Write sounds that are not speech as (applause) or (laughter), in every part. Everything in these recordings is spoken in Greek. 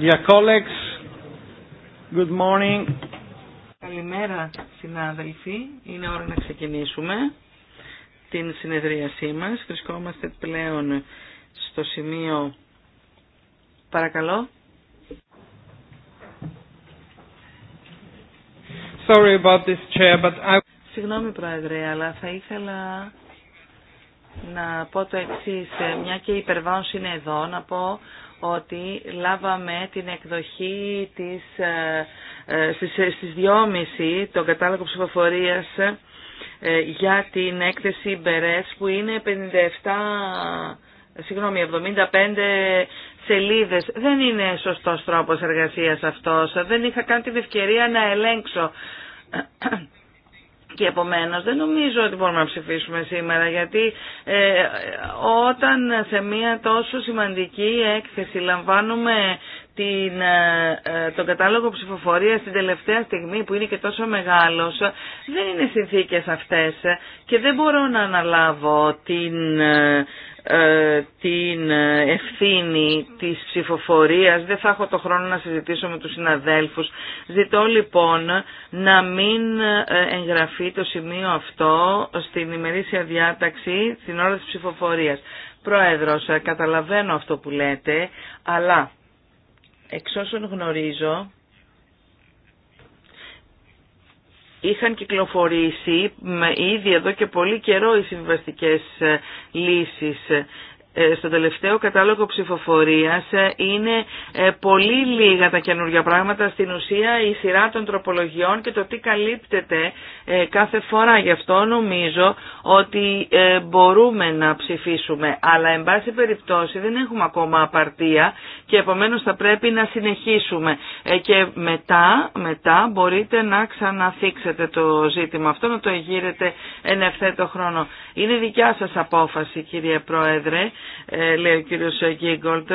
Dear colleagues, good morning. Καλημέρα συνάδελφοι, είναι ώρα να ξεκινήσουμε την συνεδρίασή μας. Βρισκόμαστε πλέον στο σημείο, παρακαλώ. Sorry about this chair, but I... Συγγνώμη Πρόεδρε, αλλά θα ήθελα να πω το εξής. Ε, μια και η υπερβάωση είναι εδώ, να πω ότι λάβαμε την εκδοχή της, ε, ε, στις, ε, στις 2.30 τον κατάλογο ψηφοφορίας για την έκθεση Μπερές που είναι 57, συγγνώμη, 75 σελίδες. Δεν είναι σωστός τρόπος εργασίας αυτός. Δεν είχα καν την ευκαιρία να ελέγξω και επομένως δεν νομίζω ότι μπορούμε να ψηφίσουμε σήμερα γιατί ε, όταν σε μια τόσο σημαντική έκθεση λαμβάνουμε την, ε, ε, τον κατάλογο ψηφοφορία στην τελευταία στιγμή που είναι και τόσο μεγάλος δεν είναι συνθήκες αυτές και δεν μπορώ να αναλάβω την, ε, την ευθύνη της ψηφοφορίας. Δεν θα έχω το χρόνο να συζητήσω με τους συναδέλφους. Ζητώ λοιπόν να μην εγγραφεί το σημείο αυτό στην ημερήσια διάταξη στην ώρα της ψηφοφορίας. Πρόεδρος, καταλαβαίνω αυτό που λέτε, αλλά Εξ όσων γνωρίζω, είχαν κυκλοφορήσει ήδη εδώ και πολύ καιρό οι συμβαστικές ε, λύσεις ε, στο τελευταίο κατάλογο ψηφοφορίας ε, είναι ε, πολύ λίγα τα καινούργια πράγματα. Στην ουσία η σειρά των τροπολογιών και το τι καλύπτεται κάθε φορά. Γι' αυτό νομίζω ότι μπορούμε να ψηφίσουμε. Αλλά εν πάση περιπτώσει δεν έχουμε ακόμα απαρτία και επομένως θα πρέπει να συνεχίσουμε. Και μετά, μετά μπορείτε να ξαναθίξετε το ζήτημα αυτό, να το εγείρετε εν ευθέτω χρόνο. Είναι δικιά σας απόφαση κύριε Πρόεδρε ε, λέει ο κύριος Γκίγκολτ.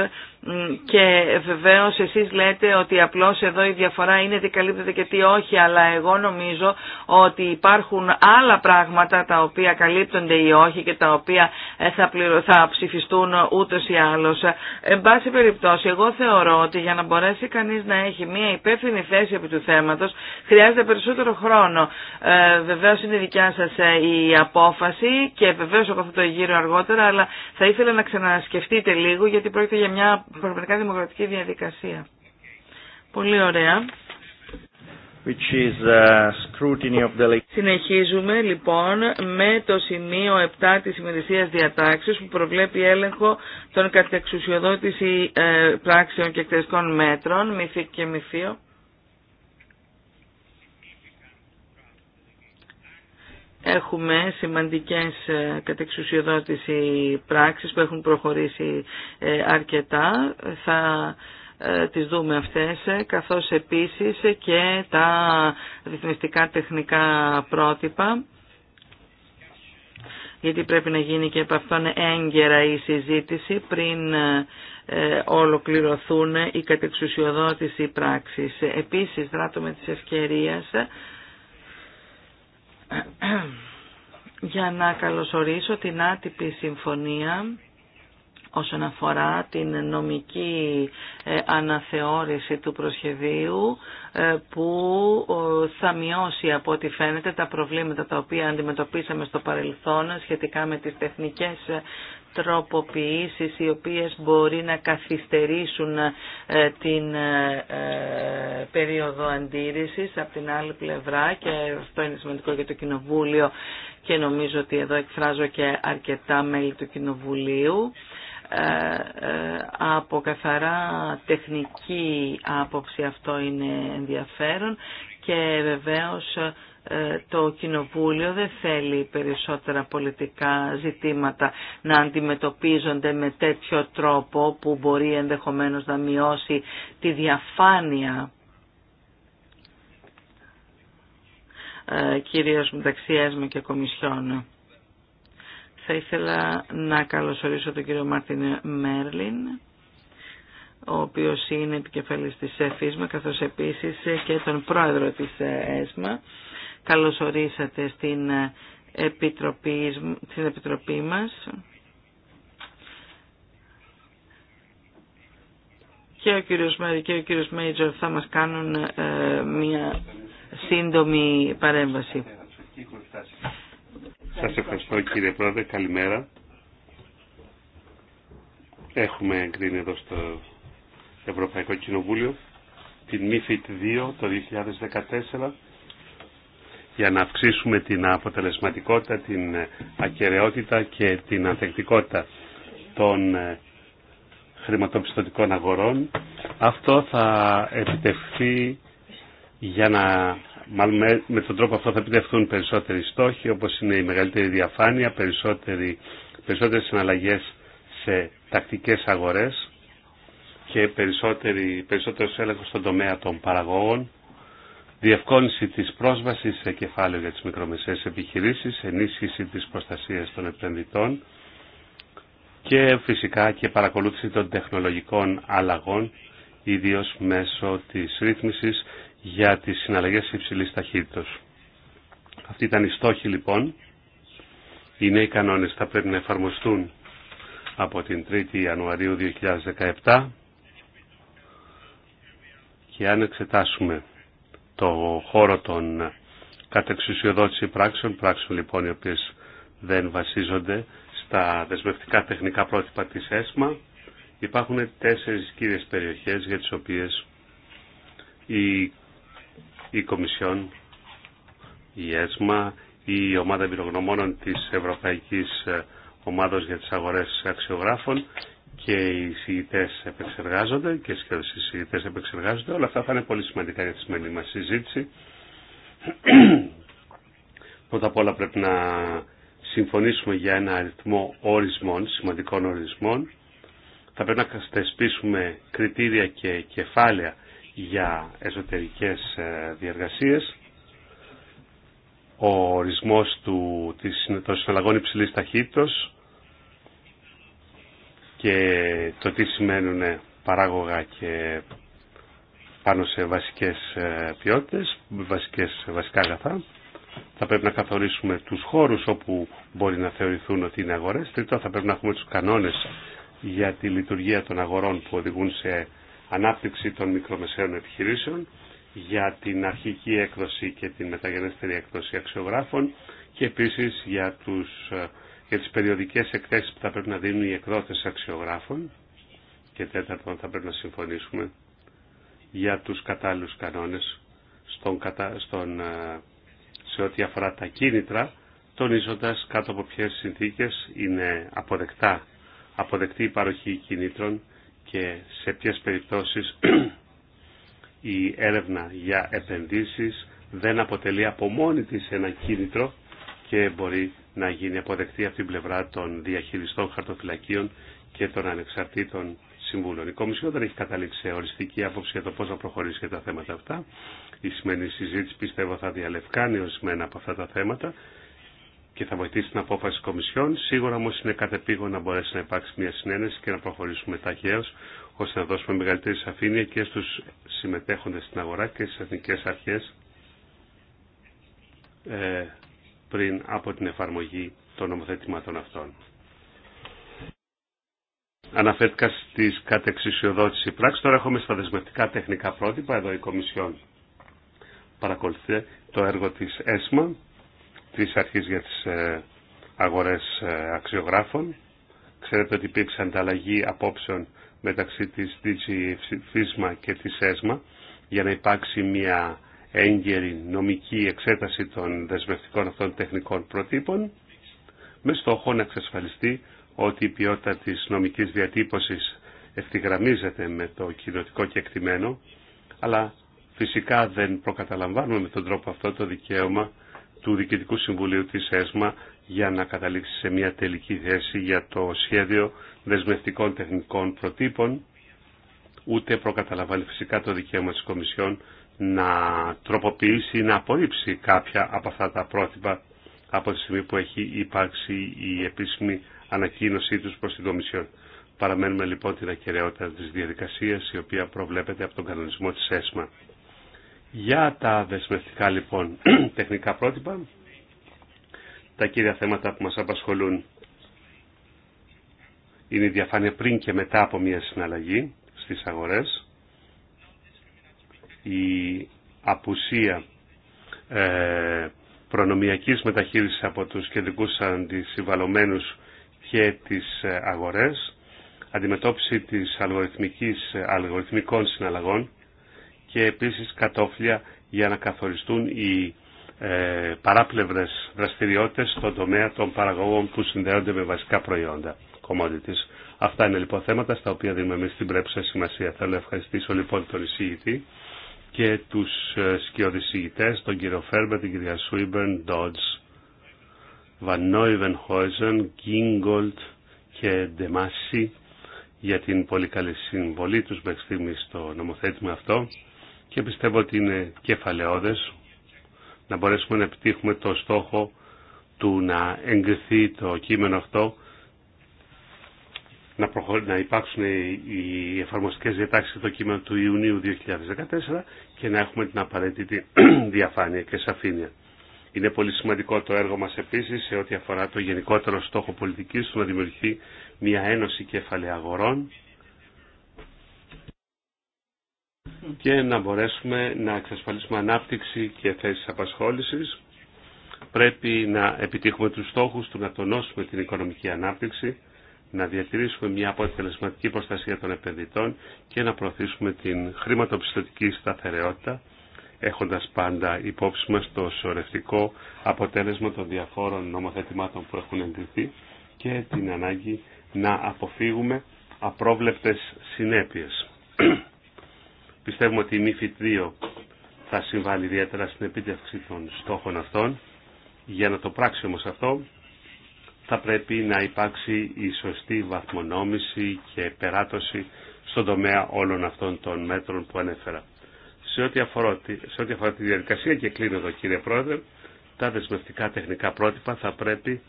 Και βεβαίως εσείς λέτε ότι απλώς εδώ η διαφορά είναι τι καλύπτεται και τι όχι, αλλά εγώ νομίζω ότι υπάρχουν άλλα πράγματα τα οποία καλύπτονται ή όχι και τα οποία ε, θα, πληρω... θα ψηφιστούν ούτως ή άλλως. Εν πάση περιπτώσει, εγώ θεωρώ ότι για να μπορέσει κανείς να έχει μια υπεύθυνη θέση επί του θέματος, χρειάζεται περισσότερο χρόνο. Ε, βεβαίως είναι δικιά σας ε, η απόφαση και βεβαίως από αυτό το γύρω αργότερα, αλλά θα ήθελα να ξανασκεφτείτε λίγο γιατί πρόκειται για μια πραγματικά δημοκρατική διαδικασία. Πολύ ωραία. Which is uh, of the... Συνεχίζουμε λοιπόν με το σημείο 7 της ημερησίας διατάξεως που προβλέπει έλεγχο των κατεξουσιοδότηση ε, πράξεων και εκτελεστικών μέτρων, μυθή και μυθείο. Έχουμε σημαντικές ε, κατεξουσιοδότηση πράξεις που έχουν προχωρήσει ε, αρκετά. Θα ε, τις δούμε αυτές, καθώς επίσης και τα ρυθμιστικά τεχνικά πρότυπα γιατί πρέπει να γίνει και από αυτόν έγκαιρα η συζήτηση πριν ολοκληρωθούν οι κατεξουσιοδότηση πράξεις. Επίσης, δράτω με τις ευκαιρίες για να καλωσορίσω την άτυπη συμφωνία όσον αφορά την νομική ε, αναθεώρηση του προσχεδίου ε, που θα μειώσει από ό,τι φαίνεται τα προβλήματα τα οποία αντιμετωπίσαμε στο παρελθόν σχετικά με τις τεχνικές τροποποιήσεις οι οποίες μπορεί να καθυστερήσουν ε, την ε, ε, περίοδο αντίρρησης από την άλλη πλευρά και αυτό είναι σημαντικό για το Κοινοβούλιο και νομίζω ότι εδώ εκφράζω και αρκετά μέλη του Κοινοβουλίου από καθαρά τεχνική άποψη αυτό είναι ενδιαφέρον και βεβαίως ε, το Κοινοβούλιο δεν θέλει περισσότερα πολιτικά ζητήματα να αντιμετωπίζονται με τέτοιο τρόπο που μπορεί ενδεχομένως να μειώσει τη διαφάνεια. Ε, κυρίως μεταξύ ΕΣΜΑ και Κομισιόν. Θα ήθελα να καλωσορίσω τον κύριο Μάρτιν Μέρλιν, ο οποίος είναι επικεφαλής της ΕΦΙΣΜΑ, καθώς επίσης και τον πρόεδρο της ΕΣΜΑ. Καλωσορίσατε στην ε, Επιτροπή, στην Επιτροπή μας. Και ο κύριος Μέρη και ο κύριος Μέιτζορ θα μας κάνουν ε, μια σύντομη παρέμβαση. Σας ευχαριστώ κύριε Πρόεδρε. Καλημέρα. Έχουμε εγκρίνει εδώ στο Ευρωπαϊκό Κοινοβούλιο την MIFID 2 το 2014 για να αυξήσουμε την αποτελεσματικότητα, την ε, ακαιρεότητα και την ανθεκτικότητα των ε, χρηματοπιστωτικών αγορών. Αυτό θα επιτευχθεί για να, με τον τρόπο αυτό θα επιτευχθούν περισσότεροι στόχοι όπως είναι η μεγαλύτερη διαφάνεια, περισσότεροι, περισσότερες συναλλαγές σε τακτικές αγορές και περισσότερος έλεγχος στον τομέα των παραγωγών διευκόλυνση της πρόσβασης σε κεφάλαιο για τις μικρομεσαίες επιχειρήσεις, ενίσχυση της προστασίας των επενδυτών και φυσικά και παρακολούθηση των τεχνολογικών αλλαγών, ιδίως μέσω της ρύθμισης για τις συναλλαγές υψηλής ταχύτητος. Αυτή ήταν η στόχη λοιπόν. Οι νέοι κανόνες θα πρέπει να εφαρμοστούν από την 3η Ιανουαρίου 2017 και αν εξετάσουμε το χώρο των κατεξουσιοδότηση πράξεων, πράξεων λοιπόν οι οποίες δεν βασίζονται στα δεσμευτικά τεχνικά πρότυπα της ΕΣΜΑ. Υπάρχουν τέσσερις κύριες περιοχές για τις οποίες η, η Κομισιόν, η ΕΣΜΑ, η Ομάδα Εμπειρογνωμόνων της Ευρωπαϊκής Ομάδος για τις Αγορές Αξιογράφων και οι συγητέ επεξεργάζονται και οι συγητέ επεξεργάζονται. Όλα αυτά θα είναι πολύ σημαντικά για τη σημερινή μα συζήτηση. (clears throat) Πρώτα απ' όλα πρέπει να συμφωνήσουμε για ένα αριθμό ορισμών, σημαντικών ορισμών. Θα πρέπει να θεσπίσουμε κριτήρια και κεφάλαια για εσωτερικές ε, διεργασίες. Ο ορισμός του, της, των συναλλαγών υψηλής ταχύτητας και το τι σημαίνουν παράγωγα και πάνω σε βασικές ε, ποιότητες, βασικές, βασικά αγαθά. Θα πρέπει να καθορίσουμε τους χώρους όπου μπορεί να θεωρηθούν ότι είναι αγορές. Τρίτον, θα πρέπει να έχουμε τους κανόνες για τη λειτουργία των αγορών που οδηγούν σε ανάπτυξη των μικρομεσαίων επιχειρήσεων, για την αρχική έκδοση και την μεταγενέστερη έκδοση αξιογράφων και επίσης για τους ε, για τις περιοδικές εκθέσεις που θα πρέπει να δίνουν οι εκδότες αξιογράφων και τέταρτον θα πρέπει να συμφωνήσουμε για τους κατάλληλους κανόνες στον, στον, ε, σε ό,τι αφορά τα κίνητρα τονίζοντας κάτω από ποιες συνθήκες είναι αποδεκτά, αποδεκτή η παροχή κινήτρων και σε ποιες περιπτώσεις (clears throat) η έρευνα για επενδύσεις δεν αποτελεί από μόνη της ένα κίνητρο και μπορεί να γίνει αποδεκτή από την πλευρά των διαχειριστών χαρτοφυλακίων και των ανεξαρτήτων συμβούλων. Η Κομισιόν δεν έχει καταλήξει σε οριστική άποψη για το πώ θα προχωρήσει για τα θέματα αυτά. Η σημερινή συζήτηση πιστεύω θα διαλευκάνει ορισμένα από αυτά τα θέματα και θα βοηθήσει την απόφαση της Κομισιόν. Σίγουρα όμω είναι κατεπήγον να μπορέσει να υπάρξει μια συνένεση και να προχωρήσουμε ταχαίω ώστε να δώσουμε μεγαλύτερη σαφήνεια και στου συμμετέχοντε στην αγορά και στι εθνικέ αρχέ ε, πριν από την εφαρμογή των νομοθετημάτων αυτών. Αναφέρθηκα στι κατεξουσιοδότηση πράξη. Τώρα έχουμε στα δεσμευτικά τεχνικά πρότυπα. Εδώ η Κομισιόν παρακολουθεί το έργο τη ΕΣΜΑ, τη Αρχή για τις ε, Αγορές ε, Αξιογράφων. Ξέρετε ότι υπήρξε ανταλλαγή απόψεων μεταξύ τη DG FISMA και τη ΕΣΜΑ για να υπάρξει μια έγκαιρη νομική εξέταση των δεσμευτικών αυτών τεχνικών προτύπων με στόχο να εξασφαλιστεί ότι η ποιότητα της νομικής διατύπωσης ευθυγραμμίζεται με το κοινοτικό κεκτημένο, αλλά φυσικά δεν προκαταλαμβάνουμε με τον τρόπο αυτό το δικαίωμα του Διοικητικού Συμβουλίου της ΕΣΜΑ για να καταλήξει σε μια τελική θέση για το σχέδιο δεσμευτικών τεχνικών προτύπων, ούτε προκαταλαμβάνει φυσικά το δικαίωμα της Κομισιόν να τροποποιήσει ή να απορρίψει κάποια από αυτά τα πρότυπα από τη στιγμή που έχει υπάρξει η επίσημη ανακοίνωσή τους προς την Κομισιόν. Παραμένουμε λοιπόν την ακαιρεότητα της διαδικασίας η οποία προβλέπεται από τον κανονισμό της ΕΣΜΑ. Για τα δεσμευτικά λοιπόν (clears throat) τεχνικά πρότυπα, τα κύρια θέματα που μας απασχολούν είναι η διαφάνεια πριν και μετά από μια συναλλαγή στις αγορές, η απουσία ε, προνομιακής μεταχείρισης από τους κεντρικούς αντισυμβαλωμένους και τις ε, αγορές, αντιμετώπιση της αλγοριθμικής, ε, αλγοριθμικών συναλλαγών και επίσης κατόφλια για να καθοριστούν οι ε, παράπλευρες δραστηριότητες στον τομέα των παραγωγών που συνδέονται με βασικά προϊόντα commodities. Αυτά είναι λοιπόν θέματα στα οποία δίνουμε εμείς την πρέπουσα σημασία. Θέλω να ευχαριστήσω λοιπόν τον εισηγητή και τους ε, σκιοδησηγητές, τον κύριο Φέρμπερ, την κυρία Σουίμπερν, Ντότζ, Βανόιβεν Χόιζεν, Γκίνγκολτ και Ντεμάσι για την πολύ καλή συμβολή τους μέχρι στιγμή στο νομοθέτημα αυτό και πιστεύω ότι είναι κεφαλαιόδες να μπορέσουμε να επιτύχουμε το στόχο του να εγκριθεί το κείμενο αυτό να, προχω... να υπάρξουν οι εφαρμοστικές διατάξεις στο κείμενο του Ιουνίου 2014 και να έχουμε την απαραίτητη (clears throat) διαφάνεια και σαφήνεια. Είναι πολύ σημαντικό το έργο μας επίσης σε ό,τι αφορά το γενικότερο στόχο πολιτικής του να δημιουργηθεί μια ένωση κεφαλαίου αγορών και να μπορέσουμε να εξασφαλίσουμε ανάπτυξη και θέσεις απασχόλησης. Πρέπει να επιτύχουμε τους στόχους του να τονώσουμε την οικονομική ανάπτυξη να διατηρήσουμε μια αποτελεσματική προστασία των επενδυτών και να προωθήσουμε την χρηματοπιστωτική σταθερεότητα, έχοντας πάντα υπόψη μας το σωρευτικό αποτέλεσμα των διαφόρων νομοθετημάτων που έχουν εγκριθεί και την ανάγκη να αποφύγουμε απρόβλεπτες συνέπειες. (clears throat) Πιστεύουμε ότι η MIFID 2 θα συμβάλλει ιδιαίτερα στην επίτευξη των στόχων αυτών. Για να το πράξει όμως αυτό, θα πρέπει να υπάρξει η σωστή βαθμονόμηση και περάτωση στον τομέα όλων αυτών των μέτρων που ανέφερα. Σε ό,τι αφορά, τη διαδικασία, και κλείνω εδώ κύριε Πρόεδρε, τα δεσμευτικά τεχνικά πρότυπα θα πρέπει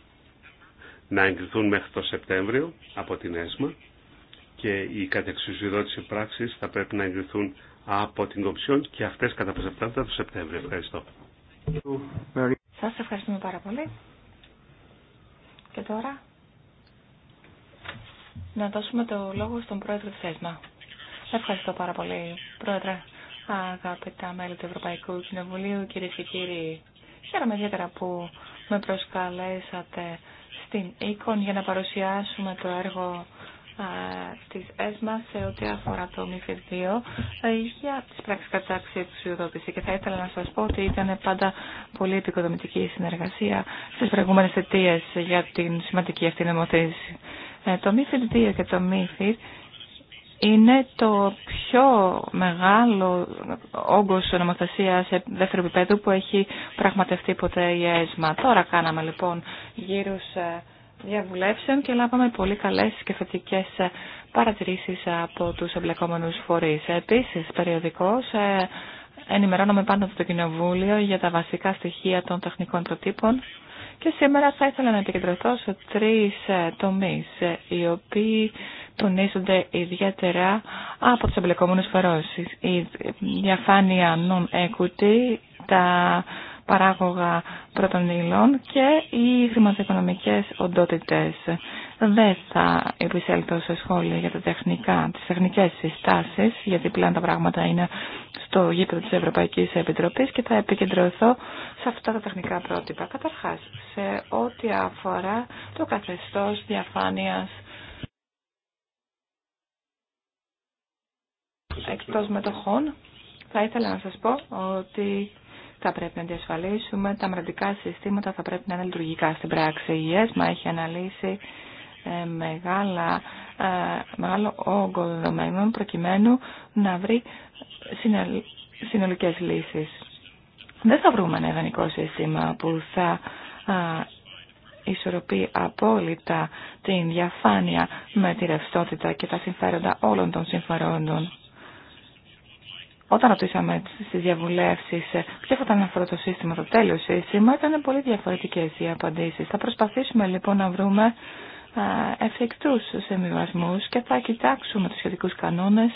να εγκριθούν μέχρι το Σεπτέμβριο από την ΕΣΜΑ και οι κατεξουσιοδότηση πράξεις θα πρέπει να εγκριθούν από την Κομψιόν και αυτές κατά το Σεπτέμβριο. Ευχαριστώ. Σας ευχαριστούμε πάρα πολύ. Και τώρα να δώσουμε το λόγο στον πρόεδρο της ΕΣΜΑ. Ευχαριστώ πάρα πολύ, πρόεδρε. Αγαπητά μέλη του Ευρωπαϊκού Κοινοβουλίου, κυρίε και κύριοι, χαίρομαι ιδιαίτερα που με προσκαλέσατε στην ΕΚΟΝ για να παρουσιάσουμε το έργο της ΕΣΜΑ σε ό,τι αφορά το ΜΥΦΙΔ 2 ε, για τις πράξεις κατά εξουσιοδότηση και θα ήθελα να σας πω ότι ήταν πάντα πολύ επικοδομητική η συνεργασία στις προηγούμενες αιτίε για την σημαντική αυτή νομοθέτηση. Ε, το MIFID 2 και το MIFID είναι το πιο μεγάλο όγκος νομοθεσία σε δεύτερο επίπεδο που έχει πραγματευτεί ποτέ η ΕΣΜΑ. Τώρα κάναμε λοιπόν γύρους ε, διαβουλεύσεων και λάβαμε πολύ καλές και θετικές ε, παρατηρήσεις από τους εμπλεκόμενους φορείς. Επίσης, περιοδικώς ε, ενημερώνομαι πάνω από το Κοινοβούλιο για τα βασικά στοιχεία των τεχνικών προτύπων και σήμερα θα ήθελα να επικεντρωθώ σε τρεις ε, τομείς, οι οποίοι τονίζονται ιδιαίτερα από τους εμπλεκόμενους φορείς. Η διαφάνεια non-equity, τα παράγωγα πρώτων ύλων και οι χρηματοοικονομικές οντότητες. Δεν θα επισέλθω σε σχόλια για τα τεχνικά, τις τεχνικές συστάσεις, γιατί πλέον τα πράγματα είναι στο γήπεδο της Ευρωπαϊκής Επιτροπής και θα επικεντρωθώ σε αυτά τα τεχνικά πρότυπα. Καταρχάς, σε ό,τι αφορά το καθεστώς διαφάνειας εκτός μετοχών, θα ήθελα να σας πω ότι θα πρέπει να διασφαλίσουμε τα μερικά συστήματα θα πρέπει να είναι λειτουργικά στην πράξη. Η ΕΣΜΑ έχει αναλύσει ε, μεγάλα, ε, μεγάλο όγκο δεδομένων προκειμένου να βρει συνολικές λύσεις. Δεν θα βρούμε ένα ιδανικό σύστημα που θα ισορροπεί απόλυτα την διαφάνεια με τη ρευστότητα και τα συμφέροντα όλων των συμφερόντων. Όταν ρωτήσαμε στις διαβουλεύσεις ε, ποιο θα ήταν αυτό το σύστημα, το τέλειο σύστημα, ήταν πολύ διαφορετικές οι απαντήσεις. Θα προσπαθήσουμε λοιπόν να βρούμε ε, εφικτούς συμβιβασμούς και θα κοιτάξουμε τους σχετικούς κανόνες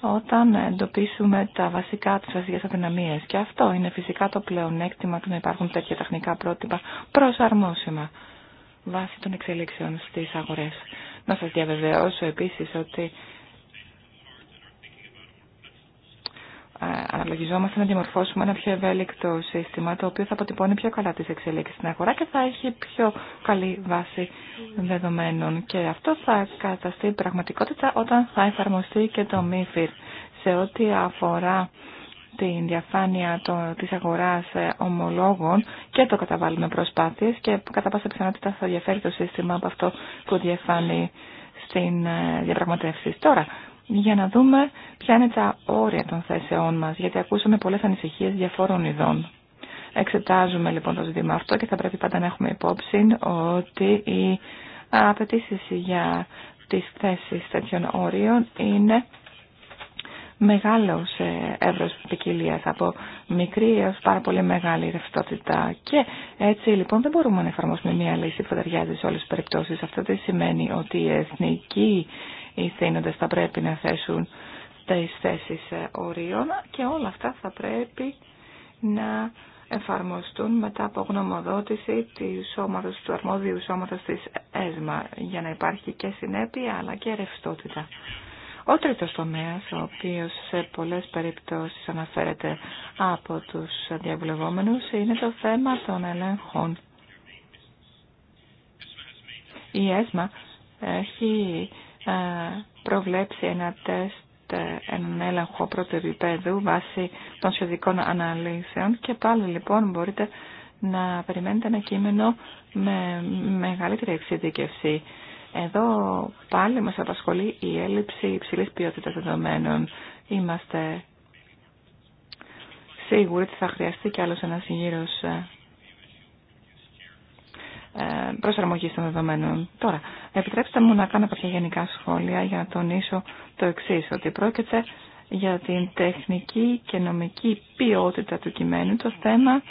όταν εντοπίσουμε τα βασικά, τις βασικές αδυναμίες. Και αυτό είναι φυσικά το πλεονέκτημα του να υπάρχουν τέτοια τεχνικά πρότυπα προσαρμόσιμα βάσει των εξελίξεων στις αγορές. Να σας διαβεβαιώσω επίσης ότι αναλογιζόμαστε να διαμορφώσουμε ένα πιο ευέλικτο σύστημα το οποίο θα αποτυπώνει πιο καλά τις εξελίξεις στην αγορά και θα έχει πιο καλή βάση δεδομένων και αυτό θα καταστεί πραγματικότητα όταν θα εφαρμοστεί και το MIFIR σε ό,τι αφορά την διαφάνεια το, της αγοράς ε, ομολόγων και το καταβάλουμε προσπάθειες και κατά πάσα πιθανότητα θα διαφέρει το σύστημα από αυτό που διαφάνει στην ε, διαπραγματεύσεις. Τώρα, για να δούμε ποια είναι τα όρια των θέσεών μας, γιατί ακούσαμε πολλές ανησυχίες διαφόρων ειδών. Εξετάζουμε λοιπόν το ζήτημα αυτό και θα πρέπει πάντα να έχουμε υπόψη ότι η απαιτήσει για τις θέσεις τέτοιων όριων είναι μεγάλος ε, εύρος ποικιλία από μικρή έως πάρα πολύ μεγάλη ρευστότητα. Και έτσι λοιπόν δεν μπορούμε να εφαρμόσουμε μια λύση που θα ταιριάζει σε όλες τις περιπτώσεις. Αυτό δεν σημαίνει ότι η εθνική οι θύνοντες θα πρέπει να θέσουν τις θέσεις ε, ορίων και όλα αυτά θα πρέπει να εφαρμοστούν μετά από γνωμοδότηση του, σώματος, του αρμόδιου σώματος της ΕΣΜΑ για να υπάρχει και συνέπεια αλλά και ρευστότητα. Ο τρίτο τομέα, ο οποίο σε πολλέ περιπτώσει αναφέρεται από τους διαβουλευόμενου, είναι το θέμα των ελέγχων. Η ΕΣΜΑ έχει ε, προβλέψει ένα τεστ, ε, έναν έλεγχο πρώτου επίπεδου βάσει των σχεδικών αναλύσεων και πάλι λοιπόν μπορείτε να περιμένετε ένα κείμενο με μεγαλύτερη εξειδικευσή. Εδώ πάλι μας απασχολεί η έλλειψη υψηλής ποιότητας δεδομένων. Είμαστε σίγουροι ότι θα χρειαστεί κι άλλος ένας γύρος ε, ε, προσαρμογή των δεδομένων. Τώρα, επιτρέψτε μου να κάνω κάποια γενικά σχόλια για να τονίσω το εξή ότι πρόκειται για την τεχνική και νομική ποιότητα του κειμένου. Το θέμα ε,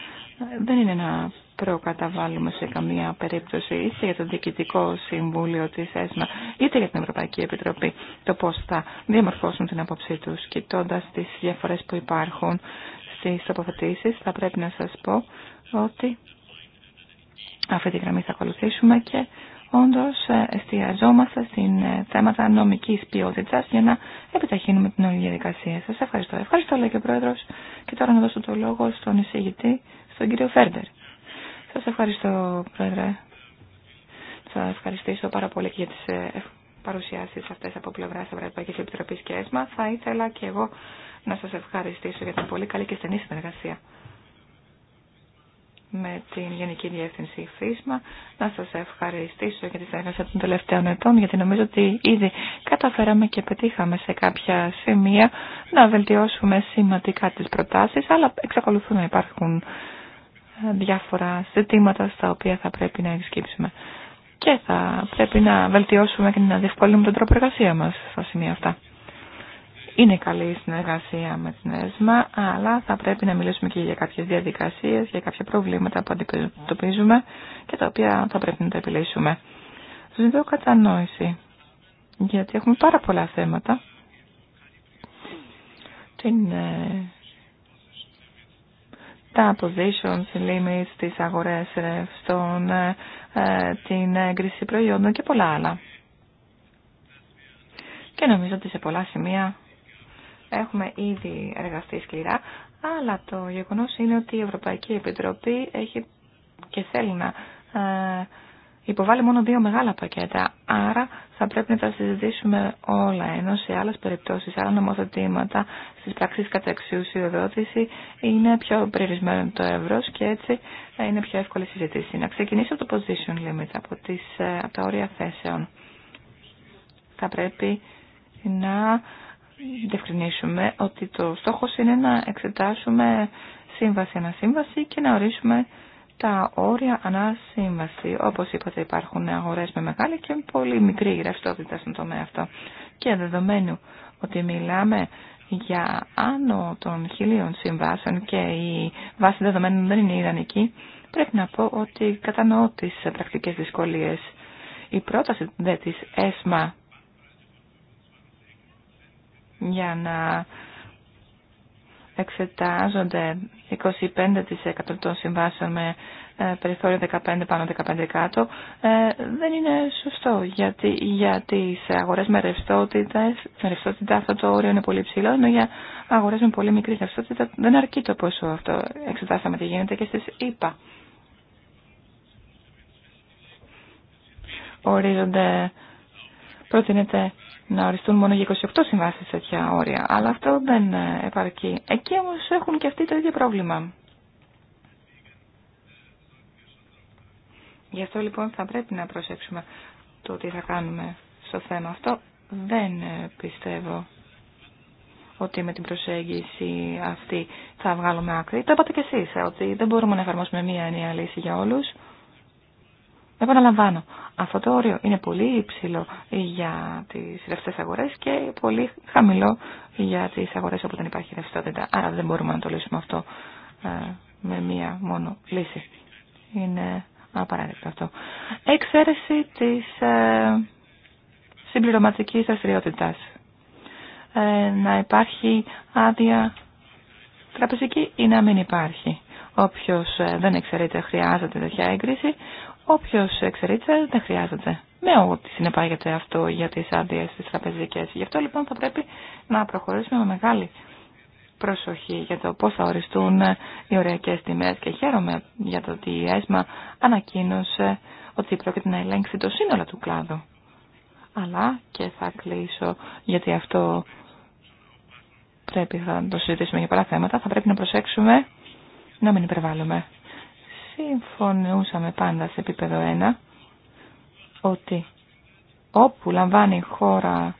δεν είναι να προκαταβάλουμε σε καμία περίπτωση είτε για το Διοικητικό Συμβούλιο τη ΕΣΜΑ είτε για την Ευρωπαϊκή Επιτροπή το πώ θα διαμορφώσουν την άποψή του. Κοιτώντα τι διαφορέ που υπάρχουν στι τοποθετήσει, θα πρέπει να σα πω ότι αυτή τη γραμμή θα ακολουθήσουμε και όντως ε, εστιαζόμαστε στην ε, θέματα νομικής ποιότητας για να επιταχύνουμε την όλη διαδικασία. Σας ευχαριστώ. Ευχαριστώ λέει και ο Πρόεδρος και τώρα να δώσω το λόγο στον εισηγητή, στον κύριο Φέρντερ. Σας ευχαριστώ Πρόεδρε. Σας ευχαριστήσω πάρα πολύ και για τις ε, παρουσιάσεις αυτές από πλευρά της Ευρωπαϊκής Επιτροπής και ΕΣΜΑ. Θα ήθελα και εγώ να σας ευχαριστήσω για την πολύ καλή και στενή συνεργασία με την Γενική Διεύθυνση Φίσμα. Να σας ευχαριστήσω για τη συνεργασία των τελευταίων ετών, γιατί νομίζω ότι ήδη καταφέραμε και πετύχαμε σε κάποια σημεία να βελτιώσουμε σημαντικά τις προτάσεις, αλλά εξακολουθούν να υπάρχουν ε, διάφορα ζητήματα στα οποία θα πρέπει να εξκύψουμε. Και θα πρέπει να βελτιώσουμε και να διευκολύνουμε τον τρόπο εργασία μας στα σημεία αυτά. Είναι καλή η συνεργασία με την ΕΣΜΑ, αλλά θα πρέπει να μιλήσουμε και για κάποιες διαδικασίες, για κάποια προβλήματα που αντιμετωπίζουμε και τα οποία θα πρέπει να τα επιλύσουμε. Ζητώ κατανόηση, γιατί έχουμε πάρα πολλά θέματα. Την, ε, τα positions, limits, τις αγορές ρευστών, ε, ε, την έγκριση προϊόντων και πολλά άλλα. Και νομίζω ότι σε πολλά σημεία Έχουμε ήδη εργαστεί σκληρά, αλλά το γεγονός είναι ότι η Ευρωπαϊκή Επιτροπή έχει και θέλει να ε, υποβάλει μόνο δύο μεγάλα πακέτα. Άρα θα πρέπει να τα συζητήσουμε όλα, ενώ σε άλλες περιπτώσεις, άλλα νομοθετήματα, στις πράξεις κατά εξουσιοδότηση είναι πιο περιορισμένο το ευρώ και έτσι είναι πιο εύκολη συζήτηση. Να ξεκινήσω από το position limit, από, τις, ε, από τα όρια θέσεων. Θα πρέπει να διευκρινίσουμε ότι το στόχος είναι να εξετάσουμε σύμβαση ανασύμβαση και να ορίσουμε τα όρια ανασύμβαση. Όπως είπατε υπάρχουν αγορές με μεγάλη και πολύ μικρή ρευστότητα στον τομέα αυτό. Και δεδομένου ότι μιλάμε για άνω των χιλίων συμβάσεων και η βάση δεδομένων δεν είναι ιδανική, πρέπει να πω ότι κατανοώ τις πρακτικές δυσκολίες. Η πρόταση δε της ΕΣΜΑ για να εξετάζονται 25% των συμβάσεων με ε, περιθώριο 15 πάνω 15 κάτω ε, δεν είναι σωστό γιατί για τις αγορές με ρευστότητα, με ρευστότητα αυτό το όριο είναι πολύ ψηλό ενώ για αγορές με πολύ μικρή ρευστότητα δεν αρκεί το πόσο αυτό εξετάσαμε τι γίνεται και στις ΕΠΑ. Ορίζονται, προτείνεται να οριστούν μόνο για 28 συμβάσει τέτοια όρια. Αλλά αυτό δεν ε, επαρκεί. Εκεί όμω έχουν και αυτοί το ίδιο πρόβλημα. Γι' αυτό λοιπόν θα πρέπει να προσέξουμε το τι θα κάνουμε στο θέμα αυτό. Δεν ε, πιστεύω ότι με την προσέγγιση αυτή θα βγάλουμε άκρη. Το είπατε κι εσείς, ε, ότι δεν μπορούμε να εφαρμόσουμε μία ενιαία λύση για όλους. Επαναλαμβάνω, αυτό το όριο είναι πολύ υψηλό για τις ρευστές αγορές και πολύ χαμηλό για τις αγορές όπου δεν υπάρχει ρευστότητα. Άρα δεν μπορούμε να το λύσουμε αυτό ε, με μία μόνο λύση. Είναι απαράδεκτο. αυτό. Εξαίρεση της ε, συμπληρωματικής δραστηριότητα. Ε, να υπάρχει άδεια τραπεζική ή να μην υπάρχει. Όποιος ε, δεν εξαιρείται χρειάζεται τέτοια έγκριση, Όποιος εξαιρείται δεν χρειάζεται. Με ό,τι συνεπάγεται αυτό για τις άδειε στις τραπεζικές. Γι' αυτό λοιπόν θα πρέπει να προχωρήσουμε με μεγάλη προσοχή για το πώς θα οριστούν οι ωριακές τιμές και χαίρομαι για το ότι η ΕΣΜΑ ανακοίνωσε ότι πρόκειται να ελέγξει το σύνολο του κλάδου. Αλλά και θα κλείσω γιατί αυτό πρέπει να το συζητήσουμε για πολλά θέματα, θα πρέπει να προσέξουμε να μην υπερβάλλουμε συμφωνούσαμε πάντα σε επίπεδο 1 ότι όπου λαμβάνει η χώρα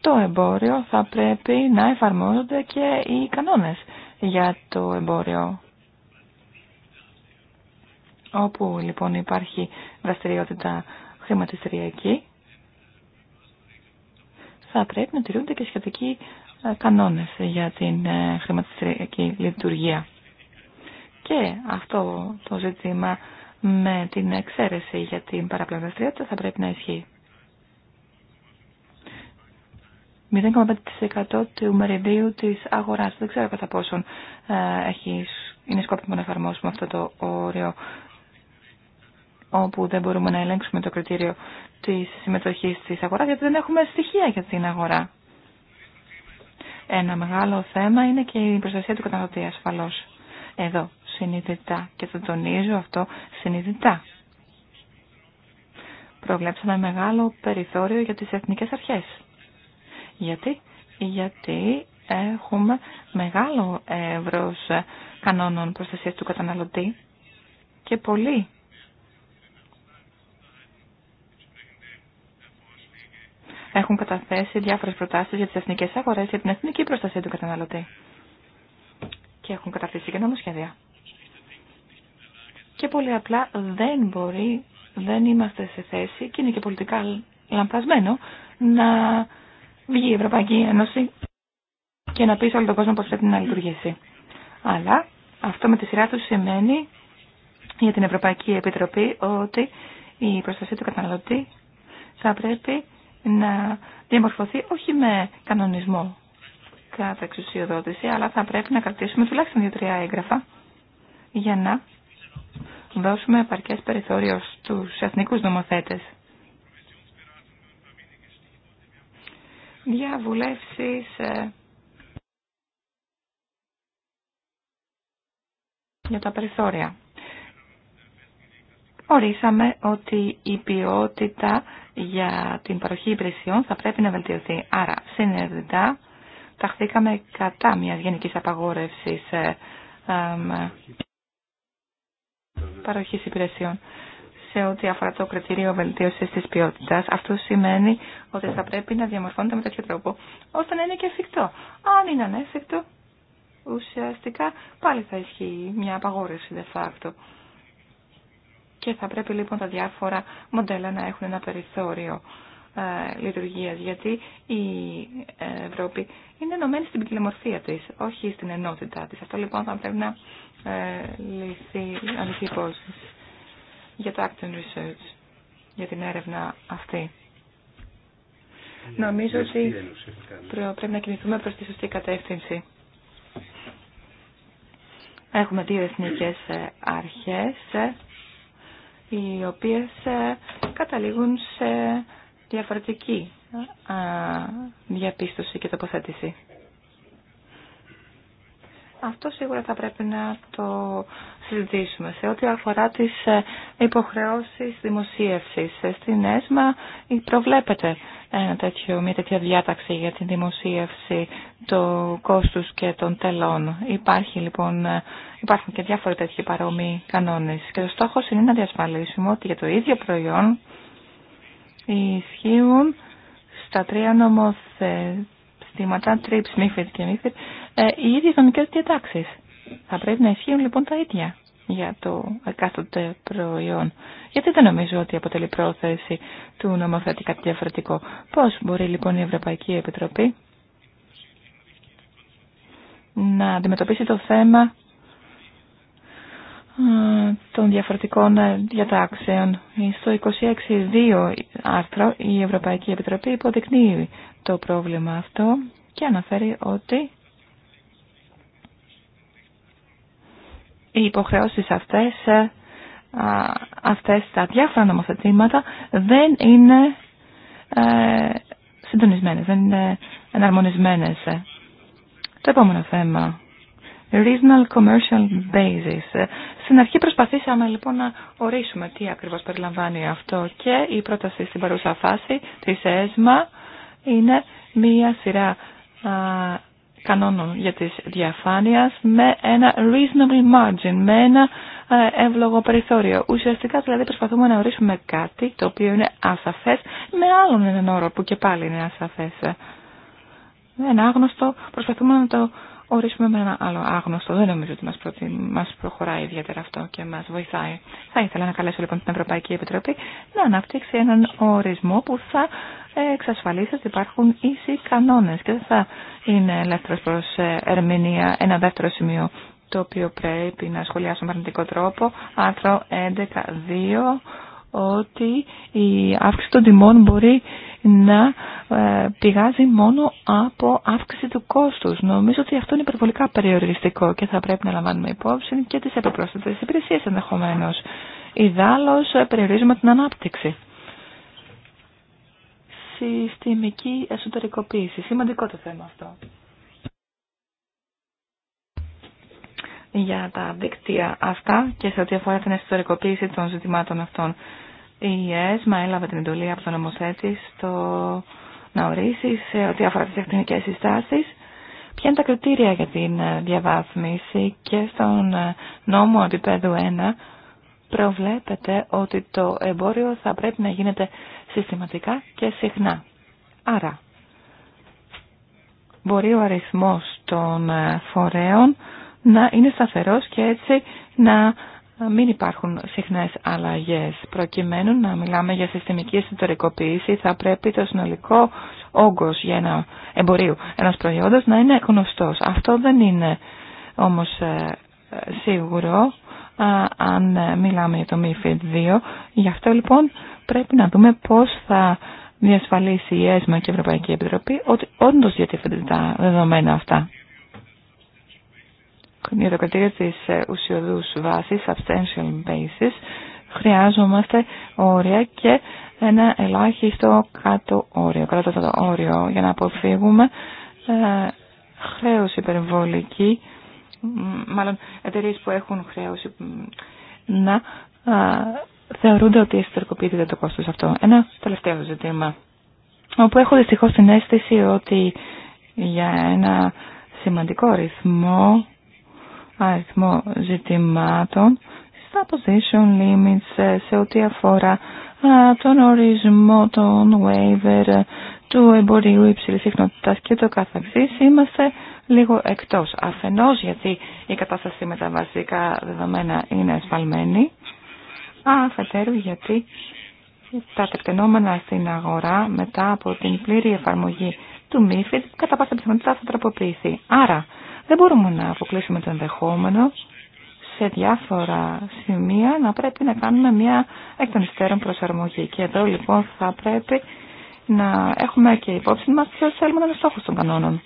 το εμπόριο θα πρέπει να εφαρμόζονται και οι κανόνες για το εμπόριο. Όπου λοιπόν υπάρχει δραστηριότητα χρηματιστηριακή θα πρέπει να τηρούνται και σχετικοί ε, κανόνες για την ε, χρηματιστηριακή λειτουργία και αυτό το ζήτημα με την εξαίρεση για την παραπλαναστριότητα θα πρέπει να ισχύει. 0,5% του μεριδίου της αγοράς. Δεν ξέρω κατά πόσον ε, έχει, είναι σκόπιμο να εφαρμόσουμε αυτό το όριο όπου δεν μπορούμε να ελέγξουμε το κριτήριο της συμμετοχής της αγοράς γιατί δεν έχουμε στοιχεία για την αγορά. Ένα μεγάλο θέμα είναι και η προστασία του καταναλωτή ασφαλώς. Εδώ, συνειδητά και το τονίζω αυτό συνειδητά. Προβλέψαμε μεγάλο περιθώριο για τις εθνικές αρχές. Γιατί, γιατί έχουμε μεγάλο εύρος κανόνων προστασίας του καταναλωτή και πολύ έχουν καταθέσει διάφορες προτάσεις για τις εθνικές αγορές για την εθνική προστασία του καταναλωτή. Και έχουν καταθέσει και νομοσχέδια και πολύ απλά δεν μπορεί, δεν είμαστε σε θέση και είναι και πολιτικά λανθασμένο να βγει η Ευρωπαϊκή Ένωση και να πει σε όλο τον κόσμο πώς πρέπει να λειτουργήσει. Αλλά αυτό με τη σειρά του σημαίνει για την Ευρωπαϊκή Επιτροπή ότι η προστασία του καταναλωτή θα πρέπει να διαμορφωθεί όχι με κανονισμό κατά εξουσιοδότηση, αλλά θα πρέπει να κρατήσουμε τουλάχιστον δύο-τρία έγγραφα για να δώσουμε επαρκέ περιθώριο στους εθνικού νομοθέτες. Διαβουλεύσει. Ε, για τα περιθώρια. Ορίσαμε ότι η ποιότητα για την παροχή υπηρεσιών θα πρέπει να βελτιωθεί. Άρα, Τα ταχθήκαμε κατά μιας γενικής απαγόρευσης ε, ε, παροχής υπηρεσιών σε ό,τι αφορά το κριτήριο βελτίωση τη ποιότητα. Αυτό σημαίνει ότι θα πρέπει να διαμορφώνεται με τέτοιο τρόπο ώστε να είναι και εφικτό. Αν είναι ανέφικτο, ουσιαστικά πάλι θα ισχύει μια απαγόρευση de facto. Και θα πρέπει λοιπόν τα διάφορα μοντέλα να έχουν ένα περιθώριο ε, λειτουργίας, γιατί η Ευρώπη είναι ενωμένη στην ποικιλομορφία της, όχι στην ενότητά της. Αυτό λοιπόν θα πρέπει να ε, λυθεί λυθεί για το Acton Research, για την έρευνα αυτή. Νομίζω ότι πρέπει να κινηθούμε προς τη σωστή κατεύθυνση. Έχουμε δύο εθνικές ε, αρχές, οι οποίες καταλήγουν σε διαφορετική α, διαπίστωση και τοποθέτηση. Αυτό σίγουρα θα πρέπει να το συζητήσουμε σε ό,τι αφορά τις ε, υποχρεώσεις δημοσίευσης. Ε, στην ΕΣΜΑ ε, προβλέπεται ένα τέτοιο, μια τέτοια διάταξη για την δημοσίευση των κόστους και των τελών. Υπάρχει, λοιπόν, υπάρχουν και διάφοροι τέτοιοι παρόμοιοι κανόνες και ο στόχος είναι να διασφαλίσουμε ότι για το ίδιο προϊόν ισχύουν στα τρία νομοθετήματα, TRIPS, MIFID και MIFID, ε, οι ίδιες νομικές διατάξεις. Θα πρέπει να ισχύουν λοιπόν τα ίδια για το εκάστοτε προϊόν. Γιατί δεν νομίζω ότι αποτελεί πρόθεση του νομοθέτη κάτι διαφορετικό. Πώς μπορεί λοιπόν η Ευρωπαϊκή Επιτροπή να αντιμετωπίσει το θέμα των διαφορετικών ε, διατάξεων. Στο 26.2 άρθρο η Ευρωπαϊκή Επιτροπή υποδεικνύει το πρόβλημα αυτό και αναφέρει ότι οι υποχρεώσεις αυτές, ε, αυτές τα διάφορα νομοθετήματα δεν είναι ε, συντονισμένες, δεν είναι εναρμονισμένες. Το επόμενο θέμα Regional Commercial Basis. Στην αρχή προσπαθήσαμε λοιπόν να ορίσουμε τι ακριβώς περιλαμβάνει αυτό και η πρόταση στην παρούσα φάση της ΕΣΜΑ είναι μία σειρά κανόνων για τις διαφάνειας με ένα reasonable margin, με ένα εύλογο περιθώριο. Ουσιαστικά δηλαδή προσπαθούμε να ορίσουμε κάτι το οποίο είναι ασαφές με άλλον έναν όρο που και πάλι είναι ασαφές. Ένα άγνωστο προσπαθούμε να το ορίσουμε με ένα άλλο άγνωστο. Δεν νομίζω ότι μας, μας προχωράει ιδιαίτερα αυτό και μας βοηθάει. Θα ήθελα να καλέσω λοιπόν την Ευρωπαϊκή Επιτροπή να αναπτύξει έναν ορισμό που θα εξασφαλίσει ότι υπάρχουν ίσοι κανόνες και δεν θα είναι ελεύθερο προς ε, ερμηνεία ένα δεύτερο σημείο το οποίο πρέπει να σχολιάσουμε με αρνητικό τρόπο, άρθρο 11.2, ότι η αύξηση των τιμών μπορεί να ε, πηγάζει μόνο από αύξηση του κόστους. Νομίζω ότι αυτό είναι υπερβολικά περιοριστικό και θα πρέπει να λαμβάνουμε υπόψη και τις επιπρόσθετες υπηρεσίες ενδεχομένω. Ιδάλλως ε, περιορίζουμε την ανάπτυξη. Συστημική εσωτερικοποίηση. Σημαντικό το θέμα αυτό. για τα δίκτυα αυτά και σε ό,τι αφορά την εσωτερικοποίηση των ζητημάτων αυτών. Η ΕΣΜΑ έλαβε την εντολή από τον νομοθέτη στο να ορίσει σε ό,τι αφορά τι τεχνικέ συστάσεις ποια είναι τα κριτήρια για την ε, διαβάθμιση και στον ε, νόμο αντιπέδου 1 προβλέπεται ότι το εμπόριο θα πρέπει να γίνεται συστηματικά και συχνά. Άρα, μπορεί ο αριθμός των ε, φορέων να είναι σταθερός και έτσι να μην υπάρχουν συχνές αλλαγές. Προκειμένου να μιλάμε για συστημική συντορικοποίηση θα πρέπει το συνολικό όγκος για ένα εμπορίο ένας προϊόντος να είναι γνωστός. Αυτό δεν είναι όμως ε, σίγουρο αν ε, μιλάμε για το MIFID 2. Γι' αυτό λοιπόν πρέπει να δούμε πώς θα διασφαλίσει η ΕΣΜΑ και η Ευρωπαϊκή Επιτροπή ότι όντως διατίθενται τα δεδομένα αυτά για το κριτήριο της ε, ουσιοδούς βάσης, substantial basis, χρειάζομαστε όρια και ένα ελάχιστο κάτω όριο, το όριο για να αποφύγουμε ε, υπερβολική, μάλλον εταιρείε που έχουν χρέους να ε, θεωρούνται ότι εστερκοποιείται το κόστος αυτό. Ένα τελευταίο ζήτημα, όπου έχω δυστυχώς την αίσθηση ότι για ένα σημαντικό ρυθμό αριθμό ζητημάτων στα position limits σε ό,τι αφορά τον ορισμό των waiver του εμπορίου υψηλής συχνότητας και το καθεξής είμαστε λίγο εκτός. Αφενός γιατί η κατάσταση με τα βασικά δεδομένα είναι ασφαλμένη, αφετέρου γιατί τα τεκτενόμενα στην αγορά μετά από την πλήρη εφαρμογή του MIFID κατά πάσα πιθανότητα θα τροποποιηθεί. Άρα δεν μπορούμε να αποκλείσουμε το ενδεχόμενο σε διάφορα σημεία να πρέπει να κάνουμε μια εκ των υστέρων προσαρμογή. Και εδώ λοιπόν θα πρέπει να έχουμε και υπόψη μας ποιος θέλουμε να είναι στόχος των κανόνων.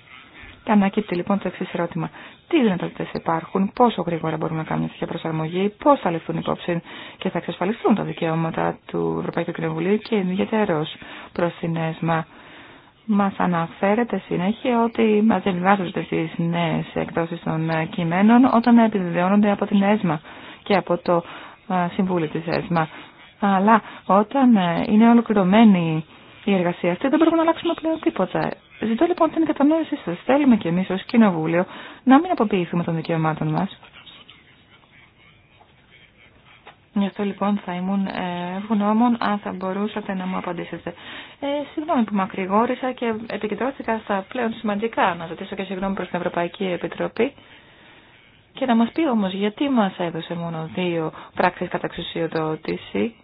Και ανακύπτει λοιπόν το εξή ερώτημα. Τι δυνατότητε υπάρχουν, πόσο γρήγορα μπορούμε να κάνουμε τέτοια προσαρμογή, πώ θα ληφθούν υπόψη και θα εξασφαλιστούν τα δικαιώματα του Ευρωπαϊκού Κοινοβουλίου και ιδιαίτερω προ την ΕΣΜΑ μας αναφέρεται συνέχεια ότι μας διαβιβάζονται στις νέες εκδόσεις των κειμένων όταν επιβεβαιώνονται από την ΕΣΜΑ και από το Συμβούλιο της ΕΣΜΑ. Αλλά όταν ε, είναι ολοκληρωμένη η εργασία αυτή δεν μπορούμε να αλλάξουμε πλέον τίποτα. Ζητώ λοιπόν την κατανόησή σας. Θέλουμε κι εμείς ως Κοινοβούλιο να μην αποποιηθούμε των δικαιωμάτων μας. Γι' αυτό λοιπόν θα ήμουν ε, ευγνώμων αν θα μπορούσατε να μου απαντήσετε. Ε, συγγνώμη που μακρηγόρησα και επικεντρώθηκα στα πλέον σημαντικά. Να ζητήσω και συγγνώμη προς την Ευρωπαϊκή Επιτροπή. Και να μας πει όμως γιατί μας έδωσε μόνο δύο πράξεις κατά εξουσιοδότηση,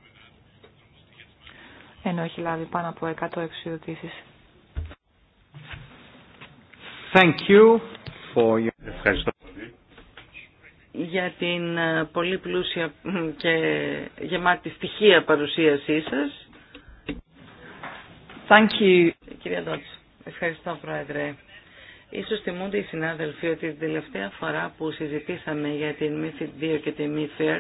ενώ έχει λάβει πάνω από 100 εξουσιοδότησεις. Ευχαριστώ για την ε, πολύ πλούσια και γεμάτη στοιχεία παρουσίασή σας. Thank you. Κυρία Ντότς, ευχαριστώ Πρόεδρε. Ίσως θυμούνται οι συνάδελφοι ότι την τελευταία φορά που συζητήσαμε για την MIFID 2 και την MIFIR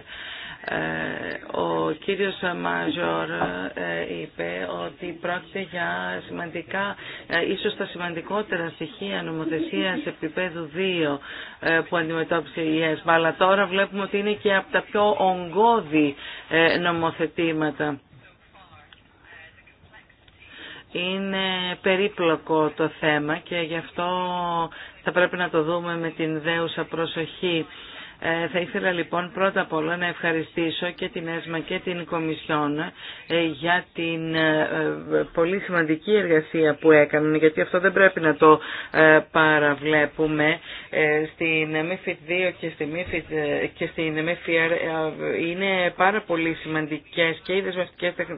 ε, ο κύριος Μάζορ ε, είπε ότι πρόκειται για σημαντικά, ε, ίσως τα σημαντικότερα στοιχεία σε επίπεδου 2 που αντιμετώπισε η ΕΣΜΑ, αλλά τώρα βλέπουμε ότι είναι και από τα πιο ογκώδη νομοθετήματα. Είναι περίπλοκο το θέμα και γι' αυτό θα πρέπει να το δούμε με την δέουσα προσοχή. Ε, θα ήθελα λοιπόν πρώτα απ' όλα να ευχαριστήσω και την ΕΣΜΑ και την Κομισιόν ε, για την ε, πολύ σημαντική εργασία που έκαναν, γιατί αυτό δεν πρέπει να το παραβλέπουμε. Στην MIFID 2 και, στη MIFID, και στην MIFIR είναι πάρα πολύ σημαντικές και, οι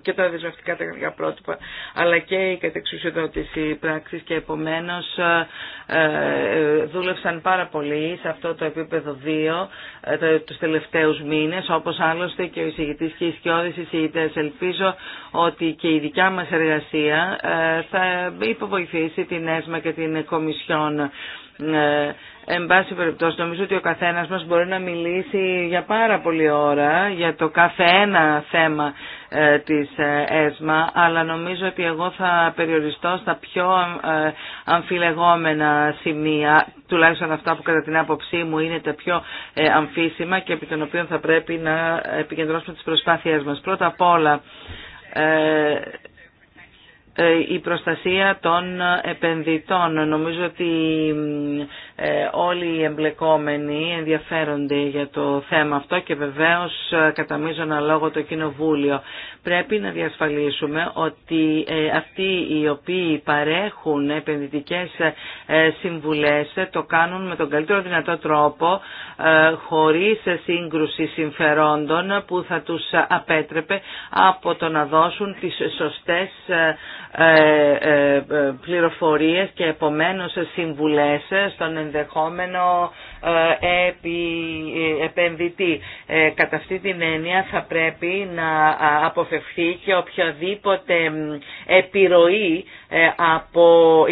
και τα δεσμευτικά τεχνικά πρότυπα, αλλά και η κατεξουσιοδότηση πράξης και επομένως δούλευσαν πάρα πολύ σε αυτό το επίπεδο 2 ε, τους τελευταίους μήνες, όπως άλλωστε και ο εισηγητής και οι εισηγητές. Ελπίζω ότι και η δικιά μας εργασία ε, θα υποβοηθήσει την ΕΣΜΑ και την Κομισιόν ε, Εν πάση περιπτώσει, νομίζω ότι ο καθένας μας μπορεί να μιλήσει για πάρα πολλή ώρα για το κάθε ένα θέμα ε, της ε, ΕΣΜΑ, αλλά νομίζω ότι εγώ θα περιοριστώ στα πιο ε, αμφιλεγόμενα σημεία, τουλάχιστον αυτά που κατά την άποψή μου είναι τα πιο αμφίσιμα και επί των οποίων θα πρέπει να επικεντρώσουμε τις προσπάθειές μας. Πρώτα απ' όλα, η προστασία των επενδυτών. Νομίζω ότι ε, όλοι οι εμπλεκόμενοι ενδιαφέρονται για το θέμα αυτό και βεβαίως ε, κατά μείζωνα λόγο το Κοινοβούλιο. Πρέπει να διασφαλίσουμε ότι ε, αυτοί οι οποίοι παρέχουν επενδυτικές συμβουλές το κάνουν με τον καλύτερο δυνατό τρόπο χωρίς σύγκρουση συμφερόντων που θα τους απέτρεπε από το να δώσουν τις σωστές ε, ε, ε, πληροφορίες και επομένως συμβουλές στον ενδεχόμενο επι, επενδυτή. Κατά αυτή την έννοια θα πρέπει να αποφευθεί και οποιαδήποτε επιρροή ε, από,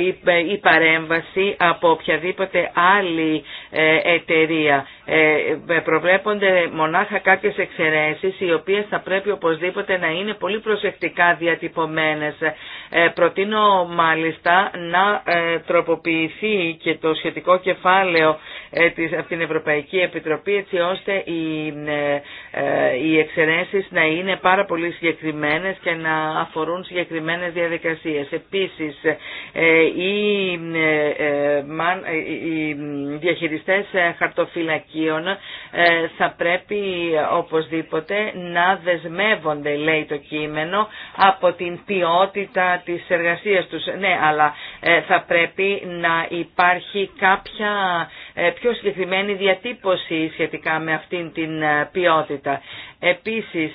ή, παρέμβαση από οποιαδήποτε άλλη ε, εταιρεία. Ε, προβλέπονται μονάχα κάποιες εξαιρέσεις οι οποίες θα πρέπει οπωσδήποτε να είναι πολύ προσεκτικά διατυπωμένες. προτείνω μάλιστα να τροποποιηθεί και το σχετικό κεφάλαιο της, από την Ευρωπαϊκή Επιτροπή έτσι ώστε οι, οι εξαιρέσεις να είναι πάρα πολύ συγκεκριμένες και να αφορούν συγκεκριμένες διαδικασίες. Επίσης, ε, ε, ε, οι διαχειριστές χαρτοφυλακίων θα πρέπει οπωσδήποτε να δεσμεύονται, λέει το κείμενο, από την ποιότητα της εργασίας τους. Ναι, αλλά θα πρέπει να υπάρχει κάποια πιο συγκεκριμένη διατύπωση σχετικά με αυτήν την ποιότητα. Επίσης,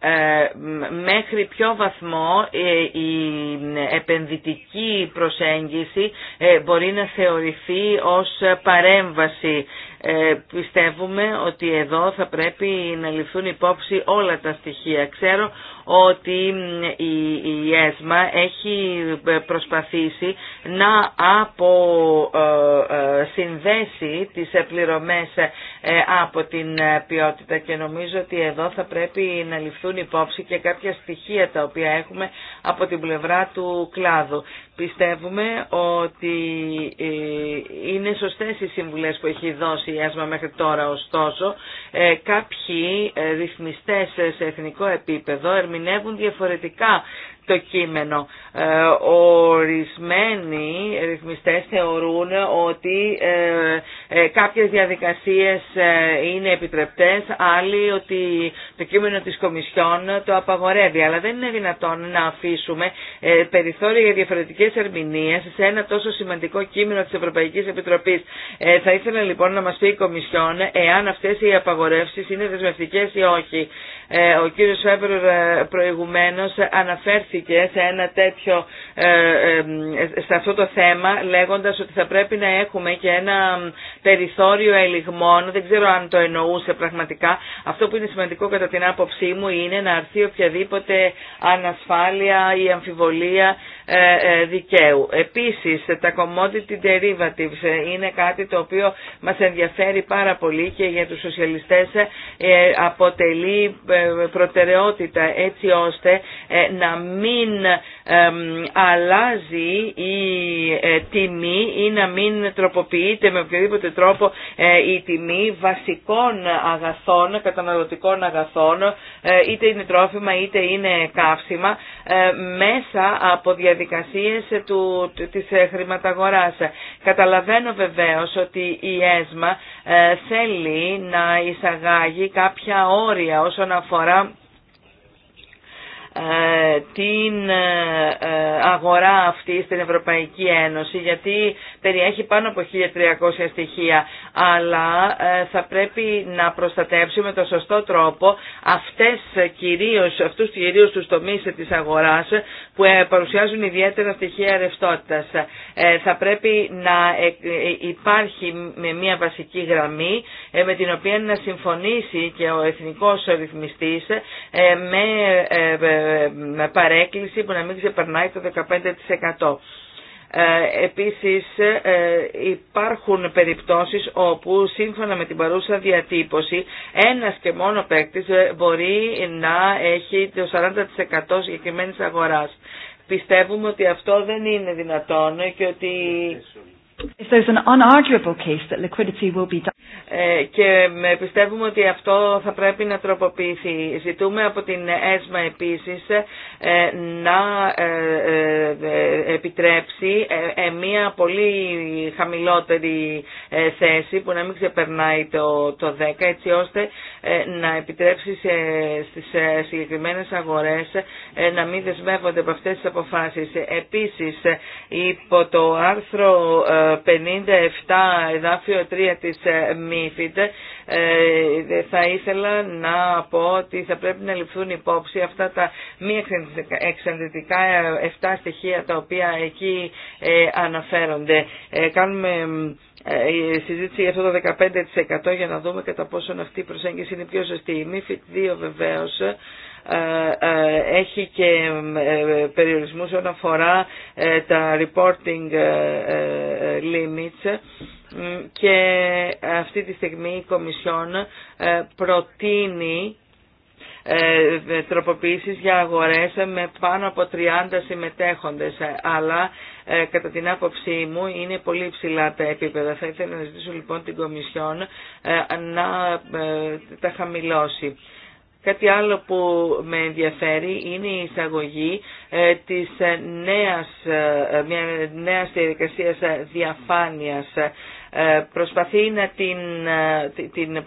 ε, μέχρι ποιο βαθμό ε, η επενδυτική προσέγγιση ε, μπορεί να θεωρηθεί ως παρέμβαση. Πιστεύουμε ότι εδώ θα πρέπει να ληφθούν υπόψη όλα τα στοιχεία. Ξέρω ότι η ΕΣΜΑ έχει προσπαθήσει να αποσυνδέσει ε, ε, τις πληρωμές ε, από την ποιότητα και νομίζω ότι εδώ θα πρέπει να ληφθούν υπόψη και κάποια στοιχεία τα οποία έχουμε από την πλευρά του κλάδου. Πιστεύουμε ότι ε, είναι σωστές οι συμβουλές που έχει δώσει η ΕΣΜΑ μέχρι τώρα, ωστόσο ε, κάποιοι ε, ρυθμιστές σε εθνικό επίπεδο ερμηνεύουν διαφορετικά το κείμενο. Ε, ορισμένοι ρυθμιστές θεωρούν ότι ε, ε, κάποιες διαδικασίες είναι επιτρεπτές, άλλοι ότι το κείμενο της Κομισιόν το απαγορεύει. Αλλά δεν είναι δυνατόν να αφήσουμε περιθώρια για διαφορετικές ερμηνείες σε ένα τόσο σημαντικό κείμενο της Ευρωπαϊκής Επιτροπής. Θα ήθελα λοιπόν να μας πει η Κομισιόν εάν αυτές οι απαγορεύσεις είναι δεσμευτικές ή όχι. Ο κύριος Φέβρουρ προηγουμένως αναφέρθηκε αναφέρθηκε σε ένα τέτοιο, ε, ε, ε, σε αυτό το θέμα λέγοντας ότι θα πρέπει να έχουμε και ένα περιθώριο ελιγμών, δεν ξέρω αν το εννοούσε πραγματικά. Αυτό που είναι σημαντικό κατά την άποψή μου είναι να αρθεί οποιαδήποτε ανασφάλεια ή αμφιβολία ε, ε, δικαίου. Επίσης τα commodity derivatives είναι κάτι το οποίο μας ενδιαφέρει πάρα πολύ και για τους σοσιαλιστές ε, αποτελεί προτεραιότητα έτσι ώστε να μην αλλάζει η ε, τιμή ή να μην τροποποιείται με οποιοδήποτε τρόπο ε, η τιμή βασικών αγαθών, καταναλωτικών αγαθών, ε, είτε είναι τρόφιμα είτε είναι καύσιμα, μέσα από διαδικασίες του, της χρηματαγοράς. Καταλαβαίνω βεβαίως ότι η ΕΣΜΑ θέλει να εισαγάγει κάποια όρια όσον αφορά ε, την ε, ε, αγορά αυτή στην Ευρωπαϊκή Ένωση γιατί περιέχει πάνω από 1300 στοιχεία, αλλά ε, θα πρέπει να προστατεύσουμε το σωστό τρόπο αυτές κυρίως, αυτούς κυρίως τους τομείς της αγοράς που ε, παρουσιάζουν ιδιαίτερα στοιχεία ρευστότητας. Ε, θα πρέπει να υπάρχει μια βασική γραμμή με την οποία να συμφωνήσει και ο εθνικός ρυθμιστής με παρέκκληση που να μην ξεπερνάει το 15%. Ε, επίσης ε, υπάρχουν περιπτώσεις όπου σύμφωνα με την παρούσα διατύπωση ένας και μόνο παίκτη ε, μπορεί να έχει το 40% συγκεκριμένη αγοράς. Πιστεύουμε ότι αυτό δεν είναι δυνατόν και ότι και πιστεύουμε ότι αυτό θα πρέπει να τροποποιηθεί. Ζητούμε από την ΕΣΜΑ επίσης ε, να ε, ε, επιτρέψει μια πολύ χαμηλότερη θέση που να μην ξεπερνάει το, το 10 έτσι ώστε να επιτρέψει σε, στις συγκεκριμένες αγορές να μην δεσμεύονται από αυτές τις αποφάσεις. Επίσης υπό το άρθρο 57 εδάφιο 3 της ε, ΜΥΦΙΤ ε, θα ήθελα να πω ότι θα πρέπει να ληφθούν υπόψη αυτά τα μη εξαντλητικά 7 ε, στοιχεία τα οποία εκεί αναφέρονται. Κάνουμε συζήτηση για αυτό το 15% για να δούμε κατά πόσον αυτή η προσέγγιση είναι πιο σωστή. Η ΜΥΦΙΤ 2 βεβαίως ε, ε, έχει και ε, περιορισμούς όσον αφορά τα reporting limits και αυτή τη στιγμή η Κομισιόν προτείνει τροποποιήσεις για αγορές με πάνω από 30 συμμετέχοντες, αλλά κατά την άποψή μου είναι πολύ ψηλά τα επίπεδα. Θα ήθελα να ζητήσω λοιπόν την Κομισιόν να τα χαμηλώσει. Κάτι άλλο που με ενδιαφέρει είναι η εισαγωγή ε, της ε, νέας, ε, μια νέας διαδικασίας διαφάνειας ε, προσπαθεί να την, ε, την,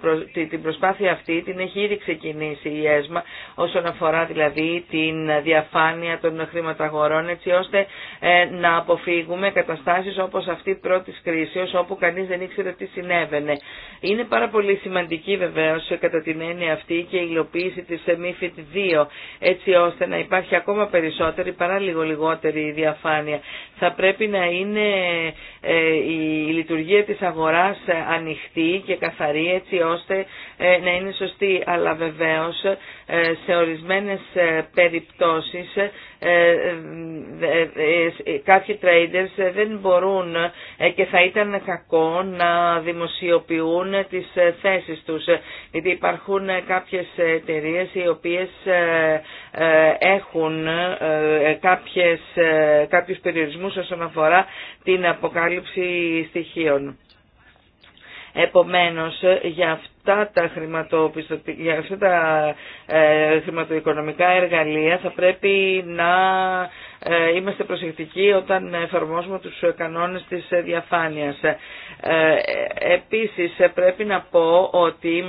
την προσπάθεια αυτή την έχει ήδη ξεκινήσει η ΕΣΜΑ όσον αφορά δηλαδή την διαφάνεια των χρηματαγορών έτσι ώστε ε, να αποφύγουμε καταστάσεις όπως αυτή πρώτης κρίσεως όπου κανείς δεν ήξερε τι συνέβαινε. Είναι πάρα πολύ σημαντική βεβαίω κατά την έννοια αυτή και η υλοποίηση της MIFID 2 έτσι ώστε να υπάρχει ακόμα περισσότερη παρά λίγο λιγότερη διαφάνεια. Θα πρέπει να είναι η λειτουργία της της αγοράς ε, ανοιχτή και καθαρή έτσι ώστε ε, να είναι σωστή. Αλλά βεβαίως ε, σε ορισμένες περιπτώσεις κάποιοι traders δεν μπορούν και θα ήταν κακό να δημοσιοποιούν τις θέσεις τους. Γιατί υπάρχουν κάποιες εταιρείε οι οποίες έχουν κάποιες, κάποιους περιορισμούς όσον αφορά την αποκάλυψη στοιχείων. Επομένως, για αυτά τα, για τα ε, χρηματοοικονομικά εργαλεία θα πρέπει να ε, είμαστε προσεκτικοί όταν εφαρμόσουμε τους κανόνες της διαφάνειας. Ε, επίσης, πρέπει να πω ότι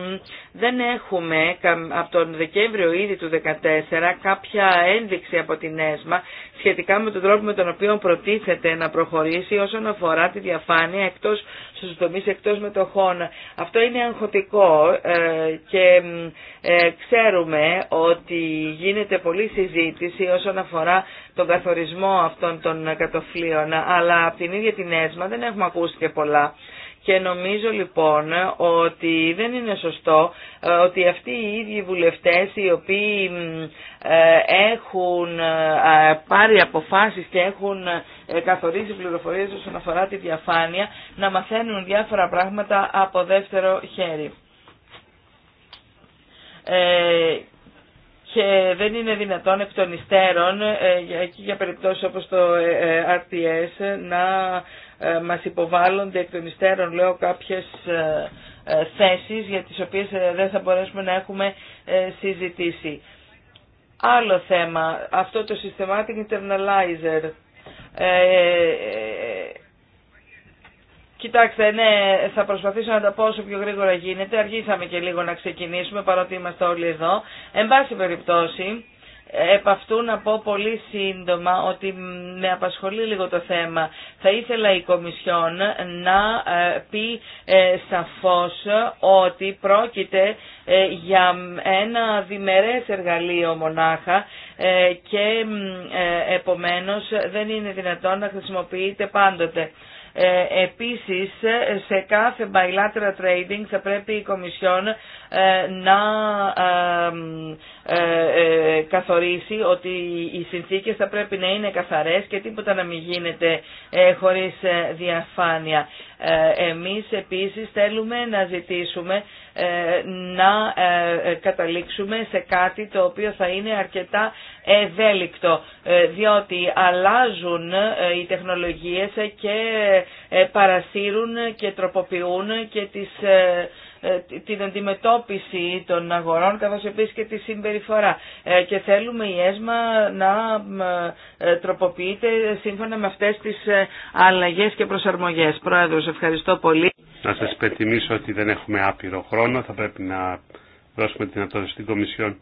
δεν έχουμε από τον Δεκέμβριο ήδη του 2014 κάποια ένδειξη από την ΕΣΜΑ σχετικά με τον τρόπο με τον οποίο προτίθεται να προχωρήσει όσον αφορά τη διαφάνεια εκτός στους με εκτός μετοχών. Αυτό είναι αγχωτικό ε, και ε, ξέρουμε ότι γίνεται πολλή συζήτηση όσον αφορά τον καθορισμό αυτών των κατοφλίων, αλλά από την ίδια την ΕΣΜΑ δεν έχουμε ακούσει και πολλά. Και νομίζω λοιπόν ότι δεν είναι σωστό ε, ότι αυτοί οι ίδιοι βουλευτές οι οποίοι ε, έχουν ε, πάρει αποφάσεις και έχουν καθορίσει πληροφορίες όσον αφορά τη διαφάνεια να μαθαίνουν διάφορα πράγματα από δεύτερο χέρι. Και δεν είναι δυνατόν εκ των υστέρων και για περιπτώσεις όπως το RTS να ε, μας υποβάλλονται εκ των υστέρων λέω κάποιες ε, ε, θέσεις για τις οποίες δεν θα μπορέσουμε να έχουμε συζητήσει. Άλλο θέμα, αυτό το Systematic Internalizer. Κοιτάξτε, ναι, θα προσπαθήσω να τα πω όσο πιο γρήγορα γίνεται. Αργήσαμε και λίγο να ξεκινήσουμε, παρότι είμαστε όλοι εδώ. Εν πάση περιπτώσει, Επ' αυτού να πω πολύ σύντομα ότι με απασχολεί λίγο το θέμα. Θα ήθελα η Κομισιόν να ε, πει ε, σαφώς ότι πρόκειται ε, για ένα διμερές εργαλείο μονάχα και επομένως δεν είναι δυνατόν να χρησιμοποιείται πάντοτε. Επίσης, σε κάθε bilateral trading θα πρέπει η Κομισιόν ε, να ε, ε, καθορίσει ότι οι συνθήκες θα πρέπει να είναι καθαρές και τίποτα να μην γίνεται χωρίς διαφάνεια. Εμείς επίσης θέλουμε να ζητήσουμε να καταλήξουμε σε κάτι το οποίο θα είναι αρκετά ευέλικτο διότι αλλάζουν οι τεχνολογίες και παρασύρουν και τροποποιούν και τις ε, την αντιμετώπιση των αγορών καθώς επίσης και τη συμπεριφορά. Ε, και θέλουμε η ΕΣΜΑ να ε, τροποποιείται σύμφωνα με αυτές τις αλλαγές και προσαρμογές. Πρόεδρος, ευχαριστώ πολύ. Να σας υπενθυμίσω ότι δεν έχουμε άπειρο χρόνο, θα πρέπει να δώσουμε την δυνατότητα στην Κομισιόν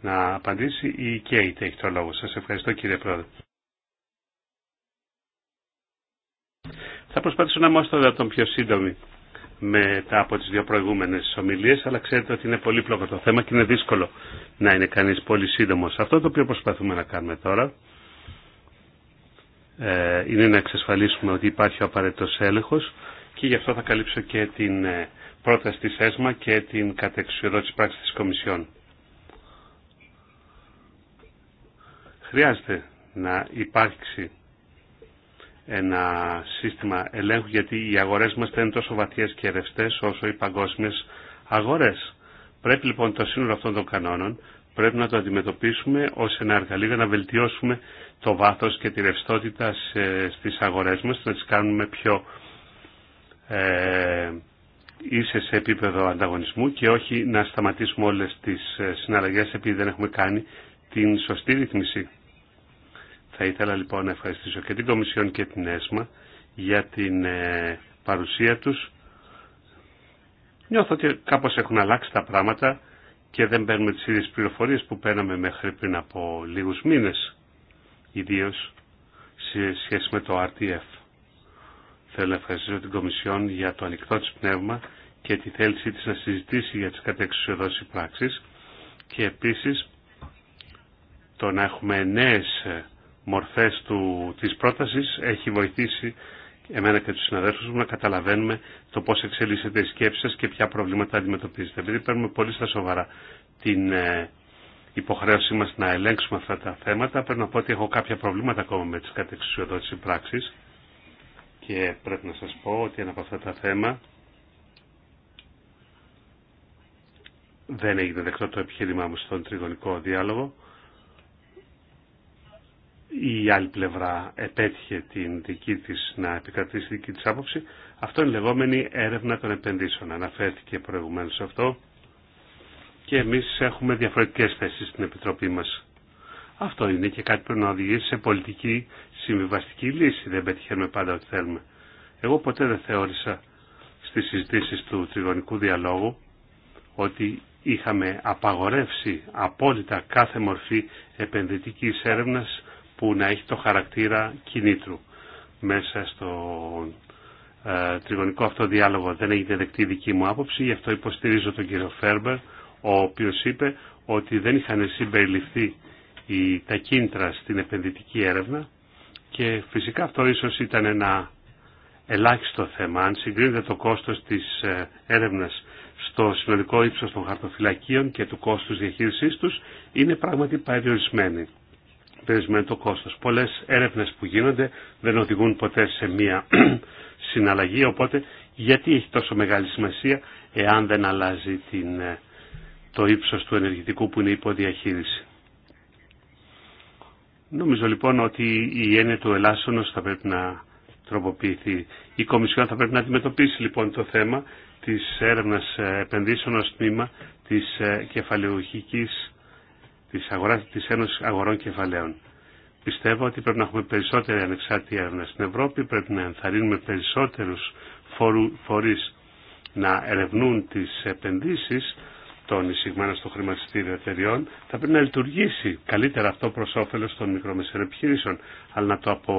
να απαντήσει. Η ΚΕΙΤ έχει το λόγο. Σας ευχαριστώ κύριε Πρόεδρε. Θα προσπαθήσω να είμαι τον πιο σύντομη μετά από τις δύο προηγούμενες ομιλίες, αλλά ξέρετε ότι είναι πολύπλοκο το θέμα και είναι δύσκολο να είναι κανείς πολύ σύντομος. Αυτό το οποίο προσπαθούμε να κάνουμε τώρα ε, είναι να εξασφαλίσουμε ότι υπάρχει ο απαραίτητος έλεγχος και γι' αυτό θα καλύψω και την ε, πρόταση της ΕΣΜΑ και την κατεξιοδότηση πράξη της Κομισιόν. Χρειάζεται να υπάρξει ένα σύστημα ελέγχου γιατί οι αγορές μας δεν είναι τόσο βαθιές και ρευστές όσο οι παγκόσμιες αγορές. Πρέπει λοιπόν το σύνολο αυτών των κανόνων πρέπει να το αντιμετωπίσουμε ως ένα εργαλείο για να βελτιώσουμε το βάθος και τη ρευστότητα στις αγορές μας, να τις κάνουμε πιο ε, ίσες σε επίπεδο ανταγωνισμού και όχι να σταματήσουμε όλες τις ε, συναλλαγές επειδή δεν έχουμε κάνει την σωστή ρυθμίση. Θα ήθελα λοιπόν να ευχαριστήσω και την Κομισιόν και την ΕΣΜΑ για την ε, παρουσία τους. Νιώθω ότι κάπως έχουν αλλάξει τα πράγματα και δεν παίρνουμε τις ίδιες πληροφορίες που παίρναμε μέχρι πριν από λίγους μήνες, ιδίως σε σχέση με το RTF. Θέλω να ευχαριστήσω την Κομισιόν για το ανοιχτό της πνεύμα και τη θέλησή της να συζητήσει για τις κατεξουσιοδόσεις πράξεις και επίσης το να έχουμε νέες ε, μορφές του, της πρότασης έχει βοηθήσει εμένα και τους συναδέλφους μου να καταλαβαίνουμε το πώς εξελίσσεται η σκέψη σας και ποια προβλήματα αντιμετωπίζετε. Επειδή παίρνουμε πολύ στα σοβαρά την ε, υποχρέωσή μας να ελέγξουμε αυτά τα θέματα, πρέπει να πω ότι έχω κάποια προβλήματα ακόμα με τις κατεξουσιοδότηση πράξεις και πρέπει να σας πω ότι ένα από αυτά τα θέματα δεν έγινε δεκτό το επιχείρημά μου στον τριγωνικό διάλογο η άλλη πλευρά επέτυχε την δική της, να επικρατήσει τη δική της άποψη. Αυτό είναι λεγόμενη έρευνα των επενδύσεων. Αναφέρθηκε προηγουμένως αυτό και εμείς έχουμε διαφορετικές θέσεις στην Επιτροπή μας. Αυτό είναι και κάτι που να οδηγήσει σε πολιτική συμβιβαστική λύση. Δεν πετυχαίνουμε πάντα ό,τι θέλουμε. Εγώ ποτέ δεν θεώρησα στις συζητήσεις του τριγωνικού διαλόγου ότι είχαμε απαγορεύσει απόλυτα κάθε μορφή επενδυτικής έρευνας που να έχει το χαρακτήρα κινήτρου. Μέσα στο ε, τριγωνικό αυτό διάλογο δεν έχει δεκτή δική μου άποψη, γι' αυτό υποστηρίζω τον κύριο Φέρμπερ, ο οποίος είπε ότι δεν είχαν συμπεριληφθεί οι, τα κίνητρα στην επενδυτική έρευνα και φυσικά αυτό ίσως ήταν ένα ελάχιστο θέμα. Αν συγκρίνεται το κόστος της ε, έρευνας στο συνολικό ύψος των χαρτοφυλακίων και του κόστους διαχείρισής τους, είναι πράγματι περιορισμένη περιορισμένο το κόστος. Πολλές έρευνες που γίνονται δεν οδηγούν ποτέ σε μία (clears throat) συναλλαγή, οπότε γιατί έχει τόσο μεγάλη σημασία εάν δεν αλλάζει την, ε, το ύψος του ενεργητικού που είναι υποδιαχείριση. Νομίζω λοιπόν ότι η έννοια του ελάσσονος θα πρέπει να τροποποιηθεί. Η Κομισιόν θα πρέπει να αντιμετωπίσει λοιπόν το θέμα της έρευνας ε, επενδύσεων ως τμήμα της ε, κεφαλαιοχικής της, αγοράς, της Ένωσης Αγορών Κεφαλαίων. Πιστεύω ότι πρέπει να έχουμε περισσότερη ανεξάρτητη έρευνα στην Ευρώπη, πρέπει να ενθαρρύνουμε περισσότερους φορείς να ερευνούν τις επενδύσεις των εισηγμένων στο χρηματιστήριο εταιριών, θα πρέπει να λειτουργήσει καλύτερα αυτό προς όφελος των μικρομεσαίων επιχειρήσεων. Αλλά να το, απο...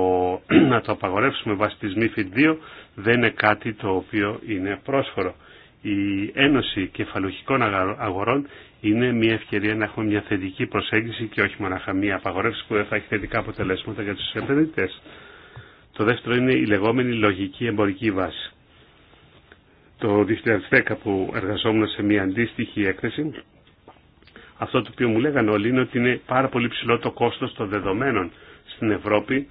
(clears throat) να το απαγορεύσουμε βάσει τη MIFID 2 δεν είναι κάτι το οποίο είναι πρόσφορο. Η Ένωση Κεφαλουχικών Αγορών είναι μια ευκαιρία να έχουμε μια θετική προσέγγιση και όχι μόνο μια απαγορεύση που δεν θα έχει θετικά αποτελέσματα για τους επενδυτές. Το δεύτερο είναι η λεγόμενη λογική εμπορική βάση. Το 2010 που εργαζόμουν σε μια αντίστοιχη έκθεση, αυτό το οποίο μου λέγανε όλοι είναι ότι είναι πάρα πολύ ψηλό το κόστος των δεδομένων στην Ευρώπη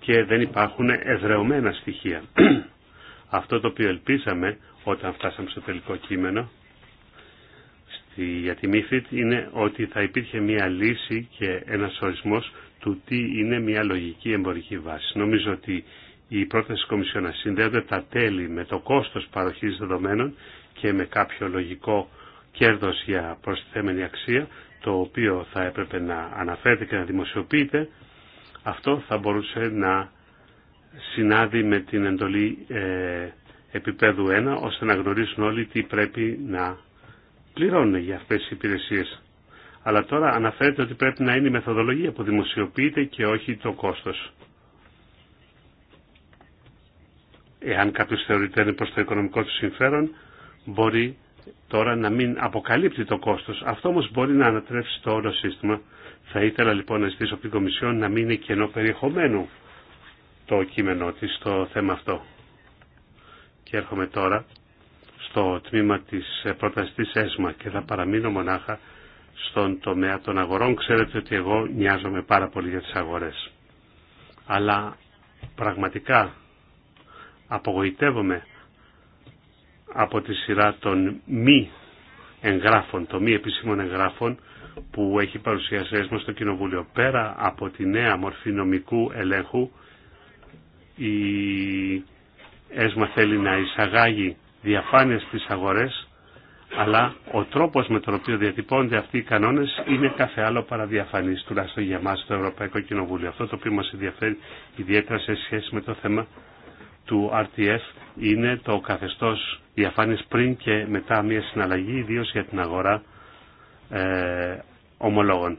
και δεν υπάρχουν εδρεωμένα στοιχεία. (clears throat) αυτό το οποίο ελπίζαμε όταν φτάσαμε στο τελικό κείμενο για τη ΜΥΦΙΤ είναι ότι θα υπήρχε μια λύση και ένας ορισμός του τι είναι μια λογική εμπορική βάση. Νομίζω ότι η πρόταση της Κομισιόν συνδέονται τα τέλη με το κόστος παροχής δεδομένων και με κάποιο λογικό κέρδος για προστιθέμενη αξία, το οποίο θα έπρεπε να αναφέρεται και να δημοσιοποιείται, αυτό θα μπορούσε να συνάδει με την εντολή ε, επίπεδου 1, ώστε να γνωρίσουν όλοι τι πρέπει να πληρώνουν για αυτές τις υπηρεσίες. Αλλά τώρα αναφέρεται ότι πρέπει να είναι η μεθοδολογία που δημοσιοποιείται και όχι το κόστος. Εάν κάποιος θεωρείται είναι προς το οικονομικό του συμφέρον, μπορεί τώρα να μην αποκαλύπτει το κόστος. Αυτό όμως μπορεί να ανατρέψει το όλο σύστημα. Θα ήθελα λοιπόν να ζητήσω από την Κομισιόν να μην είναι κενό περιεχομένου το κείμενό της στο θέμα αυτό. Και έρχομαι τώρα το τμήμα της ε, πρότασης ΕΣΜΑ και θα παραμείνω μονάχα στον τομέα των αγορών. Ξέρετε ότι εγώ νοιάζομαι πάρα πολύ για τις αγορές. Αλλά πραγματικά απογοητεύομαι από τη σειρά των μη εγγράφων, των μη επισήμων εγγράφων που έχει παρουσιάσει ΕΣΜΑ στο Κοινοβούλιο. Πέρα από τη νέα μορφή νομικού ελέγχου, η ΕΣΜΑ θέλει να εισαγάγει διαφάνεια στις αγορές, αλλά ο τρόπος με τον οποίο διατυπώνται αυτοί οι κανόνες είναι κάθε άλλο παραδιαφανής, τουλάχιστον για εμάς το Ευρωπαϊκό Κοινοβούλιο. Αυτό το οποίο μας ενδιαφέρει ιδιαίτερα σε σχέση με το θέμα του RTF είναι το καθεστώς διαφάνειας πριν και μετά μια συναλλαγή, ιδίω για την αγορά ε, ομολόγων.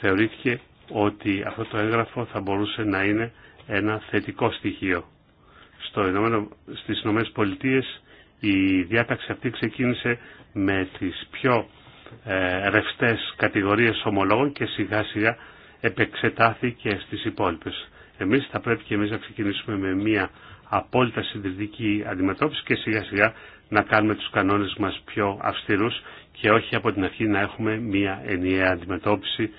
Θεωρήθηκε ότι αυτό το έγγραφο θα μπορούσε να είναι ένα θετικό στοιχείο στο Ηνωμένο, στις Ηνωμένες Πολιτείες η διάταξη αυτή ξεκίνησε με τις πιο ε, ρευστές κατηγορίες ομολόγων και σιγά σιγά επεξετάθηκε στις υπόλοιπες. Εμείς θα πρέπει και εμείς να ξεκινήσουμε με μια απόλυτα συντηρητική αντιμετώπιση και σιγά σιγά να κάνουμε τους κανόνες μας πιο αυστηρούς και όχι από την αρχή να έχουμε μια ενιαία αντιμετώπιση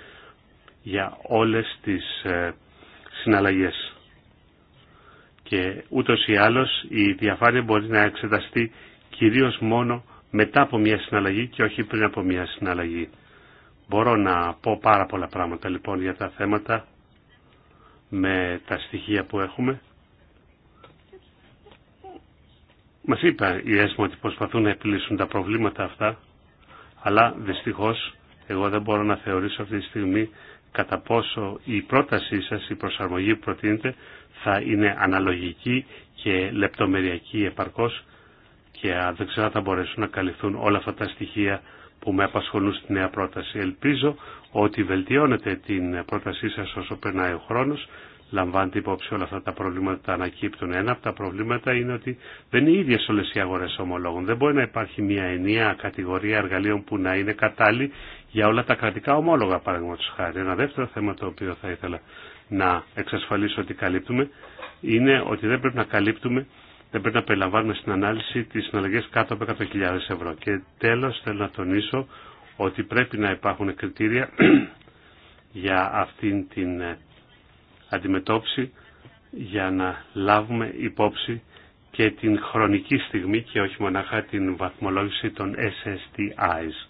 για όλες τις ε, συναλλαγές και ούτως ή άλλως η διαφάνεια μπορεί να εξεταστεί κυρίως μόνο μετά από μια συναλλαγή και όχι πριν από μια συναλλαγή. Μπορώ να πω πάρα πολλά πράγματα λοιπόν για τα θέματα με τα στοιχεία που έχουμε. Μας είπα η ΕΣΜΟ ότι προσπαθούν να επιλύσουν τα προβλήματα αυτά, αλλά δυστυχώς εγώ δεν μπορώ να θεωρήσω αυτή τη στιγμή κατά πόσο η πρότασή σας, η προσαρμογή που προτείνετε, θα είναι αναλογική και λεπτομεριακή επαρκώς και δεν ξέρω αν θα μπορέσουν να καλυφθούν όλα αυτά τα στοιχεία που με απασχολούν στη νέα πρόταση. Ελπίζω ότι βελτιώνετε την πρότασή σας όσο περνάει ο χρόνος, λαμβάνετε υπόψη όλα αυτά τα προβλήματα τα ανακύπτουν. Ένα από τα προβλήματα είναι ότι δεν είναι ίδιε όλες οι αγορές ομολόγων. Δεν μπορεί να υπάρχει μια ενιαία κατηγορία εργαλείων που να είναι κατάλληλη για όλα τα κρατικά ομόλογα, παραδείγματο χάρη. Ένα δεύτερο θέμα το οποίο θα ήθελα να εξασφαλίσω ότι καλύπτουμε είναι ότι δεν πρέπει να καλύπτουμε, δεν πρέπει να περιλαμβάνουμε στην ανάλυση τις συναλλαγές κάτω από 100.000 ευρώ. Και τέλος θέλω να τονίσω ότι πρέπει να υπάρχουν κριτήρια (clears throat) για αυτήν την ε, αντιμετώπιση για να λάβουμε υπόψη και την χρονική στιγμή και όχι μονάχα την βαθμολόγηση των SSTIs.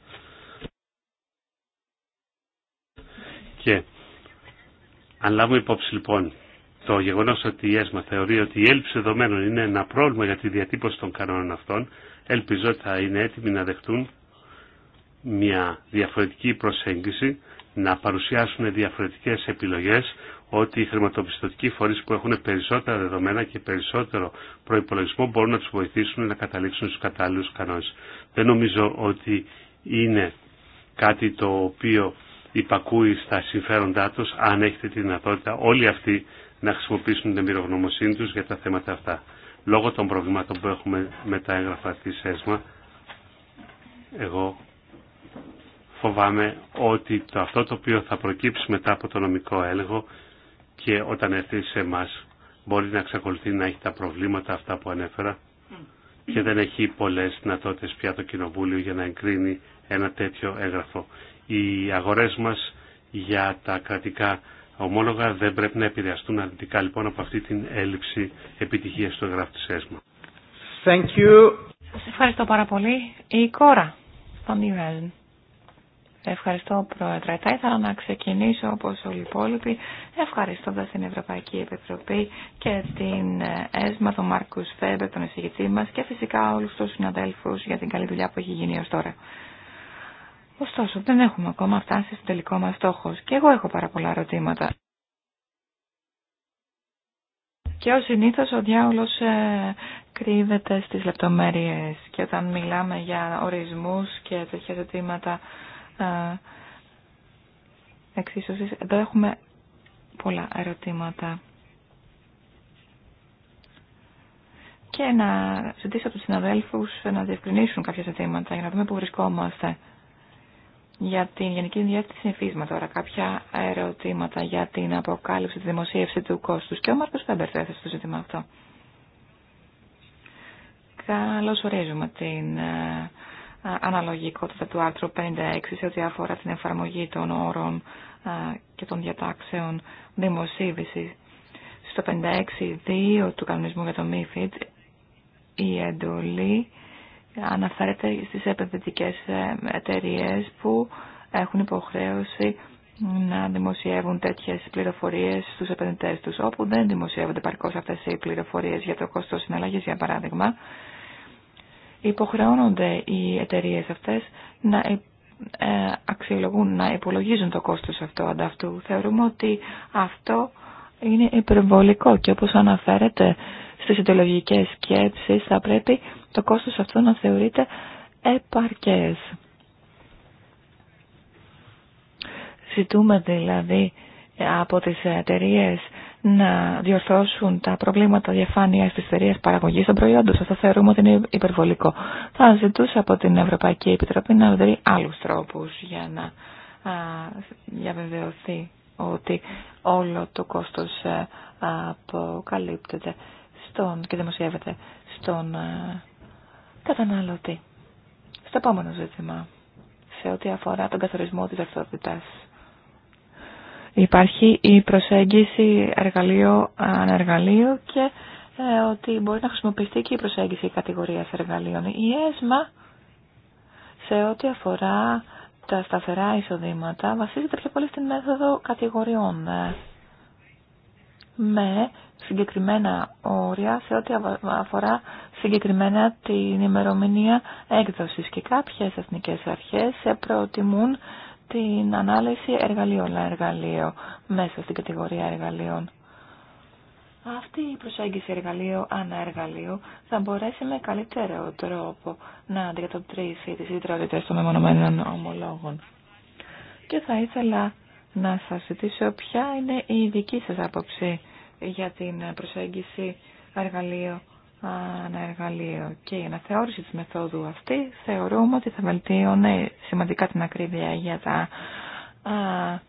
Και αν λάβουμε υπόψη λοιπόν το γεγονό ότι η ΕΣΜΑ θεωρεί ότι η έλλειψη δεδομένων είναι ένα πρόβλημα για τη διατύπωση των κανόνων αυτών, ελπίζω ότι θα είναι έτοιμοι να δεχτούν μια διαφορετική προσέγγιση, να παρουσιάσουν διαφορετικέ επιλογέ, ότι οι χρηματοπιστωτικοί φορεί που έχουν περισσότερα δεδομένα και περισσότερο προπολογισμό μπορούν να του βοηθήσουν να καταλήξουν στου κατάλληλου κανόνε. Δεν νομίζω ότι είναι κάτι το οποίο υπακούει στα συμφέροντά τους αν έχετε τη δυνατότητα όλοι αυτοί να χρησιμοποιήσουν την εμπειρογνωμοσύνη τους για τα θέματα αυτά. Λόγω των προβλημάτων που έχουμε με τα έγγραφα της ΕΣΜΑ, εγώ φοβάμαι ότι το αυτό το οποίο θα προκύψει μετά από το νομικό έλεγχο και όταν έρθει σε εμά μπορεί να εξακολουθεί να έχει τα προβλήματα αυτά που ανέφερα και δεν έχει πολλές δυνατότητες πια το Κοινοβούλιο για να εγκρίνει ένα τέτοιο έγγραφο οι αγορές μας για τα κρατικά ομόλογα δεν πρέπει να επηρεαστούν αρνητικά λοιπόν από αυτή την έλλειψη επιτυχίας στο εγγραφή της ΕΣΜΑ. Thank you. Σας ευχαριστώ πάρα πολύ. Η κόρα των Ιουέζεν. Ευχαριστώ Πρόεδρε. Θα ήθελα να ξεκινήσω όπως όλοι οι υπόλοιποι ευχαριστώντας την Ευρωπαϊκή Επιτροπή και την ΕΣΜΑ, τον Μάρκους Φέμπε, τον εισηγητή μας και φυσικά όλους τους συναδέλφους για την καλή δουλειά που έχει γίνει ως τώρα. Ωστόσο, δεν έχουμε ακόμα φτάσει στο τελικό μας στόχο και εγώ έχω πάρα πολλά ερωτήματα. Και ως συνήθως ο διάολος ε, κρύβεται στις λεπτομέρειες και όταν μιλάμε για ορισμούς και τέτοια ζητήματα ε, εξίσωσης, εδώ έχουμε πολλά ερωτήματα. Και να ζητήσω από τους συναδέλφους να διευκρινίσουν κάποια ζητήματα για να δούμε πού βρισκόμαστε για την Γενική Διεύθυνση Υφίσμα τώρα. Κάποια ερωτήματα για την αποκάλυψη, τη δημοσίευση του κόστους. Και ο Μάρκος Πέμπερτ θα έθεσε το ζήτημα αυτό. Καλώ ορίζουμε την ε, ε, αναλογικότητα του άρθρου 56 σε ό,τι αφορά την εφαρμογή των όρων ε, και των διατάξεων δημοσίευσης Στο 56.2 του κανονισμού για το MIFID η εντολή αναφέρεται στις επενδυτικές ε, εταιρείε που έχουν υποχρέωση να δημοσιεύουν τέτοιες πληροφορίες στους επενδυτές τους, όπου δεν δημοσιεύονται παρκώς αυτές οι πληροφορίες για το κόστος συναλλαγής, για παράδειγμα. Υποχρεώνονται οι εταιρείε αυτές να ε, ε, αξιολογούν, να υπολογίζουν το κόστος αυτό ανταυτού. Θεωρούμε ότι αυτό είναι υπερβολικό και όπως αναφέρεται στις ιδεολογικές σκέψεις θα πρέπει το κόστος αυτό να θεωρείται επαρκές. Ζητούμε δηλαδή από τις εταιρείε να διορθώσουν τα προβλήματα διαφάνειας της εταιρεία παραγωγής των προϊόντων. Αυτό θεωρούμε ότι είναι υπερβολικό. Θα ζητούσα από την Ευρωπαϊκή Επιτροπή να βρει άλλους τρόπους για να διαβεβαιωθεί ότι όλο το κόστος ε, αποκαλύπτεται στον, και δημοσιεύεται στον ε, καταναλωτή. Στο επόμενο ζήτημα, σε ό,τι αφορά τον καθορισμό της αυτοδότητας. Υπάρχει η προσέγγιση εργαλείο-ανεργαλείο και ε, ότι μπορεί να χρησιμοποιηθεί και η προσέγγιση κατηγορίας εργαλείων. Η ΕΣΜΑ σε ό,τι αφορά τα σταθερά εισοδήματα βασίζεται πιο πολύ στην μέθοδο κατηγοριών ε, με συγκεκριμένα όρια σε ό,τι αφορά συγκεκριμένα την ημερομηνία έκδοσης και κάποιες εθνικές αρχές προτιμούν την ανάλυση εργαλείο-εργαλείο μέσα στην κατηγορία εργαλείων. Αυτή η προσέγγιση εργαλείο θα μπορέσει με καλύτερο τρόπο να αντικατοπτρήσει τις ιδιαιτερότητες των μεμονωμένων ομολόγων. Και θα ήθελα να σας ζητήσω ποια είναι η δική σας άποψη για την προσέγγιση εργαλείο ανά εργαλείο και η αναθεώρηση της μεθόδου αυτή θεωρούμε ότι θα βελτίωνε σημαντικά την ακρίβεια για τα α,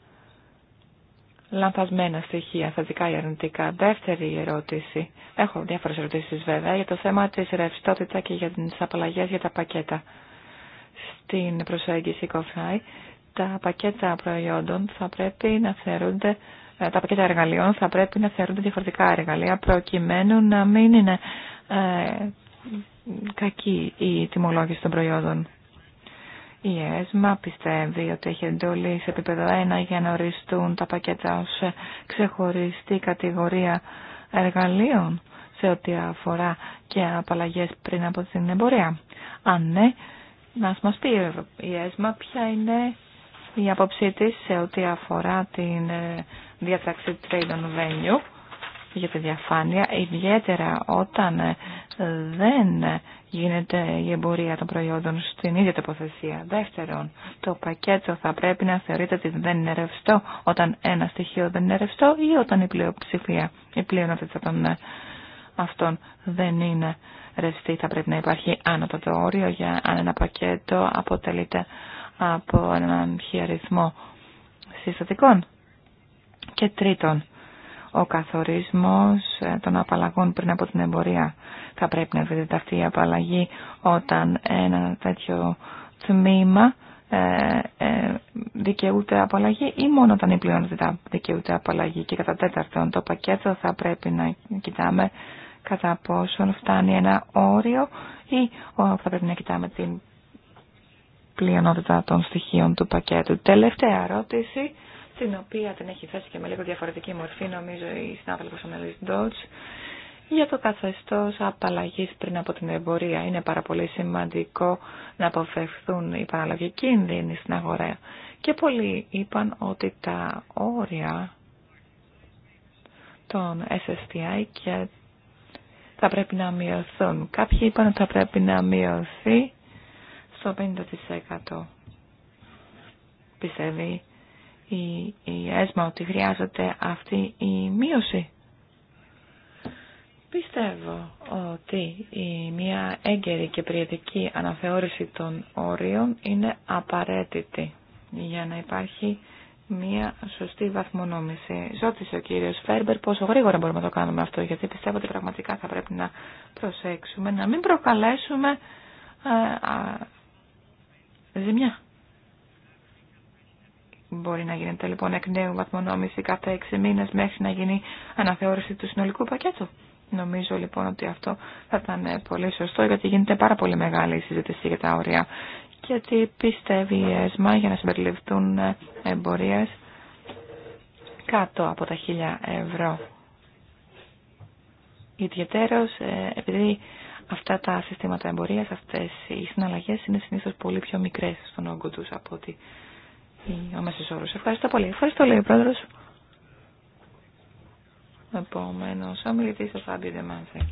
λανθασμένα στοιχεία, θετικά ή αρνητικά. Δεύτερη ερώτηση. Έχω διάφορες ερωτήσεις βέβαια για το θέμα της ρευστότητα και για τις απαλλαγές για τα πακέτα. Στην προσέγγιση COFI τα πακέτα προϊόντων θα πρέπει να θεωρούνται ε, τα πακέτα εργαλείων θα πρέπει να θεωρούνται διαφορετικά εργαλεία προκειμένου να μην είναι ε, κακή η τιμολόγηση των προϊόντων. Η ΕΣΜΑ πιστεύει ότι έχει εντολή σε επίπεδο 1 για να οριστούν τα πακέτα ως ξεχωριστή κατηγορία εργαλείων σε ό,τι αφορά και απαλλαγές πριν από την εμπορία. Αν ναι, να μας πει η ΕΣΜΑ ποια είναι η άποψή της σε ό,τι αφορά την ε, διαταξή τρέιντων βένιου για τη διαφάνεια, ιδιαίτερα όταν ε, δεν γίνεται η εμπορία των προϊόντων στην ίδια τοποθεσία. Δεύτερον, το πακέτο θα πρέπει να θεωρείται ότι δεν είναι ρευστό όταν ένα στοιχείο δεν είναι ρευστό ή όταν η πλειοψηφία, η πλειονότητα των ε, αυτών δεν είναι ρευστή. Θα πρέπει να υπάρχει το όριο για αν ένα πακέτο αποτελείται από έναν χειρισμό συστατικών και τρίτον, ο καθορισμός ε, των απαλλαγών πριν από την εμπορία. Θα πρέπει να βρείτε αυτή η απαλλαγή όταν ένα τέτοιο τμήμα ε, ε, δικαιούται απαλλαγή ή μόνο όταν η πλειονότητα δικαιούται απαλλαγή. Και κατά τέταρτον το πακέτο θα πρέπει να κοιτάμε κατά πόσον φτάνει ένα όριο ή θα πρέπει να κοιτάμε την πλειονότητα των στοιχείων του πακέτου. Τελευταία ερώτηση την οποία την έχει θέσει και με λίγο διαφορετική μορφή, νομίζω, η συνάδελφος Αναλής Ντότς, για το καθεστώς απαλλαγής πριν από την εμπορία. Είναι πάρα πολύ σημαντικό να αποφευθούν οι παραλλαγικοί κίνδυνοι στην αγορά. Και πολλοί είπαν ότι τα όρια των SSTI και θα πρέπει να μειωθούν. Κάποιοι είπαν ότι θα πρέπει να μειωθεί στο 50%. Πιστεύει η, η ΕΣΜΑ ότι χρειάζεται αυτή η μείωση. Πιστεύω ότι η μια έγκαιρη και πριετική αναθεώρηση των όριων είναι απαραίτητη για να υπάρχει μια σωστή βαθμονόμηση. Ζώτησε ο κύριος Φέρμπερ πόσο γρήγορα μπορούμε να το κάνουμε αυτό, γιατί πιστεύω ότι πραγματικά θα πρέπει να προσέξουμε, να μην προκαλέσουμε ε, ζημιά. Μπορεί να γίνεται λοιπόν εκ νέου βαθμονόμηση κάθε 6 μήνε μέχρι να γίνει αναθεώρηση του συνολικού πακέτου. Νομίζω λοιπόν ότι αυτό θα ήταν ε, πολύ σωστό γιατί γίνεται πάρα πολύ μεγάλη η συζήτηση για τα όρια. Γιατί πιστεύει η ΕΣΜΑ για να συμπεριληφθούν ε, εμπορίες κάτω από τα 1000 ευρώ. Ιδιαίτερω ε, επειδή αυτά τα συστήματα εμπορία, αυτέ οι συναλλαγέ είναι συνήθω πολύ πιο μικρέ στον όγκο του από ότι ο μέσος όρος. Ευχαριστώ πολύ. Ευχαριστώ, λέει ο πρόεδρος. Επόμενος, ο μιλητής ο Φάμπι Δεμάνσε.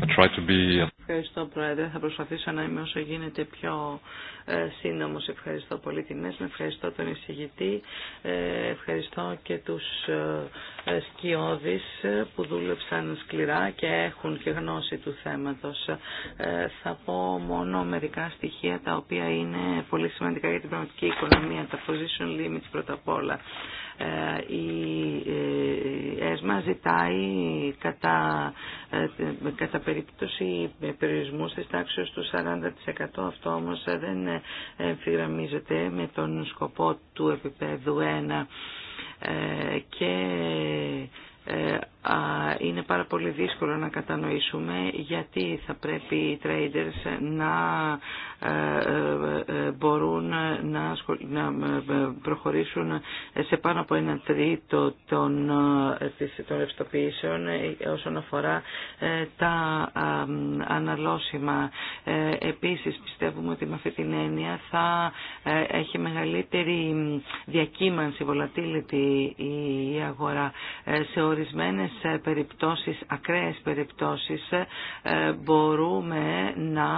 I try to be Ευχαριστώ, Πρόεδρε. Θα προσπαθήσω να είμαι όσο γίνεται πιο ε, σύντομος. Ευχαριστώ πολύ την ΕΣΜΕ, ευχαριστώ τον εισηγητή, ε, ευχαριστώ και τους ε, σκιώδεις που δούλεψαν σκληρά και έχουν και γνώση του θέματος. Θα πω μόνο μερικά στοιχεία τα οποία είναι πολύ σημαντικά για την πραγματική οικονομία, τα position limits πρώτα απ' όλα. Ε, ε, η ΕΣΜΑ ζητάει κατά, ε, κατά περίπτωση περιορισμού της τάξης του 40%. Αυτό όμως δεν εμφυγραμμίζεται με τον σκοπό του επίπεδου 1 και είναι πάρα πολύ δύσκολο να κατανοήσουμε γιατί θα πρέπει οι traders να ε, ε, ε, μπορούν να προχωρήσουν σε πάνω από ένα τρίτο των, των ευστοποιήσεων όσον αφορά τα αναλώσιμα. Επίσης πιστεύουμε ότι με αυτή την έννοια θα έχει μεγαλύτερη διακύμανση, volatility η αγορά σε ορισμένες σε περιπτώσεις, ακραίες περιπτώσεις, ε, ε, μπορούμε να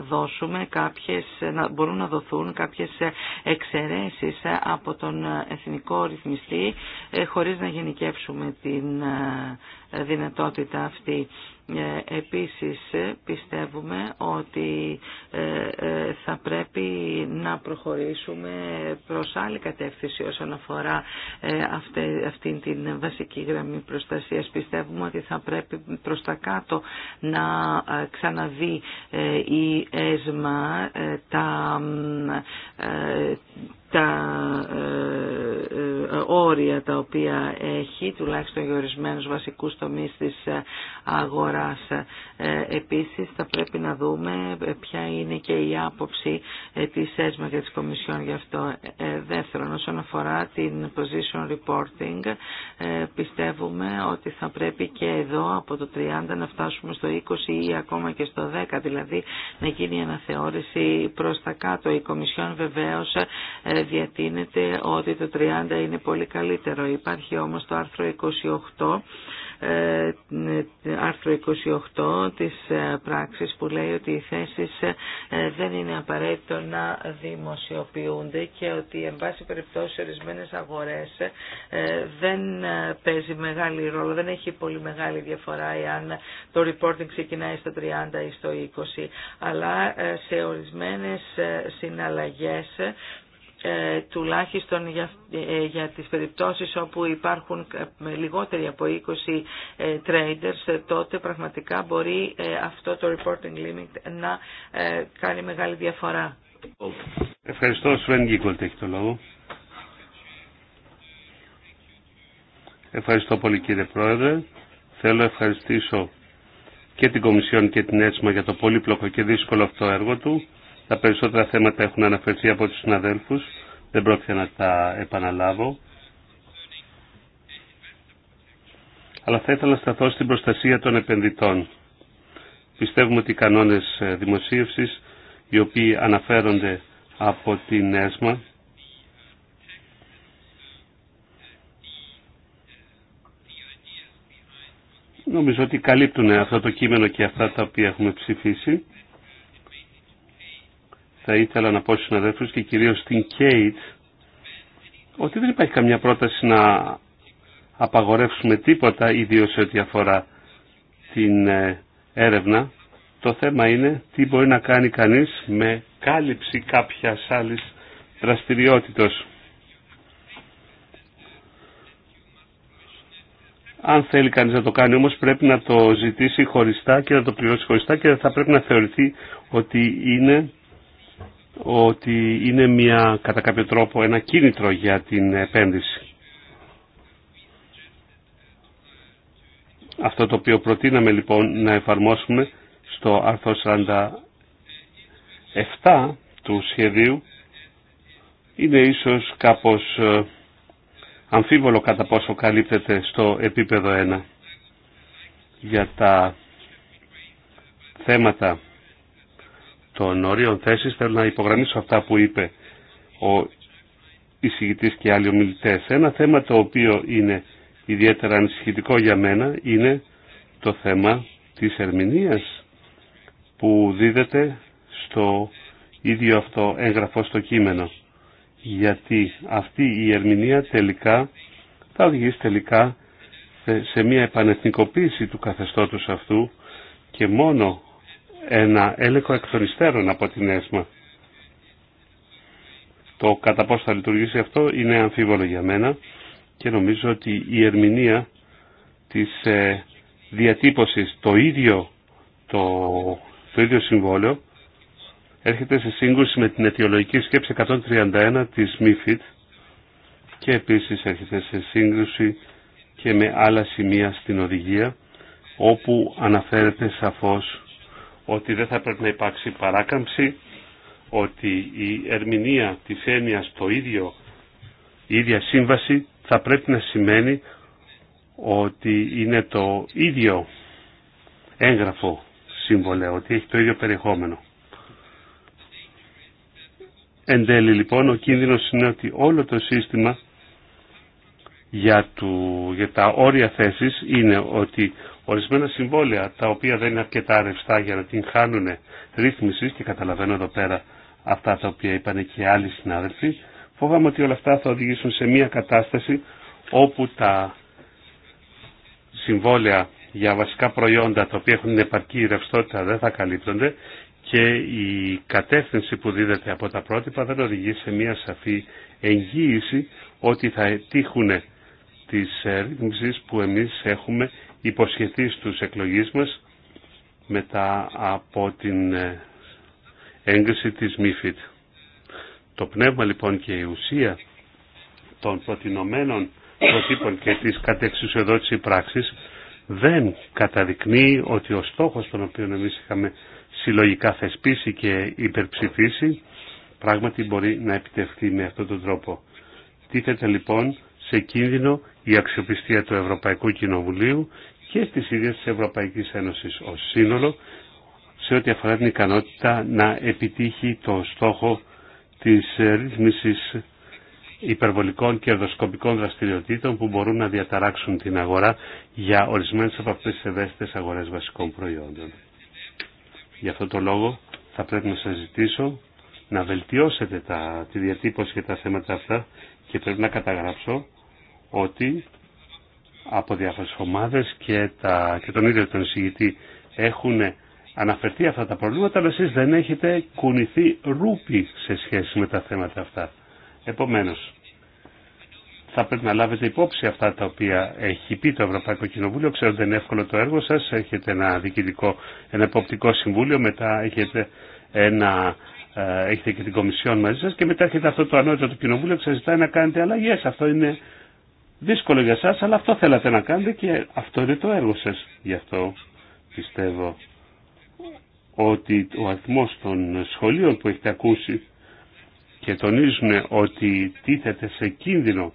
δώσουμε κάποιες, να μπορούν να δοθούν κάποιες ε, εξαιρέσεις από τον εθνικό ρυθμιστή χωρίς να γενικεύσουμε την δυνατότητα αυτή. Ε, επίσης πιστεύουμε ότι ε, ε, θα πρέπει να προχωρήσουμε προς άλλη κατεύθυνση όσον αφορά αυτήν την βασική γραμμή προστασίας. Πιστεύουμε ότι θα πρέπει προς τα κάτω να ξαναδεί η ΕΣΜΑ τα, τα ε, ε, όρια τα οποία έχει, τουλάχιστον για ορισμένους βασικούς τομείς της ε, αγοράς. Ε, επίσης θα πρέπει να δούμε ποια είναι και η άποψη της ΕΣΜΑ και της Κομισιόν γι' αυτό. Δεύτερον, όσον αφορά την position reporting, πιστεύουμε ότι θα πρέπει και εδώ από το 30 να φτάσουμε στο 20 ή ακόμα και στο 10, δηλαδή να γίνει αναθεώρηση προς τα κάτω. Η Κομισιόν βεβαίως διατείνεται ότι το 30 είναι πολύ καλύτερο. Υπάρχει όμως το άρθρο 28 ε, άρθρο 28 της ε, πράξης που λέει ότι οι θέσεις ε, δεν είναι απαραίτητο να δημοσιοποιούνται και ότι εν πάση περιπτώσει αγορές δεν παίζει μεγάλη ρόλο, δεν έχει πολύ μεγάλη διαφορά εάν το reporting ξεκινάει στο 30 ή στο 20 αλλά σε ορισμένες συναλλαγές ε, τουλάχιστον για, ε, για τις περιπτώσεις όπου υπάρχουν λιγότεροι από 20 ε, traders, ε, τότε πραγματικά μπορεί ε, αυτό το reporting limit να κάνει μεγάλη διαφορά. Ευχαριστώ, Σβέν έχει το λόγο. Ευχαριστώ πολύ κύριε Πρόεδρε. Θέλω να ευχαριστήσω και την Κομισιόν και την Έτσιμα για το πολύπλοκο και δύσκολο αυτό έργο του τα περισσότερα θέματα έχουν αναφερθεί από τους συναδέλφους, δεν πρόκειται να τα επαναλάβω. Αλλά θα ήθελα να σταθώ στην προστασία των επενδυτών. Πιστεύουμε ότι οι κανόνες ε, δημοσίευσης, οι οποίοι αναφέρονται από την ΕΣΜΑ, νομίζω ότι καλύπτουν αυτό το κείμενο και αυτά τα οποία έχουμε ψηφίσει θα ήθελα να πω στους συναδέλφους και κυρίως στην Κέιτ ότι δεν υπάρχει καμιά πρόταση να απαγορεύσουμε τίποτα ιδίω σε ό,τι αφορά την ε, έρευνα. Το θέμα είναι τι μπορεί να κάνει κανείς με κάλυψη κάποιας άλλης δραστηριότητος. Αν θέλει κανείς να το κάνει όμως πρέπει να το ζητήσει χωριστά και να το πληρώσει χωριστά και θα πρέπει να θεωρηθεί ότι είναι ότι είναι μια, κατά κάποιο τρόπο ένα κίνητρο για την επένδυση. Αυτό το οποίο προτείναμε λοιπόν να εφαρμόσουμε στο άρθρο 47 του σχεδίου είναι ίσως κάπως ε, αμφίβολο κατά πόσο καλύπτεται στο επίπεδο 1 για τα θέματα των ορίων θέση θέλω να υπογραμμίσω αυτά που είπε ο εισηγητής και άλλοι ομιλητές. Ένα θέμα το οποίο είναι ιδιαίτερα ανησυχητικό για μένα είναι το θέμα της ερμηνείας που δίδεται στο ίδιο αυτό έγγραφο στο κείμενο. Γιατί αυτή η ερμηνεία τελικά θα οδηγήσει τελικά σε μια επανεθνικοποίηση του καθεστώτος αυτού και μόνο ένα έλεγχο εκ των υστέρων από την ΕΣΜΑ. Το κατά πώς θα λειτουργήσει αυτό είναι αμφίβολο για μένα και νομίζω ότι η ερμηνεία της ε, διατύπωσης το ίδιο το, το ίδιο συμβόλαιο έρχεται σε σύγκρουση με την αιτιολογική σκέψη 131 της ΜΥΦΙΤ και επίσης έρχεται σε σύγκρουση και με άλλα σημεία στην οδηγία όπου αναφέρεται σαφώς ότι δεν θα πρέπει να υπάρξει παράκαμψη, ότι η ερμηνεία της έννοιας το ίδιο, η ίδια σύμβαση θα πρέπει να σημαίνει ότι είναι το ίδιο έγγραφο σύμβολα, ότι έχει το ίδιο περιεχόμενο. Εν τέλει λοιπόν ο κίνδυνος είναι ότι όλο το σύστημα για, του, για τα όρια θέσεις είναι ότι ορισμένα συμβόλαια τα οποία δεν είναι αρκετά ρευστά για να την χάνουν ρύθμιση και καταλαβαίνω εδώ πέρα αυτά τα οποία είπαν και άλλοι συνάδελφοι φοβάμαι ότι όλα αυτά θα οδηγήσουν σε μια κατάσταση όπου τα συμβόλαια για βασικά προϊόντα τα οποία έχουν επαρκή ρευστότητα δεν θα καλύπτονται και η κατεύθυνση που δίδεται από τα πρότυπα δεν οδηγεί σε μια σαφή εγγύηση ότι θα τύχουν τις ε, ρύθμισεις που εμείς έχουμε υποσχεθεί στους εκλογείς μας μετά από την ε, έγκριση της ΜΥΦΙΤ. Το πνεύμα λοιπόν και η ουσία των προτινομένων προτύπων και της κατεξουσιοδότησης πράξης δεν καταδεικνύει ότι ο στόχος τον οποίο εμείς είχαμε συλλογικά θεσπίσει και υπερψηφίσει πράγματι μπορεί να επιτευχθεί με αυτόν τον τρόπο. Τίθεται λοιπόν σε κίνδυνο η αξιοπιστία του Ευρωπαϊκού Κοινοβουλίου, και στις ίδιες της Ευρωπαϊκής Ένωσης ως σύνολο σε ό,τι αφορά την ικανότητα να επιτύχει το στόχο της ε, ρύθμισης υπερβολικών και ερδοσκοπικών δραστηριοτήτων που μπορούν να διαταράξουν την αγορά για ορισμένες από αυτές τις ευαίσθητες αγορές βασικών προϊόντων. Γι' αυτό το λόγο θα πρέπει να σας ζητήσω να βελτιώσετε τα, τη διατύπωση για τα θέματα αυτά και πρέπει να καταγράψω ότι από διάφορες ομάδες και, τα, και τον ίδιο τον εισηγητή έχουν αναφερθεί αυτά τα προβλήματα, αλλά εσείς δεν έχετε κουνηθεί ρούπι σε σχέση με τα θέματα αυτά. Επομένως, θα πρέπει να λάβετε υπόψη αυτά τα οποία έχει πει το Ευρωπαϊκό Κοινοβούλιο. Ξέρω ότι δεν είναι εύκολο το έργο σας. Έχετε ένα διοικητικό, ένα εποπτικό συμβούλιο, μετά έχετε ένα ε, έχετε και την Κομισιόν μαζί σας και μετά έχετε αυτό το ανώτερο του Κοινοβούλιο και σας ζητάει να κάνετε αλλαγές. Αυτό είναι δύσκολο για σας, αλλά αυτό θέλατε να κάνετε και αυτό είναι το έργο σας. Γι' αυτό πιστεύω ότι ο αριθμό των σχολείων που έχετε ακούσει και τονίζουν ότι τίθεται σε κίνδυνο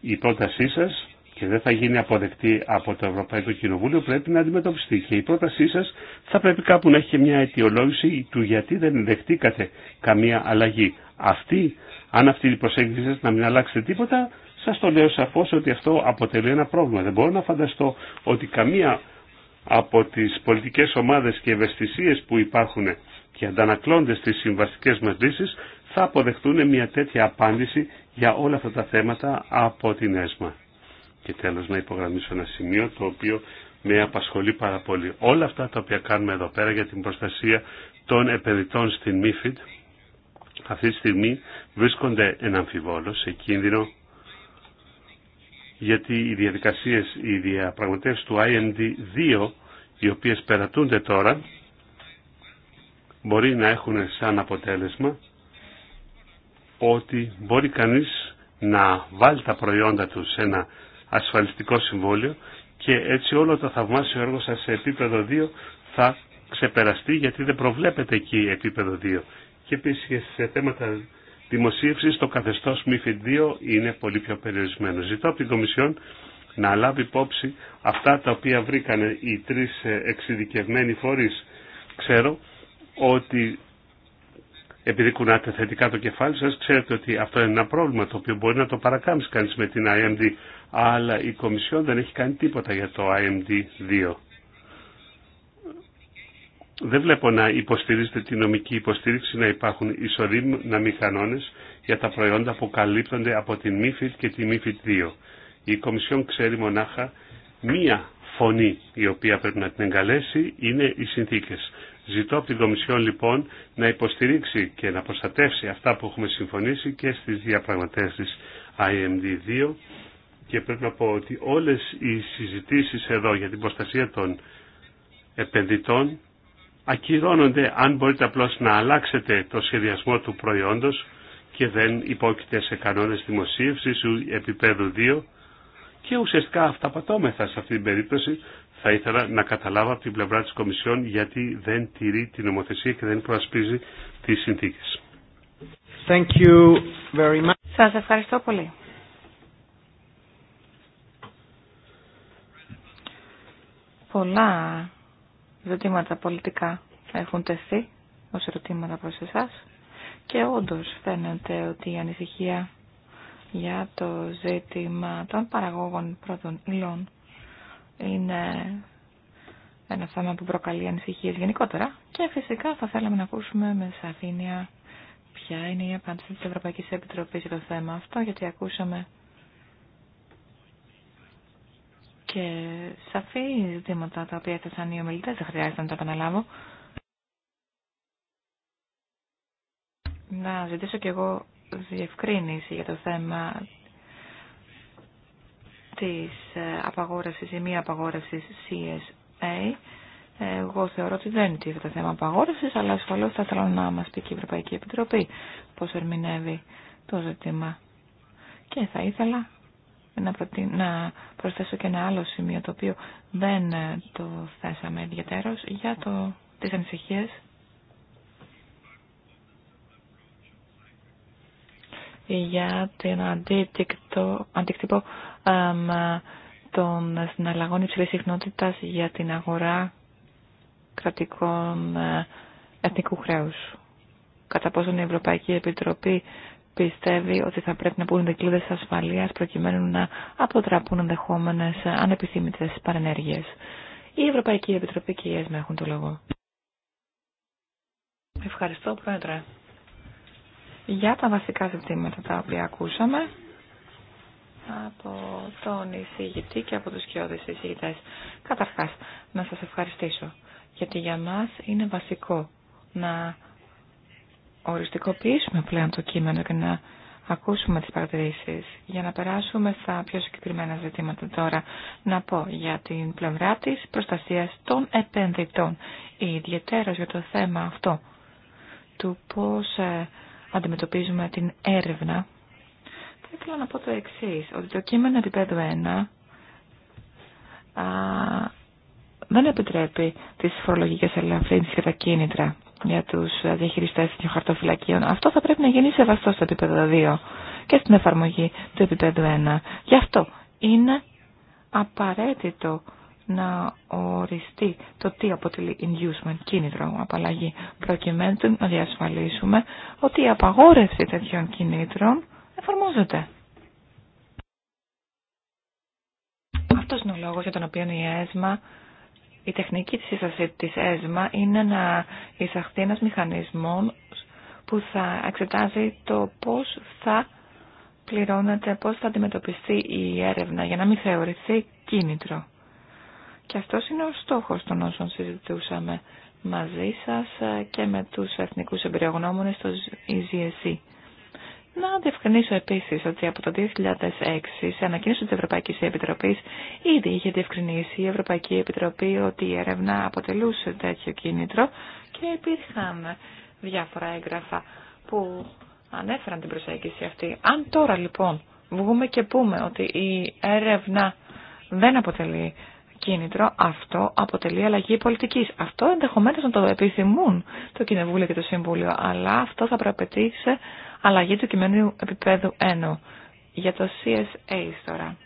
η πρότασή σας και δεν θα γίνει αποδεκτή από το Ευρωπαϊκό Κοινοβούλιο πρέπει να αντιμετωπιστεί. Και η πρότασή σας θα πρέπει κάπου να έχει μια αιτιολόγηση του γιατί δεν δεχτήκατε καμία αλλαγή. Αυτή, αν αυτή η προσέγγιση σας να μην αλλάξετε τίποτα, Σα το λέω σαφώ ότι αυτό αποτελεί ένα πρόβλημα. Δεν μπορώ να φανταστώ ότι καμία από τι πολιτικέ ομάδε και ευαισθησίε που υπάρχουν και αντανακλώνται στι συμβαστικέ μας λύσει θα αποδεχτούν μια τέτοια απάντηση για όλα αυτά τα θέματα από την ΕΣΜΑ. Και τέλο να υπογραμμίσω ένα σημείο το οποίο με απασχολεί πάρα πολύ. Όλα αυτά τα οποία κάνουμε εδώ πέρα για την προστασία των επενδυτών στην ΜΥΦΙΤ αυτή τη στιγμή βρίσκονται εν αμφιβόλω σε κίνδυνο γιατί οι διαδικασίες, οι διαπραγματεύσεις του IND2, οι οποίες περατούνται τώρα, μπορεί να έχουν σαν αποτέλεσμα ότι μπορεί κανείς να βάλει τα προϊόντα του σε ένα ασφαλιστικό συμβόλαιο και έτσι όλο το θαυμάσιο έργο σας σε επίπεδο 2 θα ξεπεραστεί γιατί δεν προβλέπεται εκεί επίπεδο 2. Και επίσης σε θέματα δημοσίευση στο καθεστώς MIFID 2 είναι πολύ πιο περιορισμένο. Ζητώ από την Κομισιόν να λάβει υπόψη αυτά τα οποία βρήκαν οι τρει ε, εξειδικευμένοι φορείς. Ξέρω ότι επειδή κουνάτε θετικά το κεφάλι σας, ξέρετε ότι αυτό είναι ένα πρόβλημα το οποίο μπορεί να το παρακάμψει κανείς με την IMD, αλλά η Κομισιόν δεν έχει κάνει τίποτα για το IMD 2 δεν βλέπω να υποστηρίζετε τη νομική υποστήριξη να υπάρχουν ισοδύναμοι κανόνε για τα προϊόντα που καλύπτονται από την MIFID και τη MIFID 2. Η Κομισιόν ξέρει μονάχα μία φωνή η οποία πρέπει να την εγκαλέσει είναι οι συνθήκες. Ζητώ από την Κομισιόν λοιπόν να υποστηρίξει και να προστατεύσει αυτά που έχουμε συμφωνήσει και στις διαπραγματεύσεις IMD2 και πρέπει να πω ότι όλες οι συζητήσεις εδώ για την προστασία των επενδυτών ακυρώνονται αν μπορείτε απλώς να αλλάξετε το σχεδιασμό του προϊόντος και δεν υπόκειται σε κανόνες δημοσίευσης ή επίπεδου 2 και ουσιαστικά αυταπατώμεθα σε αυτή την περίπτωση θα ήθελα να καταλάβω από την πλευρά της Κομισιόν γιατί δεν τηρεί την νομοθεσία και δεν προασπίζει τις συνθήκες. Thank Σας ευχαριστώ πολύ. Πολλά ζητήματα πολιτικά έχουν τεθεί ως ερωτήματα προς εσάς και όντως φαίνεται ότι η ανησυχία για το ζήτημα των παραγόγων πρώτων υλών είναι ένα θέμα που προκαλεί ανησυχίε γενικότερα και φυσικά θα θέλαμε να ακούσουμε με σαφήνεια ποια είναι η απάντηση της Ευρωπαϊκής Επιτροπής για το θέμα αυτό γιατί ακούσαμε και σαφή ζητήματα τα οποία έθεσαν οι ομιλητέ, δεν χρειάζεται να τα επαναλάβω. Να ζητήσω κι εγώ διευκρίνηση για το θέμα της ε, απαγόρευσης ή μη απαγόρευσης CSA. Εγώ θεωρώ ότι δεν είναι το θέμα απαγόρευσης, αλλά ασφαλώς θα ήθελα να μας πει και η Ευρωπαϊκή Επιτροπή πώς ερμηνεύει το ζήτημα. Και θα ήθελα να, προσθέσω και ένα άλλο σημείο το οποίο δεν ε, το θέσαμε ιδιαίτερος για το... τις ανησυχίες για την αντίκτυπο, αντίκτυπο των συναλλαγών υψηλής συχνότητας για την αγορά κρατικών ε, εθνικού χρέους. Κατά πόσον η Ευρωπαϊκή Επιτροπή πιστεύει ότι θα πρέπει να μπουν δικλείδε ασφαλεία προκειμένου να αποτραπούν ενδεχόμενε ανεπιθύμητε παρενέργειε. Η Ευρωπαϊκή Επιτροπή και οι ΕΣΜΕ έχουν το λόγο. Ευχαριστώ, Πρόεδρε. Για τα βασικά ζητήματα τα οποία ακούσαμε από τον εισηγητή και από τους κοιόδες εισηγητές. Καταρχάς, να σας ευχαριστήσω, γιατί για μας είναι βασικό να οριστικοποιήσουμε πλέον το κείμενο και να ακούσουμε τις παρατηρήσεις. Για να περάσουμε στα πιο συγκεκριμένα ζητήματα τώρα, να πω για την πλευρά της προστασίας των επενδυτών. ιδιαίτερα για το θέμα αυτό του πώς ε, αντιμετωπίζουμε την έρευνα, θα ήθελα να πω το εξή ότι το κείμενο επίπεδο 1 α, δεν επιτρέπει τις φορολογικές ελαφρύνσεις και τα κίνητρα για τους διαχειριστές των χαρτοφυλακίων. Αυτό θα πρέπει να γίνει σεβαστό στο επίπεδο 2 και στην εφαρμογή του επίπεδου 1. Γι' αυτό είναι απαραίτητο να οριστεί το τι αποτελεί inducement, κίνητρο, απαλλαγή, προκειμένου να διασφαλίσουμε ότι η απαγόρευση τέτοιων κινήτρων εφαρμόζεται. Αυτός είναι ο λόγος για τον οποίο η ΕΣΜΑ η τεχνική της σύσταση ΕΣΜΑ είναι να εισαχθεί ένας μηχανισμός που θα εξετάζει το πώς θα πληρώνεται, πώς θα αντιμετωπιστεί η έρευνα για να μην θεωρηθεί κίνητρο. Και αυτός είναι ο στόχος των όσων συζητούσαμε μαζί σας και με τους εθνικούς εμπειρογνώμονες στο EZSE. Να διευκρινίσω επίσης ότι από το 2006 σε ανακοίνωση της Ευρωπαϊκής Επιτροπής ήδη είχε διευκρινίσει η Ευρωπαϊκή Επιτροπή ότι η έρευνα αποτελούσε τέτοιο κίνητρο και υπήρχαν διάφορα έγγραφα που ανέφεραν την προσέγγιση αυτή. Αν τώρα λοιπόν βγούμε και πούμε ότι η έρευνα δεν αποτελεί κίνητρο, αυτό αποτελεί αλλαγή πολιτική. Αυτό ενδεχομένω να το επιθυμούν το Κοινοβούλιο και το Συμβούλιο, αλλά αυτό θα προαπαιτεί αλλαγή του κειμένου επίπεδου 1. Για το CSA τώρα.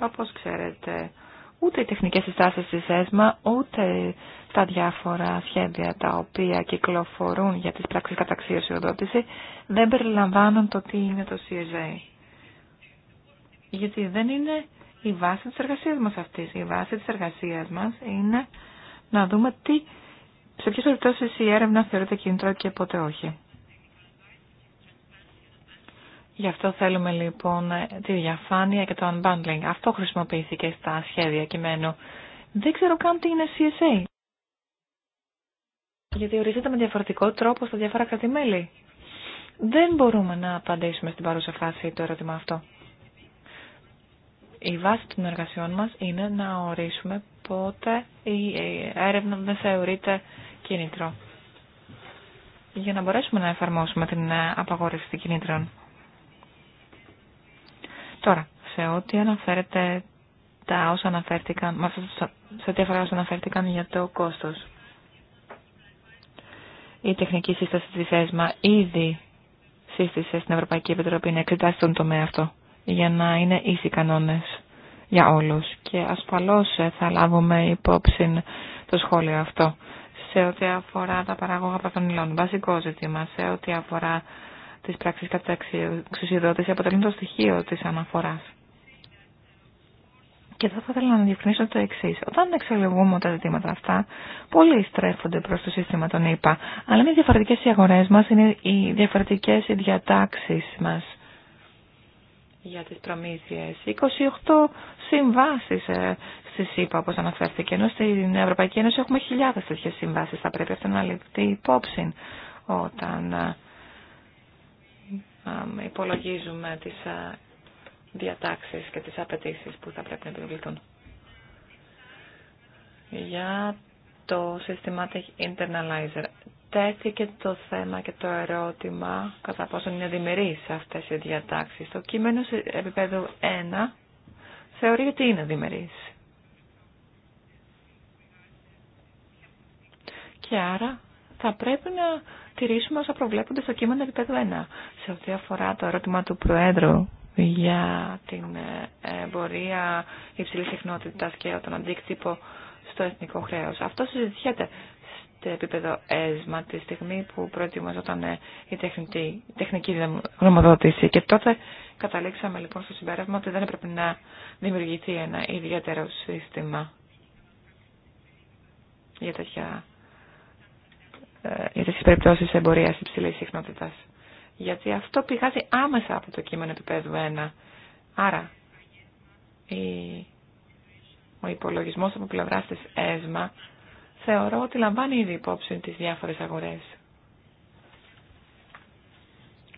Όπως ξέρετε, ούτε οι τεχνικές συστάσει τη ΕΣΜΑ, ούτε τα διάφορα σχέδια τα οποία κυκλοφορούν για τις πράξεις καταξίωση οδότηση, δεν περιλαμβάνουν το τι είναι το CSA. Γιατί δεν είναι η βάση της εργασίας μας αυτής. Η βάση της εργασίας μας είναι να δούμε τι, σε ποιες περιπτώσεις η έρευνα θεωρείται κίνητρο και πότε όχι. Γι' αυτό θέλουμε λοιπόν τη διαφάνεια και το unbundling. Αυτό χρησιμοποιήθηκε στα σχέδια κειμένου. Δεν ξέρω καν τι είναι CSA. Γιατί ορίζεται με διαφορετικό τρόπο στα διάφορα κρατημέλη. Δεν μπορούμε να απαντήσουμε στην παρούσα φάση το ερώτημα αυτό η βάση των εργασιών μας είναι να ορίσουμε πότε η έρευνα δεν θεωρείται κίνητρο. Για να μπορέσουμε να εφαρμόσουμε την απαγόρευση των κινήτρων. Τώρα, σε ό,τι αναφέρεται τα όσα αναφέρθηκαν, σε ό,τι αφορά όσα αναφέρθηκαν για το κόστος. Η τεχνική σύσταση της ΕΣΜΑ ήδη σύστησε στην Ευρωπαϊκή Επιτροπή να εξετάσει τον τομέα αυτό για να είναι ίσοι κανόνες για όλους. Και ασφαλώς ε, θα λάβουμε υπόψη το σχόλιο αυτό σε ό,τι αφορά τα παράγωγα παθονυλών. Βασικό ζήτημα σε ό,τι αφορά τις πράξεις κατά εξουσιοδότηση αποτελεί το στοιχείο της αναφοράς. Και εδώ θα ήθελα να διευκρινίσω το εξή. Όταν εξελιγούμε τα ζητήματα αυτά, πολλοί στρέφονται προ το σύστημα των ΙΠΑ. Αλλά είναι διαφορετικέ οι αγορέ μα, είναι οι διαφορετικέ οι διατάξει μα για τις προμήθειες. 28 συμβάσεις ε, στη ΣΥΠΑ όπως αναφέρθηκε, ενώ στην Ευρωπαϊκή Ένωση έχουμε χιλιάδες τέτοιες συμβάσεις. Θα πρέπει αυτό να ληφθεί υπόψη όταν ε, ε, υπολογίζουμε τις διατάξεις και τις απαιτήσει που θα πρέπει να επιβληθούν. Για το σύστημα Tech Internalizer. Τέθηκε το θέμα και το ερώτημα κατά πόσο είναι διμερείς αυτές οι διατάξεις. Το κείμενο σε επίπεδο 1 θεωρεί ότι είναι διμερείς. Και άρα θα πρέπει να τηρήσουμε όσα προβλέπονται στο κείμενο επίπεδο 1. Σε ό,τι αφορά το ερώτημα του Προέδρου για την ε, εμπορία υψηλής συχνότητας και τον αντίκτυπο στο εθνικό χρέος. Αυτό συζητιέται στο επίπεδο ΕΣΜΑ τη στιγμή που προετοιμαζόταν ε, η τεχνική, τεχνική γνωμοδότηση. Και τότε καταλήξαμε λοιπόν στο συμπέρασμα ότι δεν έπρεπε να δημιουργηθεί ένα ιδιαίτερο σύστημα για τέτοια ε, για τέτοιες περιπτώσεις εμπορίας υψηλής συχνότητας. Γιατί αυτό πηγάζει άμεσα από το κείμενο επίπεδου 1. Άρα, η ο υπολογισμό από πλευρά τη ΕΣΜΑ θεωρώ ότι λαμβάνει ήδη υπόψη τι διάφορε αγορέ.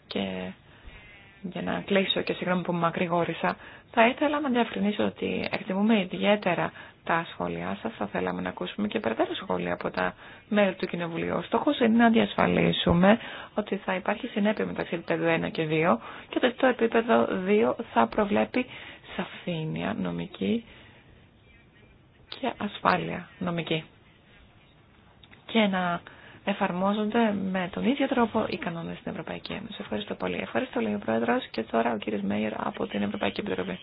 Και για να κλείσω και συγγνώμη που μακρηγόρησα, θα ήθελα να διευκρινίσω ότι εκτιμούμε ιδιαίτερα τα σχόλιά σα, Θα θέλαμε να ακούσουμε και περαιτέρω σχόλια από τα μέλη του Κοινοβουλίου. Ο στόχο είναι να διασφαλίσουμε ότι θα υπάρχει συνέπεια μεταξύ επίπεδου 1 και 2 και ότι το επίπεδο 2 θα προβλέπει σαφήνεια νομική και ασφάλεια νομική. Και να εφαρμόζονται με τον ίδιο τρόπο οι κανόνες στην Ευρωπαϊκή Ένωση. Ευχαριστώ πολύ. Ευχαριστώ, λέει ο Πρόεδρος, και τώρα ο κύριος Μέιερ από την Ευρωπαϊκή Επιτροπή.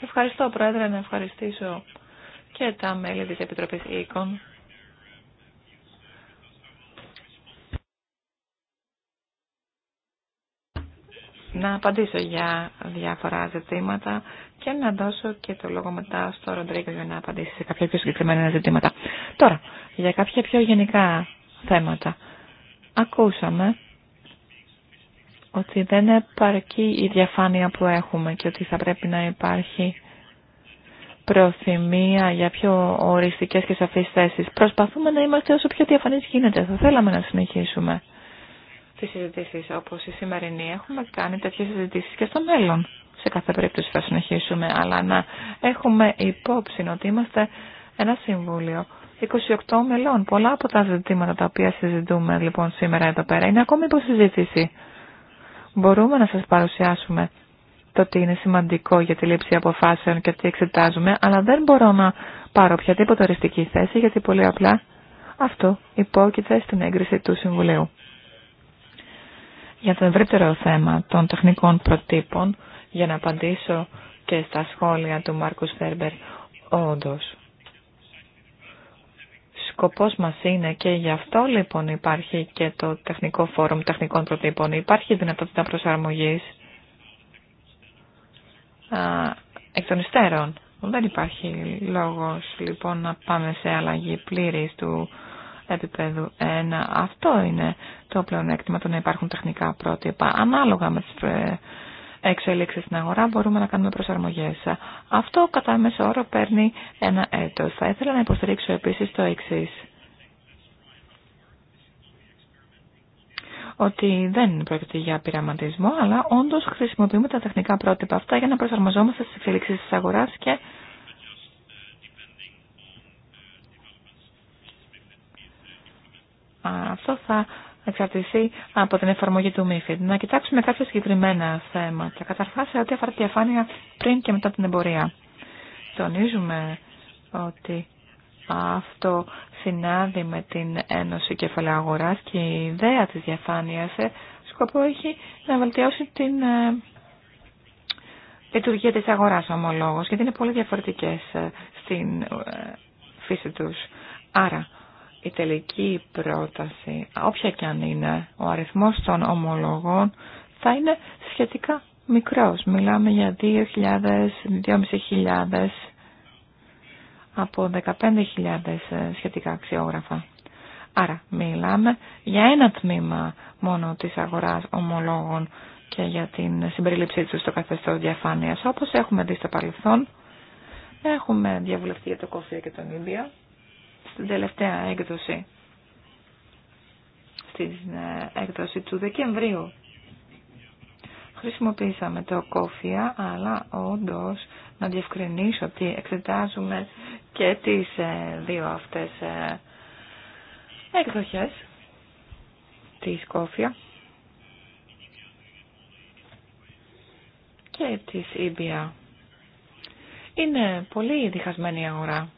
Ευχαριστώ, Πρόεδρε, να ευχαριστήσω και τα μέλη της Επιτροπής ΕΚΟΝ να απαντήσω για διάφορα ζητήματα και να δώσω και το λόγο μετά στο Ροντρίγκο για να απαντήσει σε κάποια πιο συγκεκριμένα ζητήματα. Τώρα, για κάποια πιο γενικά θέματα. Ακούσαμε ότι δεν επαρκεί η διαφάνεια που έχουμε και ότι θα πρέπει να υπάρχει προθυμία για πιο οριστικές και σαφείς θέσεις. Προσπαθούμε να είμαστε όσο πιο διαφανείς γίνεται. Θα θέλαμε να συνεχίσουμε. Τις συζητήσεις όπως η σημερινή. Έχουμε κάνει τέτοιες συζητήσεις και στο μέλλον. Σε κάθε περίπτωση θα συνεχίσουμε, αλλά να έχουμε υπόψη ότι είμαστε ένα συμβούλιο 28 μελών. Πολλά από τα ζητήματα τα οποία συζητούμε λοιπόν σήμερα εδώ πέρα είναι ακόμη συζήτηση. Μπορούμε να σας παρουσιάσουμε το τι είναι σημαντικό για τη λήψη αποφάσεων και τι εξετάζουμε, αλλά δεν μπορώ να πάρω οποιαδήποτε οριστική θέση γιατί πολύ απλά αυτό υπόκειται στην έγκριση του Συμβουλίου για το ευρύτερο θέμα των τεχνικών προτύπων για να απαντήσω και στα σχόλια του Μάρκου Φέρμπερ όντω. Σκοπός μας είναι και γι' αυτό λοιπόν υπάρχει και το τεχνικό φόρουμ τεχνικών προτύπων. Υπάρχει δυνατότητα προσαρμογής α, εκ των υστέρων. Δεν υπάρχει λόγος λοιπόν να πάμε σε αλλαγή πλήρης του επίπεδου 1. Αυτό είναι το πλεονέκτημα το να υπάρχουν τεχνικά πρότυπα. Ανάλογα με τις ε, εξελίξεις στην αγορά μπορούμε να κάνουμε προσαρμογές. Αυτό κατά μέσο όρο παίρνει ένα έτος. Θα ήθελα να υποστηρίξω επίσης το εξή. ότι δεν πρόκειται για πειραματισμό, αλλά όντως χρησιμοποιούμε τα τεχνικά πρότυπα αυτά για να προσαρμοζόμαστε στις εξελίξεις της αγοράς και Αυτό θα εξαρτηθεί από την εφαρμογή του MIFID. Να κοιτάξουμε κάποια συγκεκριμένα θέματα. Καταρχάς, σε ό,τι αφορά τη διαφάνεια πριν και μετά την εμπορία. Τονίζουμε ότι αυτό συνάδει με την Ένωση Κεφαλαίου Αγοράς και η ιδέα της διαφάνειας ε, σκοπό έχει να βελτιώσει την ε, λειτουργία της αγοράς ομολόγως, γιατί είναι πολύ διαφορετικές ε, στην φύση τους. Άρα, η τελική πρόταση, όποια και αν είναι, ο αριθμός των ομολογών θα είναι σχετικά μικρός. Μιλάμε για 2.000-2.500 από 15.000 ε, σχετικά αξιόγραφα. Άρα μιλάμε για ένα τμήμα μόνο της αγοράς ομολόγων και για την συμπερίληψή τους στο καθεστώς διαφάνειας. Όπως έχουμε δει στο παρελθόν, έχουμε διαβουλευτεί για το Κόφια και τον Ινδία στην τελευταία έκδοση, στην ε, έκδοση του Δεκεμβρίου. Χρησιμοποίησαμε το κόφια, αλλά όντω να διευκρινίσω ότι εξετάζουμε και τις ε, δύο αυτές ε, εκδοχές της κόφια και της ίδια. Είναι πολύ διχασμένη η αγορά.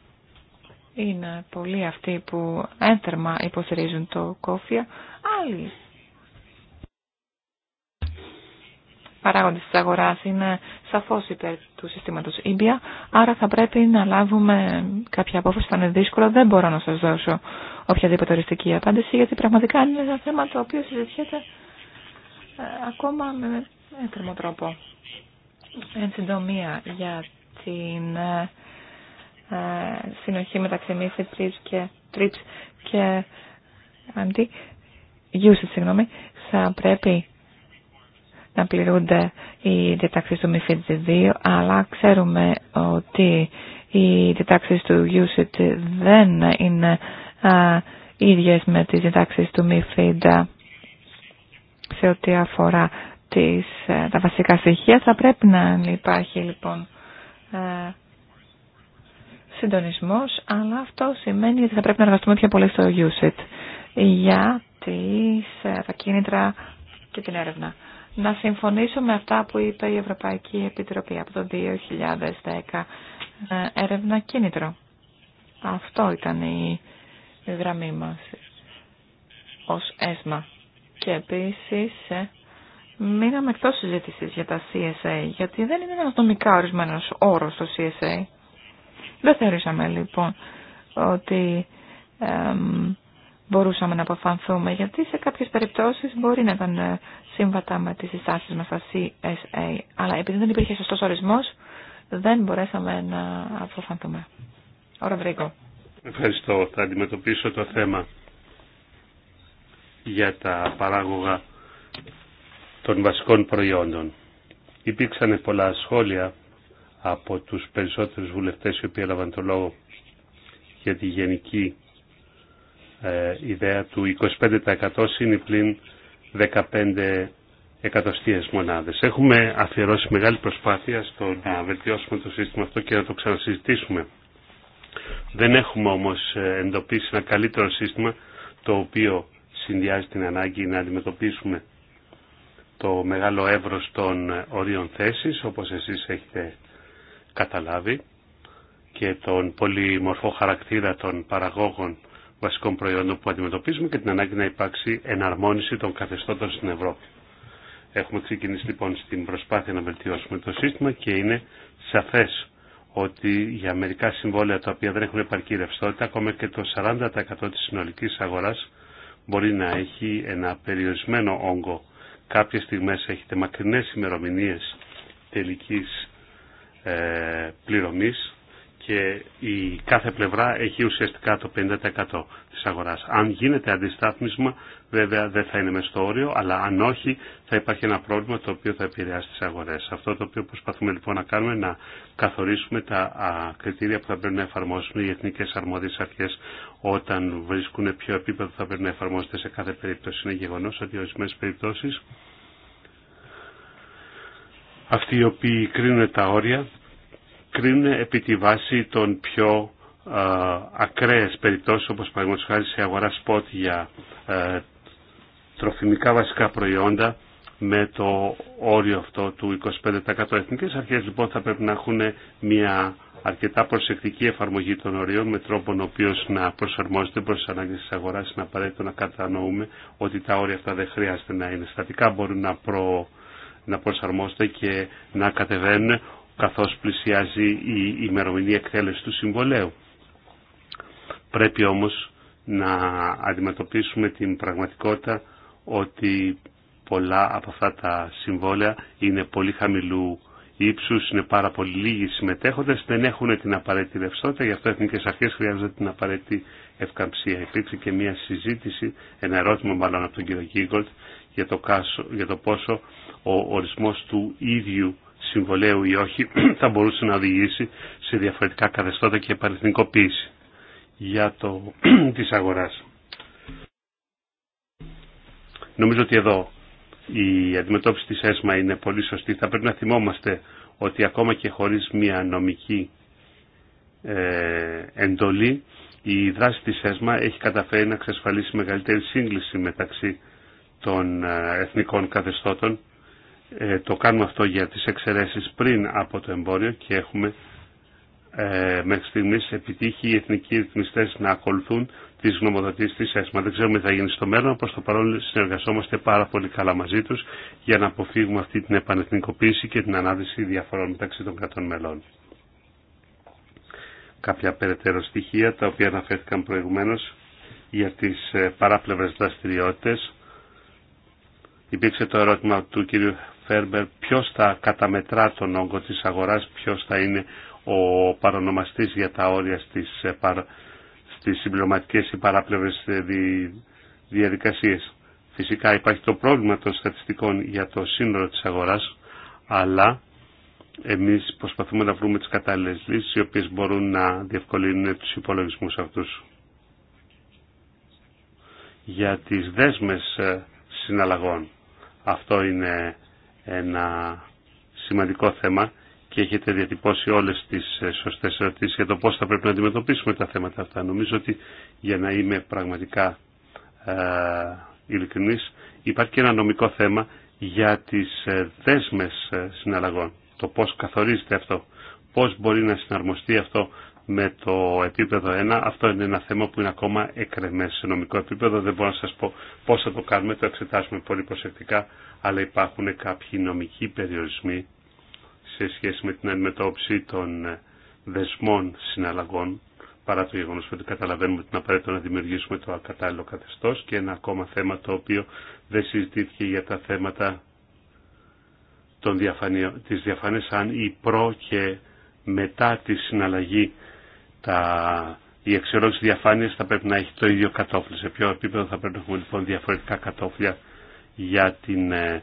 Είναι πολλοί αυτοί που ένθερμα υποστηρίζουν το κόφια, άλλοι παράγοντες της αγοράς είναι σαφώς υπέρ του συστήματος Ήμπια, άρα θα πρέπει να λάβουμε κάποια απόφαση θα είναι δύσκολο. Δεν μπορώ να σας δώσω οποιαδήποτε οριστική απάντηση, γιατί πραγματικά είναι ένα θέμα το οποίο συζητιέται ε, ακόμα με έντομο τρόπο. Εν συντομία για την ε, ε, συνοχή μεταξύ MIFID και TRIPS και αντί συγγνώμη, θα πρέπει να πληρούνται οι διατάξεις του MIFID 2, αλλά ξέρουμε ότι οι διατάξεις του USIT δεν είναι α, ίδιες με τις διατάξεις του MIFID σε ό,τι αφορά τις, ε, τα βασικά στοιχεία. Θα πρέπει να υπάρχει λοιπόν ε, συντονισμός, αλλά αυτό σημαίνει ότι θα πρέπει να εργαστούμε πιο πολύ στο USIT για τις, ε, τα κίνητρα και την έρευνα. Να συμφωνήσω με αυτά που είπε η Ευρωπαϊκή Επιτροπή από το 2010, ε, έρευνα κίνητρο. Αυτό ήταν η γραμμή μας ως έσμα. Και επίσης ε, μείναμε εκτός συζήτηση για τα CSA, γιατί δεν είναι ένας νομικά ορισμένος όρος το CSA. Δεν θεωρήσαμε λοιπόν ότι μπορούσαμε να αποφανθούμε, γιατί σε κάποιες περιπτώσεις μπορεί να ήταν ε, σύμβατα με τις συστάσεις μας στα CSA, αλλά επειδή δεν υπήρχε σωστός ορισμός, δεν μπορέσαμε να αποφανθούμε. Ωρα Βρήκο. Ευχαριστώ. Θα αντιμετωπίσω το θέμα για τα παράγωγα των βασικών προϊόντων. Υπήρξαν πολλά σχόλια από τους περισσότερους βουλευτές οι οποίοι έλαβαν το λόγο για τη γενική ε, ιδέα του 25% είναι 15 εκατοστίες μονάδες. Έχουμε αφιερώσει μεγάλη προσπάθεια στο να βελτιώσουμε το σύστημα αυτό και να το ξανασυζητήσουμε. Δεν έχουμε όμως ε, εντοπίσει ένα καλύτερο σύστημα το οποίο συνδυάζει την ανάγκη να αντιμετωπίσουμε το μεγάλο εύρος των ε, ορίων θέσης, όπως εσείς έχετε καταλάβει και τον πολυμορφό χαρακτήρα των παραγόγων βασικών προϊόντων που αντιμετωπίζουμε και την ανάγκη να υπάρξει εναρμόνιση των καθεστώτων στην Ευρώπη. Έχουμε ξεκινήσει λοιπόν στην προσπάθεια να βελτιώσουμε το σύστημα και είναι σαφές ότι για μερικά συμβόλαια τα οποία δεν έχουν επαρκή ρευστότητα, ακόμα και το 40% της συνολικής αγοράς μπορεί να έχει ένα περιορισμένο όγκο. Κάποιες στιγμές έχετε μακρινές ημερομηνίες τελικής ε, πληρωμής και η κάθε πλευρά έχει ουσιαστικά το 50% της αγοράς. Αν γίνεται αντιστάθμισμα βέβαια δεν θα είναι με στο όριο, αλλά αν όχι θα υπάρχει ένα πρόβλημα το οποίο θα επηρεάσει τις αγορές. Αυτό το οποίο προσπαθούμε λοιπόν να κάνουμε είναι να καθορίσουμε τα κριτήρια που θα πρέπει να εφαρμόσουν οι εθνικές αρμόδιες αρχές όταν βρίσκουν ποιο επίπεδο θα πρέπει να εφαρμόσετε σε κάθε περίπτωση. Είναι γεγονός ότι ορισμένε περιπτώσεις αυτοί οι οποίοι κρίνουν τα όρια κρίνουν επί τη βάση των πιο ε, ακραίες περιπτώσεις όπως παραδείγματος χάρη σε αγορά σπότ για τροφιμικά βασικά προϊόντα με το όριο αυτό του 25%. Εθνικές αρχές λοιπόν θα πρέπει να έχουν μια αρκετά προσεκτική εφαρμογή των ορίων με τρόπο ο οποίο να προσαρμόζεται προς τι ανάγκε της αγορά. Είναι απαραίτητο να κατανοούμε ότι τα όρια αυτά δεν χρειάζεται να είναι στατικά, μπορούν να προ να προσαρμόζονται και να κατεβαίνουν καθώς πλησιάζει η ημερομηνία εκτέλεση του συμβολέου. Πρέπει όμως να αντιμετωπίσουμε την πραγματικότητα ότι πολλά από αυτά τα συμβόλαια είναι πολύ χαμηλού ύψους, είναι πάρα πολύ λίγοι συμμετέχοντες, δεν έχουν την απαραίτητη ρευστότητα, γι' αυτό οι εθνικές αρχές χρειάζονται την απαραίτητη ευκαμψία. Υπήρξε και μια συζήτηση, ένα ερώτημα μάλλον από τον κύριο Γίγκολτ, για το, κάσο, για το πόσο ο ορισμός του ίδιου συμβολέου ή όχι (clears throat) θα μπορούσε να οδηγήσει σε διαφορετικά καθεστώτα και παρεθνικοποιηση για το (clears throat) της αγοράς. Νομίζω ότι εδώ η αντιμετώπιση της ΕΣΜΑ είναι πολύ σωστή. Θα πρέπει να θυμόμαστε ότι ακόμα και χωρίς μια νομική ε, εντολή η δράση της ΕΣΜΑ έχει καταφέρει να εξασφαλίσει μεγαλύτερη σύγκληση μεταξύ των ε, εθνικών καθεστώτων ε, το κάνουμε αυτό για τις εξαιρέσεις πριν από το εμπόριο και έχουμε ε, μέχρι στιγμής επιτύχει οι εθνικοί ρυθμιστές να ακολουθούν τις γνωμοδοτήσεις της ΕΣΜΑ. Δεν ξέρουμε τι θα γίνει στο μέλλον, προς το παρόν συνεργαζόμαστε πάρα πολύ καλά μαζί τους για να αποφύγουμε αυτή την επανεθνικοποίηση και την ανάδυση διαφορών μεταξύ των κρατών μελών. Κάποια περαιτέρω στοιχεία τα οποία αναφέρθηκαν προηγουμένως για τις ε, παράπλευρες δραστηριότητες. Υπήρξε το ερώτημα του κύριου Φέρμπερ ποιος θα καταμετρά τον όγκο της αγοράς, ποιος θα είναι ο παρονομαστής για τα όρια στις, ε, στις συμπληρωματικές ή παράπλευρες ε, διαδικασίες. Φυσικά υπάρχει το πρόβλημα των στατιστικών για το σύνολο της αγοράς, αλλά εμείς προσπαθούμε να βρούμε τις κατάλληλες λύσεις οι οποίες μπορούν να διευκολύνουν τους υπολογισμούς αυτούς. Για τις δέσμες ε, συναλλαγών, αυτό είναι ένα σημαντικό θέμα και έχετε διατυπώσει όλες τις ε, σωστές ερωτήσεις για το πώς θα πρέπει να αντιμετωπίσουμε τα θέματα αυτά. Νομίζω ότι για να είμαι πραγματικά ε, ειλικρινής υπάρχει και ένα νομικό θέμα για τις ε, δέσμες ε, συναλλαγών. Το πώς καθορίζεται αυτό, πώς μπορεί να συναρμοστεί αυτό με το επίπεδο 1. Αυτό είναι ένα θέμα που είναι ακόμα εκρεμές σε νομικό επίπεδο. Δεν μπορώ να σας πω πώς θα το κάνουμε, το εξετάσουμε πολύ προσεκτικά, αλλά υπάρχουν κάποιοι νομικοί περιορισμοί σε σχέση με την αντιμετώπιση των ε, δεσμών συναλλαγών, παρά το γεγονό ότι καταλαβαίνουμε ότι είναι απαραίτητο να δημιουργήσουμε το ακατάλληλο καθεστώ και ένα ακόμα θέμα το οποίο δεν συζητήθηκε για τα θέματα των διαφανείων, της αν η προ και μετά τη συναλλαγή τα, η αξιολόγηση διαφάνεια θα πρέπει να έχει το ίδιο κατόφλι. Σε ποιο επίπεδο θα πρέπει να έχουμε λοιπόν διαφορετικά κατόφλια για, την, ε,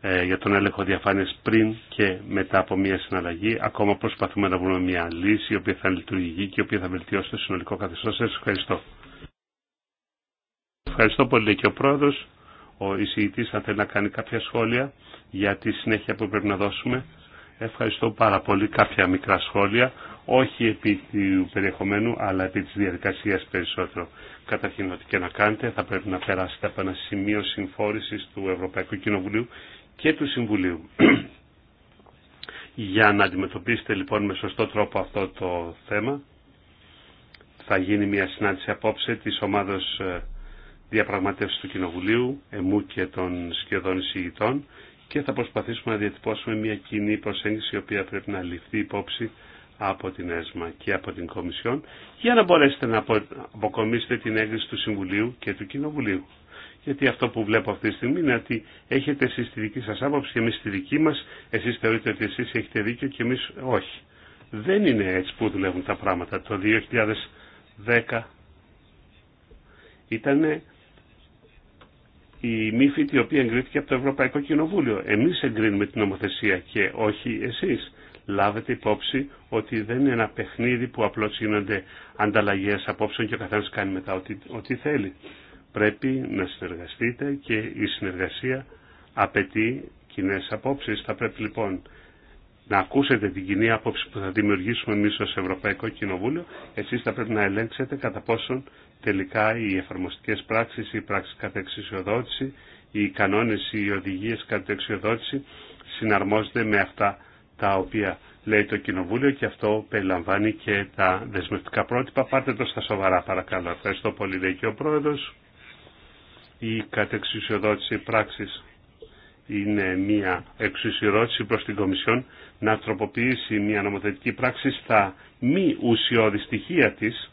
ε για τον έλεγχο διαφάνεια πριν και μετά από μια συναλλαγή. Ακόμα προσπαθούμε να βρούμε μια λύση η οποία θα λειτουργεί και η οποία θα βελτιώσει το συνολικό καθεστώ. σα ευχαριστώ. Ευχαριστώ πολύ και ο πρόεδρος. Ο εισηγητή θα θέλει να κάνει κάποια σχόλια για τη συνέχεια που πρέπει να δώσουμε. Ευχαριστώ πάρα πολύ. Κάποια μικρά σχόλια όχι επί του περιεχομένου, αλλά επί της διαδικασίας περισσότερο. Καταρχήν, ό,τι και να κάνετε, θα πρέπει να περάσετε από ένα σημείο συμφόρησης του Ευρωπαϊκού Κοινοβουλίου και του Συμβουλίου. (clears throat) Για να αντιμετωπίσετε λοιπόν με σωστό τρόπο αυτό το θέμα, θα γίνει μια συνάντηση απόψε της ομάδος ε, διαπραγματεύσεις του Κοινοβουλίου, εμού και των σχεδόν εισηγητών και θα προσπαθήσουμε να διατυπώσουμε μια κοινή προσέγγιση η οποία πρέπει να ληφθεί υπόψη από την ΕΣΜΑ και από την Κομισιόν για να μπορέσετε να αποκομίσετε την έγκριση του Συμβουλίου και του Κοινοβουλίου. Γιατί αυτό που βλέπω αυτή τη στιγμή είναι ότι έχετε εσείς τη δική σας άποψη και εμείς τη δική μας, εσείς θεωρείτε ότι εσείς έχετε δίκιο και εμείς όχι. Δεν είναι έτσι που δουλεύουν τα πράγματα. Το 2010 ήταν η μύφη η οποία εγκρίθηκε από το Ευρωπαϊκό Κοινοβούλιο. Εμείς εγκρίνουμε την νομοθεσία και όχι εσείς λάβετε υπόψη ότι δεν είναι ένα παιχνίδι που απλώς γίνονται ανταλλαγές απόψεων και ο καθένας κάνει μετά ό,τι, ό,τι θέλει. Πρέπει να συνεργαστείτε και η συνεργασία απαιτεί κοινέ απόψεις. Θα πρέπει λοιπόν να ακούσετε την κοινή άποψη που θα δημιουργήσουμε εμείς ως Ευρωπαϊκό Κοινοβούλιο. Εσείς θα πρέπει να ελέγξετε κατά πόσον τελικά οι εφαρμοστικές πράξεις, οι πράξεις κατά εξισιοδότηση, οι κανόνες, οι οδηγίες κατά εξισιοδότηση συναρμόζονται με αυτά τα οποία λέει το Κοινοβούλιο και αυτό περιλαμβάνει και τα δεσμευτικά πρότυπα. Πάρτε το στα σοβαρά παρακαλώ. Ευχαριστώ πολύ λέει και ο Πρόεδρος. Η κατεξουσιοδότηση πράξης είναι μια εξουσιοδότηση προς την Κομισιόν να τροποποιήσει μια νομοθετική πράξη στα μη ουσιώδη στοιχεία της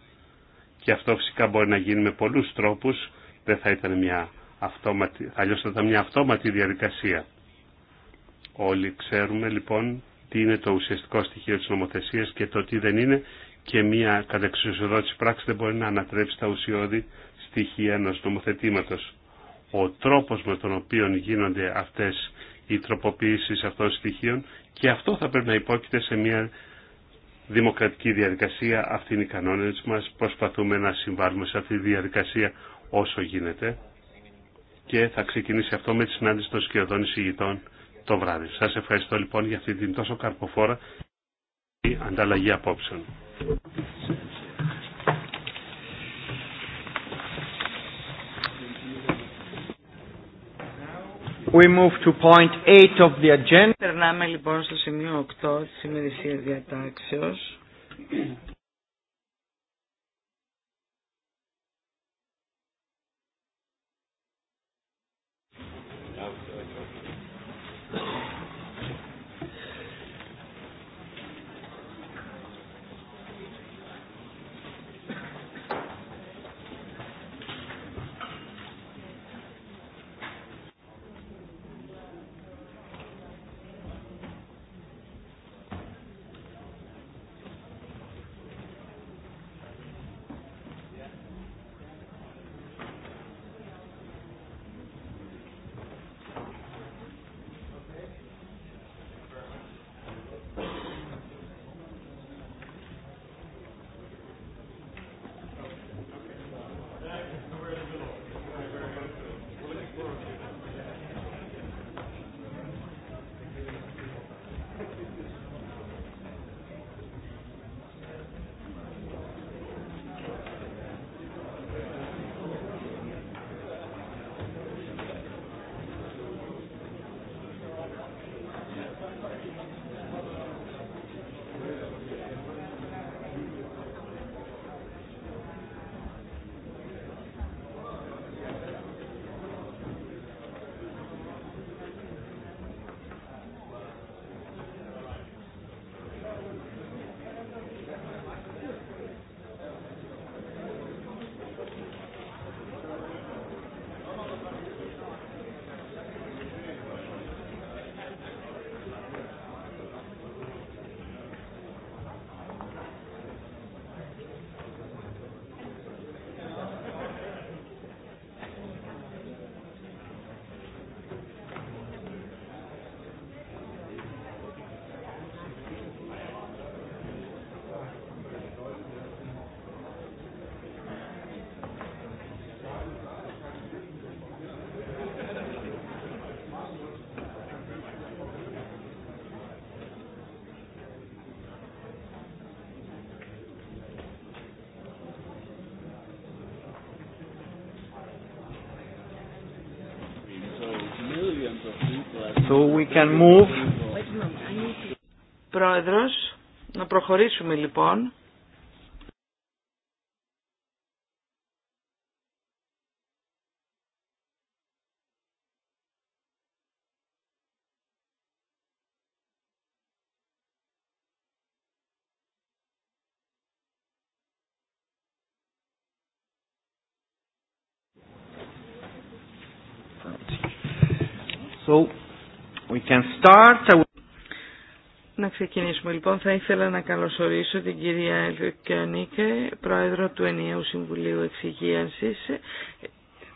και αυτό φυσικά μπορεί να γίνει με πολλούς τρόπους, δεν θα μια αυτόματη, θα ήταν μια αυτόματη διαδικασία. Όλοι ξέρουμε λοιπόν τι είναι το ουσιαστικό στοιχείο της νομοθεσίας και το τι δεν είναι και μια κατεξουσιοδότηση πράξη δεν μπορεί να ανατρέψει τα ουσιώδη στοιχεία ενός νομοθετήματος. Ο τρόπος με τον οποίο γίνονται αυτές οι τροποποιήσεις αυτών των στοιχείων και αυτό θα πρέπει να υπόκειται σε μια δημοκρατική διαδικασία. Αυτή είναι η κανόνες μας. Προσπαθούμε να συμβάλλουμε σε αυτή τη διαδικασία όσο γίνεται και θα ξεκινήσει αυτό με τη συνάντηση των σκιωδών εισηγητών το βράδυ. Σας ευχαριστώ λοιπόν για αυτή την τόσο καρποφόρα ανταλλαγή απόψεων. We move to point 8 of the agenda. Περνάμε λοιπόν στο σημείο 8 της ημερησίας διατάξεως. So we can Πρόεδρος, να προχωρήσουμε λοιπόν. start. Να ξεκινήσουμε λοιπόν. Θα ήθελα να καλωσορίσω την κυρία Ελβικιανίκε, πρόεδρο του Ενιαίου Συμβουλίου Εξυγίανση,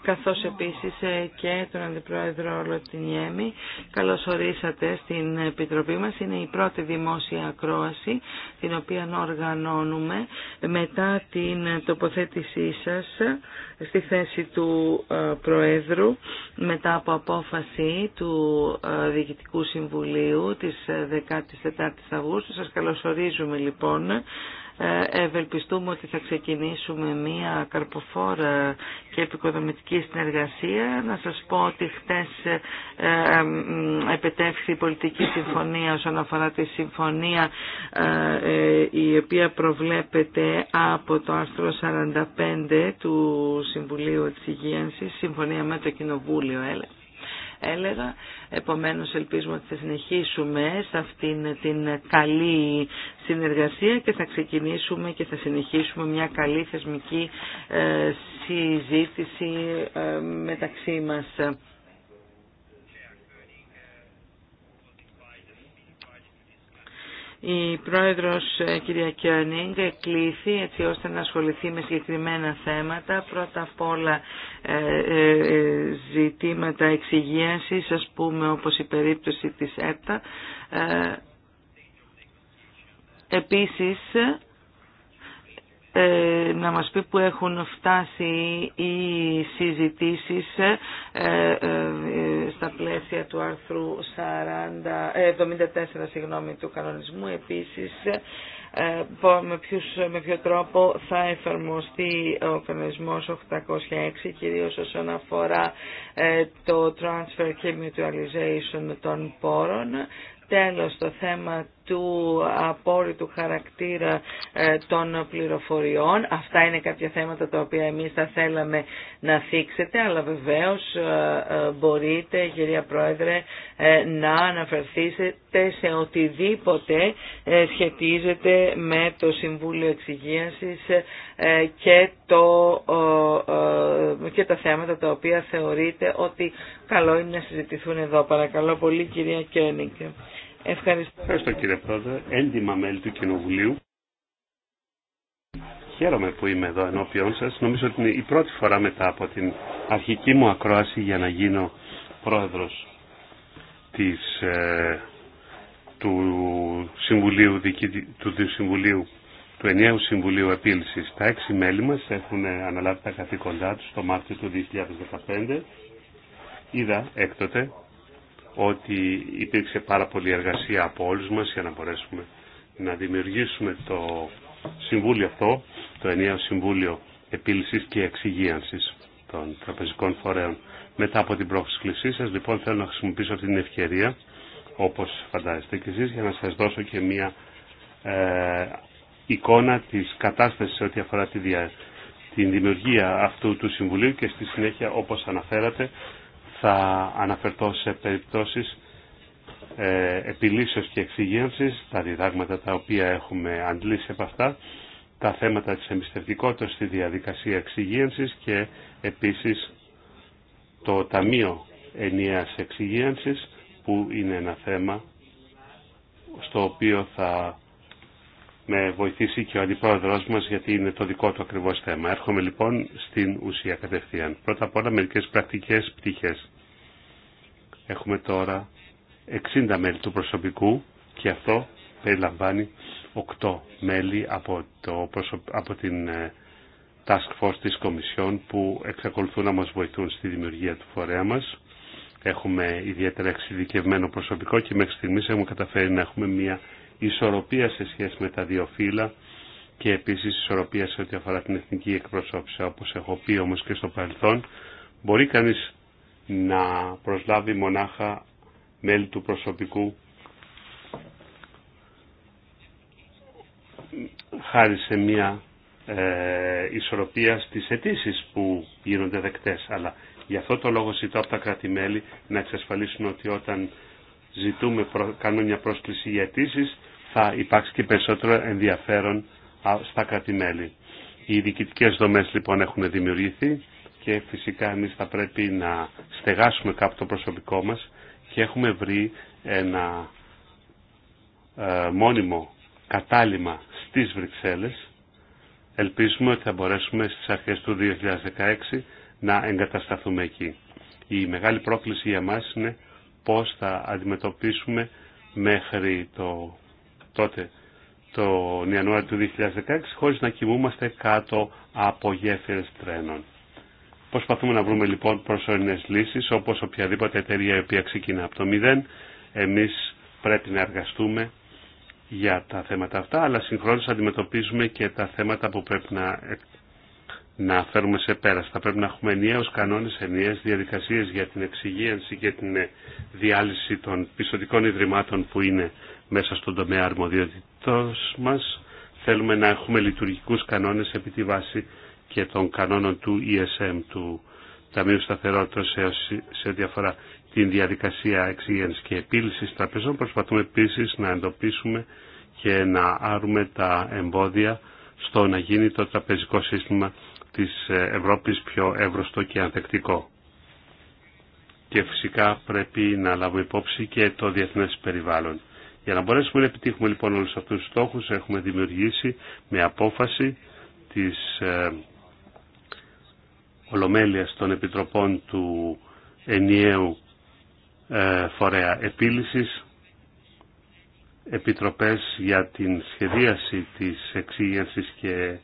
καθώς επίσης ε, και τον Αντιπρόεδρο Λοτινιέμι. Καλώς ορίσατε στην Επιτροπή μας. Είναι η πρώτη δημόσια ακρόαση την οποία οργανώνουμε μετά την τοποθέτησή σας στη θέση του ε, Προέδρου μετά από απόφαση του ε, Διοικητικού Συμβουλίου της 14ης Αυγούστου. Σας καλωσορίζουμε λοιπόν ε, ευελπιστούμε ότι θα ξεκινήσουμε μία καρποφόρα και επικοδομητική συνεργασία. Να σας πω ότι χτες ε, ε, επετεύχθη η πολιτική συμφωνία όσον αφορά τη συμφωνία η οποία προβλέπεται από το άρθρο 45 του Συμβουλίου Υγείας, συμφωνία με το Κοινοβούλιο, έλεγα. Επομένως ελπίζουμε ότι θα συνεχίσουμε σε αυτήν την καλή συνεργασία και θα ξεκινήσουμε και θα συνεχίσουμε μια καλή θεσμική ε, συζήτηση ε, μεταξύ μας. η πρόεδρος ε, κυρία Κιόνιγκ εκλήθη έτσι ώστε να ασχοληθεί με συγκεκριμένα θέματα. Πρώτα απ' όλα ε, ε, ζητήματα εξυγίασης, ας πούμε όπως η περίπτωση της ΕΤΑ. Επίσης, να μας πει που έχουν φτάσει οι συζητήσεις στα πλαίσια του άρθρου 40, 74 ε, συγγνώμη, του κανονισμού. Επίσης, ε, με, ποιους, με ποιο τρόπο θα εφαρμοστεί ο κανονισμός 806, κυρίως όσον αφορά ε, το transfer και mutualization των πόρων. Τέλος, το θέμα του απόρριτου χαρακτήρα ε, των πληροφοριών. Αυτά είναι κάποια θέματα τα οποία εμείς θα θέλαμε να θίξετε, αλλά βεβαίως ε, ε, μπορείτε, κυρία Πρόεδρε, να αναφερθήσετε σε οτιδήποτε σχετίζεται με το Συμβούλιο Εξυγίασης και, το, και τα θέματα τα οποία θεωρείτε ότι καλό είναι να συζητηθούν εδώ. Παρακαλώ πολύ, κυρία Κένικ. Ευχαριστώ. Ευχαριστώ κύριε Πρόεδρε. Έντιμα μέλη του Κοινοβουλίου. Χαίρομαι που είμαι εδώ ενώπιον σας. Νομίζω ότι είναι η πρώτη φορά μετά από την αρχική μου ακρόαση για να γίνω πρόεδρος της, ε, του, Συμβουλίου, του, του Συμβουλίου του ενιαίου Συμβουλίου Επίλυσης. Τα έξι μέλη μας έχουν ε, αναλάβει τα καθήκοντά τους το Μάρτιο του 2015. Είδα έκτοτε ότι υπήρξε πάρα πολλή εργασία από όλους μας για να μπορέσουμε να δημιουργήσουμε το συμβούλιο αυτό, το ενιαίο συμβούλιο επίλυσης και εξυγίανσης των τραπεζικών φορέων. Μετά από την πρόσκλησή σας, λοιπόν, θέλω να χρησιμοποιήσω αυτή την ευκαιρία, όπως φαντάζεστε και εσείς, για να σας δώσω και μία ε, εικόνα της κατάστασης ό,τι αφορά τη δια, την δημιουργία αυτού του Συμβουλίου και στη συνέχεια, όπως αναφέρατε, θα αναφερθώ σε περιπτώσεις ε, επιλύσεως και εξυγίανσης, τα διδάγματα τα οποία έχουμε αντλήσει από αυτά, τα θέματα της εμπιστευτικότητας στη διαδικασία εξυγίανσης και επίσης το Ταμείο Ενιαίας Εξυγίανσης που είναι ένα θέμα στο οποίο θα με βοηθήσει και ο αντιπρόεδρος μας γιατί είναι το δικό του ακριβώς θέμα. Έρχομαι λοιπόν στην ουσία κατευθείαν. Πρώτα απ' όλα μερικές πρακτικές πτυχές. Έχουμε τώρα 60 μέλη του προσωπικού και αυτό περιλαμβάνει 8 μέλη από, το, από την ε, Task Force της Κομισιόν που εξακολουθούν να μας βοηθούν στη δημιουργία του φορέα μας. Έχουμε ιδιαίτερα εξειδικευμένο προσωπικό και μέχρι στιγμής έχουμε καταφέρει να έχουμε μια ισορροπία σε σχέση με τα δύο φύλλα και επίσης ισορροπία σε ό,τι αφορά την εθνική εκπροσώπηση. Όπως έχω πει όμως και στο παρελθόν, μπορεί κανείς να προσλάβει μονάχα μέλη του προσωπικού χάρη σε μια ε, ισορροπία στις αιτήσει που γίνονται δεκτές. Αλλά για αυτό το λόγο ζητώ από τα κράτη-μέλη να εξασφαλίσουν ότι όταν ζητούμε, κάνουμε μια πρόσκληση για αιτήσει, θα υπάρξει και περισσότερο ενδιαφέρον στα κράτη-μέλη. Οι διοικητικές δομές λοιπόν έχουν δημιουργηθεί και φυσικά εμείς θα πρέπει να στεγάσουμε κάπου το προσωπικό μας και έχουμε βρει ένα ε, μόνιμο κατάλημα στις Βρυξέλλες. Ελπίζουμε ότι θα μπορέσουμε στις αρχές του 2016 να εγκατασταθούμε εκεί. Η μεγάλη πρόκληση για μας είναι πώς θα αντιμετωπίσουμε μέχρι το τότε τον Ιανουάριο του 2016 χωρίς να κοιμούμαστε κάτω από γέφυρες τρένων. Προσπαθούμε να βρούμε λοιπόν προσωρινές λύσεις, όπως οποιαδήποτε εταιρεία η οποία ξεκινά από το μηδέν. Εμείς πρέπει να εργαστούμε για τα θέματα αυτά, αλλά συγχρόνως αντιμετωπίζουμε και τα θέματα που πρέπει να, να φέρουμε σε πέραστα. Θα πρέπει να έχουμε ενιαίους κανόνες, ενιαίες διαδικασίες για την εξυγίανση και την διάλυση των πιστοτικών ιδρυμάτων που είναι μέσα στον τομέα αρμοδιότητός μας. Θέλουμε να έχουμε λειτουργικούς κανόνες επί τη βάση και των κανόνων του ESM, του Ταμείου Σταθερότητα σε ό,τι αφορά την διαδικασία εξήγηση και επίλυση τραπεζών. Προσπαθούμε επίση να εντοπίσουμε και να άρουμε τα εμπόδια στο να γίνει το τραπεζικό σύστημα της Ευρώπης πιο εύρωστο και ανθεκτικό. Και φυσικά πρέπει να λάβουμε υπόψη και το διεθνές περιβάλλον. Για να μπορέσουμε να επιτύχουμε λοιπόν όλους αυτούς τους στόχους έχουμε δημιουργήσει με απόφαση της ε, Ολομέλειας των Επιτροπών του Ενιαίου ε, Φορέα Επίλυσης, Επιτροπές για την σχεδίαση της εξήγησης και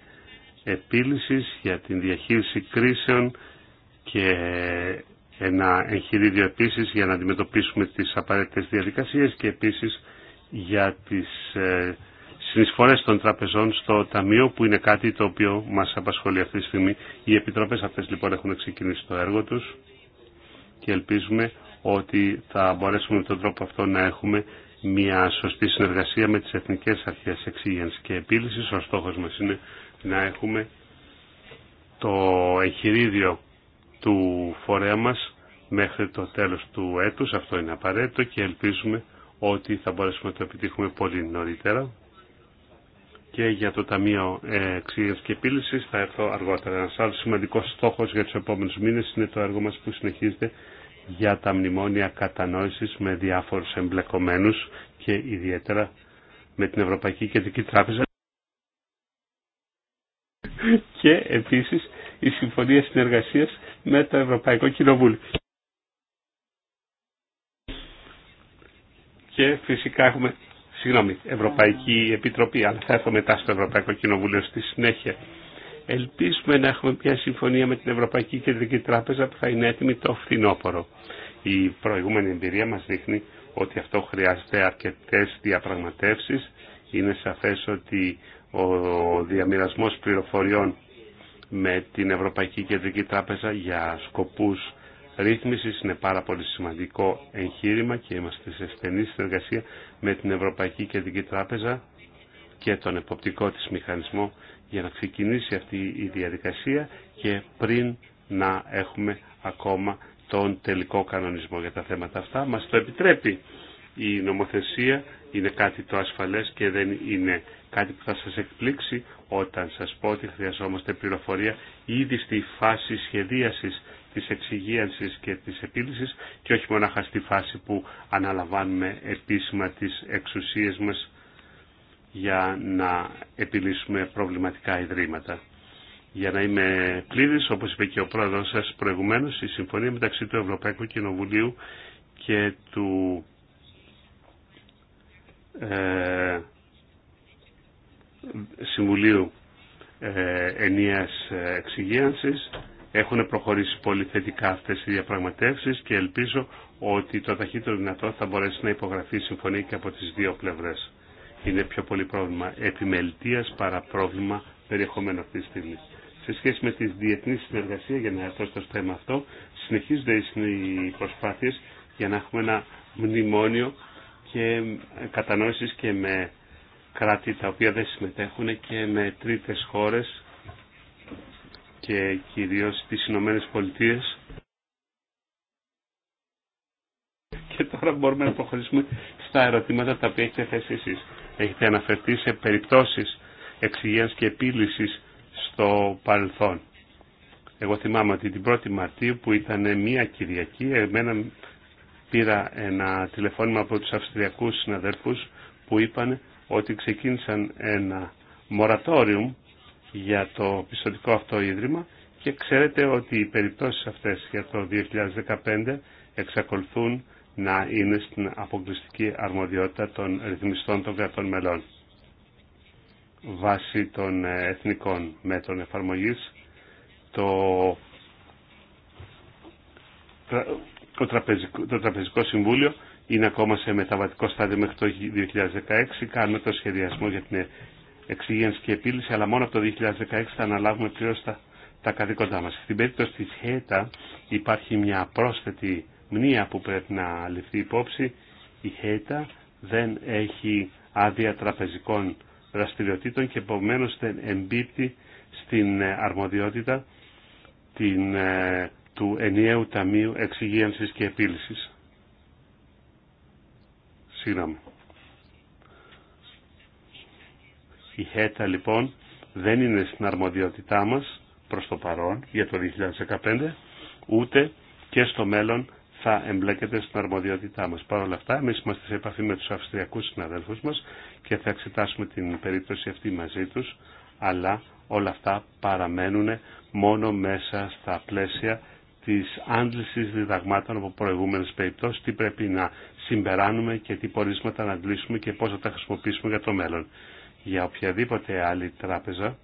επίλυσης, για την διαχείριση κρίσεων και ένα εγχειρίδιο επίσης για να αντιμετωπίσουμε τις απαραίτητες διαδικασίες και επίσης για τις ε, συνεισφορές των τραπεζών στο Ταμείο που είναι κάτι το οποίο μας απασχολεί αυτή τη στιγμή. Οι επιτροπές αυτές λοιπόν έχουν ξεκινήσει το έργο τους και ελπίζουμε ότι θα μπορέσουμε με τον τρόπο αυτό να έχουμε μια σωστή συνεργασία με τις Εθνικές Αρχές εξήγηση και Επίλυσης. Ο στόχος μας είναι να έχουμε το εγχειρίδιο του φορέα μας μέχρι το τέλος του έτους. Αυτό είναι απαραίτητο και ελπίζουμε ότι θα μπορέσουμε να το επιτύχουμε πολύ νωρίτερα και για το Ταμείο Εξήγησης και επίλυση θα έρθω αργότερα. Ένα άλλο σημαντικός στόχος για του επόμενου μήνες είναι το έργο μα που συνεχίζεται για τα μνημόνια κατανόηση με διάφορους εμπλεκομένους και ιδιαίτερα με την Ευρωπαϊκή Κεντρική Τράπεζα και επίσης η Συμφωνία συνεργασία με το Ευρωπαϊκό Κοινοβούλιο. Και φυσικά έχουμε συγγνώμη, Ευρωπαϊκή Επιτροπή, αλλά θα έρθω μετά στο Ευρωπαϊκό Κοινοβούλιο στη συνέχεια. Ελπίζουμε να έχουμε μια συμφωνία με την Ευρωπαϊκή Κεντρική Τράπεζα που θα είναι έτοιμη το φθινόπωρο. Η προηγούμενη εμπειρία μας δείχνει ότι αυτό χρειάζεται αρκετές διαπραγματεύσεις. Είναι σαφές ότι ο διαμοιρασμός πληροφοριών με την Ευρωπαϊκή Κεντρική Τράπεζα για σκοπούς ρύθμισης είναι πάρα πολύ σημαντικό εγχείρημα και είμαστε σε στενή συνεργασία με την Ευρωπαϊκή Κεντρική Τράπεζα και τον εποπτικό της μηχανισμό για να ξεκινήσει αυτή η διαδικασία και πριν να έχουμε ακόμα τον τελικό κανονισμό για τα θέματα αυτά. Μας το επιτρέπει η νομοθεσία, είναι κάτι το ασφαλές και δεν είναι κάτι που θα σας εκπλήξει όταν σας πω ότι χρειαζόμαστε πληροφορία ήδη στη φάση σχεδίασης της εξυγίανσης και της επίλυσης και όχι μόνο στη φάση που αναλαμβάνουμε επίσημα τις εξουσίες μας για να επιλύσουμε προβληματικά ιδρύματα. Για να είμαι πλήρης, όπως είπε και ο πρόεδρος σας προηγουμένως, η συμφωνία μεταξύ του Ευρωπαϊκού Κοινοβουλίου και του ε, Συμβουλίου ε, Ενίας Εξυγίανσης έχουν προχωρήσει πολύ θετικά αυτές οι διαπραγματεύσεις και ελπίζω ότι το ταχύτερο δυνατό θα μπορέσει να υπογραφεί η συμφωνία και από τις δύο πλευρές. Είναι πιο πολύ πρόβλημα επιμελητίας παρά πρόβλημα περιεχομένου αυτή τη στιγμή. Σε σχέση με τη διεθνή συνεργασία, για να έρθω στο θέμα αυτό, συνεχίζονται οι προσπάθειες για να έχουμε ένα μνημόνιο και κατανόησης και με κράτη τα οποία δεν συμμετέχουν και με τρίτες χώρες και κυρίως τις Ηνωμένε Πολιτείες. Και τώρα μπορούμε να προχωρήσουμε στα ερωτήματα τα οποία έχετε θέσει εσείς. Έχετε αναφερθεί σε περιπτώσεις εξηγίας και επίλυσης στο παρελθόν. Εγώ θυμάμαι ότι την 1η Μαρτίου που ήταν μία Κυριακή, εμένα πήρα ένα τηλεφώνημα από τους Αυστριακούς συναδέλφους που είπαν ότι ξεκίνησαν ένα μορατόριουμ για το πιστοτικό αυτό ίδρυμα και ξέρετε ότι οι περιπτώσεις αυτές για το 2015 εξακολουθούν να είναι στην αποκλειστική αρμοδιότητα των ρυθμιστών των κρατών μελών βάσει των ε, εθνικών μέτρων εφαρμογής το, το, τραπεζικό, το Τραπεζικό Συμβούλιο είναι ακόμα σε μεταβατικό στάδιο μέχρι το 2016. Κάνουμε το σχεδιασμό για την εξυγένση και επίλυση, αλλά μόνο από το 2016 θα αναλάβουμε πλήρω τα, τα καθήκοντά μας. Στην περίπτωση τη ΧΕΤΑ υπάρχει μια πρόσθετη μνήμα που πρέπει να ληφθεί υπόψη. Η ΧΕΤΑ δεν έχει άδεια τραπεζικών δραστηριοτήτων και επομένω δεν εμπίπτει στην ε, αρμοδιότητα την, ε, του ενιαίου Ταμείου Εξυγίανσης και Επίλυσης. Συγγνώμη. Η ΧΕΤΑ λοιπόν δεν είναι στην αρμοδιότητά μας προς το παρόν για το 2015, ούτε και στο μέλλον θα εμπλέκεται στην αρμοδιότητά μας. Παρ' όλα αυτά, εμείς είμαστε σε επαφή με τους αυστριακούς συναδέλφους μας και θα εξετάσουμε την περίπτωση αυτή μαζί τους, αλλά όλα αυτά παραμένουν μόνο μέσα στα πλαίσια της άντλησης διδαγμάτων από προηγούμενες περιπτώσεις, τι πρέπει να συμπεράνουμε και τι πορίσματα να αντλήσουμε και πώς θα τα χρησιμοποιήσουμε για το μέλλον για οποιαδήποτε άλλη τράπεζα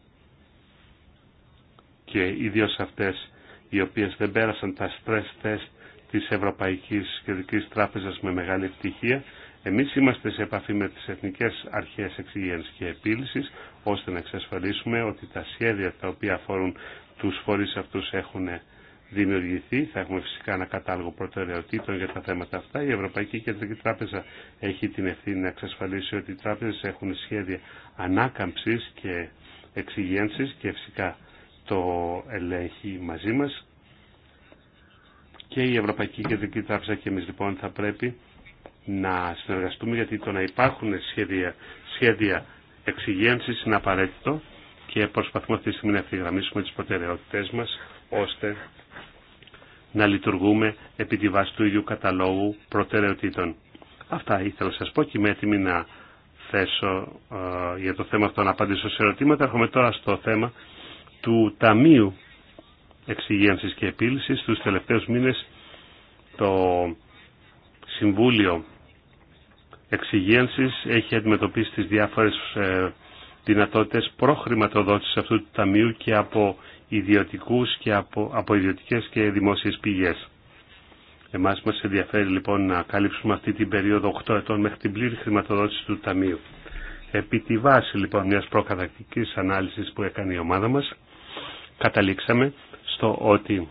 και ιδίως αυτές οι οποίες δεν πέρασαν τα stress test της Ευρωπαϊκής Κεντρικής Τράπεζας με μεγάλη ευτυχία, εμείς είμαστε σε επαφή με τις Εθνικές Αρχές Εξυγένσης και Επίλυσης, ώστε να εξασφαλίσουμε ότι τα σχέδια τα οποία αφορούν τους φορείς αυτούς έχουν δημιουργηθεί. Θα έχουμε φυσικά ένα κατάλογο προτεραιοτήτων για τα θέματα αυτά. Η Ευρωπαϊκή Κεντρική Τράπεζα έχει την ευθύνη να εξασφαλίσει ότι οι τράπεζες έχουν σχέδια ανάκαμψης και εξυγένσης και φυσικά το ελέγχει μαζί μας. Και η Ευρωπαϊκή Κεντρική Τράπεζα και εμείς λοιπόν θα πρέπει να συνεργαστούμε γιατί το να υπάρχουν σχέδια, σχέδια εξυγένσης είναι απαραίτητο και προσπαθούμε αυτή τη στιγμή να ευθυγραμμίσουμε τις προτεραιότητές μας ώστε να λειτουργούμε επί τη βάση του ίδιου καταλόγου προτεραιοτήτων. Αυτά ήθελα να σας πω και είμαι έτοιμη να θέσω ε, για το θέμα αυτό να απαντήσω σε ερωτήματα. Έρχομαι τώρα στο θέμα του Ταμείου Εξυγένσης και Επίλυσης. Τους τελευταίους μήνες το Συμβούλιο Εξυγένσης έχει αντιμετωπίσει τις διάφορες ε, δυνατότητες προχρηματοδότησης αυτού του Ταμείου και από ιδιωτικούς και από, από ιδιωτικές και δημόσιες πηγές. Εμάς μας ενδιαφέρει λοιπόν να καλύψουμε αυτή την περίοδο 8 ετών μέχρι την πλήρη χρηματοδότηση του Ταμείου. Επί τη βάση λοιπόν μιας προκατακτικής ανάλυσης που έκανε η ομάδα μας, καταλήξαμε στο ότι,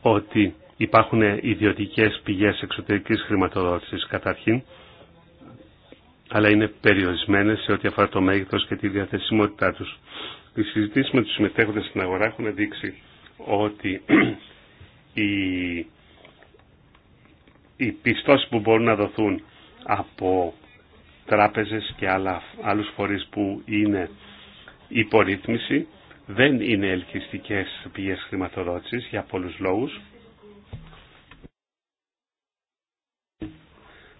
ότι υπάρχουν ιδιωτικές πηγές εξωτερικής χρηματοδότησης καταρχήν, αλλά είναι περιορισμένες σε ό,τι αφορά το μέγεθος και τη διαθεσιμότητά τους. Οι συζητήσει με τους συμμετέχοντες στην αγορά έχουν δείξει ότι (clears throat) οι, οι πιστώσεις που μπορούν να δοθούν από τράπεζες και άλλου άλλους φορείς που είναι υπορρύθμιση δεν είναι ελκυστικές πηγές χρηματοδότησης για πολλούς λόγους.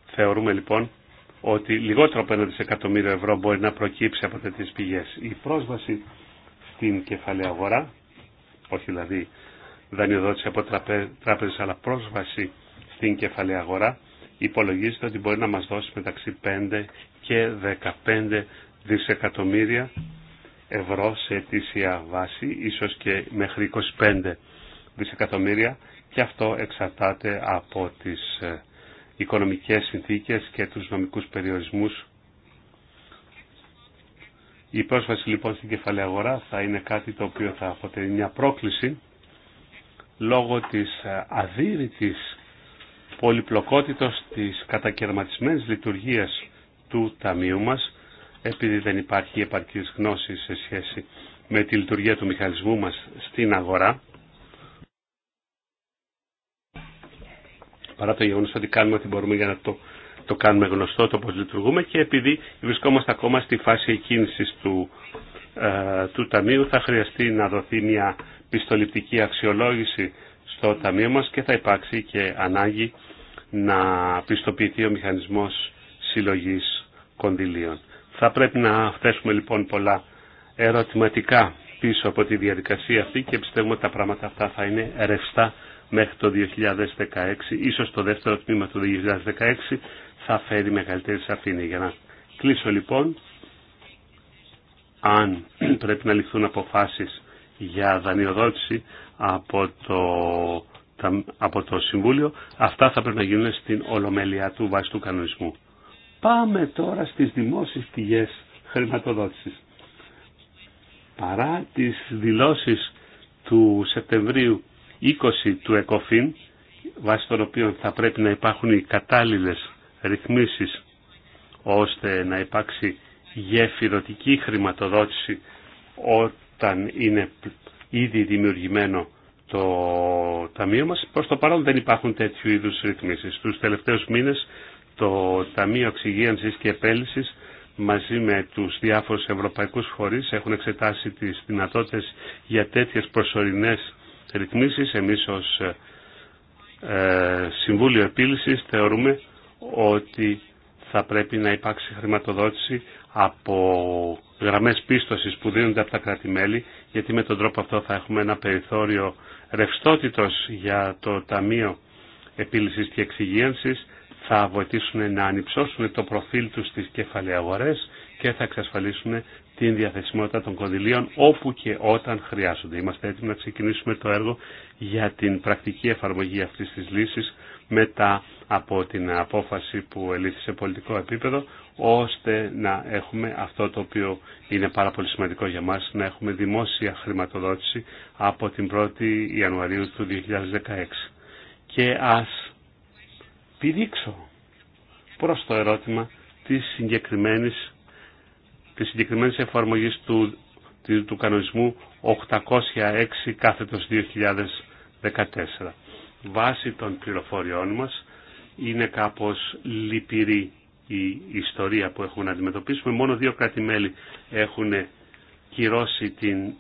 Θεωρούμε λοιπόν ότι λιγότερο από ένα δισεκατομμύριο ευρώ μπορεί να προκύψει από τέτοιες πηγές. Η πρόσβαση στην κεφαλαία αγορά, όχι δηλαδή δανειοδότηση από τράπεζε, αλλά πρόσβαση στην κεφαλαία αγορά, υπολογίζεται ότι μπορεί να μας δώσει μεταξύ 5 και 15 δισεκατομμύρια ευρώ σε αιτήσια βάση, ίσως και μέχρι 25 δισεκατομμύρια και αυτό εξαρτάται από τις ε, οικονομικές συνθήκες και τους νομικούς περιορισμούς η πρόσβαση λοιπόν στην κεφαλαία αγορά θα είναι κάτι το οποίο θα αποτελεί μια πρόκληση λόγω της ε, αδύρυτης πολυπλοκότητος της κατακαιρματισμένης λειτουργίας του Ταμείου μας επειδή δεν υπάρχει επαρκής γνώση σε σχέση με τη λειτουργία του μηχανισμού μας στην αγορά παρά το γεγονός ότι κάνουμε ό,τι μπορούμε για να το το κάνουμε γνωστό το πώς λειτουργούμε και επειδή βρισκόμαστε ακόμα στη φάση εκκίνησης του, ε, του Ταμείου θα χρειαστεί να δοθεί μια πιστοληπτική αξιολόγηση στο Ταμείο μας και θα υπάρξει και ανάγκη να πιστοποιηθεί ο μηχανισμός συλλογής κονδυλίων. Θα πρέπει να φτέσουμε λοιπόν πολλά ερωτηματικά πίσω από τη διαδικασία αυτή και πιστεύουμε ότι τα πράγματα αυτά θα είναι ρευστά μέχρι το 2016, ίσως το δεύτερο τμήμα του 2016 θα φέρει μεγαλύτερη σαφήνεια. Για να κλείσω λοιπόν, αν (clears throat) πρέπει να ληφθούν αποφάσεις για δανειοδότηση από το, από το Συμβούλιο, αυτά θα πρέπει να γίνουν στην ολομέλεια του βάση του κανονισμού. Πάμε τώρα στις δημόσιες πηγές χρηματοδότησης. Παρά τις δηλώσεις του Σεπτεμβρίου 20 του ΕΚΟΦΗΝ, βάσει των οποίων θα πρέπει να υπάρχουν οι κατάλληλες ρυθμίσεις ώστε να υπάρξει γεφυρωτική χρηματοδότηση όταν είναι ήδη δημιουργημένο το Ταμείο μας. Προς το παρόν δεν υπάρχουν τέτοιου είδους ρυθμίσεις. Τους τελευταίους μήνες το Ταμείο Εξυγίανσης και Επέλυσης μαζί με τους διάφορους ευρωπαϊκούς φορείς έχουν εξετάσει τις δυνατότητες για τέτοιες προσωρινές ρυθμίσεις. Εμείς ως ε, ε, Συμβούλιο Επίλυσης θεωρούμε ότι θα πρέπει να υπάρξει χρηματοδότηση από γραμμές πίστοσης που δίνονται από τα κράτη-μέλη, γιατί με τον τρόπο αυτό θα έχουμε ένα περιθώριο ρευστότητος για το Ταμείο Επίλυσης και Εξυγίανσης, θα βοηθήσουν να ανυψώσουν το προφίλ τους στις κεφαλαιαγορές και θα εξασφαλίσουν την διαθεσιμότητα των κονδυλίων όπου και όταν χρειάζονται. Είμαστε έτοιμοι να ξεκινήσουμε το έργο για την πρακτική εφαρμογή αυτής της λύσης μετά από την απόφαση που ελήφθη σε πολιτικό επίπεδο, ώστε να έχουμε αυτό το οποίο είναι πάρα πολύ σημαντικό για μας, να έχουμε δημόσια χρηματοδότηση από την 1η Ιανουαρίου του 2016. Και ας πηδήξω προς το ερώτημα της συγκεκριμένης, της συγκεκριμένης εφαρμογής του, του κανονισμού 806 κάθετος 2014. Βάσει των πληροφοριών μας. Είναι κάπως λυπηρή η ιστορία που έχουμε να αντιμετωπίσουμε. Μόνο δύο κράτη-μέλη έχουν κυρώσει την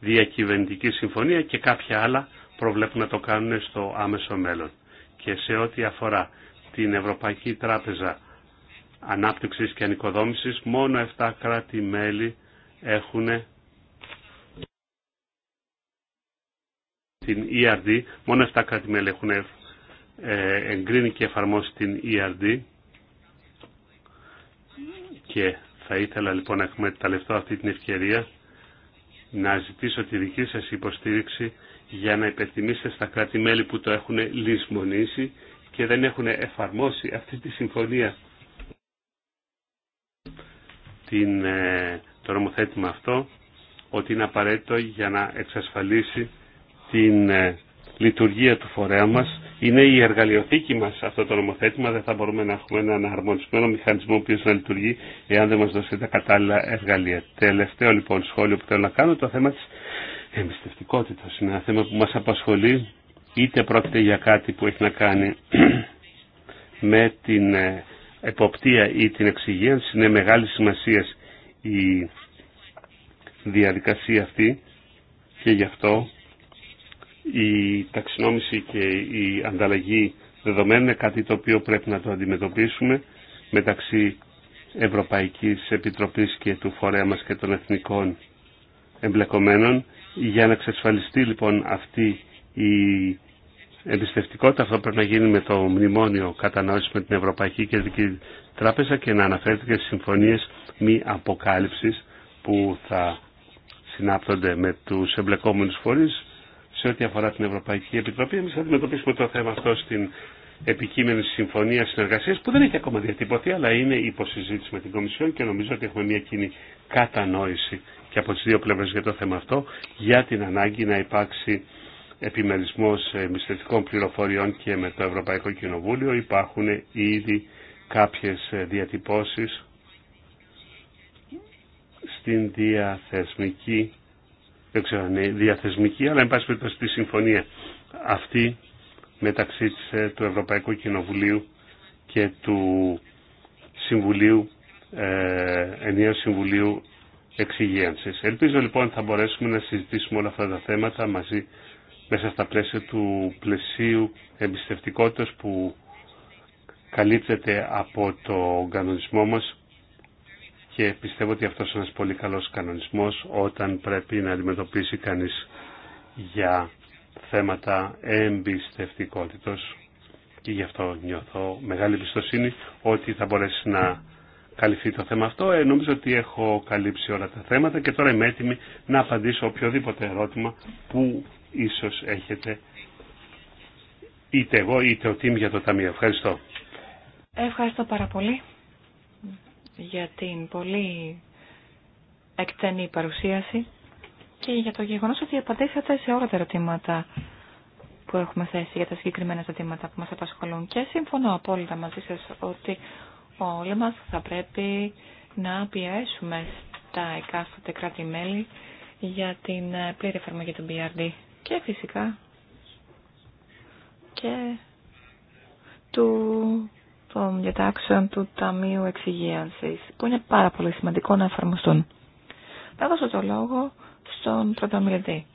διακυβερνητική συμφωνία και κάποια άλλα προβλέπουν να το κάνουν στο άμεσο μέλλον. Και σε ό,τι αφορά την Ευρωπαϊκή Τράπεζα Ανάπτυξης και Ανοικοδόμησης, μόνο 7 κράτη-μέλη έχουν την ERD. Μόνο 7 κράτη-μέλη έχουν ε, εγκρίνει και εφαρμόσει την ERD. Και θα ήθελα λοιπόν να εκμεταλλευτώ αυτή την ευκαιρία να ζητήσω τη δική σας υποστήριξη για να υπενθυμίσετε στα κράτη-μέλη που το έχουν λησμονήσει και δεν έχουν εφαρμόσει αυτή τη συμφωνία την, ε, το νομοθέτημα αυτό ότι είναι απαραίτητο για να εξασφαλίσει την ε, λειτουργία του φορέα μας. Είναι η εργαλειοθήκη μας αυτό το νομοθέτημα. Δεν θα μπορούμε να έχουμε έναν αρμονισμένο μηχανισμό που να λειτουργεί εάν δεν μα δώσει τα κατάλληλα εργαλεία. Τελευταίο λοιπόν σχόλιο που θέλω να κάνω το θέμα της εμπιστευτικότητας. Είναι ένα θέμα που μας απασχολεί είτε πρόκειται για κάτι που έχει να κάνει (clears throat) με την ε, εποπτεία ή την εξυγίανση. Είναι μεγάλη σημασία η διαδικασία αυτή και γι' αυτό η ταξινόμηση και η ανταλλαγή δεδομένων είναι κάτι το οποίο πρέπει να το αντιμετωπίσουμε μεταξύ Ευρωπαϊκής Επιτροπής και του φορέα μας και των εθνικών εμπλεκομένων. Για να εξασφαλιστεί λοιπόν αυτή η εμπιστευτικότητα αυτό πρέπει να γίνει με το μνημόνιο κατανόηση με την Ευρωπαϊκή Κεντρική Τράπεζα και να αναφέρεται και στις συμφωνίες μη αποκάλυψης που θα συνάπτονται με τους εμπλεκόμενους φορείς σε ό,τι αφορά την Ευρωπαϊκή Επιτροπή, εμεί θα αντιμετωπίσουμε το θέμα αυτό στην επικείμενη συμφωνία συνεργασία που δεν έχει ακόμα διατυπωθεί, αλλά είναι υποσυζήτηση με την Κομισιόν και νομίζω ότι έχουμε μια κοινή κατανόηση και από τι δύο πλευρέ για το θέμα αυτό, για την ανάγκη να υπάρξει επιμερισμό ε, μυστευτικών πληροφοριών και με το Ευρωπαϊκό Κοινοβούλιο. Υπάρχουν ήδη κάποιε διατυπώσει στην διαθεσμική δεν ξέρω αν είναι διαθεσμική, αλλά εν πάση περιπτώσει τη συμφωνία αυτή μεταξύ ε, του Ευρωπαϊκού Κοινοβουλίου και του Συμβουλίου, ε, Ενιαίου Συμβουλίου Εξυγίανσης. Ελπίζω λοιπόν θα μπορέσουμε να συζητήσουμε όλα αυτά τα θέματα μαζί μέσα στα πλαίσια του πλαισίου εμπιστευτικότητας που καλύπτεται από το κανονισμό μας και πιστεύω ότι αυτός είναι ένας πολύ καλός κανονισμός όταν πρέπει να αντιμετωπίσει κανείς για θέματα εμπιστευτικότητος και γι' αυτό νιώθω μεγάλη εμπιστοσύνη ότι θα μπορέσει να καλυφθεί το θέμα αυτό. Ε, νομίζω ότι έχω καλύψει όλα τα θέματα και τώρα είμαι έτοιμη να απαντήσω οποιοδήποτε ερώτημα που ίσως έχετε είτε εγώ είτε ο Τίμ για το Ταμείο. Ευχαριστώ. Ευχαριστώ πάρα πολύ για την πολύ εκτενή παρουσίαση και για το γεγονός ότι απαντήσατε σε όλα τα ερωτήματα που έχουμε θέσει για τα συγκεκριμένα ζητήματα που μας απασχολούν και συμφωνώ απόλυτα μαζί σας ότι όλοι μας θα πρέπει να πιέσουμε στα εκάστοτε κράτη-μέλη για την πλήρη εφαρμογή του BRD και φυσικά και του των διατάξεων του Ταμείου Εξυγίανσης, που είναι πάρα πολύ σημαντικό να εφαρμοστούν. Θα δώσω το λόγο στον πρωτομιλητή.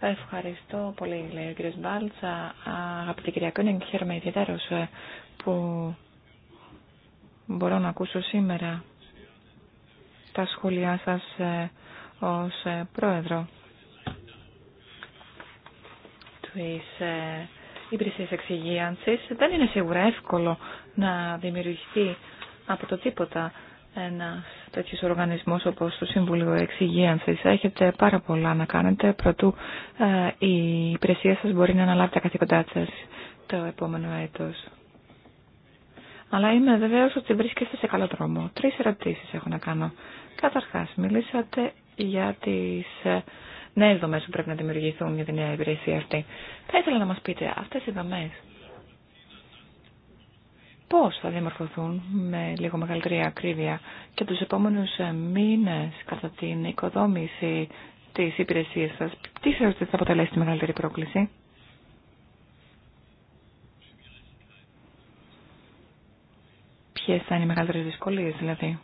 Ευχαριστώ πολύ, λέει ο κ. Μπάλτσα, αγαπητή κυρία Κόνιγκ, χαίρομαι ιδιαίτερως ε, που μπορώ να ακούσω σήμερα τα σχόλιά σας ε, ως ε, πρόεδρο της υπηρεσίας εξυγίανσης. Δεν είναι σίγουρα εύκολο να δημιουργηθεί από το τίποτα ένα τέτοιο οργανισμό όπω το Σύμβουλο Εξυγίανση. Έχετε πάρα πολλά να κάνετε. Πρωτού ε, η υπηρεσία σα μπορεί να αναλάβει τα καθήκοντά σα το επόμενο έτο. Αλλά είμαι βεβαίω ότι βρίσκεστε σε καλό δρόμο. Τρει ερωτήσει έχω να κάνω. Καταρχά, μιλήσατε για τι ε, νέε δομέ που πρέπει να δημιουργηθούν για τη νέα υπηρεσία αυτή. Θα ήθελα να μα πείτε, αυτέ οι δομέ πώς θα διαμορφωθούν με λίγο μεγαλύτερη ακρίβεια και τους επόμενους ε, μήνες κατά την οικοδόμηση της υπηρεσίας σας. Τι θεωρείτε ότι θα αποτελέσει τη μεγαλύτερη πρόκληση. Ποιες θα είναι οι μεγαλύτερες δυσκολίες δηλαδή.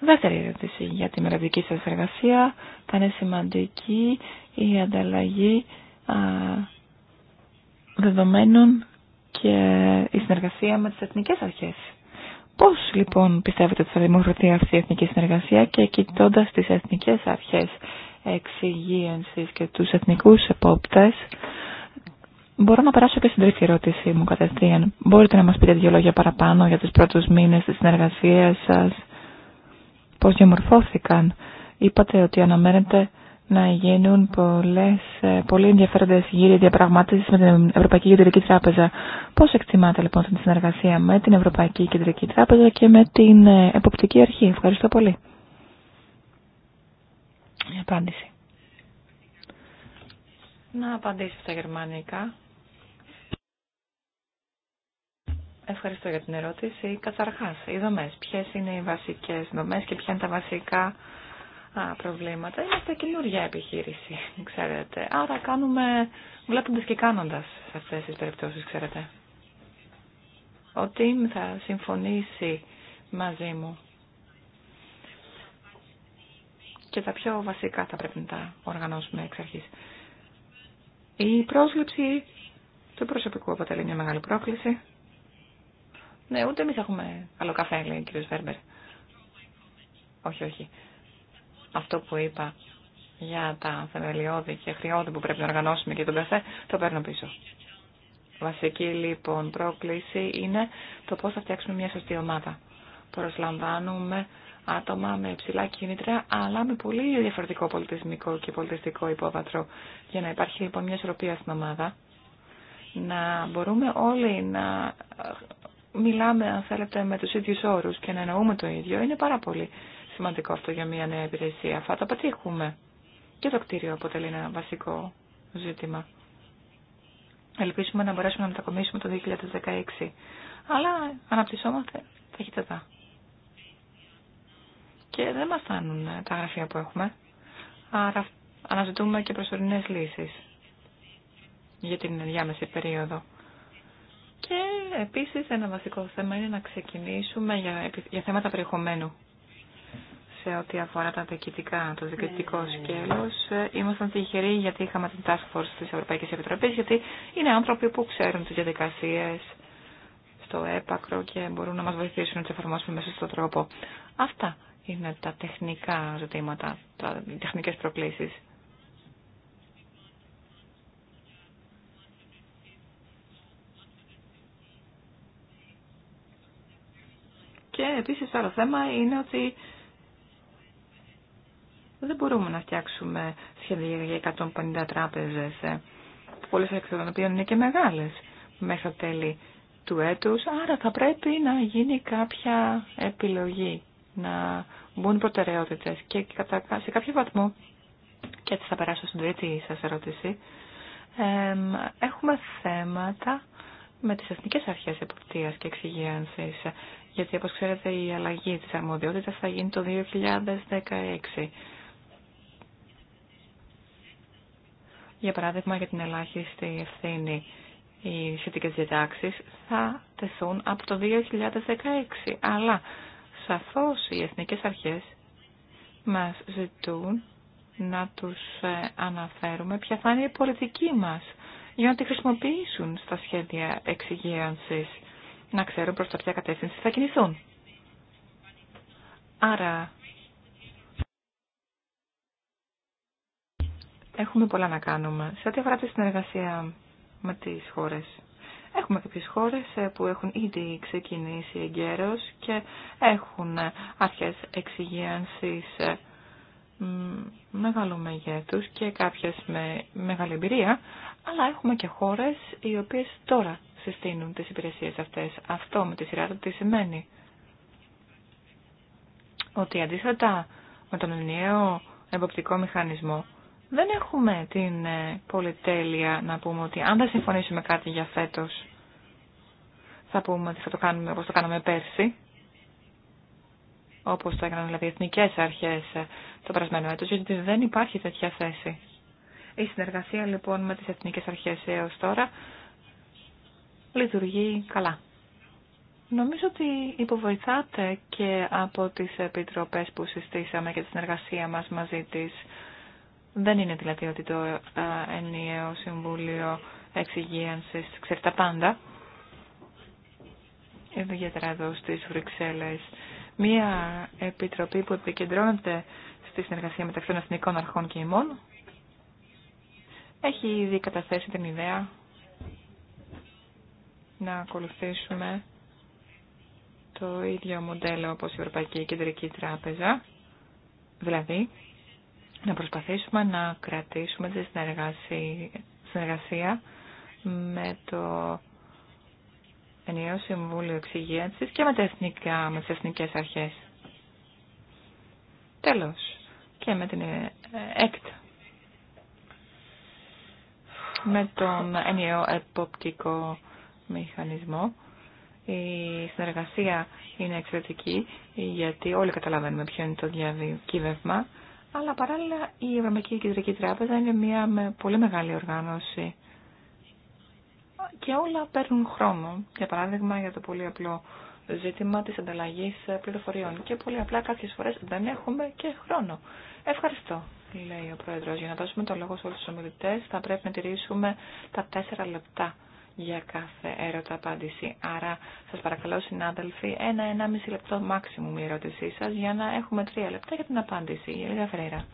Δεύτερη ερώτηση για τη μεραβική σας εργασία. Θα είναι σημαντική η ανταλλαγή δεδομένων και η συνεργασία με τις εθνικές αρχές. Πώς λοιπόν πιστεύετε ότι θα δημοκρατεί αυτή η εθνική συνεργασία και κοιτώντα τις εθνικές αρχές εξυγίανσης και τους εθνικούς επόπτες, μπορώ να περάσω και στην τρίτη ερώτησή μου κατευθείαν. Μπορείτε να μας πείτε δύο λόγια παραπάνω για τους πρώτους μήνες της συνεργασίας σας, πώς διαμορφώθηκαν. Είπατε ότι αναμένετε να γίνουν πολλές, ε, πολύ ενδιαφέροντες γύρια διαπραγμάτευσης με την Ευρωπαϊκή Κεντρική Τράπεζα. Πώς εκτιμάτε λοιπόν την συνεργασία με την Ευρωπαϊκή Κεντρική Τράπεζα και με την ε, Εποπτική Αρχή. Ευχαριστώ πολύ. απάντηση. Να απαντήσω στα γερμανικά. Ευχαριστώ για την ερώτηση. Καταρχάς, οι δομές. Ποιες είναι οι βασικές δομές και ποια είναι τα βασικά προβλήματα. Είμαστε καινούργια επιχείρηση, ξέρετε. Άρα κάνουμε βλέποντας και κάνοντας σε αυτές τις περιπτώσεις, ξέρετε. Ο Τιμ θα συμφωνήσει μαζί μου. Και τα πιο βασικά θα πρέπει να τα οργανώσουμε εξ αρχή. Η πρόσληψη του προσωπικού αποτελεί μια μεγάλη πρόκληση. Ναι, ούτε εμεί έχουμε καλό καφέ, λέει ο κ. Βέρμπερ. Όχι, όχι αυτό που είπα για τα θεμελιώδη και χρειώδη που πρέπει να οργανώσουμε και τον καφέ, το παίρνω πίσω. Βασική λοιπόν πρόκληση είναι το πώς θα φτιάξουμε μια σωστή ομάδα. Προσλαμβάνουμε άτομα με υψηλά κίνητρα, αλλά με πολύ διαφορετικό πολιτισμικό και πολιτιστικό υποβατρό Για να υπάρχει λοιπόν μια ισορροπία στην ομάδα, να μπορούμε όλοι να ε, μιλάμε, αν θέλετε, με τους ίδιους όρους και να εννοούμε το ίδιο, είναι πάρα πολύ σημαντικό αυτό για μια νέα υπηρεσία. Θα τα πετύχουμε. Και το κτίριο αποτελεί ένα βασικό ζήτημα. Ελπίζουμε να μπορέσουμε να μετακομίσουμε το 2016. Αλλά αναπτυσσόμαστε ταχύτατα. Και δεν μας φτάνουν τα γραφεία που έχουμε. Άρα αναζητούμε και προσωρινές λύσεις για την διάμεση περίοδο. Και επίσης ένα βασικό θέμα είναι να ξεκινήσουμε για θέματα περιεχομένου σε ό,τι αφορά τα διοικητικά, το διοικητικό ναι. σκέλο. Ε, ήμασταν τυχεροί γιατί είχαμε την Task Force τη Ευρωπαϊκή Επιτροπή, γιατί είναι άνθρωποι που ξέρουν τι διαδικασίε στο έπακρο και μπορούν να μα βοηθήσουν να τι εφαρμόσουμε μέσα στον τρόπο. Αυτά είναι τα τεχνικά ζητήματα, τα τεχνικέ προκλήσει. Και επίσης άλλο θέμα είναι ότι δεν μπορούμε να φτιάξουμε σχέδια για 150 τράπεζες, ε, πολλές εξ των οποίων είναι και μεγάλες μέχρι τέλη του έτους, άρα θα πρέπει να γίνει κάποια επιλογή, να μπουν προτεραιότητε και σε κάποιο βαθμό, και έτσι θα περάσω στην τρίτη σας ερώτηση, έχουμε θέματα με τις εθνικές αρχές εποπτείας και εξυγίανσης, γιατί όπως ξέρετε η αλλαγή της αρμοδιότητας θα γίνει το 2016. για παράδειγμα για την ελάχιστη ευθύνη οι σχετικές διατάξεις θα τεθούν από το 2016. Αλλά σαφώς οι εθνικές αρχές μας ζητούν να τους ε, αναφέρουμε ποια θα είναι η πολιτική μας για να τη χρησιμοποιήσουν στα σχέδια εξυγίανσης, να ξέρουν προς τα ποια κατεύθυνση θα κινηθούν. Άρα Έχουμε πολλά να κάνουμε. Σε ό,τι αφορά τη συνεργασία με τις χώρες. Έχουμε κάποιε χώρες ε, που έχουν ήδη ξεκινήσει εγκαίρως και έχουν ε, αρχές εξυγίανσης ε, μεγάλου μεγέθους και κάποιες με μεγάλη εμπειρία, αλλά έχουμε και χώρες οι οποίες τώρα συστήνουν τις υπηρεσίες αυτές. Αυτό με τη σειρά του τι σημαίνει. Ότι αντίθετα με τον ενιαίο εμποπτικό μηχανισμό δεν έχουμε την ε, πολυτέλεια να πούμε ότι αν δεν συμφωνήσουμε κάτι για φέτος, θα πούμε ότι θα το κάνουμε όπως το κάναμε πέρσι, όπως το έκαναν δηλαδή οι εθνικές αρχές ε, το περασμένο έτος, γιατί δεν υπάρχει τέτοια θέση. Η συνεργασία λοιπόν με τις εθνικές αρχές έως τώρα λειτουργεί καλά. Νομίζω ότι υποβοηθάτε και από τις επιτροπές που συστήσαμε και τη συνεργασία μας μαζί της δεν είναι δηλαδή ότι το ε, ενιαίο Συμβούλιο εξυγίανση ξέρει τα πάντα. Ιδιαίτερα εδώ στις Βρυξέλλες. Μία επιτροπή που επικεντρώνεται στη συνεργασία μεταξύ των εθνικών αρχών και ημών. Έχει ήδη καταθέσει την ιδέα να ακολουθήσουμε το ίδιο μοντέλο όπως η Ευρωπαϊκή Κεντρική Τράπεζα. Δηλαδή, να προσπαθήσουμε να κρατήσουμε τη συνεργασία με το ενιαίο Συμβούλιο Εξυγίανσης και με, τα εθνικά, με τις εθνικές αρχές. Τέλος, και με την ε, ΕΚΤ. Με τον ενιαίο εποπτικό μηχανισμό. Η συνεργασία είναι εξαιρετική, γιατί όλοι καταλαβαίνουμε ποιο είναι το διακύβευμα αλλά παράλληλα η Ευρωπαϊκή Κεντρική Τράπεζα είναι μια με πολύ μεγάλη οργάνωση και όλα παίρνουν χρόνο. Για παράδειγμα, για το πολύ απλό ζήτημα της ανταλλαγής πληροφοριών και πολύ απλά κάποιες φορές δεν έχουμε και χρόνο. Ευχαριστώ, λέει ο Πρόεδρος. Για να δώσουμε το λόγο σε όλους τους ομιλητές θα πρέπει να τηρήσουμε τα τέσσερα λεπτά για κάθε έρωτα απάντηση. Άρα σας παρακαλώ συνάδελφοι, ένα-ενάμιση λεπτό μάξιμου η ερώτησή σας για να έχουμε τρία λεπτά για την απάντηση. Η Ελίδα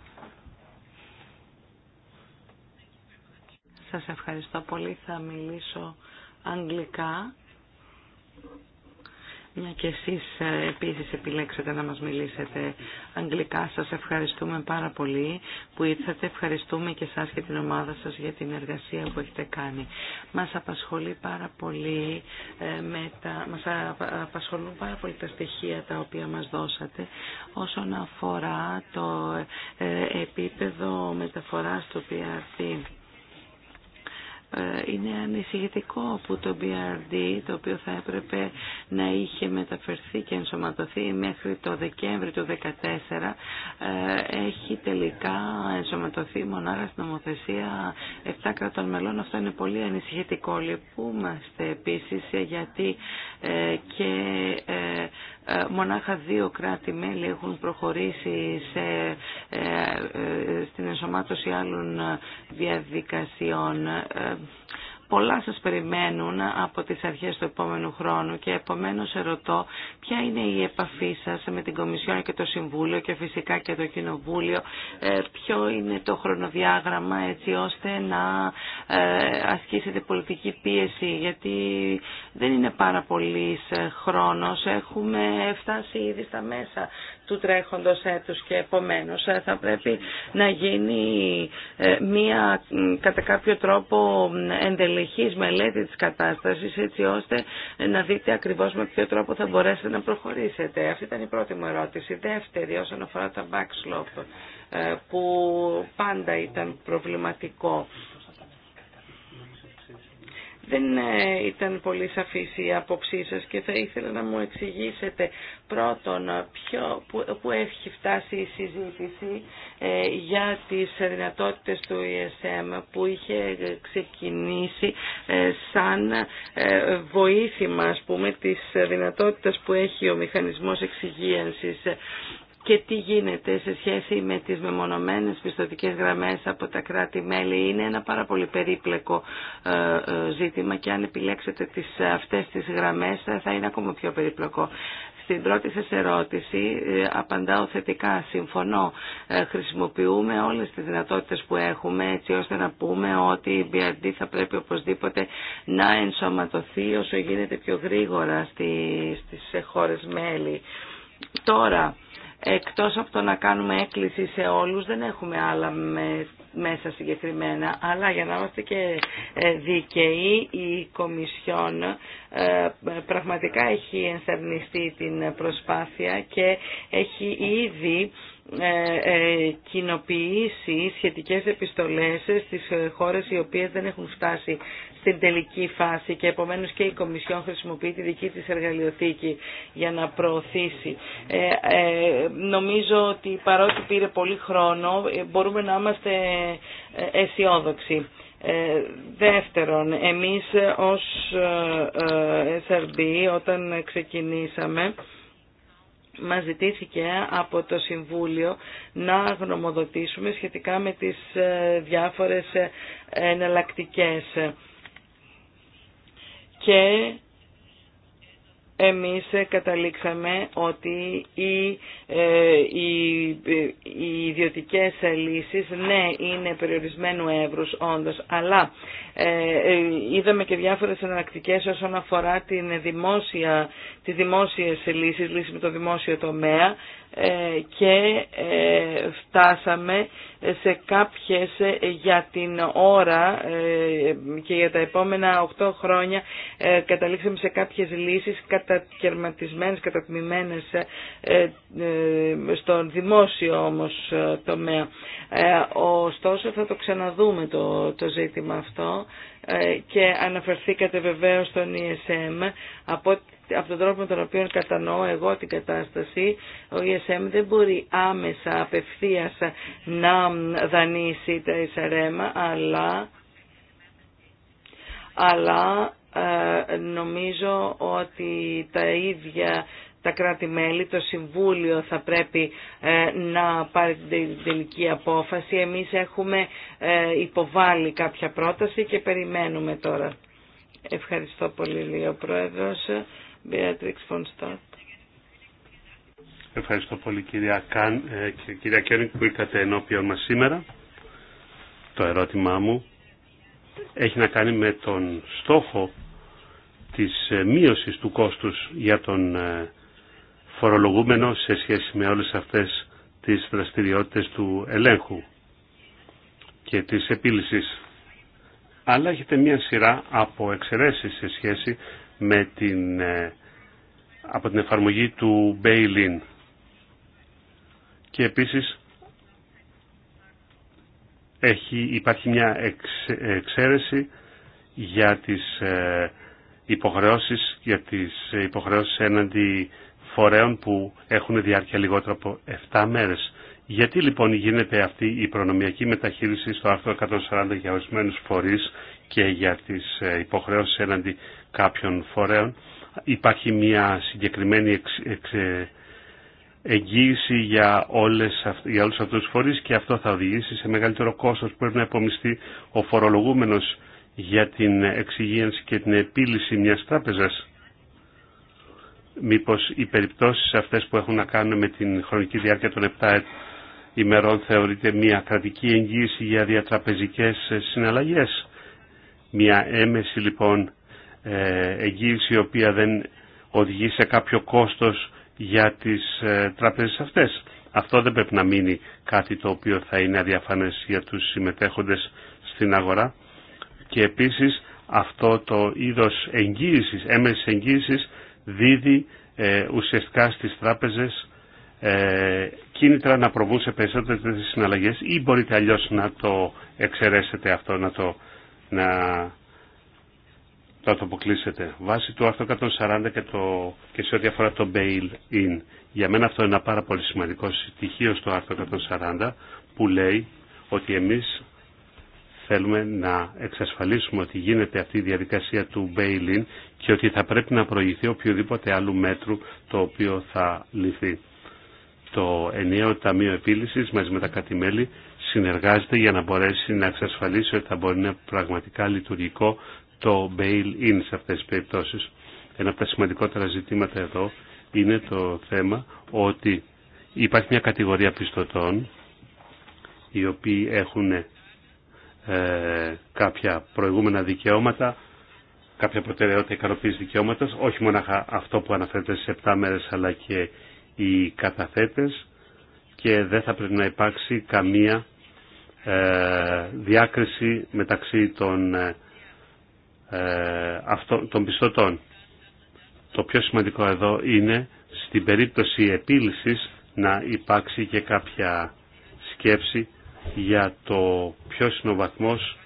Σας ευχαριστώ πολύ. Θα μιλήσω αγγλικά μια ναι, και εσείς ε, επίσης επιλέξατε να μας μιλήσετε αγγλικά. Σας ευχαριστούμε πάρα πολύ που ήρθατε. Ευχαριστούμε και σας και την ομάδα σας για την εργασία που έχετε κάνει. Μας απασχολεί πάρα πολύ, ε, με τα, μας απασχολούν πάρα πολύ τα στοιχεία τα οποία μας δώσατε όσον αφορά το ε, επίπεδο μεταφοράς του PRT. Ε, είναι ανησυχητικό που το BRD, το οποίο θα έπρεπε να είχε μεταφερθεί και ενσωματωθεί μέχρι το Δεκέμβρη του 2014, ε, έχει τελικά ενσωματωθεί μονάρα στην νομοθεσία 7 κρατών μελών. Αυτό είναι πολύ ανησυχητικό. Λυπούμαστε επίσης γιατί ε, και μονάχα δύο κράτη-μέλη έχουν προχωρήσει σε, στην ενσωμάτωση άλλων διαδικασιών πολλά σας περιμένουν από τις αρχές του επόμενου χρόνου και επομένως ερωτώ ποια είναι η επαφή σας με την Κομισιόν και το Συμβούλιο και φυσικά και το Κοινοβούλιο, ε, ποιο είναι το χρονοδιάγραμμα έτσι ώστε να ε, ασκήσετε πολιτική πίεση γιατί δεν είναι πάρα πολύ ε, χρόνος, έχουμε φτάσει ήδη στα μέσα του τρέχοντος έτους και επομένως ε, θα πρέπει να γίνει ε, μία κατά κάποιο τρόπο εντελεχής μελέτη της κατάστασης έτσι ώστε ε, να δείτε ακριβώς με ποιο τρόπο θα μπορέσετε να προχωρήσετε. Αυτή ήταν η πρώτη μου ερώτηση. Δεύτερη όσον αφορά τα backslope που πάντα ήταν προβληματικό. Δεν ε, ήταν πολύ σαφής η άποψή σας και θα ήθελα να μου εξηγήσετε πρώτον ποιο, που, έχει φτάσει η συζήτηση ε, για τις δυνατότητες του ESM που είχε ξεκινήσει ε, σαν ε, βοήθημα ας πούμε της δυνατότητας που έχει ο μηχανισμός εξυγίανσης και τι γίνεται σε σχέση με τις μεμονωμένες πιστοτικές γραμμές από τα κράτη-μέλη είναι ένα πάρα πολύ περίπλεκο ε, ε, ζήτημα και αν επιλέξετε τις, αυτές τις γραμμές θα είναι ακόμα πιο περίπλοκο. Στην πρώτη σας ερώτηση ε, απαντάω θετικά, συμφωνώ. Χρησιμοποιούμε όλες τις δυνατότητες που έχουμε έτσι ώστε να πούμε ότι η BRD θα πρέπει οπωσδήποτε να ενσωματωθεί όσο γίνεται πιο γρήγορα στις χώρες μέλη. Τώρα, Εκτός από το να κάνουμε έκκληση σε όλους, δεν έχουμε άλλα μέσα συγκεκριμένα. Αλλά για να είμαστε και ε, δικαιοί, η Κομισιόν ε, πραγματικά έχει ενστερνιστεί την προσπάθεια και έχει ήδη ε, ε, κοινοποιήσει σχετικές επιστολές στις χώρες οι οποίες δεν έχουν φτάσει στην τελική φάση και επομένως και η Κομισιόν χρησιμοποιεί τη δική της εργαλειοθήκη για να προωθήσει. Ε, νομίζω ότι παρότι πήρε πολύ χρόνο μπορούμε να είμαστε αισιόδοξοι. Ε, δεύτερον, εμείς ως SRB όταν ξεκινήσαμε μας ζητήθηκε από το Συμβούλιο να γνωμοδοτήσουμε σχετικά με τις ε, διάφορες ε, εναλλακτικέ. Και εμείς καταλήξαμε ότι οι, ε, οι, ιδιωτικές λύσεις ναι είναι περιορισμένου εύρους όντως αλλά ε, είδαμε και διάφορες εναλλακτικέ όσον αφορά την δημόσια τις δημόσιες λύσεις, λύσεις με το δημόσιο τομέα ε, και ε, φτάσαμε σε κάποιες για την ώρα ε, και για τα επόμενα 8 χρόνια καταλήξαμε σε κάποιες λύσεις κατακαιρματισμένες, κατατμημένες στον δημόσιο όμως τομέα. Ωστόσο θα το ξαναδούμε το, το ζήτημα αυτό και αναφερθήκατε βεβαίως στον ESM. Από από τον τρόπο με τον οποίο κατανοώ εγώ την κατάσταση, ο ESM δεν μπορεί άμεσα, απευθείας να δανείσει τα SRM, αλλά, αλλά ε, νομίζω ότι τα ίδια τα κράτη-μέλη, το Συμβούλιο θα πρέπει ε, να πάρει την τελική απόφαση. Εμείς έχουμε ε, υποβάλει κάποια πρόταση και περιμένουμε τώρα. Ευχαριστώ πολύ, λέει ο Πρόεδρος. Ευχαριστώ πολύ κυρία, Καν, ε, και κυρία που ήρθατε ενώπιον μας σήμερα. Το ερώτημά μου έχει να κάνει με τον στόχο της ε, μείωσης του κόστους για τον ε, φορολογούμενο σε σχέση με όλες αυτές τις δραστηριότητες του ελέγχου και της επίλυσης. Αλλά έχετε μια σειρά από εξαιρέσεις σε σχέση με την, ε, από την εφαρμογή του bail Και επίσης έχει, υπάρχει μια εξαίρεση για τις ε, υποχρεώσεις, για τις υποχρεώσεις έναντι φορέων που έχουν διάρκεια λιγότερο από 7 μέρες. Γιατί λοιπόν γίνεται αυτή η προνομιακή μεταχείριση στο άρθρο 140 για ορισμένους φορείς και για τις ε, υποχρεώσεις έναντι κάποιων φορέων. Υπάρχει μια συγκεκριμένη εξ, ε, εγγύηση για, όλες, για όλους αυτούς τους φορείς και αυτό θα οδηγήσει σε μεγαλύτερο κόστος που πρέπει να υπομειστεί ο φορολογούμενος για την εξυγίανση και την επίλυση μιας τράπεζας. Μήπως οι περιπτώσεις αυτές που έχουν να κάνουν με την χρονική διάρκεια των 7 ημερών θεωρείται μια κρατική εγγύηση για διατραπεζικές ε, συναλλαγές. Μια έμεση λοιπόν ε, εγγύηση η οποία δεν οδηγεί σε κάποιο κόστος για τις ε, τράπεζες αυτές. Αυτό δεν πρέπει να μείνει κάτι το οποίο θα είναι αδιαφανές για τους συμμετέχοντες στην αγορά. Και επίσης αυτό το είδος εγγύησης, έμεσης εγγύησης δίδει ε, ουσιαστικά στις τράπεζες κίνητρα να προβούν σε περισσότερες συναλλαγές ή μπορείτε αλλιώς να το εξαιρέσετε αυτό, να το να το αποκλείσετε. Βάσει του άρθρου 140 και, το, και σε ό,τι αφορά το bail-in. Για μένα αυτό είναι ένα πάρα πολύ σημαντικό στοιχείο στο άρθρο 140 που λέει ότι εμείς θέλουμε να εξασφαλίσουμε ότι γίνεται αυτή η διαδικασία του bail-in και ότι θα πρέπει να προηγηθεί οποιοδήποτε άλλου μέτρου το οποίο θα λυθεί. Το ενιαίο Ταμείο Επίλυσης μαζί με τα κατημέλη συνεργάζεται για να μπορέσει να εξασφαλίσει ότι θα μπορεί να είναι πραγματικά λειτουργικό το bail-in σε αυτές τις περιπτώσεις. Ένα από τα σημαντικότερα ζητήματα εδώ είναι το θέμα ότι υπάρχει μια κατηγορία πιστωτών οι οποίοι έχουν ε, κάποια προηγούμενα δικαιώματα, κάποια προτεραιότητα ικανοποίηση δικαιώματο, όχι μόνο αυτό που αναφέρεται στις 7 μέρες αλλά και οι καταθέτες και δεν θα πρέπει να υπάρξει καμία ε, διάκριση μεταξύ των, ε, ε, αυτο, των πιστωτών. Το πιο σημαντικό εδώ είναι στην περίπτωση επίλυσης να υπάρξει και κάποια σκέψη για το ποιος είναι ο βαθμός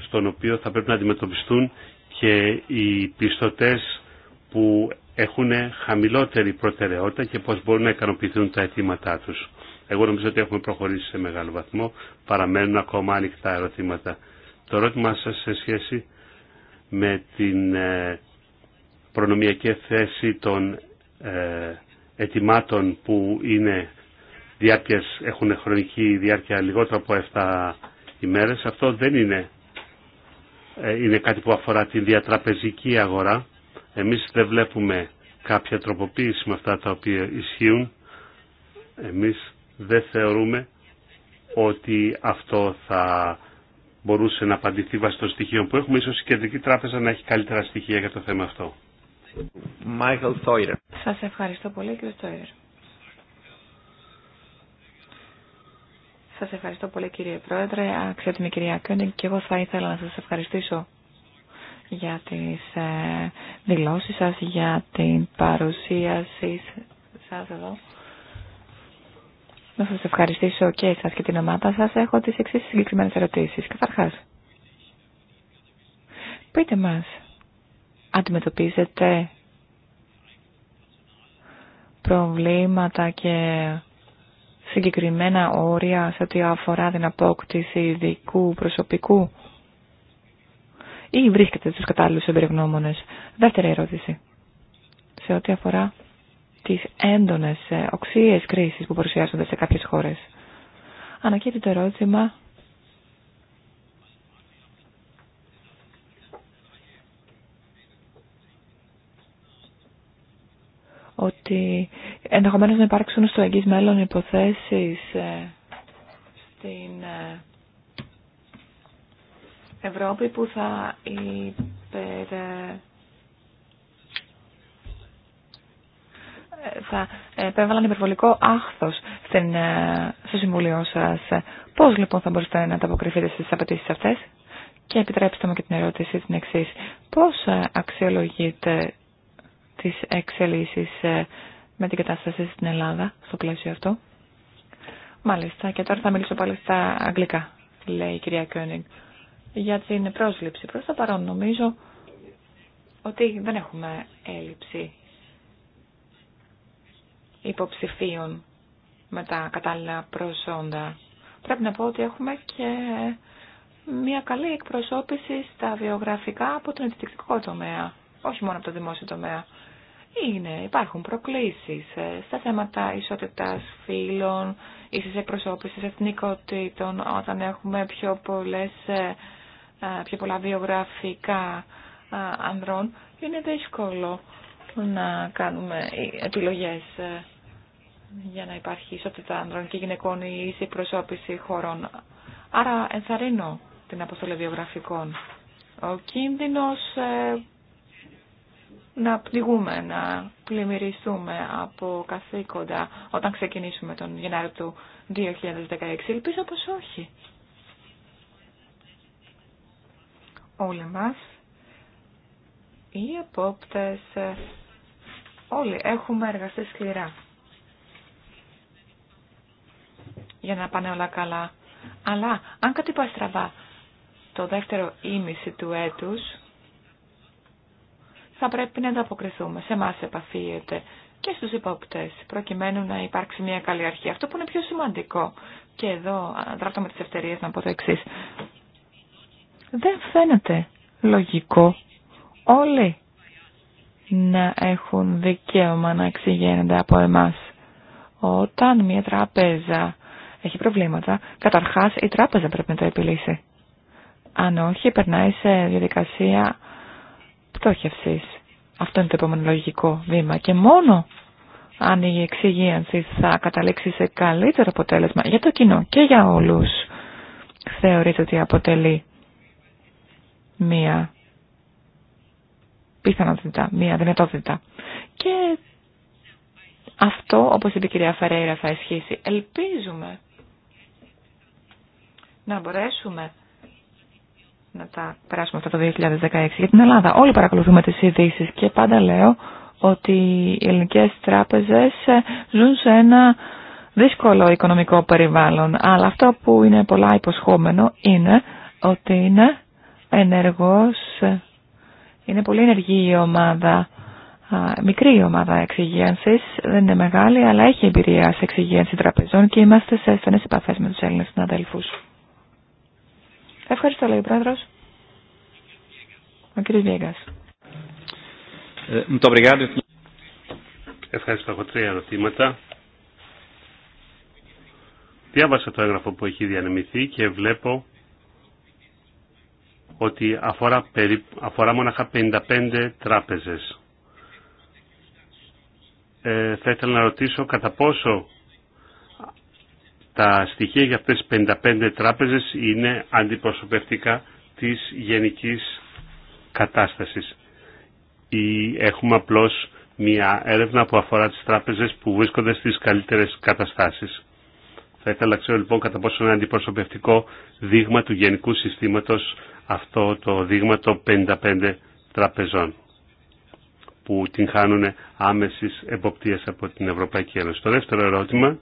στον οποίο θα πρέπει να αντιμετωπιστούν και οι πιστωτές που έχουν χαμηλότερη προτεραιότητα και πώς μπορούν να ικανοποιηθούν τα αιτήματά τους. Εγώ νομίζω ότι έχουμε προχωρήσει σε μεγάλο βαθμό. Παραμένουν ακόμα ανοιχτά ερωτήματα. Το ερώτημά σα σε σχέση με την ε, προνομιακή θέση των ε, ετοιμάτων που είναι διάρκειες, έχουν χρονική διάρκεια λιγότερο από 7 ημέρες. Αυτό δεν είναι, ε, είναι κάτι που αφορά τη διατραπεζική αγορά. Εμείς δεν βλέπουμε κάποια τροποποίηση με αυτά τα οποία ισχύουν. Εμείς δεν θεωρούμε ότι αυτό θα μπορούσε να απαντηθεί βάσει των στοιχείων που έχουμε. Ίσως η Κεντρική Τράπεζα να έχει καλύτερα στοιχεία για το θέμα αυτό. Σας ευχαριστώ πολύ κύριε Στόιρερ. Σας ευχαριστώ πολύ κύριε Πρόεδρε, αξιότιμη κυρία Κιόνιγκ και εγώ θα ήθελα να σας ευχαριστήσω για τις ε, δηλώσεις σας, για την παρουσίαση σας εδώ να σας ευχαριστήσω και εσάς και την ομάδα σας. Έχω τις εξής συγκεκριμένες ερωτήσεις. Καταρχάς, πείτε μας, αντιμετωπίζετε προβλήματα και συγκεκριμένα όρια σε ό,τι αφορά την απόκτηση ειδικού προσωπικού ή βρίσκεται στους κατάλληλους εμπειρογνώμονες. Δεύτερη ερώτηση. Σε ό,τι αφορά τις έντονες ε, οξύες κρίσεις που παρουσιάζονται σε κάποιες χώρες. Ανακύπτει το ερώτημα ότι ενδεχομένως να υπάρξουν στο εγγύς μέλλον υποθέσεις ε, στην ε, Ευρώπη που θα υπερ θα επέβαλαν υπερβολικό άχθος ε, στο Συμβούλιο σας. Πώς λοιπόν θα μπορούσατε να ανταποκριθείτε στις απαιτήσει αυτές. Και επιτρέψτε μου και την ερώτηση την εξή. Πώς ε, αξιολογείτε τις εξελίσεις ε, με την κατάσταση στην Ελλάδα στο πλαίσιο αυτό. Μάλιστα, και τώρα θα μιλήσω πάλι στα αγγλικά, λέει η κυρία Κιόνιγκ, για την πρόσληψη. Προς το παρόν νομίζω ότι δεν έχουμε έλλειψη υποψηφίων με τα κατάλληλα προσόντα. Πρέπει να πω ότι έχουμε και μια καλή εκπροσώπηση στα βιογραφικά από τον αντιτικτικό τομέα, όχι μόνο από το δημόσιο τομέα. Είναι, υπάρχουν προκλήσεις ε, στα θέματα ισότητας φύλων, ίσης εκπροσώπησης εθνικότητων, όταν έχουμε πιο, πολλές, ε, ε, πιο πολλά βιογραφικά ανδρών, είναι δύσκολο να κάνουμε επιλογές για να υπάρχει ισότητα άνδρων και γυναικών ή ίση προσώπηση χωρών. Άρα ενθαρρύνω την αποστολή βιογραφικών. Ο κίνδυνος ε, να πνιγούμε, να πλημμυριστούμε από καθήκοντα όταν ξεκινήσουμε τον Γενάριο του 2016. Ελπίζω πως όχι. Όλοι μας, οι επόπτες, ε, όλοι έχουμε εργαστεί σκληρά για να πάνε όλα καλά. Αλλά αν κάτι πάει στραβά το δεύτερο ήμιση του έτους, θα πρέπει να ανταποκριθούμε. Σε εμά επαφείεται και στους υπόπτες, προκειμένου να υπάρξει μια καλή αρχή. Αυτό που είναι πιο σημαντικό, και εδώ δράτω με τις ευτερίες να πω το εξής, δεν φαίνεται λογικό όλοι να έχουν δικαίωμα να εξηγένονται από εμάς. Όταν μια τραπέζα έχει προβλήματα, καταρχάς η τράπεζα πρέπει να το επιλύσει. Αν όχι, περνάει σε διαδικασία πτώχευσης. Αυτό είναι το επόμενο λογικό βήμα. Και μόνο αν η εξυγίανση θα καταλήξει σε καλύτερο αποτέλεσμα για το κοινό και για όλους, θεωρείται ότι αποτελεί μία πιθανότητα, μία δυνατότητα. Και αυτό, όπως είπε η κυρία Φεραίρα, θα ισχύσει. Ελπίζουμε να μπορέσουμε να τα περάσουμε αυτά το 2016 για την Ελλάδα. Όλοι παρακολουθούμε τις ειδήσει και πάντα λέω ότι οι ελληνικές τράπεζες ζουν σε ένα δύσκολο οικονομικό περιβάλλον. Αλλά αυτό που είναι πολλά υποσχόμενο είναι ότι είναι ενεργός, είναι πολύ ενεργή η ομάδα, μικρή η ομάδα εξυγίανσης, δεν είναι μεγάλη, αλλά έχει εμπειρία σε εξυγίανση τραπεζών και είμαστε σε στενές επαφές με τους Έλληνες συναδέλφους. Ευχαριστώ, λέει ο πρόεδρο. Ο κ. Βιέγκας. Ε, Ευχαριστώ. Έχω τρία ερωτήματα. Διάβασα το έγγραφο που έχει διανεμηθεί και βλέπω ότι αφορά, περί, αφορά μοναχα 55 τράπεζες. Ε, θα ήθελα να ρωτήσω κατά πόσο τα στοιχεία για αυτές τις 55 τράπεζες είναι αντιπροσωπευτικά της γενικής κατάστασης. Ή έχουμε απλώς μια έρευνα που αφορά τις τράπεζες που βρίσκονται στις καλύτερες καταστάσεις. Θα ήθελα να ξέρω λοιπόν κατά πόσο είναι αντιπροσωπευτικό δείγμα του γενικού συστήματος αυτό το δείγμα των 55 τραπεζών που την χάνουν άμεσης εποπτείας από την Ευρωπαϊκή Ένωση. Το δεύτερο ερώτημα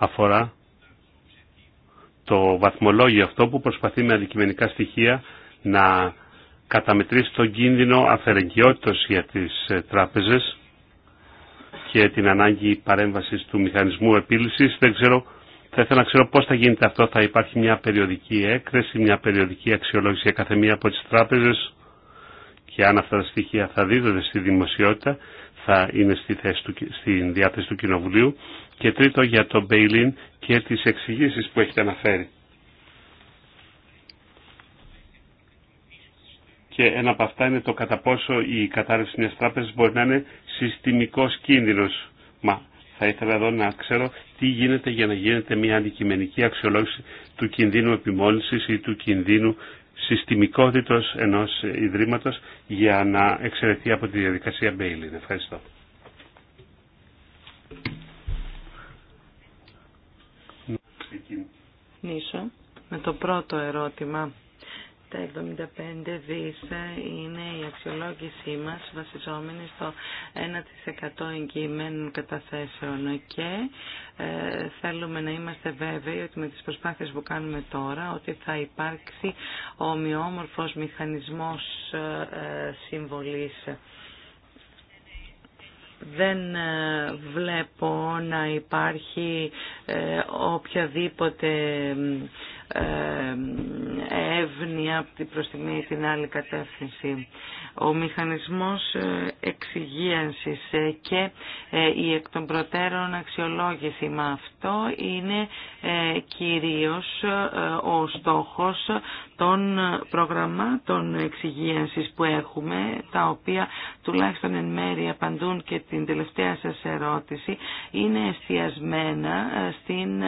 αφορά το βαθμολόγιο αυτό που προσπαθεί με αντικειμενικά στοιχεία να καταμετρήσει τον κίνδυνο αφαιρεγκιότητος για τις ε, τράπεζες και την ανάγκη παρέμβασης του μηχανισμού επίλυσης. Δεν ξέρω, θα ήθελα να ξέρω πώς θα γίνεται αυτό. Θα υπάρχει μια περιοδική έκθεση, μια περιοδική αξιολόγηση για κάθε μία από τις τράπεζες και αν αυτά τα στοιχεία θα δίδονται στη δημοσιότητα θα είναι στη θέση του, διάθεση του Κοινοβουλίου και τρίτο για το Μπέιλιν και τις εξηγήσεις που έχετε αναφέρει. Και ένα από αυτά είναι το κατά πόσο η κατάρρευση μιας τράπεζας μπορεί να είναι συστημικός κίνδυνος. Μα θα ήθελα εδώ να ξέρω τι γίνεται για να γίνεται μια αντικειμενική αξιολόγηση του κινδύνου επιμόλυνσης ή του κινδύνου συστημικότητος ενός ιδρύματος για να εξαιρεθεί από τη διαδικασία Μπέιλιν. Ευχαριστώ. Νίσο, με το πρώτο ερώτημα. Τα 75 δις ε, είναι η αξιολόγησή μας βασιζόμενη στο 1% εγκυημένων καταθέσεων και ε, θέλουμε να είμαστε βέβαιοι ότι με τις προσπάθειες που κάνουμε τώρα ότι θα υπάρξει ομοιόμορφος μηχανισμός ε, ε συμβολής δεν ε, βλέπω να υπάρχει ε, οποιαδήποτε εύνοια από τη μία ή την άλλη κατεύθυνση. Ο μηχανισμός ε, εξυγίανσης ε, και ε, η εκ των προτέρων αξιολόγηση με αυτό είναι κυρίως ο στόχος των προγραμμάτων εξυγίανσης που έχουμε, τα οποία τουλάχιστον εν μέρει απαντούν και την τελευταία σας ερώτηση, είναι εστιασμένα στην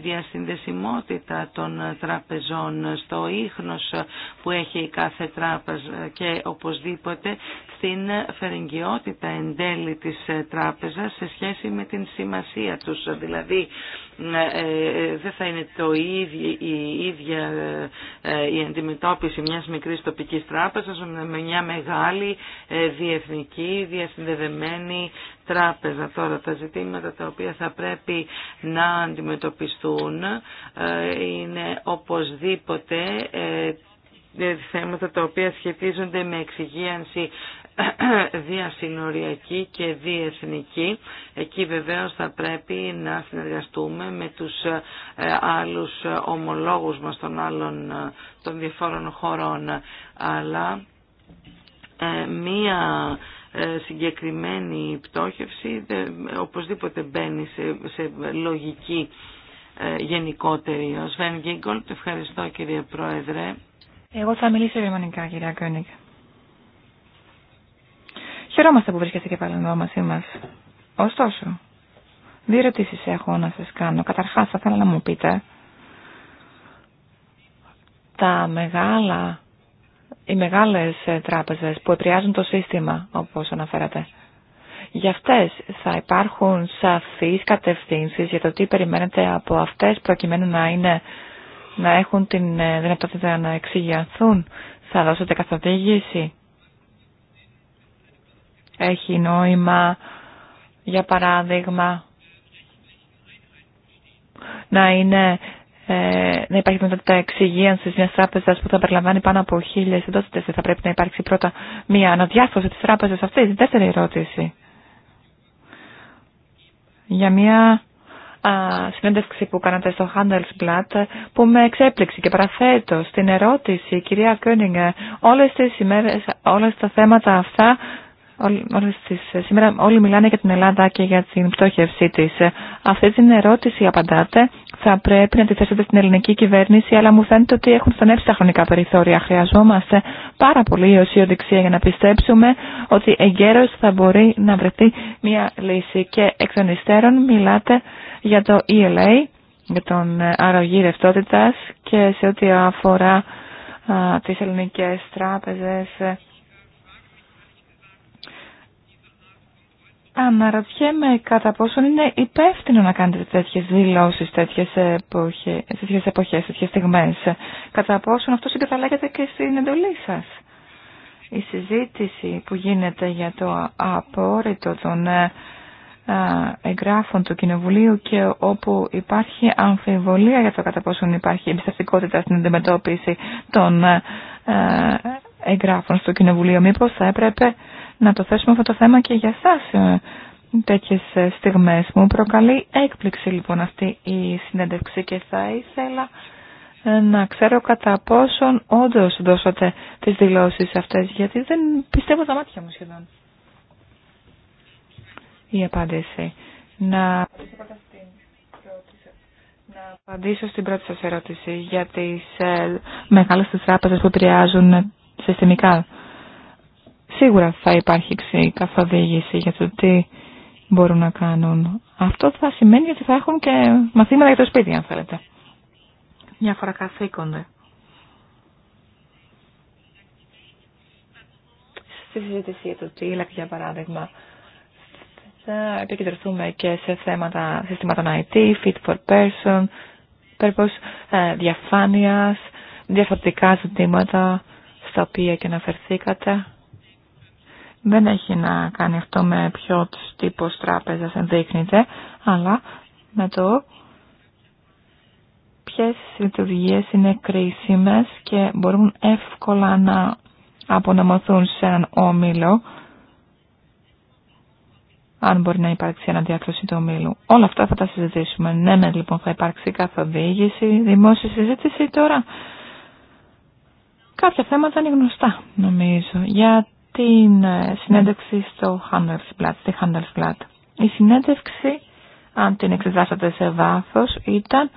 διασυνδεσιμότητα των τραπεζών, στο ίχνος που έχει η κάθε τράπεζα και οπωσδήποτε στην φερεγγιότητα εν τέλει της τράπεζας σε σχέση με την σημασία τους. Δηλαδή ε, ε, δεν θα είναι το ίδιο, η ίδια ε, η αντιμετώπιση μιας μικρής τοπικής τράπεζας με μια μεγάλη διεθνική διασυνδεδεμένη τράπεζα τώρα τα ζητήματα τα οποία θα πρέπει να αντιμετωπιστούν ε, είναι οπωσδήποτε ε, ε, θέματα τα οποία σχετίζονται με εξυγίανση (coughs) διασυνοριακή και διεθνική. Εκεί βεβαίως θα πρέπει να συνεργαστούμε με τους άλλους ομολόγους μας των άλλων των διαφόρων χωρών. Αλλά μία ε, συγκεκριμένη πτώχευση οπωσδήποτε μπαίνει σε, σε λογική ε, γενικότερη. Ο Σβέν ευχαριστώ κύριε Πρόεδρε. Εγώ θα μιλήσω γερμανικά κυρία Κόνικ. Χαιρόμαστε που βρίσκεστε και πάλι μαζί μας. Ωστόσο, δύο ερωτήσει έχω να σας κάνω. Καταρχάς θα ήθελα να μου πείτε τα μεγάλα οι μεγάλες ε, τράπεζες που επηρεάζουν το σύστημα, όπως αναφέρατε. Για αυτές θα υπάρχουν σαφείς κατευθύνσεις για το τι περιμένετε από αυτές προκειμένου να, είναι, να έχουν την ε, δυνατότητα να εξηγιαθούν. Θα δώσετε καθοδήγηση. Έχει νόημα, για παράδειγμα, να είναι ε, να υπάρχει δυνατότητα εξυγίανση μια τράπεζα που θα περιλαμβάνει πάνω από χίλιε εντότητε. Θα πρέπει να υπάρξει πρώτα μια αναδιάρθρωση τη τράπεζα αυτή. Δεύτερη ερώτηση. Για μια α, συνέντευξη που κάνατε στο Handelsblatt που με εξέπληξε και παραθέτω στην ερώτηση, κυρία Κόνιγκ, όλε τι ημέρε, όλες τα θέματα αυτά όλες τις, ε, σήμερα όλοι μιλάνε για την Ελλάδα και για την πτώχευσή της. Ε, αυτή την ερώτηση απαντάτε, θα πρέπει να τη θέσετε στην ελληνική κυβέρνηση, αλλά μου φαίνεται ότι έχουν στονέψει τα χρονικά περιθώρια. Χρειαζόμαστε πάρα πολύ οσιοδεξία για να πιστέψουμε ότι εγκαίρω θα μπορεί να βρεθεί μια λύση. Και εκ των υστέρων μιλάτε για το ELA, για τον ε, αρρωγή ρευστότητας και σε ό,τι αφορά τι ελληνικέ τράπεζε. Αναρωτιέμαι κατά πόσον είναι υπεύθυνο να κάνετε τέτοιες δηλώσεις, τέτοιες, εποχές, τέτοιες εποχές, τέτοιες στιγμές. Κατά πόσον αυτό συγκαταλέγεται και στην εντολή σας. Η συζήτηση που γίνεται για το απόρριτο των ε, εγγράφων του Κοινοβουλίου και όπου υπάρχει αμφιβολία για το κατά πόσον υπάρχει εμπιστευτικότητα στην αντιμετώπιση των ε, ε, εγγράφων στο Κοινοβουλίο. Μήπως θα έπρεπε να το θέσουμε αυτό το θέμα και για σας ε, τέτοιες ε, στιγμές μου. Προκαλεί έκπληξη λοιπόν αυτή η συνέντευξη και θα ήθελα ε, να ξέρω κατά πόσον όντως δώσατε τις δηλώσεις αυτές, γιατί δεν πιστεύω τα μάτια μου σχεδόν. Η απάντηση. Να... Να απαντήσω στην πρώτη σας ερώτηση για τις ε, μεγάλες που επηρεάζουν συστημικά Σίγουρα θα υπάρχει καθοδήγηση για το τι μπορούν να κάνουν. Αυτό θα σημαίνει ότι θα έχουν και μαθήματα για το σπίτι, αν θέλετε. Μια φορά καθήκονται. Στη συζήτηση για το TILAC, για παράδειγμα, θα επικεντρωθούμε και σε θέματα συστήματων IT, fit for person, ε, διαφάνειας, διαφορετικά ζητήματα στα οποία και αναφερθήκατε δεν έχει να κάνει αυτό με ποιο τύπο τράπεζα ενδείχνεται, αλλά με το ποιες λειτουργίες είναι κρίσιμες και μπορούν εύκολα να απονομωθούν σε έναν όμιλο, αν μπορεί να υπάρξει διάκριση του ομίλου. Όλα αυτά θα τα συζητήσουμε. Ναι, ναι, λοιπόν, θα υπάρξει καθοδήγηση, δημόσια συζήτηση τώρα. Κάποια θέματα είναι γνωστά, νομίζω. Για την ε, συνέντευξη στο Handelsblatt, στη Handelsblatt. Η συνέντευξη, αν την εξετάσατε σε βάθος, ήταν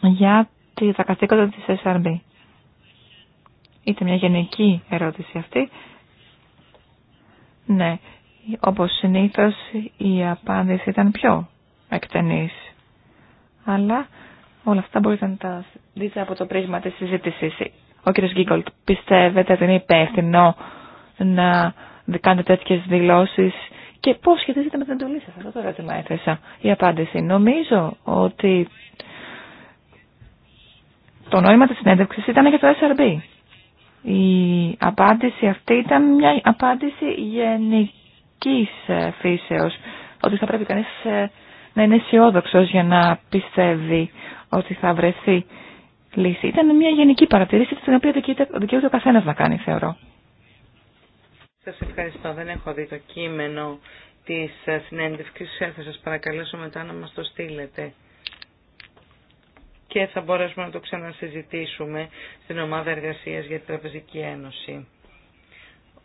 για τα καθήκοντα της SRB. Ήταν μια γενική ερώτηση αυτή. Ναι, όπως συνήθως η απάντηση ήταν πιο εκτενής. Αλλά όλα αυτά μπορείτε να τα δείτε από το πρίσμα της συζήτησης. Ο κ. Γκίγκολτ, πιστεύετε ότι είναι υπεύθυνο να κάνετε τέτοιε δηλώσει και πώ σχετίζεται με την εντολή σα. Αυτό το ερώτημα έθεσα. Η απάντηση. Νομίζω ότι το νόημα τη συνέντευξη ήταν για το SRB. Η απάντηση αυτή ήταν μια απάντηση γενική ε, φύσεως, ότι θα πρέπει κανείς ε, να είναι αισιόδοξο για να πιστεύει ότι θα βρεθεί λύση. Ήταν μια γενική παρατηρήση την οποία δικαιούται ο καθένα να κάνει, θεωρώ. Σα ευχαριστώ. Δεν έχω δει το κείμενο τη ε, συνέντευξη. Ε, θα σα παρακαλέσω μετά να μα το στείλετε και θα μπορέσουμε να το ξανασυζητήσουμε στην ομάδα εργασία για την Τραπεζική Ένωση.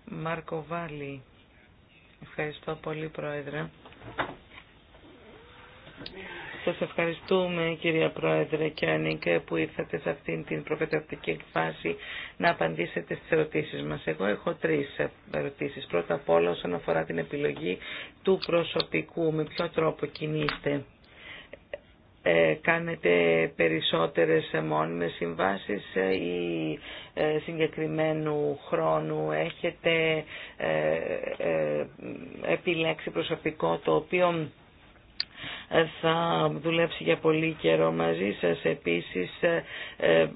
Μάρκο Βάλι. Ευχαριστώ πολύ, Πρόεδρε. Σας ευχαριστούμε κυρία Πρόεδρε Ανίκα που ήρθατε σε αυτήν την προκαταρτική εκφάση να απαντήσετε στις ερωτήσεις μας. Εγώ έχω τρεις ερωτήσεις. Πρώτα απ' όλα όσον αφορά την επιλογή του προσωπικού. Με ποιο τρόπο κινείστε. Ε, κάνετε περισσότερες μόνιμες συμβάσεις ε, ή ε, συγκεκριμένου χρόνου έχετε ε, επιλέξει προσωπικό το οποίο θα δουλέψει για πολύ καιρό μαζί σας. Επίσης, ε, ε,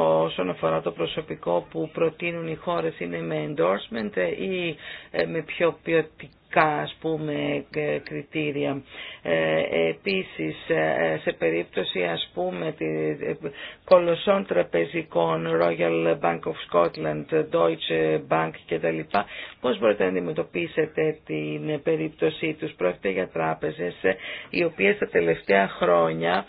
όσον αφορά το προσωπικό που προτείνουν οι χώρες είναι με endorsement ή ε, με πιο ποιοτικά ας πούμε κριτήρια. Ε, επίσης σε περίπτωση ας πούμε κολοσσών τραπεζικών Royal Bank of Scotland, Deutsche Bank κτλ. Πώς μπορείτε να αντιμετωπίσετε την περίπτωσή τους. Πρόκειται για τράπεζες οποίες τα τελευταία χρόνια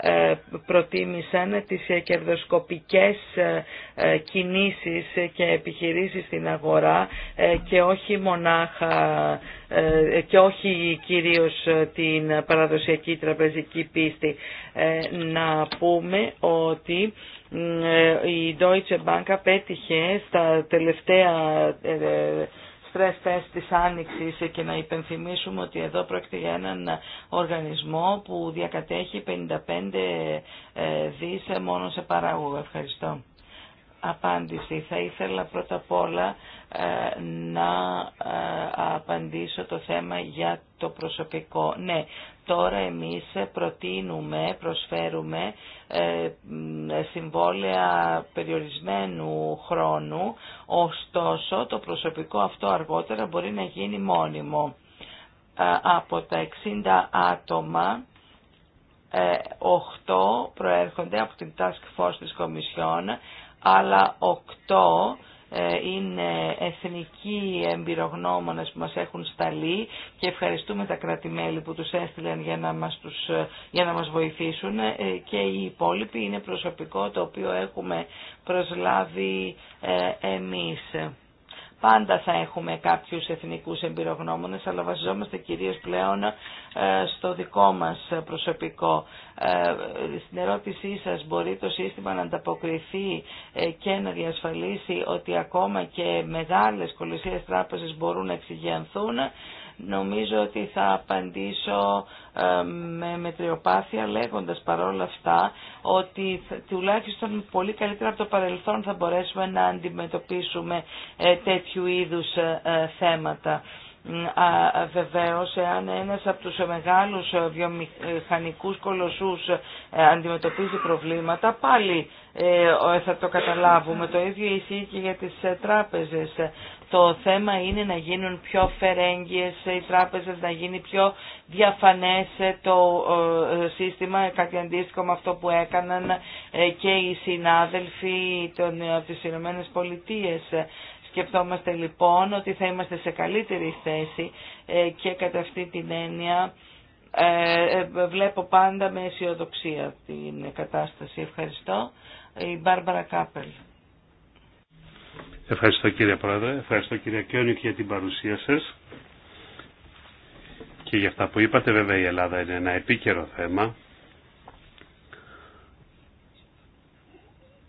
ε, προτίμησαν τις κερδοσκοπικές ε, ε, κινήσεις και επιχειρήσεις στην αγορά και όχι μονάχα και όχι κυρίως την παραδοσιακή τραπεζική πίστη. Να πούμε ότι η Deutsche Bank απέτυχε στα τελευταία stress test της Άνοιξης και να υπενθυμίσουμε ότι εδώ πρόκειται για έναν οργανισμό που διακατέχει 55 ε, δις ε, μόνο σε παράγωγο. Ευχαριστώ. Απάντηση. Θα ήθελα πρώτα απ' όλα ε, να απαντήσω το θέμα για το προσωπικό. Ναι, τώρα εμείς προτείνουμε, προσφέρουμε ε, συμβόλαια περιορισμένου χρόνου, ωστόσο το προσωπικό αυτό αργότερα μπορεί να γίνει μόνιμο. Ε, από τα 60 άτομα, 8 ε, προέρχονται από την Task Force της Κομισιόν, αλλά 8 ε, είναι εθνικοί εμπειρογνώμονες που μας έχουν σταλεί και ευχαριστούμε τα κρατη που τους έστειλαν για να μας, τους, για να μας βοηθήσουν ε, και οι υπόλοιποι είναι προσωπικό το οποίο έχουμε προσλάβει ε, εμείς. Πάντα θα έχουμε κάποιους εθνικούς εμπειρογνώμονες, αλλά βασιζόμαστε κυρίως πλέον ε, στο δικό μας προσωπικό. Ε, στην ερώτησή σας μπορεί το σύστημα να ανταποκριθεί ε, και να διασφαλίσει ότι ακόμα και μεγάλες κολυσίες τράπεζες μπορούν να εξηγιανθούν Νομίζω ότι θα απαντήσω ε, με μετριοπάθεια λέγοντας παρόλα αυτά ότι τουλάχιστον πολύ καλύτερα από το παρελθόν θα μπορέσουμε να αντιμετωπίσουμε ε, τέτοιου είδους ε, θέματα. Βεβαίως, εάν ένας από τους μεγάλους βιομηχανικούς κολοσσούς αντιμετωπίζει προβλήματα, πάλι θα το καταλάβουμε. Το ίδιο ισχύει και για τις τράπεζες. Το θέμα είναι να γίνουν πιο φερέγγιες οι τράπεζες, να γίνει πιο διαφανές το ε, σύστημα, κάτι αντίστοιχο με αυτό που έκαναν ε, και οι συνάδελφοι των, ε, από τις Ηνωμένες Πολιτείες. Σκεφτόμαστε λοιπόν ότι θα είμαστε σε καλύτερη θέση και κατά αυτή την έννοια βλέπω πάντα με αισιοδοξία την κατάσταση. Ευχαριστώ. Η Μπάρμπαρα Κάπελ. Ευχαριστώ κύριε Πρόεδρε, ευχαριστώ κύριε Κιόνικ για την παρουσία σας και για αυτά που είπατε βέβαια η Ελλάδα είναι ένα επίκαιρο θέμα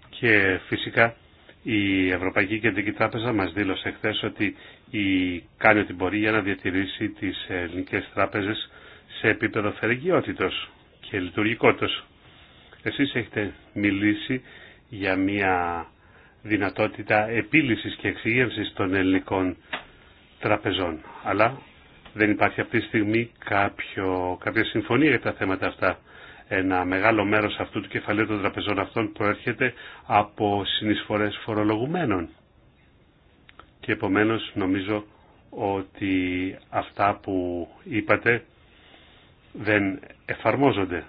και φυσικά η Ευρωπαϊκή Κεντρική Τράπεζα μας δήλωσε χθε ότι η, κάνει ό,τι μπορεί για να διατηρήσει τις ελληνικές τράπεζες σε επίπεδο φερεγγιότητος και λειτουργικότητος. Εσείς έχετε μιλήσει για μια δυνατότητα επίλυσης και εξήγευσης των ελληνικών τραπεζών. Αλλά δεν υπάρχει αυτή τη στιγμή κάποιο, κάποια συμφωνία για τα θέματα αυτά. Ένα μεγάλο μέρος αυτού του κεφαλαίου των τραπεζών αυτών προέρχεται από συνεισφορές φορολογουμένων. Και επομένως νομίζω ότι αυτά που είπατε δεν εφαρμόζονται.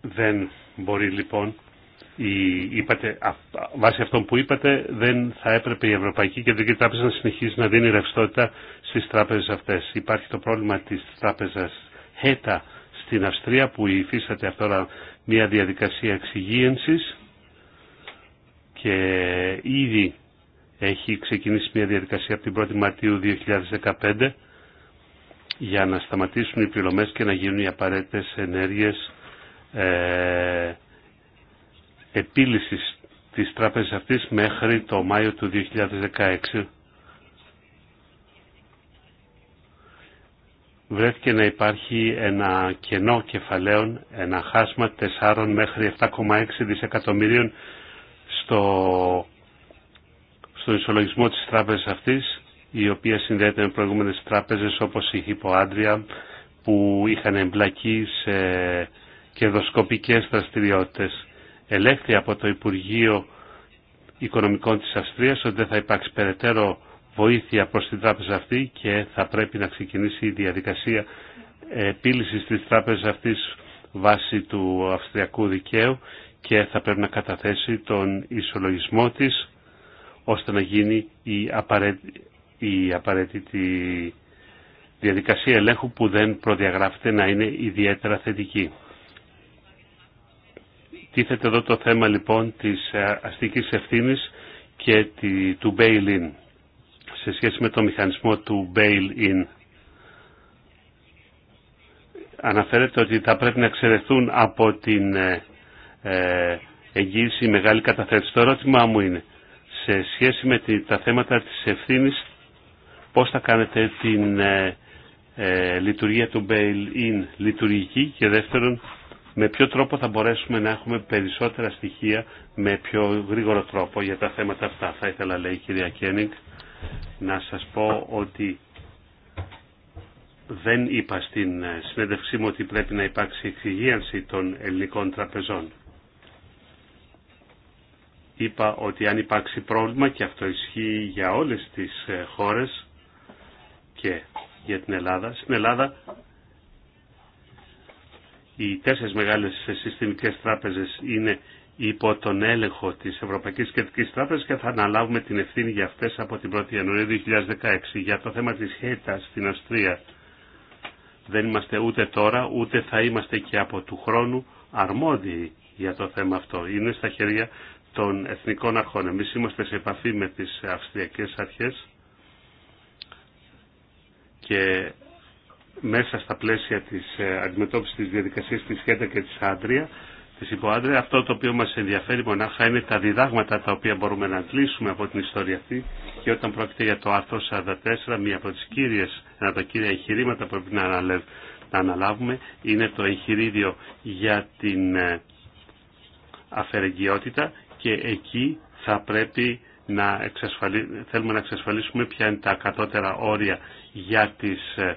Δεν μπορεί λοιπόν είπατε, βάσει αυτών που είπατε, δεν θα έπρεπε η Ευρωπαϊκή Κεντρική Τράπεζα να συνεχίσει να δίνει ρευστότητα στις τράπεζες αυτές. Υπάρχει το πρόβλημα της τράπεζας HETA στην Αυστρία που υφίσταται αυτόρα μια διαδικασία εξυγίανσης και ήδη έχει ξεκινήσει μια διαδικασία από την 1η Μαρτίου 2015 για να σταματήσουν οι πληρωμές και να γίνουν οι απαραίτητες ενέργειες ε, επίλυσης της τράπεζας αυτής μέχρι το Μάιο του 2016 βρέθηκε να υπάρχει ένα κενό κεφαλαίων, ένα χάσμα 4 μέχρι 7,6 δισεκατομμυρίων στο, στον ισολογισμό της τράπεζας αυτής, η οποία συνδέεται με προηγούμενες τράπεζες όπως η Υποάντρια που είχαν εμπλακεί σε κερδοσκοπικές δραστηριότητες ελέγχθη από το Υπουργείο Οικονομικών της Αυστρίας ότι δεν θα υπάρξει περαιτέρω βοήθεια προς την τράπεζα αυτή και θα πρέπει να ξεκινήσει η διαδικασία επίλυσης της τράπεζας αυτής βάσει του αυστριακού δικαίου και θα πρέπει να καταθέσει τον ισολογισμό της ώστε να γίνει η, η απαραίτητη διαδικασία ελέγχου που δεν προδιαγράφεται να είναι ιδιαίτερα θετική. Τίθεται εδώ το θέμα λοιπόν της ε, αστικής ευθύνης και του bail-in σε σχέση με το μηχανισμό του bail-in. Αναφέρεται ότι θα πρέπει να εξαιρεθούν από την ε, ε, εγγύηση μεγάλη καταθέτηση. Το ερώτημά μου είναι, σε σχέση με τα θέματα της ευθύνης, πώς θα κάνετε την λειτουργία του bail-in λειτουργική και δεύτερον, με ποιο τρόπο θα μπορέσουμε να έχουμε περισσότερα στοιχεία με πιο γρήγορο τρόπο για τα θέματα αυτά. Θα ήθελα, λέει η κυρία Κένιγκ, να σας πω ότι δεν είπα στην ε, συνέντευξή μου ότι πρέπει να υπάρξει εξυγίανση των ελληνικών τραπεζών. Είπα ότι αν υπάρξει πρόβλημα και αυτό ισχύει για όλες τις ε, χώρες και για την Ελλάδα, στην Ελλάδα οι τέσσερις μεγάλες συστημικές τράπεζες είναι υπό τον έλεγχο της Ευρωπαϊκής Κεντρικής Τράπεζας και θα αναλάβουμε την ευθύνη για αυτές από την 1η Ιανουαρίου 2016. Για το θέμα της ΧΕΤΑ στην Αυστρία δεν είμαστε ούτε τώρα ούτε θα είμαστε και από του χρόνου αρμόδιοι για το θέμα αυτό. Είναι στα χέρια των εθνικών αρχών. Εμείς είμαστε σε επαφή με τις αυστριακές αρχές και μέσα στα πλαίσια της ε, αντιμετώπισης της διαδικασίας της ΧΕΝΤΑ και της Άντρια, της υποάντρια, αυτό το οποίο μας ενδιαφέρει μονάχα είναι τα διδάγματα τα οποία μπορούμε να κλείσουμε από την ιστορία αυτή και όταν πρόκειται για το άρθρο 44, μία από τις κύριες, ένα από τα κύρια εγχειρήματα που πρέπει να, αναλάβουμε είναι το εγχειρίδιο για την ε, αφαιρεγγιότητα και εκεί θα πρέπει να εξασφαλί... θέλουμε να εξασφαλίσουμε ποια είναι τα κατώτερα όρια για τις ε,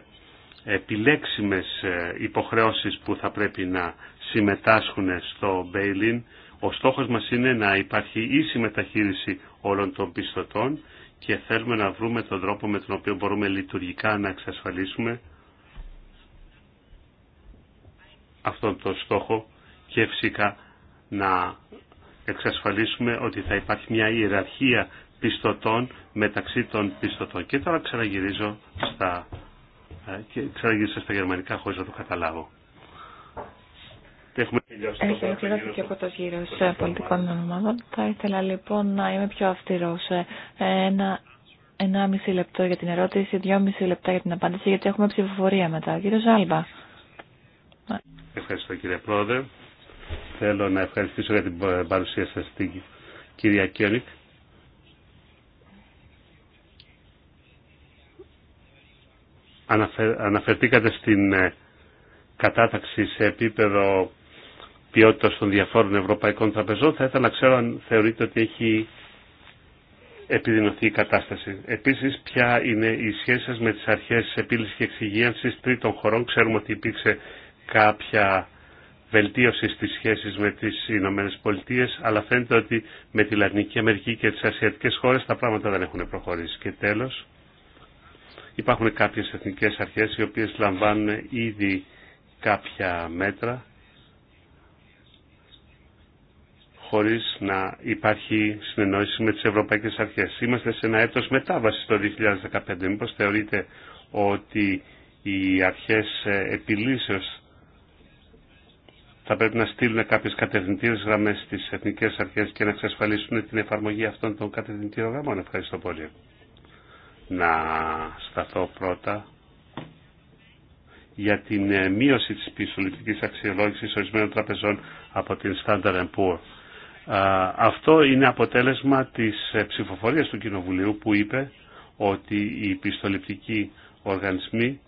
επιλέξιμες ε, υποχρεώσεις που θα πρέπει να συμμετάσχουν στο bail Ο στόχος μας είναι να υπάρχει ίση μεταχείριση όλων των πιστωτών και θέλουμε να βρούμε τον τρόπο με τον οποίο μπορούμε λειτουργικά να εξασφαλίσουμε αυτόν τον στόχο και φυσικά να εξασφαλίσουμε ότι θα υπάρχει μια ιεραρχία πιστωτών μεταξύ των πιστωτών. Και τώρα ξαναγυρίζω στα και ξαναγύρισα στα γερμανικά χωρίς να το καταλάβω. Έχουμε Έχει ολοκληρώσει και ο πρώτο γύρο ε, πολιτικών ομάδων. Θα ήθελα λοιπόν να είμαι πιο αυστηρό. Ε, ένα, ένα μισή λεπτό για την ερώτηση, δυόμιση λεπτά για την απάντηση, γιατί έχουμε ψηφοφορία μετά. Κύριο Ζάλμπα. Ευχαριστώ κύριε Πρόεδρε. Θέλω να ευχαριστήσω για την παρουσία σα την κυρία Κιόνικ αναφερθήκατε στην ε, κατάταξη σε επίπεδο ποιότητας των διαφόρων ευρωπαϊκών τραπεζών. Θα ήθελα να ξέρω αν θεωρείτε ότι έχει επιδεινωθεί η κατάσταση. Επίσης, ποια είναι η σχέση σας με τις αρχές επίλυσης και εξυγίανσης τρίτων χωρών. Ξέρουμε ότι υπήρξε κάποια βελτίωση στις σχέσεις με τις Ηνωμένε Πολιτείες αλλά φαίνεται ότι με τη Λατινική Αμερική και τις Ασιατικές χώρες τα πράγματα δεν έχουν προχωρήσει. Και τέλος, Υπάρχουν κάποιες εθνικές αρχές οι οποίες λαμβάνουν ήδη κάποια μέτρα χωρίς να υπάρχει συνεννόηση με τις ευρωπαϊκές αρχές. Είμαστε σε ένα έτος μετάβαση το 2015. Μήπως θεωρείτε ότι οι αρχές επιλύσεως θα πρέπει να στείλουν κάποιες κατευθυντήρες γραμμές στις εθνικές αρχές και να εξασφαλίσουν την εφαρμογή αυτών των κατευθυντήρων γραμμών. Ευχαριστώ πολύ να σταθώ πρώτα για την ε, μείωση της πιστοληπτικής αξιολόγησης ορισμένων τραπεζών από την Standard Poor's. Αυτό είναι αποτέλεσμα της ε, ψηφοφορίας του Κοινοβουλίου που είπε ότι οι πιστοληπτικοί οργανισμοί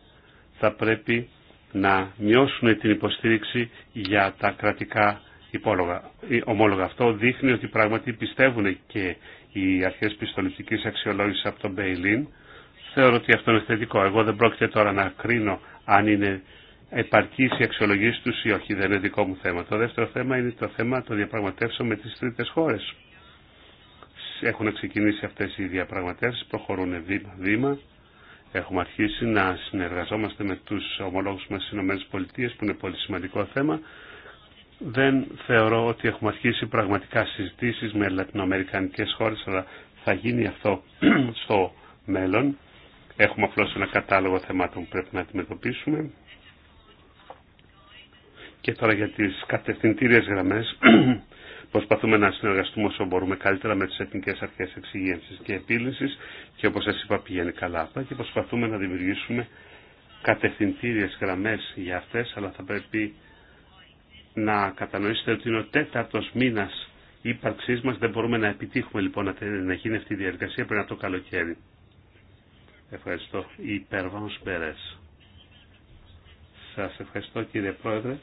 θα πρέπει να μειώσουν την υποστήριξη για τα κρατικά υπόλογα. Ε, ομόλογα αυτό δείχνει ότι πράγματι πιστεύουν και οι αρχές πιστοληπτικής αξιολόγηση από τον Μπέιλιν. Θεωρώ ότι αυτό είναι θετικό. Εγώ δεν πρόκειται τώρα να κρίνω αν είναι επαρκή η αξιολογήση τους ή όχι. Δεν είναι δικό μου θέμα. Το δεύτερο θέμα είναι το θέμα των διαπραγματεύσεων με τις τρίτες χώρες. Έχουν ξεκινήσει αυτές οι διαπραγματεύσεις, προχωρούν βήμα-βήμα. Έχουμε αρχίσει να συνεργαζόμαστε με τους ομολόγους μας στις ΗΠΑ που είναι πολύ σημαντικό θέμα δεν θεωρώ ότι έχουμε αρχίσει πραγματικά συζητήσεις με λατινοαμερικανικές χώρες, αλλά θα γίνει αυτό (clears throat) στο μέλλον. Έχουμε απλώ ένα κατάλογο θεμάτων που πρέπει να αντιμετωπίσουμε. Και τώρα για τις κατευθυντήριες γραμμές (clears throat) προσπαθούμε να συνεργαστούμε όσο μπορούμε καλύτερα με τις εθνικές αρχές εξυγένσης και επίλυσης και όπως σας είπα πηγαίνει καλά αυτά και προσπαθούμε να δημιουργήσουμε κατευθυντήριες γραμμές για αυτές αλλά θα πρέπει να κατανοήσετε ότι είναι ο τέταρτο μήνα ύπαρξή μα Δεν μπορούμε να επιτύχουμε λοιπόν να γίνει αυτή η διαδικασία πριν από το καλοκαίρι. Ευχαριστώ. Η Περβάνος Σας ευχαριστώ κύριε Πρόεδρε.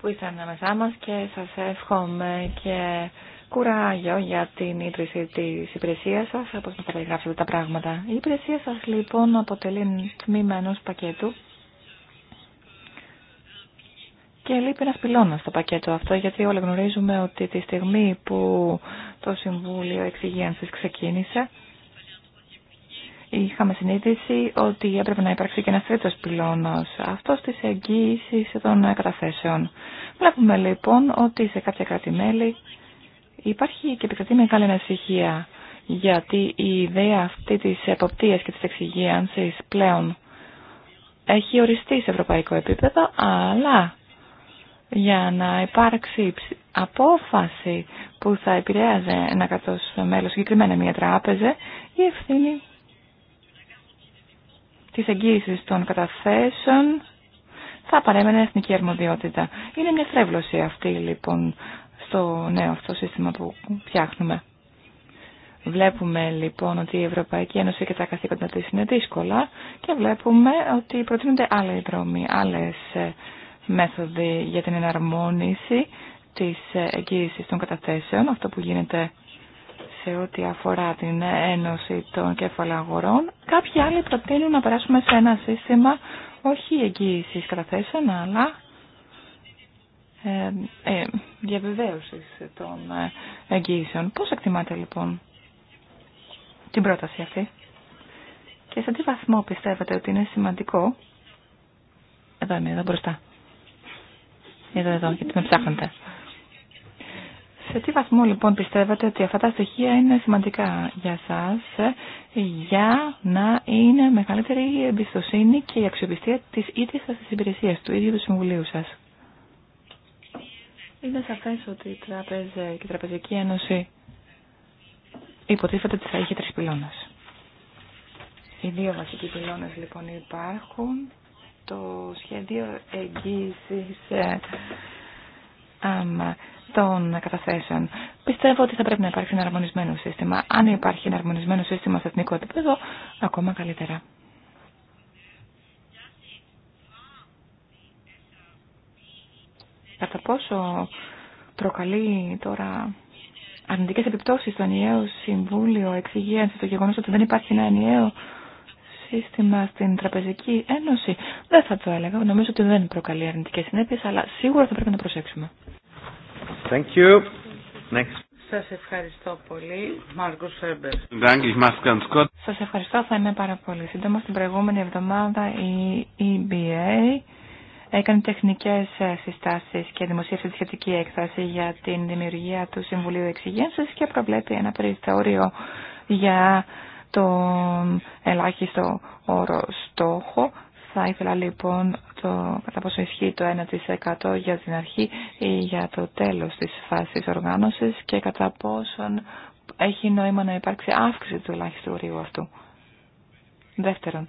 Που ήσασταν ανάμεσά μας και σα εύχομαι και κουράγιο για την ίδρυση τη υπηρεσία σα όπω μα τα περιγράψατε τα πράγματα. Η υπηρεσία σα, λοιπόν αποτελεί τμήμα ενό πακέτου και λείπει ένα πυλώνα στο πακέτο αυτό, γιατί όλοι γνωρίζουμε ότι τη στιγμή που το Συμβούλιο Εξυγίανσης ξεκίνησε, είχαμε συνείδηση ότι έπρεπε να υπάρξει και ένα τρίτο πυλώνα, αυτό τη εγγύηση των καταθέσεων. Βλέπουμε λοιπόν ότι σε κάποια κράτη-μέλη υπάρχει και επικρατεί μεγάλη ανησυχία, γιατί η ιδέα αυτή τη εποπτεία και τη εξυγίανση πλέον έχει οριστεί σε ευρωπαϊκό επίπεδο, αλλά για να υπάρξει απόφαση που θα επηρέαζε ένα καθώς μέλος συγκεκριμένα μια τράπεζα, η ευθύνη της εγγύησης των καταθέσεων θα παρέμενε εθνική αρμοδιότητα. Είναι μια στρέβλωση αυτή λοιπόν στο νέο αυτό σύστημα που φτιάχνουμε. Βλέπουμε λοιπόν ότι η Ευρωπαϊκή Ένωση και τα καθήκοντα της είναι δύσκολα και βλέπουμε ότι προτείνονται άλλοι δρόμοι, άλλες ε, μέθοδοι για την εναρμόνιση της ε, εγγύησης των καταθέσεων, αυτό που γίνεται σε ό,τι αφορά την ένωση των κεφαλαγορών. Κάποιοι άλλοι προτείνουν να περάσουμε σε ένα σύστημα όχι εγγύησης καταθέσεων, αλλά ε, ε, διαβεβαίωσης των ε, εγγύησεων. Πώς εκτιμάτε λοιπόν την πρόταση αυτή και σε τι βαθμό πιστεύετε ότι είναι σημαντικό εδώ είμαι, εδώ μπροστά εδώ εδώ, γιατί με ψάχνετε. Σε τι βαθμό λοιπόν πιστεύετε ότι αυτά τα στοιχεία είναι σημαντικά για σας για να είναι μεγαλύτερη η εμπιστοσύνη και η αξιοπιστία της ίδιας σας της υπηρεσίας, του ίδιου του συμβουλίου σας. Είναι σαφές ότι η Τράπεζα και η Τραπεζική Ένωση υποτίθεται ότι θα είχε τρεις πυλώνες. Οι δύο βασικοί πυλώνες λοιπόν υπάρχουν το σχέδιο εγγύησης ε, των καταθέσεων. Πιστεύω ότι θα πρέπει να υπάρξει ένα αρμονισμένο σύστημα. Αν υπάρχει ένα αρμονισμένο σύστημα σε εθνικό επίπεδο, ακόμα καλύτερα. Κατά πόσο προκαλεί τώρα αρνητικές επιπτώσεις στο ενιαίο Συμβούλιο Εξυγίανσης το γεγονός ότι δεν υπάρχει ένα ενιαίο σύστημα στην Τραπεζική Ένωση. Δεν θα το έλεγα. Νομίζω ότι δεν προκαλεί αρνητικέ συνέπειε, αλλά σίγουρα θα πρέπει να προσέξουμε. Thank you. Next. Σας ευχαριστώ πολύ, Μάρκος Φέμπερ. Σας ευχαριστώ, θα είμαι πάρα πολύ σύντομα. Στην προηγούμενη εβδομάδα η EBA έκανε τεχνικές ε, συστάσεις και δημοσίευσε τη σχετική έκθεση για την δημιουργία του Συμβουλίου Εξηγένσης και προβλέπει ένα περιθώριο για το ελάχιστο όρο στόχο. Θα ήθελα λοιπόν το, κατά πόσο ισχύει το 1% για την αρχή ή για το τέλος της φάσης οργάνωσης και κατά πόσον έχει νόημα να υπάρξει αύξηση του ελάχιστου ορίου αυτού. Δεύτερον,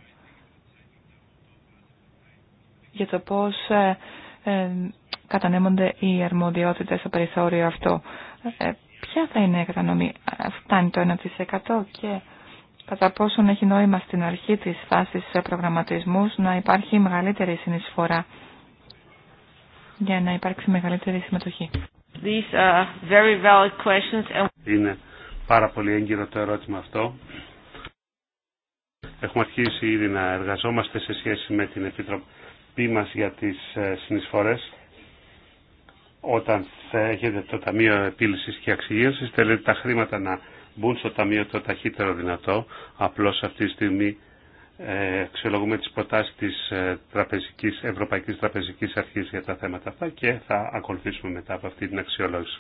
για το πώς ε, ε κατανέμονται οι αρμοδιότητες στο περιθώριο αυτό. Ε, ποια θα είναι η κατανομή, ε, φτάνει το 1% και κατά πόσον έχει νόημα στην αρχή της φάσης προγραμματισμού να υπάρχει μεγαλύτερη συνεισφορά για να υπάρξει μεγαλύτερη συμμετοχή. Είναι πάρα πολύ έγκυρο το ερώτημα αυτό. Έχουμε αρχίσει ήδη να εργαζόμαστε σε σχέση με την Επιτροπή μας για τις ε, συνεισφορές. Όταν θα έχετε το Ταμείο Επίλυσης και Αξιγίωσης, θέλετε τα χρήματα να μπουν στο Ταμείο το ταχύτερο δυνατό. Απλώς αυτή τη στιγμή ε, αξιολογούμε τις προτάσεις της ε, τραπεζικής, Ευρωπαϊκής Τραπεζικής Αρχής για τα θέματα αυτά και θα ακολουθήσουμε μετά από αυτή την αξιολόγηση.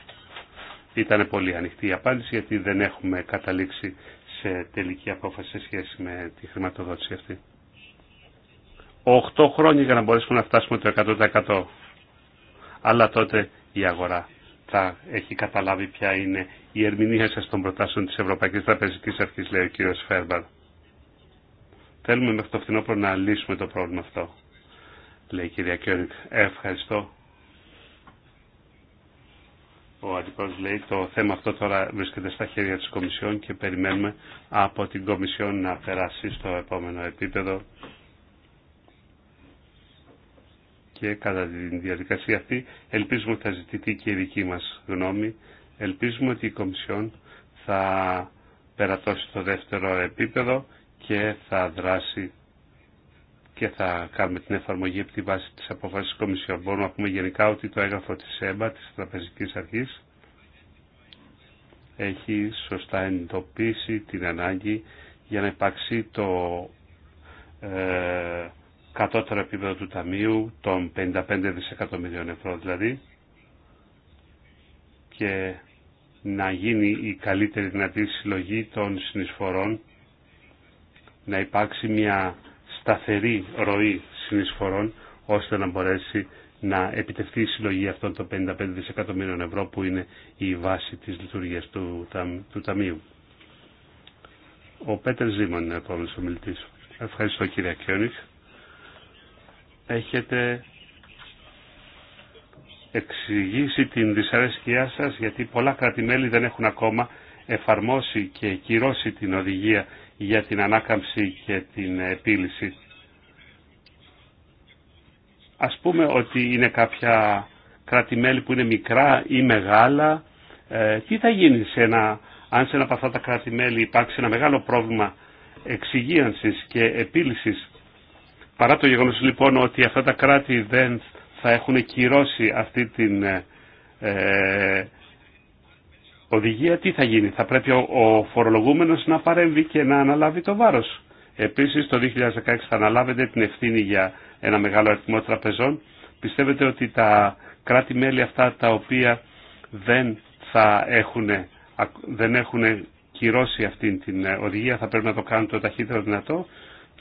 Ήταν πολύ ανοιχτή η απάντηση γιατί δεν έχουμε καταλήξει σε τελική απόφαση σε σχέση με τη χρηματοδότηση αυτή. 8 χρόνια για να μπορέσουμε να φτάσουμε το 100%. Αλλά τότε η αγορά θα έχει καταλάβει ποια είναι η ερμηνεία σας των προτάσεων της Ευρωπαϊκής Τραπεζικής Αρχής, λέει ο κύριος Φέρμπαρ. Θέλουμε μέχρι το φθινόπωρο να λύσουμε το πρόβλημα αυτό, λέει η κυρία Κιόνικ. Ευχαριστώ. Ο Αντιπρόεδρος λέει το θέμα αυτό τώρα βρίσκεται στα χέρια της Κομισιόν και περιμένουμε από την Κομισιόν να περάσει στο επόμενο επίπεδο και κατά τη διαδικασία αυτή ελπίζουμε ότι θα ζητηθεί και η δική μας γνώμη. Ελπίζουμε ότι η Κομισιόν θα περατώσει το δεύτερο επίπεδο και θα δράσει και θα κάνουμε την εφαρμογή από τη βάση της αποφάσης της Κομισιόν. Μπορούμε να πούμε γενικά ότι το έγγραφο της ΕΜΠΑ, της Τραπεζικής Αρχής, έχει σωστά εντοπίσει την ανάγκη για να υπάρξει το ε, κατώτερο επίπεδο του Ταμείου των 55 δισεκατομμυρίων ευρώ δηλαδή και να γίνει η καλύτερη δυνατή συλλογή των συνεισφορών, να υπάρξει μια σταθερή ροή συνεισφορών ώστε να μπορέσει να επιτευχθεί η συλλογή αυτών των 55 δισεκατομμύριων ευρώ που είναι η βάση της λειτουργίας του, του Ταμείου. Ο Πέτερ Ζήμαν είναι ο επόμενος Ευχαριστώ κύριε Κιόνιχ έχετε εξηγήσει την δυσαρέσκειά σας γιατί πολλά κρατημέλη δεν έχουν ακόμα εφαρμόσει και κυρώσει την οδηγία για την ανάκαμψη και την επίλυση. Ας πούμε ότι είναι κάποια που είναι μικρά ή μεγάλα. Ε, τι θα γίνει σε ένα, αν σε ένα από αυτά τα κράτη-μέλη υπάρξει ένα μεγάλο πρόβλημα εξυγίανσης και επίλυσης Παρά το γεγονός λοιπόν ότι αυτά τα κράτη δεν θα έχουν κυρώσει αυτή την ε, ε οδηγία, τι θα γίνει. Θα πρέπει ο φορολογούμενος να παρέμβει και να αναλάβει το βάρος. Επίσης το 2016 θα αναλάβετε την ευθύνη για ένα μεγάλο αριθμό τραπεζών. Πιστεύετε ότι τα κράτη-μέλη αυτά τα οποία δεν θα έχουν, δεν έχουν κυρώσει αυτή την ε, οδηγία θα πρέπει να το κάνουν το ταχύτερο δυνατό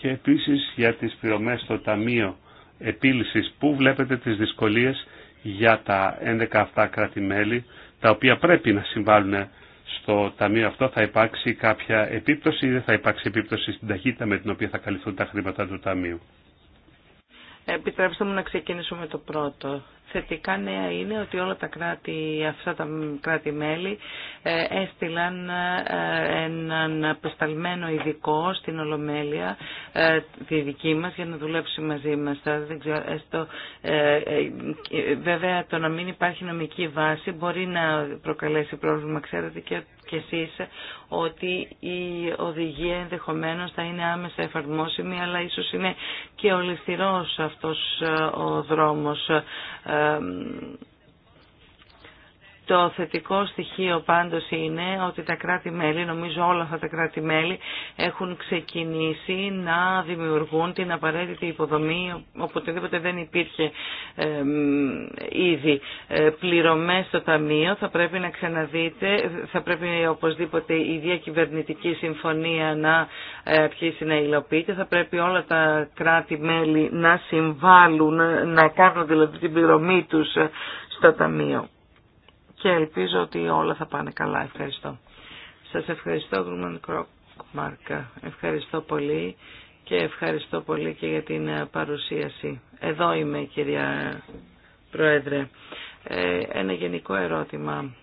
και επίσης για τις πληρωμές στο Ταμείο Επίλυσης που βλέπετε τις δυσκολίες για τα 11 αυτά κράτη-μέλη τα οποία πρέπει να συμβάλλουν στο ταμείο αυτό θα υπάρξει κάποια επίπτωση ή δεν θα υπάρξει επίπτωση στην ταχύτητα με την οποία θα καλυφθούν τα χρήματα του ταμείου. Επιτρέψτε μου να ξεκινήσω με το πρώτο θετικά νέα είναι ότι όλα τα κράτη, αυτά τα κράτη-μέλη ε, έστειλαν ε, έναν απεσταλμένο ειδικό στην Ολομέλεια, ε, τη δική μας, για να δουλέψει μαζί μας. Δεν ξέρω, έστω, βέβαια το να μην υπάρχει νομική βάση μπορεί να προκαλέσει πρόβλημα. Ξέρετε και και εσείς ότι η οδηγία ενδεχομένως θα είναι άμεσα εφαρμόσιμη αλλά ίσως είναι και ολυθυρός αυτός ο δρόμος Ωραία. Ε, το θετικό στοιχείο πάντως είναι ότι τα κράτη-μέλη, νομίζω όλα αυτά τα κράτη-μέλη έχουν ξεκινήσει να δημιουργούν την απαραίτητη υποδομή οποτεδήποτε δεν υπήρχε ήδη ε, πληρωμές στο Ταμείο. Θα πρέπει να ξαναδείτε, θα πρέπει οπωσδήποτε η διακυβερνητική συμφωνία να ε, αρχίσει να υλοποιείται. Θα πρέπει όλα τα κράτη-μέλη να συμβάλλουν, να κάνουν δηλαδή την πληρωμή τους ε, στο Ταμείο και ελπίζω ότι όλα θα πάνε καλά. Ευχαριστώ. Σας ευχαριστώ, Γκρουμαν Μάρκα. Ευχαριστώ πολύ και ευχαριστώ πολύ και για την ε, παρουσίαση. Εδώ είμαι, κυρία Πρόεδρε. Ε, ένα γενικό ερώτημα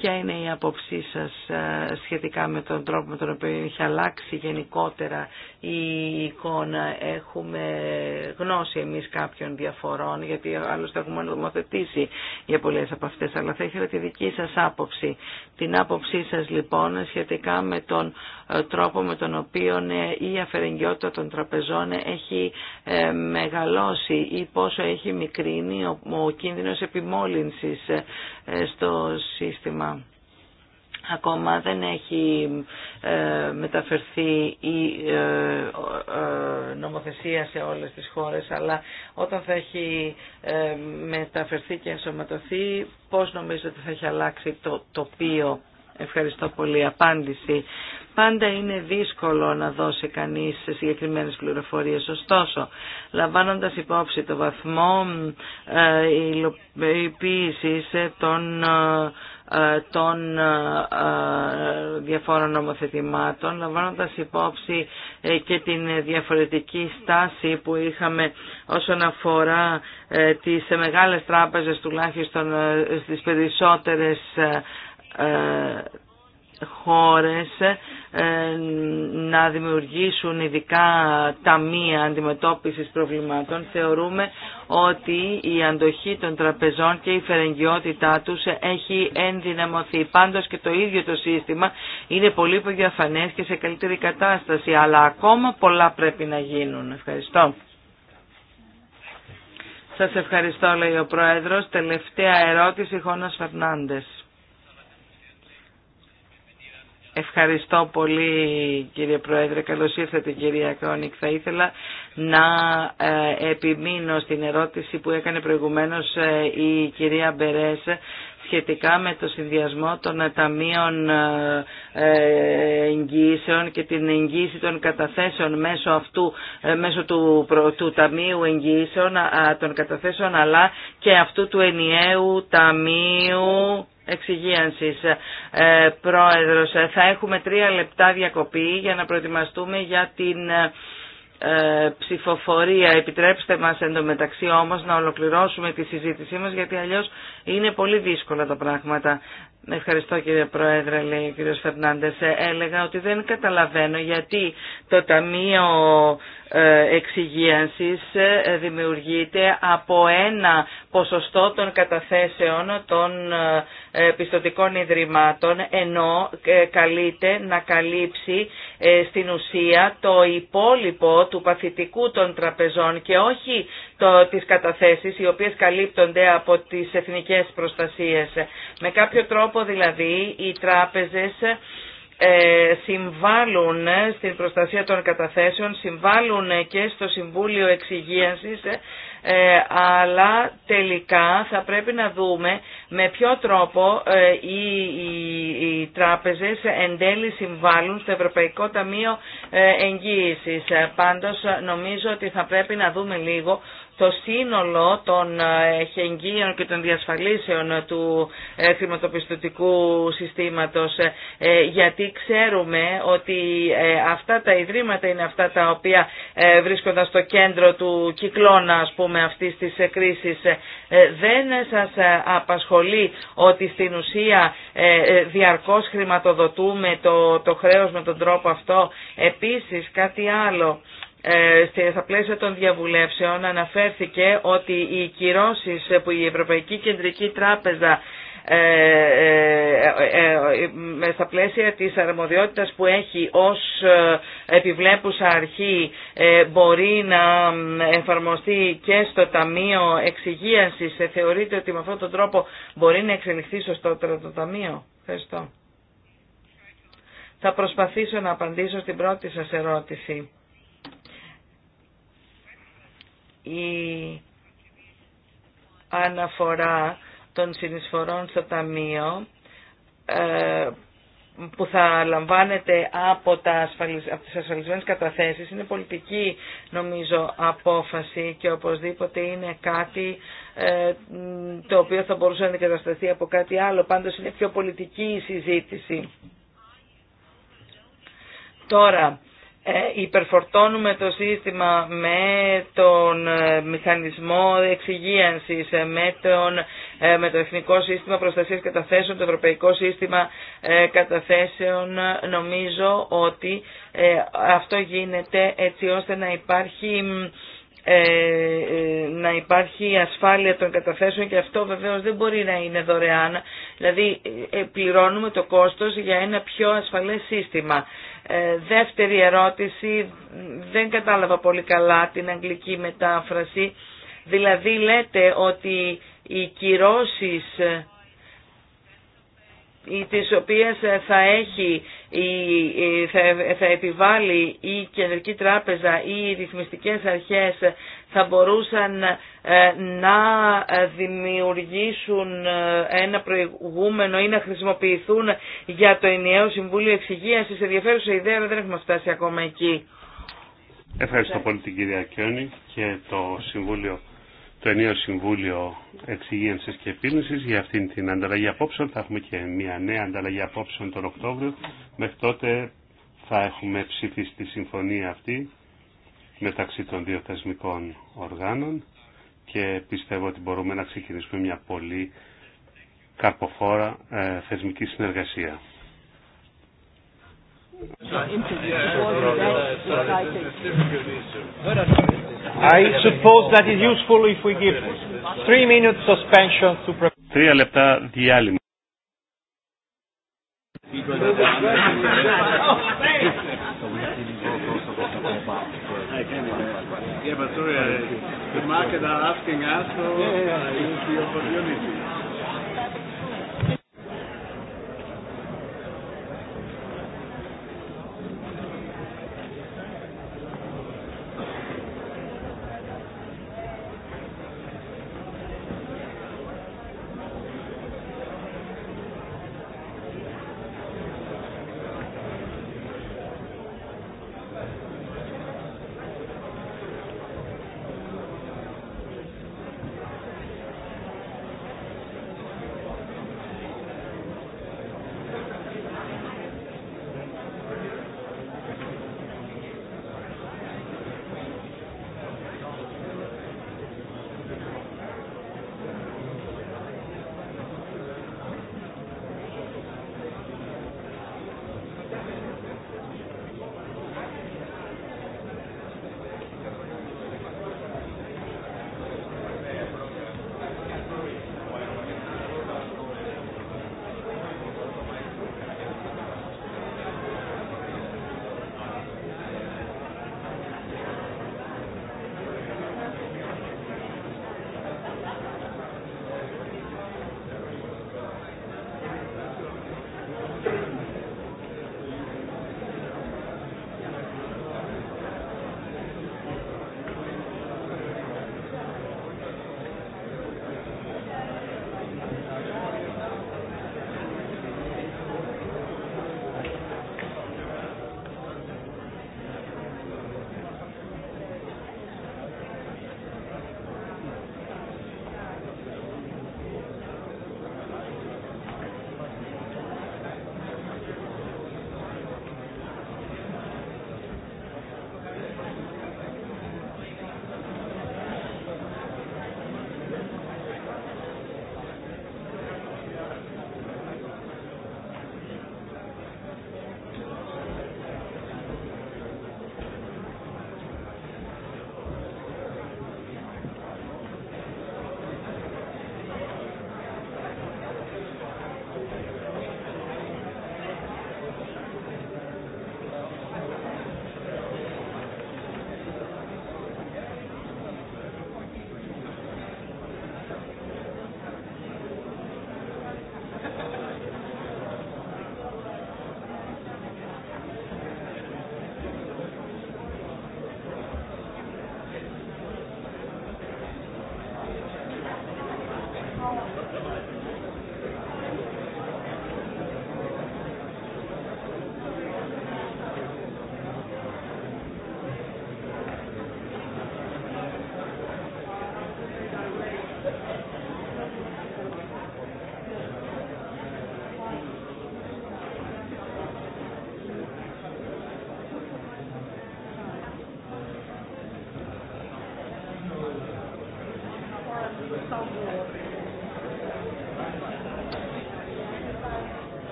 ποια είναι η άποψή σας ε, σχετικά με τον τρόπο με τον οποίο έχει αλλάξει γενικότερα η εικόνα. Έχουμε γνώση εμείς κάποιων διαφορών, γιατί άλλωστε έχουμε νομοθετήσει για πολλές από αυτές, αλλά θα ήθελα τη δική σας άποψη. Την άποψή σας λοιπόν σχετικά με τον ε, τρόπο με τον οποίο ε, η αφαιρεγγιότητα των τραπεζών έχει ε, μεγαλώσει ή πόσο έχει μικρύνει ο κίνδυνος επιμόλυνσης στο σύστημα. Ακόμα δεν έχει μεταφερθεί η νομοθεσία σε όλες τις χώρες, αλλά όταν θα έχει μεταφερθεί και ενσωματωθεί, πώς νομίζετε ότι θα έχει αλλάξει το τοπίο. Ευχαριστώ πολύ. Απάντηση. Πάντα είναι δύσκολο να δώσει κανείς συγκεκριμένες πληροφορίες. Ωστόσο, λαμβάνοντας υπόψη το βαθμό ε, υλοποίησης των ε, των ε, διαφόρων νομοθετημάτων, λαμβάνοντας υπόψη και την διαφορετική στάση που είχαμε όσον αφορά τις μεγάλες τράπεζες τουλάχιστον στις περισσότερες χώρες ε, να δημιουργήσουν ειδικά ταμεία αντιμετώπισης προβλημάτων, θεωρούμε ότι η αντοχή των τραπεζών και η φερεγγιότητά τους έχει ενδυναμωθεί. Πάντως και το ίδιο το σύστημα είναι πολύ πιο διαφανές και σε καλύτερη κατάσταση, αλλά ακόμα πολλά πρέπει να γίνουν. Ευχαριστώ. Σας ευχαριστώ, λέει ο Πρόεδρος. Τελευταία ερώτηση, Χώνας Φερνάντες. Ευχαριστώ πολύ κύριε Πρόεδρε. Καλώς ήρθατε κυρία Κρόνικ. Θα ήθελα να ε, επιμείνω στην ερώτηση που έκανε προηγουμένως ε, η κυρία Μπερέσε σχετικά με το συνδυασμό των ταμείων ε, εγγύσεων και την εγγύηση των καταθέσεων μέσω, αυτού, μέσω του, Ταμείου Εγγυήσεων των καταθέσεων αλλά και αυτού του ενιαίου Ταμείου εξυγίανσης ε, πρόεδρος. Ε, θα έχουμε τρία λεπτά διακοπή για να προετοιμαστούμε για την ε, ε, ψηφοφορία. Επιτρέψτε μας εντωμεταξύ όμως να ολοκληρώσουμε τη συζήτησή μας γιατί αλλιώς είναι πολύ δύσκολα τα πράγματα. Ευχαριστώ κύριε Πρόεδρε, λέει ο κύριος Φερνάντες. Ε, έλεγα ότι δεν καταλαβαίνω γιατί το Ταμείο ε, Εξυγίανσης ε, δημιουργείται από ένα ποσοστό των καταθέσεων των πιστοτικών ιδρυμάτων, ενώ καλείται να καλύψει στην ουσία το υπόλοιπο του παθητικού των τραπεζών και όχι το, τις καταθέσεις οι οποίες καλύπτονται από τις εθνικές προστασίες. Με κάποιο τρόπο τρόπο δηλαδή οι τράπεζες ε, συμβάλλουν στην προστασία των καταθέσεων, συμβάλλουν και στο Συμβούλιο Εξυγίανσης ε, ε, αλλά τελικά θα πρέπει να δούμε με ποιο τρόπο ε, οι, οι, οι τράπεζες εν τέλει συμβάλλουν στο Ευρωπαϊκό Ταμείο ε, Εγγύησης. Πάντως νομίζω ότι θα πρέπει να δούμε λίγο το σύνολο των εγγύων και των διασφαλίσεων του χρηματοπιστωτικού συστήματος γιατί ξέρουμε ότι αυτά τα ιδρύματα είναι αυτά τα οποία βρίσκονται στο κέντρο του κυκλώνα αυτή αυτής της ε, κρίσης. Ε, ε, δεν σας απασχολεί ότι στην ουσία διαρκώς χρηματοδοτούμε το, το χρέος με τον τρόπο αυτό. Επίσης κάτι άλλο στα πλαίσια των διαβουλεύσεων αναφέρθηκε ότι οι κυρώσεις που η Ευρωπαϊκή Κεντρική Τράπεζα ε, ε, ε, στα πλαίσια της αρμοδιότητας που έχει ως επιβλέπουσα αρχή μπορεί να εφαρμοστεί και στο Ταμείο Εξυγίασης. Θεωρείτε ότι με αυτόν τον τρόπο μπορεί να εξελιχθεί σωστότερα το Ταμείο. Ευχαριστώ. Θα προσπαθήσω να απαντήσω στην πρώτη σας ερώτηση. Η αναφορά των συνεισφορών στο Ταμείο ε, που θα λαμβάνεται από, τα ασφαλισ... από τις ασφαλισμένες καταθέσεις είναι πολιτική νομίζω απόφαση και οπωσδήποτε είναι κάτι ε, το οποίο θα μπορούσε να αντικατασταθεί από κάτι άλλο. Πάντως είναι πιο πολιτική η συζήτηση. Τώρα, ε, υπερφορτώνουμε το σύστημα με τον ε, μηχανισμό εξυγίανσης, ε, με, τον, με το Εθνικό Σύστημα Προστασίας Καταθέσεων, το Ευρωπαϊκό Σύστημα Καταθέσεων, νομίζω ότι αυτό γίνεται έτσι ώστε να υπάρχει να υπάρχει ασφάλεια των καταθέσεων και αυτό βεβαίως δεν μπορεί να είναι δωρεάν. Δηλαδή πληρώνουμε το κόστος για ένα πιο ασφαλές σύστημα. Ε, δεύτερη ερώτηση, δεν κατάλαβα πολύ καλά την αγγλική μετάφραση. Δηλαδή λέτε ότι οι κυρώσεις ε, τις οποίες ε, θα έχει θα επιβάλλει η Κεντρική Τράπεζα ή οι ρυθμιστικές αρχές θα μπορούσαν ε, να ε, δημιουργήσουν ένα προηγούμενο ή να χρησιμοποιηθούν για το ενιαίο Συμβούλιο Εξυγείας. ενδιαφέρουσα ιδέα, αλλά δεν έχουμε φτάσει ακόμα εκεί. Ευχαριστώ πολύ την κυρία Κιόνι και το Συμβούλιο το ενίο Συμβούλιο εξυγίανση και Επίλυσης για αυτήν την ανταλλαγή απόψεων. Θα έχουμε και μια νέα ανταλλαγή απόψεων τον Οκτώβριο. Μέχρι τότε θα έχουμε ψηφίσει τη συμφωνία αυτή μεταξύ των δύο θεσμικών οργάνων και πιστεύω ότι μπορούμε να ξεκινήσουμε μια πολύ καρποφόρα ε, θεσμική συνεργασία. I suppose that is useful if we give three minutes suspension to prepare. Yeah, but sorry, uh, the market are asking us, so yeah, yeah, yeah. I use the opportunity.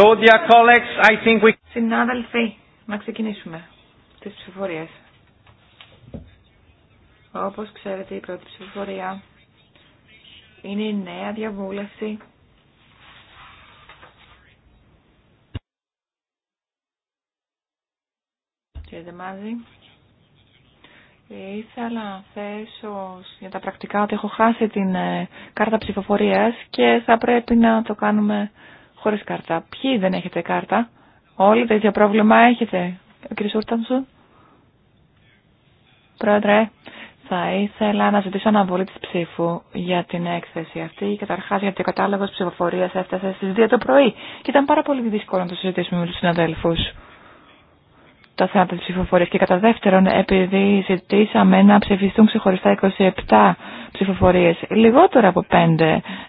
So, dear colleagues, I think Συνάδελφοι, να ξεκινήσουμε τις ψηφοφορίες. Όπως ξέρετε, η πρώτη ψηφοφορία είναι η νέα διαβούλευση Κύριε Δεμάζη, ήθελα να θέσω για τα πρακτικά ότι έχω χάσει την ε, κάρτα ψηφοφορίας και θα πρέπει να το κάνουμε Χωρί κάρτα. Ποιοι δεν έχετε κάρτα. Όλοι το ίδιο πρόβλημα έχετε. Ο κ. Σούρτανσου. Πρόεδρε, θα ήθελα να ζητήσω αναβολή της ψήφου για την έκθεση αυτή. καταρχά γιατί ο κατάλογος ψηφοφορία έφτασε στι 2 το πρωί και ήταν πάρα πολύ δύσκολο να το συζητήσουμε με τους συναδέλφους τα θέματα της ψηφοφορίας και κατά δεύτερον επειδή ζητήσαμε να ψηφιστούν ξεχωριστά 27 ψηφοφορίες λιγότερο από 5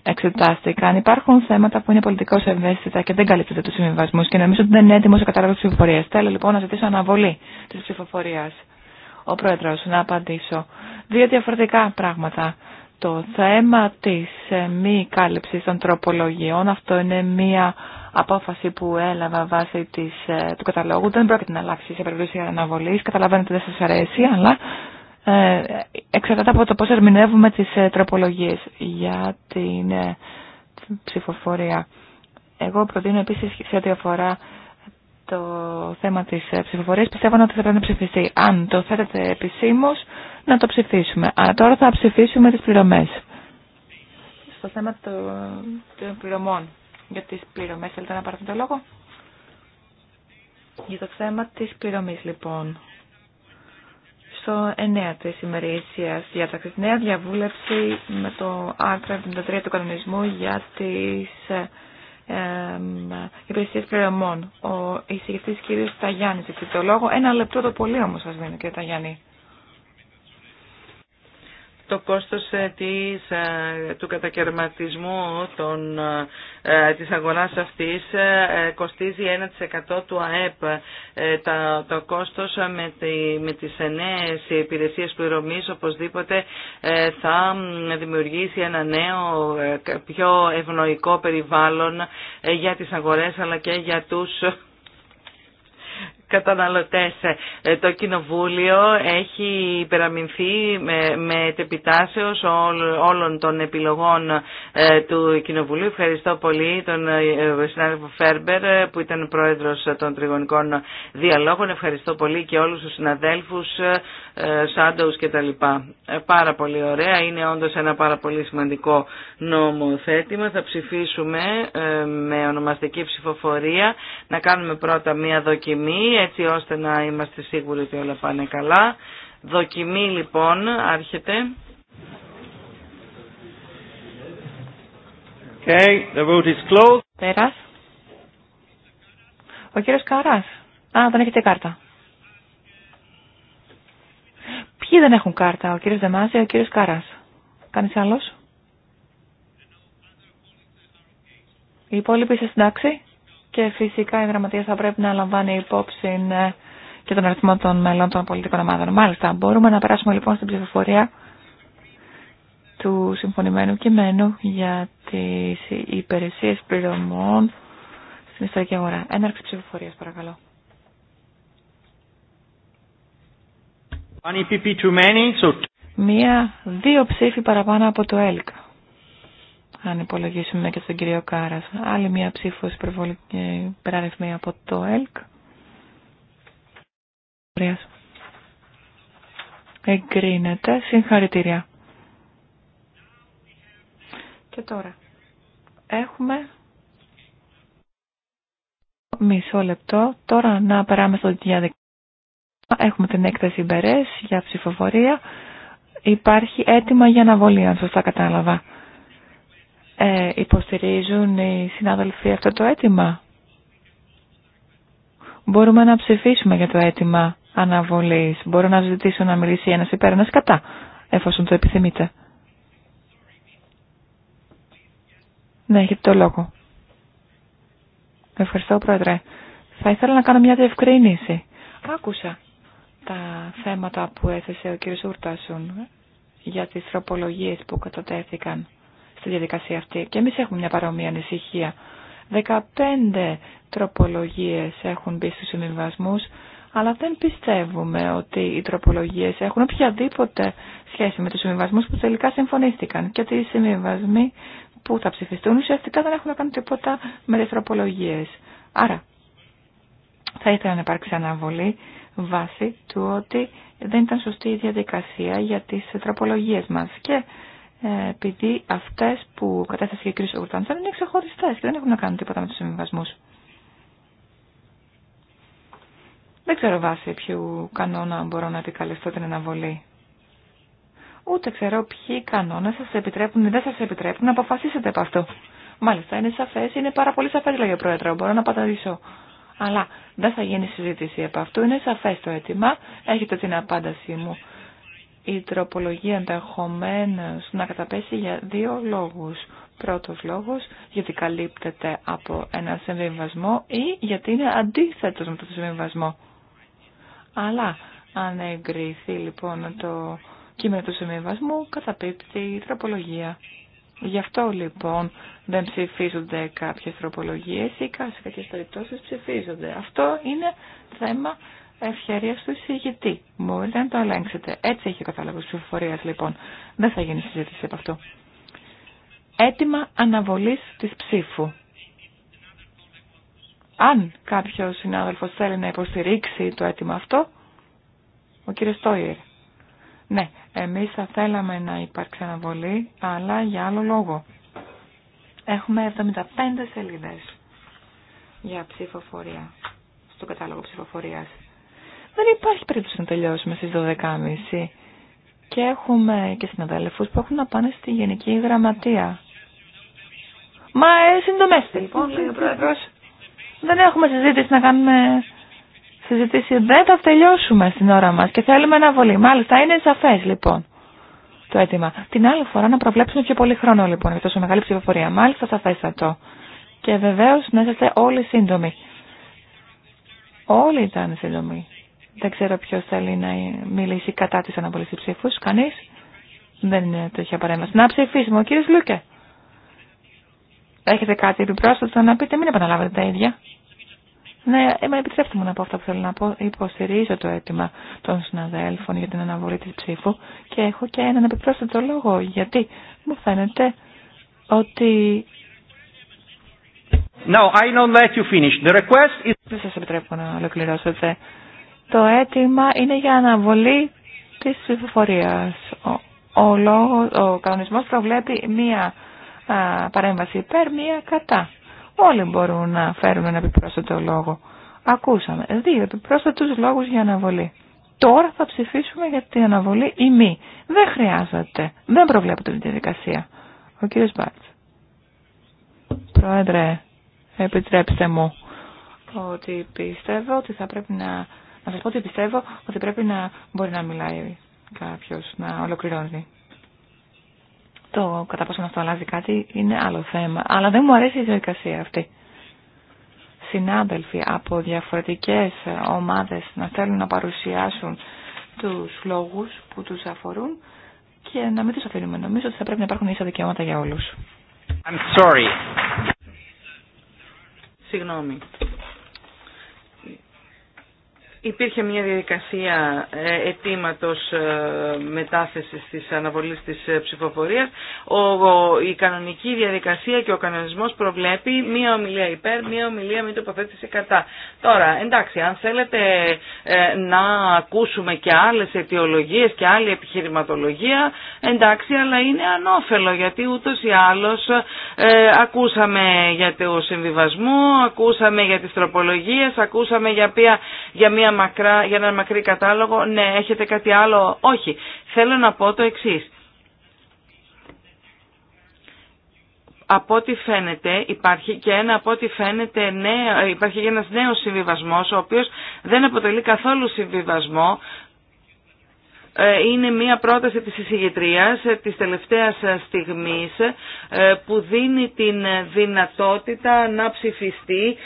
εξετάστηκαν υπάρχουν θέματα που είναι πολιτικώς ευαίσθητα και δεν καλύπτονται τους συμβιβασμούς και νομίζω ότι δεν είναι έτοιμος ο κατάλογος της ψηφοφορίας θέλω λοιπόν να ζητήσω αναβολή της ψηφοφορίας ο Πρόεδρος να απαντήσω δύο διαφορετικά πράγματα το θέμα της ε, μη κάλυψης των τροπολογιών αυτό είναι μία απόφαση που έλαβα βάσει της, ε, του καταλόγου δεν πρόκειται να αλλάξει σε περίπτωση αναβολής. Καταλαβαίνετε δεν σας αρέσει, αλλά ε, εξαρτάται από το πώς ερμηνεύουμε τις ε, τροπολογίες για την ε, ψηφοφορία. Εγώ προτείνω επίσης σε ό,τι αφορά το θέμα της ε, ψηφοφορίας πιστεύω ότι θα πρέπει να ψηφιστεί. Αν το θέλετε επισήμω, να το ψηφίσουμε. Αλλά τώρα θα ψηφίσουμε τις πληρωμές. Στο θέμα των πληρωμών για τις πληρωμές. Θέλετε να πάρετε το λόγο. Για το θέμα της πληρωμής λοιπόν. Στο 9 της ημερήσιας διάταξης. Νέα διαβούλευση με το άρθρο 73 του κανονισμού για τις ε, υπηρεσίες πληρωμών. Ο εισηγητής κύριος Ταγιάννης έχει το λόγο. Ένα λεπτό το πολύ όμως σας δίνω κύριε Ταγιάννη το κόστος ε, ε, του κατακαιρματισμού των, ε, της αγοράς αυτής κοστίζει 1% του ΑΕΠ. Το, το κόστος με, τη, με τις νέες υπηρεσίες πληρωμής οπωσδήποτε θα δημιουργήσει ένα νέο πιο ευνοϊκό περιβάλλον για τις αγορές αλλά και για τους καταναλωτές. Ε, το Κοινοβούλιο έχει υπεραμεινθεί με, με τεπιτάσεως όλων των επιλογών ε, του Κοινοβουλίου. Ευχαριστώ πολύ τον ε, συνάδελφο Φέρμπερ που ήταν πρόεδρος των τριγωνικών διαλόγων. Ευχαριστώ πολύ και όλους τους συναδέλφους, Σάντοους και τα Πάρα πολύ ωραία. Είναι όντως ένα πάρα πολύ σημαντικό νομοθέτημα. Θα ψηφίσουμε με ονομαστική ψηφοφορία. Να κάνουμε πρώτα μία δοκιμή έτσι ώστε να είμαστε σίγουροι ότι όλα πάνε καλά. Δοκιμή λοιπόν άρχεται. Okay, the route is closed. Πέρας. Ο κύριος Καράς. Α, δεν έχετε κάρτα. Ποιοι δεν έχουν κάρτα, ο κύριος Δεμάζη, ο κύριος Καράς. Κανείς άλλος. Οι υπόλοιποι είστε στην τάξη και φυσικά η γραμματεία θα πρέπει να λαμβάνει υπόψη ε, και τον αριθμό των μελών των πολιτικών ομάδων. Μάλιστα, μπορούμε να περάσουμε λοιπόν στην ψηφοφορία του συμφωνημένου κειμένου για τις υπηρεσίες πληρωμών στην ιστορική αγορά. Έναρξη ψηφοφορίας παρακαλώ. Μία, δύο ψήφοι παραπάνω από το ΕΛΚ αν υπολογίσουμε και στον κύριο Κάρας. Άλλη μία ψήφος ε, υπεράριθμη από το ΕΛΚ. Εγκρίνεται. Συγχαρητήρια. Και τώρα έχουμε μισό λεπτό. Τώρα να περάμε στο διαδικασία. Έχουμε την έκθεση Μπερές για ψηφοφορία. Υπάρχει έτοιμα για αναβολή, αν σωστά κατάλαβα. Ε, υποστηρίζουν οι συνάδελφοι αυτό το αίτημα. Μπορούμε να ψηφίσουμε για το αίτημα αναβολής. Μπορώ να ζητήσω να μιλήσει ένας υπέρ, ένας κατά, εφόσον το επιθυμείτε. Ναι, έχετε το λόγο. Ευχαριστώ, Πρόεδρε. Θα ήθελα να κάνω μια διευκρίνηση. Άκουσα τα θέματα που έθεσε ο κ. Ουρτάσουν για τις τροπολογίες που κατατέθηκαν στη διαδικασία αυτή. Και εμείς έχουμε μια παρόμοια ανησυχία. 15 τροπολογίες έχουν μπει στους συμβιβασμούς, αλλά δεν πιστεύουμε ότι οι τροπολογίες έχουν οποιαδήποτε σχέση με τους συμβιβασμούς που τελικά συμφωνήθηκαν και ότι οι συμβιβασμοί που θα ψηφιστούν ουσιαστικά δεν έχουν να κάνουν τίποτα με τις τροπολογίες. Άρα, θα ήθελα να υπάρξει αναβολή βάσει του ότι δεν ήταν σωστή η διαδικασία για τις τροπολογίες μας και ε, επειδή αυτές που κατέθεσε και ο κ. Ουρτάνσαν είναι ξεχωριστές και δεν έχουν να κάνουν τίποτα με τους συμβιβασμούς. Δεν ξέρω βάσει ποιου κανόνα μπορώ να επικαλεστώ την αναβολή. Ούτε ξέρω ποιοι κανόνες σας επιτρέπουν ή δεν σας επιτρέπουν να αποφασίσετε από αυτό. Μάλιστα, είναι σαφές, είναι πάρα πολύ σαφές, λόγια, ο Πρόεδρο, μπορώ να παταδίσω. Αλλά δεν θα γίνει συζήτηση από αυτού, είναι σαφές το αίτημα, έχετε την απάντασή μου η τροπολογία ενδεχομένω να καταπέσει για δύο λόγους. Πρώτος λόγος, γιατί καλύπτεται από ένα συμβιβασμό ή γιατί είναι αντίθετος με το συμβιβασμό. Αλλά αν εγκριθεί λοιπόν το κείμενο του συμβιβασμού, καταπίπτει η τροπολογία. Γι' αυτό λοιπόν δεν ψηφίζονται κάποιες τροπολογίες ή σε κάποιες περιπτώσεις ψηφίζονται. Αυτό είναι θέμα ευκαιρία του εισηγητή. Μπορείτε να το ελέγξετε. Έτσι έχει ο κατάλογο ψηφοφορία λοιπόν. Δεν θα γίνει συζήτηση από αυτό. Έτοιμα αναβολή τη ψήφου. Αν κάποιο συνάδελφο θέλει να υποστηρίξει το αίτημα αυτό, ο κύριο Τόιερ. Ναι, εμεί θα θέλαμε να υπάρξει αναβολή, αλλά για άλλο λόγο. Έχουμε 75 σελίδε για ψηφοφορία, στο κατάλογο ψηφοφορίας. Δεν υπάρχει περίπτωση να τελειώσουμε στις 12.30 και έχουμε και συναδέλφου που έχουν να πάνε στη Γενική Γραμματεία. Μα ε, συντομέστε λοιπόν, λέει ο Πρόεδρος. Δεν έχουμε συζήτηση να κάνουμε συζητήσει. Δεν θα τελειώσουμε στην ώρα μας και θέλουμε βολή. Μάλιστα είναι σαφές λοιπόν το αίτημα. Την άλλη φορά να προβλέψουμε πιο πολύ χρόνο λοιπόν για τόσο μεγάλη ψηφοφορία. Μάλιστα σαφέστατο. Και βεβαίως να είστε όλοι σύντομοι. Όλοι ήταν σύντομοι. Δεν ξέρω ποιο θέλει να μιλήσει κατά τη αναβολή τη ψήφου. Κανεί. Δεν είναι τέτοια παρέμβαση. Να ψηφίσουμε, ο κύριο Λούκε. Έχετε κάτι επιπρόσθετο να πείτε, μην επαναλάβετε τα ίδια. Ναι, με επιτρέψτε μου να πω αυτά που θέλω να πω. Υποστηρίζω το αίτημα των συναδέλφων για την αναβολή τη ψήφου και έχω και έναν επιπρόσθετο λόγο. Γιατί μου φαίνεται ότι. I don't let you finish. The request is... Δεν σα επιτρέπω να ολοκληρώσετε. Το αίτημα είναι για αναβολή της ψηφοφορία. Ο, ο, ο κανονισμός προβλέπει μία παρέμβαση υπέρ, μία κατά. Όλοι μπορούν να φέρουν ένα επιπρόσθετο λόγο. Ακούσαμε δύο επιπρόσθετους λόγους για αναβολή. Τώρα θα ψηφίσουμε για την αναβολή ή μη. Δεν χρειάζεται. Δεν προβλέπεται την διαδικασία. Ο κύριος Μπάρτς. Πρόεδρε, επιτρέψτε μου ότι πιστεύω ότι θα πρέπει να να σας πω ότι πιστεύω ότι πρέπει να μπορεί να μιλάει κάποιος, να ολοκληρώνει. Το κατά πόσο αυτό αλλάζει κάτι είναι άλλο θέμα. Αλλά δεν μου αρέσει η διαδικασία αυτή. Συνάδελφοι από διαφορετικές ομάδες να θέλουν να παρουσιάσουν τους λόγους που τους αφορούν και να μην τους αφήνουμε. Νομίζω ότι θα πρέπει να υπάρχουν ίσα δικαιώματα για όλους. I'm sorry. Συγγνώμη. Υπήρχε μια διαδικασία ε, αιτήματο ε, μετάθεσης της αναβολής της ε, ψηφοφορίας. Ο, η κανονική διαδικασία και ο κανονισμός προβλέπει μια ομιλία υπέρ, μια ομιλία με τοποθέτηση κατά. Τώρα, εντάξει, αν θέλετε να ακούσουμε και άλλες αιτιολογίες και άλλη επιχειρηματολογία, εντάξει, αλλά είναι ανώφελο γιατί ούτως ή άλλως ακούσαμε για το συμβιβασμό, ακούσαμε για τις τροπολογίες, ακούσαμε για, για μια μια μακρά, για ένα μακρύ κατάλογο. Ναι, έχετε κάτι άλλο. Όχι. Θέλω να πω το εξής. από ό,τι φαίνεται υπάρχει και ένα από ό,τι φαίνεται νέο, υπάρχει και ένας νέος συμβιβασμός ο οποίος δεν αποτελεί καθόλου συμβιβασμό ε, είναι μια πρόταση της εισηγητρίας ε, της τελευταίας ε, στιγμής που δίνει την δυνατότητα να ψηφιστεί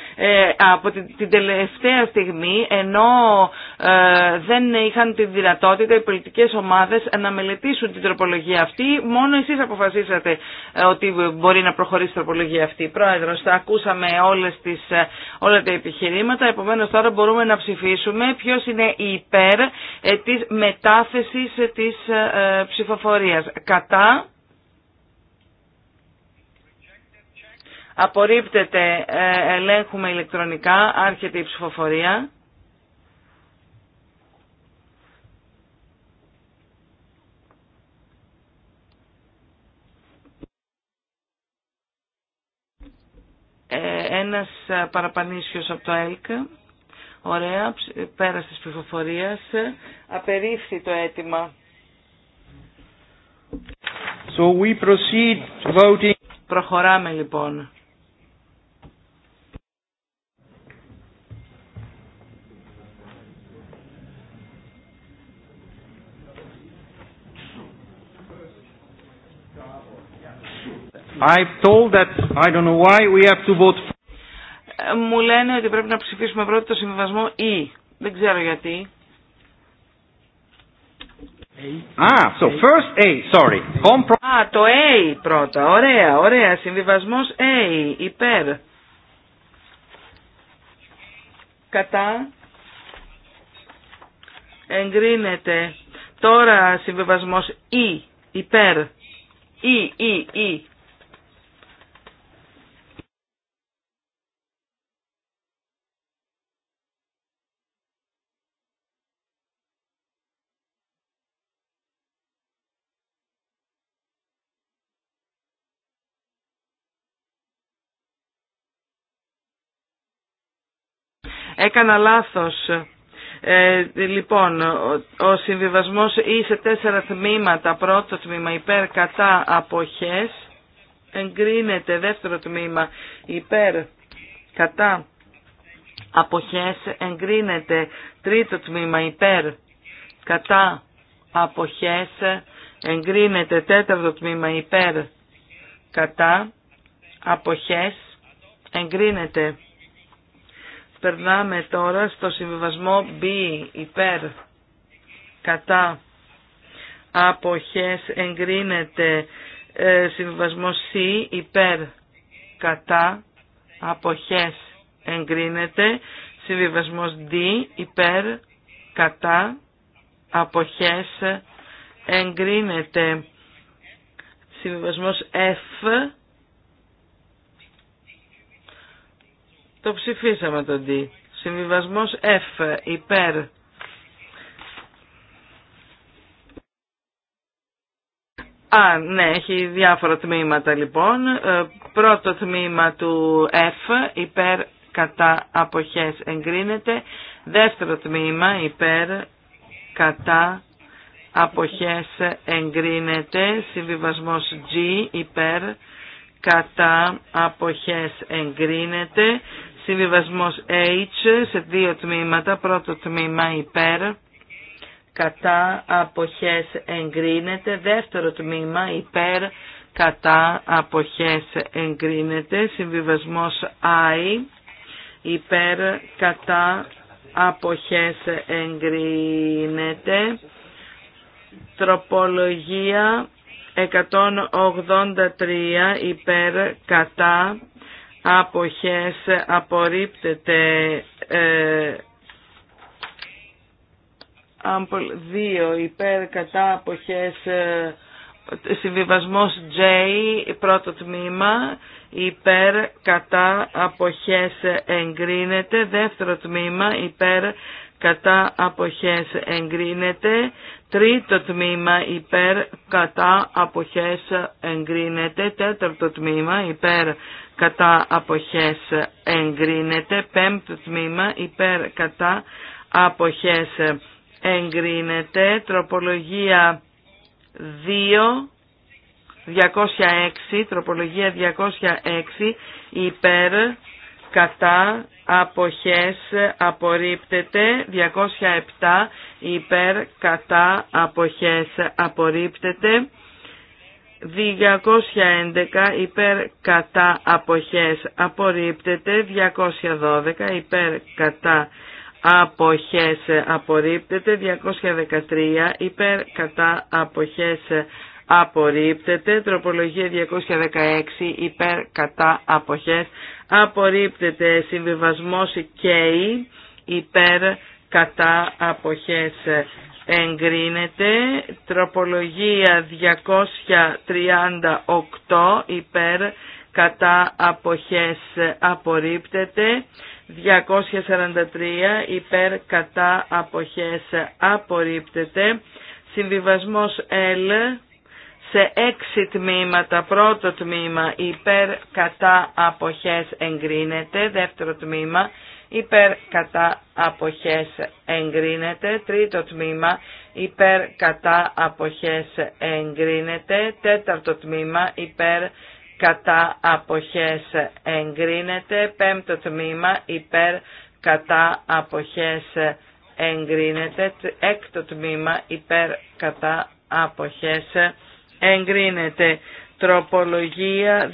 από την τελευταία στιγμή ενώ δεν είχαν τη δυνατότητα οι πολιτικές ομάδες να μελετήσουν την τροπολογία αυτή. Μόνο εσείς αποφασίσατε ότι μπορεί να προχωρήσει η τροπολογία αυτή. Πρόεδρος, θα ακούσαμε όλες τις, όλα τα επιχειρήματα, επομένως τώρα μπορούμε να ψηφίσουμε ποιος είναι υπέρ της μετάθεσης εσείς της ε, ψηφοφορίας. Κατά. Απορρίπτεται, ε, ελέγχουμε ηλεκτρονικά, άρχεται η ψηφοφορία. Ε, ένας παραπανήσιος από το ΕΛΚ. Ωραία, πέρασε τις ψηφοφορίας. Απερίφθη το αίτημα. So we proceed to voting. Προχωράμε λοιπόν. I've told that I don't know why we have to vote μου λένε ότι πρέπει να ψηφίσουμε πρώτα το συμβιβασμό ή Δεν ξέρω γιατί. Α, so first A, sorry. Α, το A πρώτα. Ωραία, ωραία. Συμβιβασμό A, υπέρ. Κατά. Εγκρίνεται. Τώρα συμβιβασμό E, υπέρ. E, E, E. Έκανα λάθος. Ε, λοιπόν, ο, ο συμβιβασμός τέσσερα τμήματα, πρώτο τμήμα υπέρ κατά αποχές, εγκρίνεται δεύτερο τμήμα υπέρ κατά αποχές, εγκρίνεται τρίτο τμήμα υπέρ κατά αποχές, εγκρίνεται τέταρτο τμήμα υπέρ κατά αποχές, εγκρίνεται Περνάμε τώρα στο συμβιβασμό B υπέρ κατά αποχές εγκρίνεται ε, συμβιβασμό C υπέρ κατά αποχές εγκρίνεται συμβιβασμός D υπέρ κατά αποχές εγκρίνεται συμβιβασμός F Το ψηφίσαμε το D. Συμβιβασμός F υπέρ. Α, ναι, έχει διάφορα τμήματα λοιπόν. Ε, πρώτο τμήμα του F υπέρ κατά αποχές εγκρίνεται. Δεύτερο τμήμα υπέρ κατά αποχές εγκρίνεται. Συμβιβασμός G υπέρ κατά αποχές εγκρίνεται Συμβιβασμός H σε δύο τμήματα. Πρώτο τμήμα υπέρ, κατά αποχές εγκρίνεται. Δεύτερο τμήμα υπέρ, κατά αποχές εγκρίνεται. Συμβιβασμός I υπέρ, κατά αποχές εγκρίνεται. Τροπολογία 183 υπέρ, κατά αποχές απορρίπτεται ε, 2 υπέρ κατά αποχές ε, συμβιβασμός J πρώτο τμήμα υπέρ κατά αποχές εγκρίνεται δεύτερο τμήμα υπέρ κατά αποχές εγκρίνεται τρίτο τμήμα υπέρ κατά αποχές εγκρίνεται τέταρτο τμήμα υπέρ κατά αποχές εγκρίνεται. Πέμπτο τμήμα υπέρ κατά αποχές εγκρίνεται. Τροπολογία 2, 206, τροπολογία 206 υπέρ κατά αποχές απορρίπτεται 207 υπέρ κατά αποχές απορρίπτεται 211 υπέρ κατά αποχές απορρίπτεται, 212 υπέρ κατά αποχές απορρίπτεται, 213 υπέρ κατά αποχές απορρίπτεται, τροπολογία 216 υπέρ κατά αποχές απορρίπτεται, συμβιβασμός K υπέρ κατά αποχές εγκρίνεται τροπολογία 238 υπέρ κατά αποχές απορρίπτεται 243 υπέρ κατά αποχές απορρίπτεται συμβιβασμός L σε έξι τμήματα. Πρώτο τμήμα υπέρ κατά αποχές εγκρίνεται. Δεύτερο τμήμα υπέρ κατά αποχές εγκρίνεται. Τρίτο τμήμα υπέρ κατά αποχές εγκρίνεται. Τέταρτο τμήμα υπέρ κατά αποχές εγκρίνεται. Πέμπτο τμήμα υπέρ κατά αποχές εγκρίνεται. Έκτο τμήμα υπέρ κατά αποχές εγκρίνεται. Τροπολογία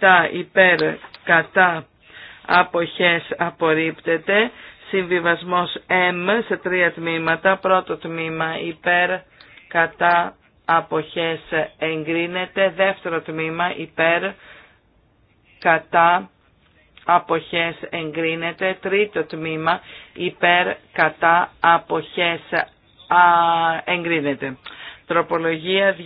267 υπέρ κατά αποχές απορρίπτεται. Συμβιβασμός M σε τρία τμήματα. Πρώτο τμήμα υπέρ κατά αποχές εγκρίνεται. Δεύτερο τμήμα υπέρ κατά αποχές εγκρίνεται. Τρίτο τμήμα υπέρ κατά αποχές α, εγκρίνεται. Τροπολογία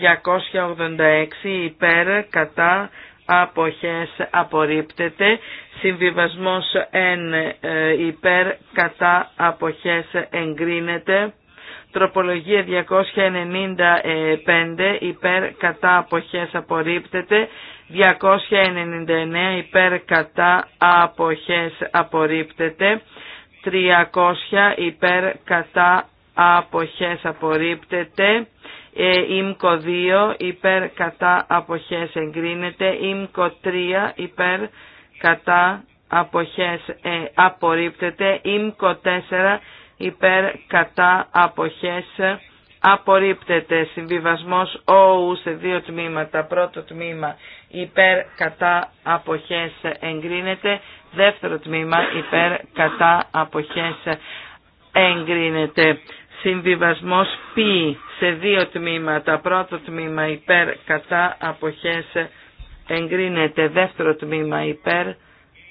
286 υπέρ κατά αποχές απορρίπτεται. Συμβιβασμός εν ε, υπέρ κατά αποχές εγκρίνεται. Τροπολογία 295 υπέρ κατά αποχές απορρίπτεται. 299 υπέρ κατά αποχές απορρίπτεται. 300 υπέρ κατά αποχές απορρίπτεται ε, ΙΜΚΟ 2 υπέρ κατά αποχές εγκρίνεται, ΙΜΚΟ 3 υπέρ κατά αποχές ε, απορρίπτεται, ΙΜΚΟ 4 υπέρ κατά αποχές απορρίπτεται. Συμβιβασμός ΟΟΥ σε δύο τμήματα. Πρώτο τμήμα υπέρ κατά αποχές εγκρίνεται, δεύτερο τμήμα υπέρ κατά αποχές εγκρίνεται. Συμβιβασμός π σε δύο τμήματα. Πρώτο τμήμα υπέρ κατά αποχές εγκρίνεται. Δεύτερο τμήμα υπέρ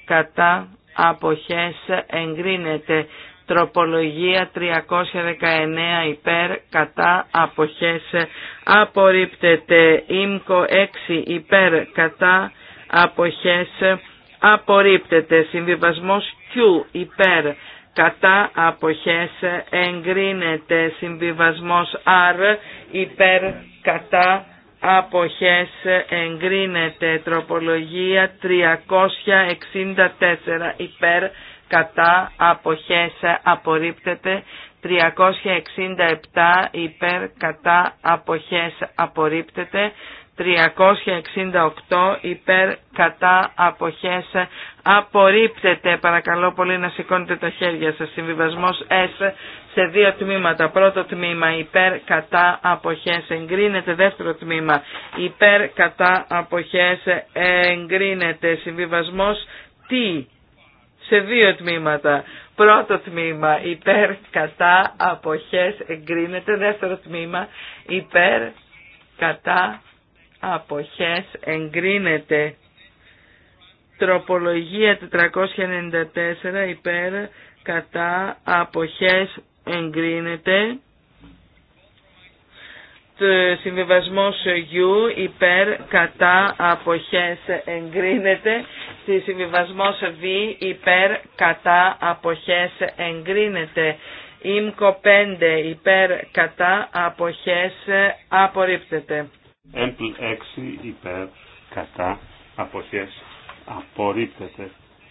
κατά αποχές εγκρίνεται. Τροπολογία 319 υπέρ κατά αποχές απορρίπτεται. Ήμκο 6 υπέρ κατά αποχές απορρίπτεται. Συμβιβασμός Q υπέρ κατά αποχές εγκρίνεται συμβιβασμός R υπέρ κατά αποχές εγκρίνεται τροπολογία 364 υπέρ κατά αποχές απορρίπτεται 367 υπέρ κατά αποχές απορρίπτεται 368 υπέρ κατά αποχές απορρίπτεται. Παρακαλώ πολύ να σηκώνετε τα χέρια σας. Συμβιβασμός S σε δύο τμήματα. Πρώτο τμήμα υπέρ κατά αποχές εγκρίνεται. Δεύτερο τμήμα υπέρ κατά αποχές εγκρίνεται. Συμβιβασμός T σε δύο τμήματα. Πρώτο τμήμα υπέρ κατά αποχές εγκρίνεται. Δεύτερο τμήμα υπέρ κατά αποχές εγκρίνεται. Τροπολογία 494 υπέρ κατά αποχές εγκρίνεται. Συμβιβασμός U υπέρ κατά αποχές εγκρίνεται. Στη συμβιβασμός β υπέρ κατά αποχές εγκρίνεται. Ήμκο 5 υπέρ κατά αποχές απορρίπτεται. Έμπλ 6 υπέρ κατά αποχές απορρίπτεται.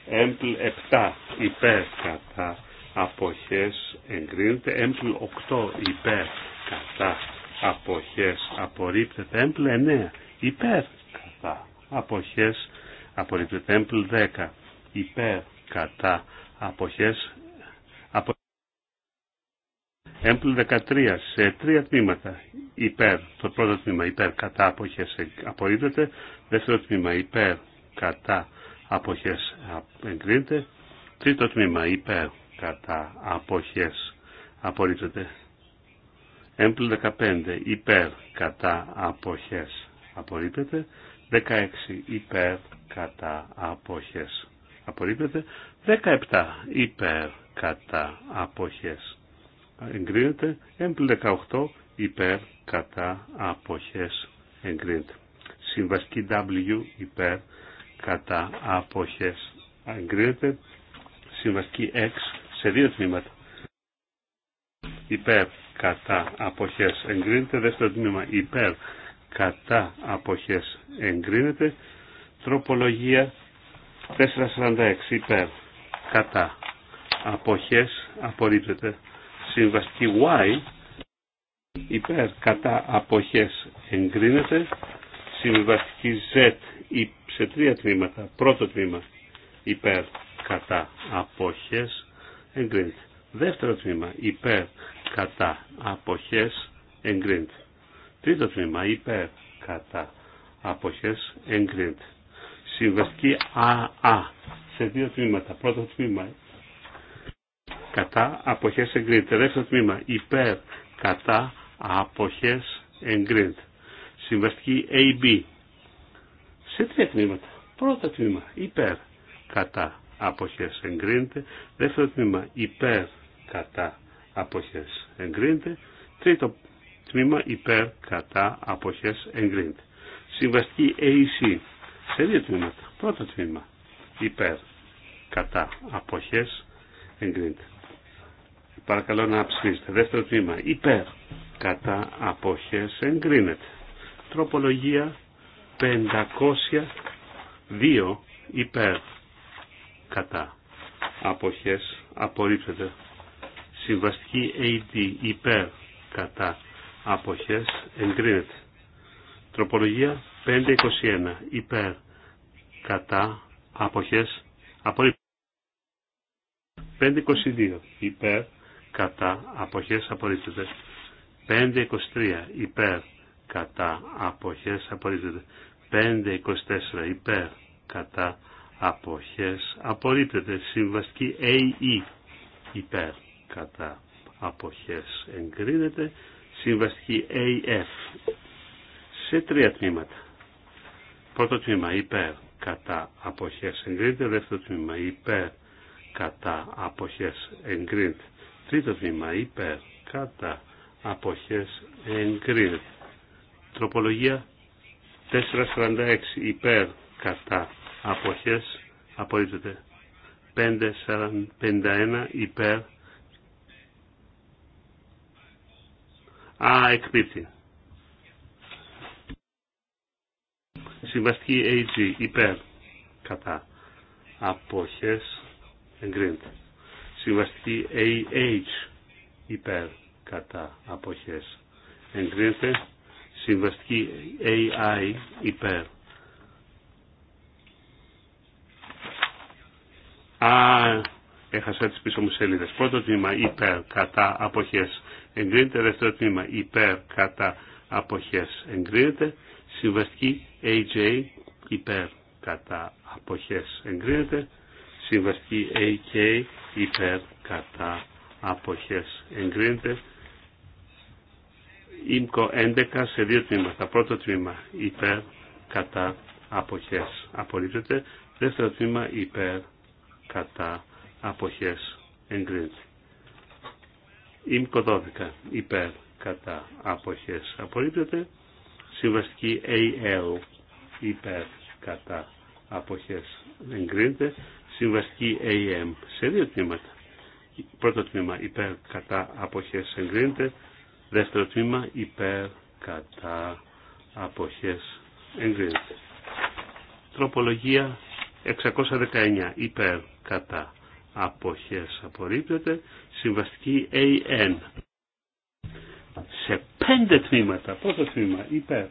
Έμπλ 7 υπέρ κατά αποχές εγκρίνεται. Έμπλ 8 υπέρ κατά αποχές απορρίπτεται. Έμπλ 9 υπέρ κατά αποχές απορρίπτεται. Έμπλ 10 υπέρ κατά αποχές Έμπλου 13 σε τρία τμήματα. Υπέρ, το πρώτο τμήμα υπέρ κατά αποχές ε, απορρίπτεται. Δεύτερο τμήμα υπέρ κατά αποχές εγκρίνεται. Τρίτο τμήμα υπέρ κατά αποχές απορρίπτεται. Έμπλου 15 υπέρ κατά αποχές απορρίπτεται. 16 υπέρ κατά αποχές απορρίπτεται. 17 υπέρ κατά αποχές εγκρίνεται, 18 υπέρ κατά αποχές εγκρίνεται. Συμβαστική W υπέρ κατά αποχές εγκρίνεται. Συμβαστική X σε δύο τμήματα. Υπέρ κατά αποχές εγκρίνεται. Δεύτερο τμήμα υπέρ κατά αποχές εγκρίνεται. Τροπολογία 446 υπέρ κατά αποχές απορρίπτεται. Συμβαστική Y υπέρ κατά αποχές εγκρίνεται. Συμβαστική Z σε τρία τμήματα. Πρώτο τμήμα υπέρ κατά αποχές εγκρίνεται. Δεύτερο τμήμα υπέρ κατά αποχές εγκρίνεται. Τρίτο τμήμα υπέρ κατά αποχές εγκρίνεται. Συμβαστική ΑΑ σε δύο τμήματα. Πρώτο τμήμα κατά αποχές εγκρίνεται. Δεύτερο τμήμα υπέρ κατά αποχές εγκρίνεται. Συμβαστική AB σε τρία τμήματα. Πρώτο τμήμα υπέρ κατά αποχές εγκρίνεται. Δεύτερο τμήμα υπέρ κατά αποχές εγκρίνεται. Τρίτο τμήμα υπέρ κατά αποχές εγκρίνεται. Συμβαστική AC σε δύο τμήματα. Πρώτο τμήμα υπέρ κατά αποχές εγκρίνεται. Παρακαλώ να ψηφίσετε. Δεύτερο τμήμα. Υπέρ. Κατά αποχές εγκρίνεται. Τροπολογία 502 υπέρ. Κατά αποχές απορρίπτεται. Συμβαστική AD υπέρ. Κατά αποχές εγκρίνεται. Τροπολογία 521 υπέρ. Κατά αποχές απορρίπτεται. 522 υπέρ κατά αποχές απορρίπτεται. 5.23 υπέρ κατά αποχές απορρίπτεται. 5.24 υπέρ κατά αποχές απορρίπτεται. Συμβαστική ΑΕ e, υπέρ κατά αποχές εγκρίνεται. Συμβαστική AF σε τρία τμήματα. Πρώτο τμήμα υπέρ κατά αποχές εγκρίνεται. Δεύτερο τμήμα υπέρ κατά αποχές εγκρίνεται. Τρίτο βήμα, υπέρ κατά αποχές εγκρίνεται. Τροπολογία 446 υπέρ κατά αποχές απορρίπτεται. 551 υπέρ Α, εκπίπτει. Συμβαστική AG υπέρ κατά αποχές εγκρίνεται. Συμβαστική AH υπέρ κατά αποχές. Εγκρίνεται συμβαστική AI υπέρ. Α, έχασα τις πίσω μου σελίδες. Πρώτο τμήμα υπέρ κατά αποχές. Εγκρίνεται δεύτερο τμήμα υπέρ κατά αποχές. Εγκρίνεται συμβαστική AJ υπέρ κατά αποχές. Εγκρίνεται Συμβαστική AK υπέρ κατά αποχές εγκρίνεται. ΙΜΚΟ 11 σε δύο τμήματα. Πρώτο τμήμα υπέρ κατά αποχές απορρίπτεται. Δεύτερο τμήμα υπέρ κατά αποχές εγκρίνεται. ΙΜΚΟ 12 υπέρ κατά αποχές απορρίπτεται. Συμβαστική AL υπέρ κατά αποχές εγκρίνεται. Συμβαστική AM σε δύο τμήματα. Πρώτο τμήμα υπέρ κατά αποχές εγκρίνεται. Δεύτερο τμήμα υπέρ κατά αποχές εγκρίνεται. Τροπολογία 619 υπέρ κατά αποχές απορρίπτεται. Συμβαστική AN σε πέντε τμήματα. Πρώτο τμήμα υπέρ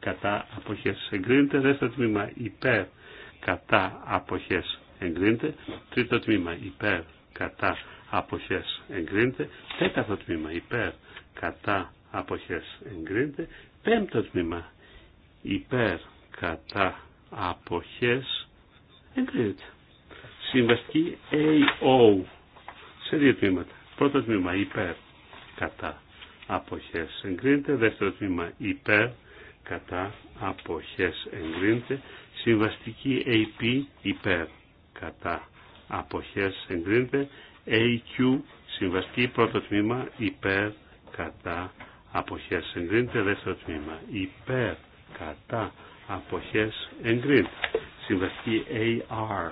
κατά αποχές εγκρίνεται. Δεύτερο τμήμα υπέρ κατά αποχές εγκρίνεται. Τρίτο τμήμα υπέρ κατά αποχές εγκρίνεται. Τέταρτο τμήμα υπέρ κατά αποχές εγκρίνεται. Πέμπτο τμήμα υπέρ κατά αποχές εγκρίνεται. Συμβαστική AO σε δύο τμήματα. Πρώτο τμήμα υπέρ κατά αποχές εγκρίνεται. Δεύτερο τμήμα υπέρ κατά αποχές εγκρίνεται. Συμβαστική AP υπέρ κατά αποχές εγκρίνεται AQ συμβαστική πρώτο τμήμα υπέρ κατά αποχές εγκρίνεται δεύτερο τμήμα υπέρ κατά αποχές εγκρίνεται συμβαστική AR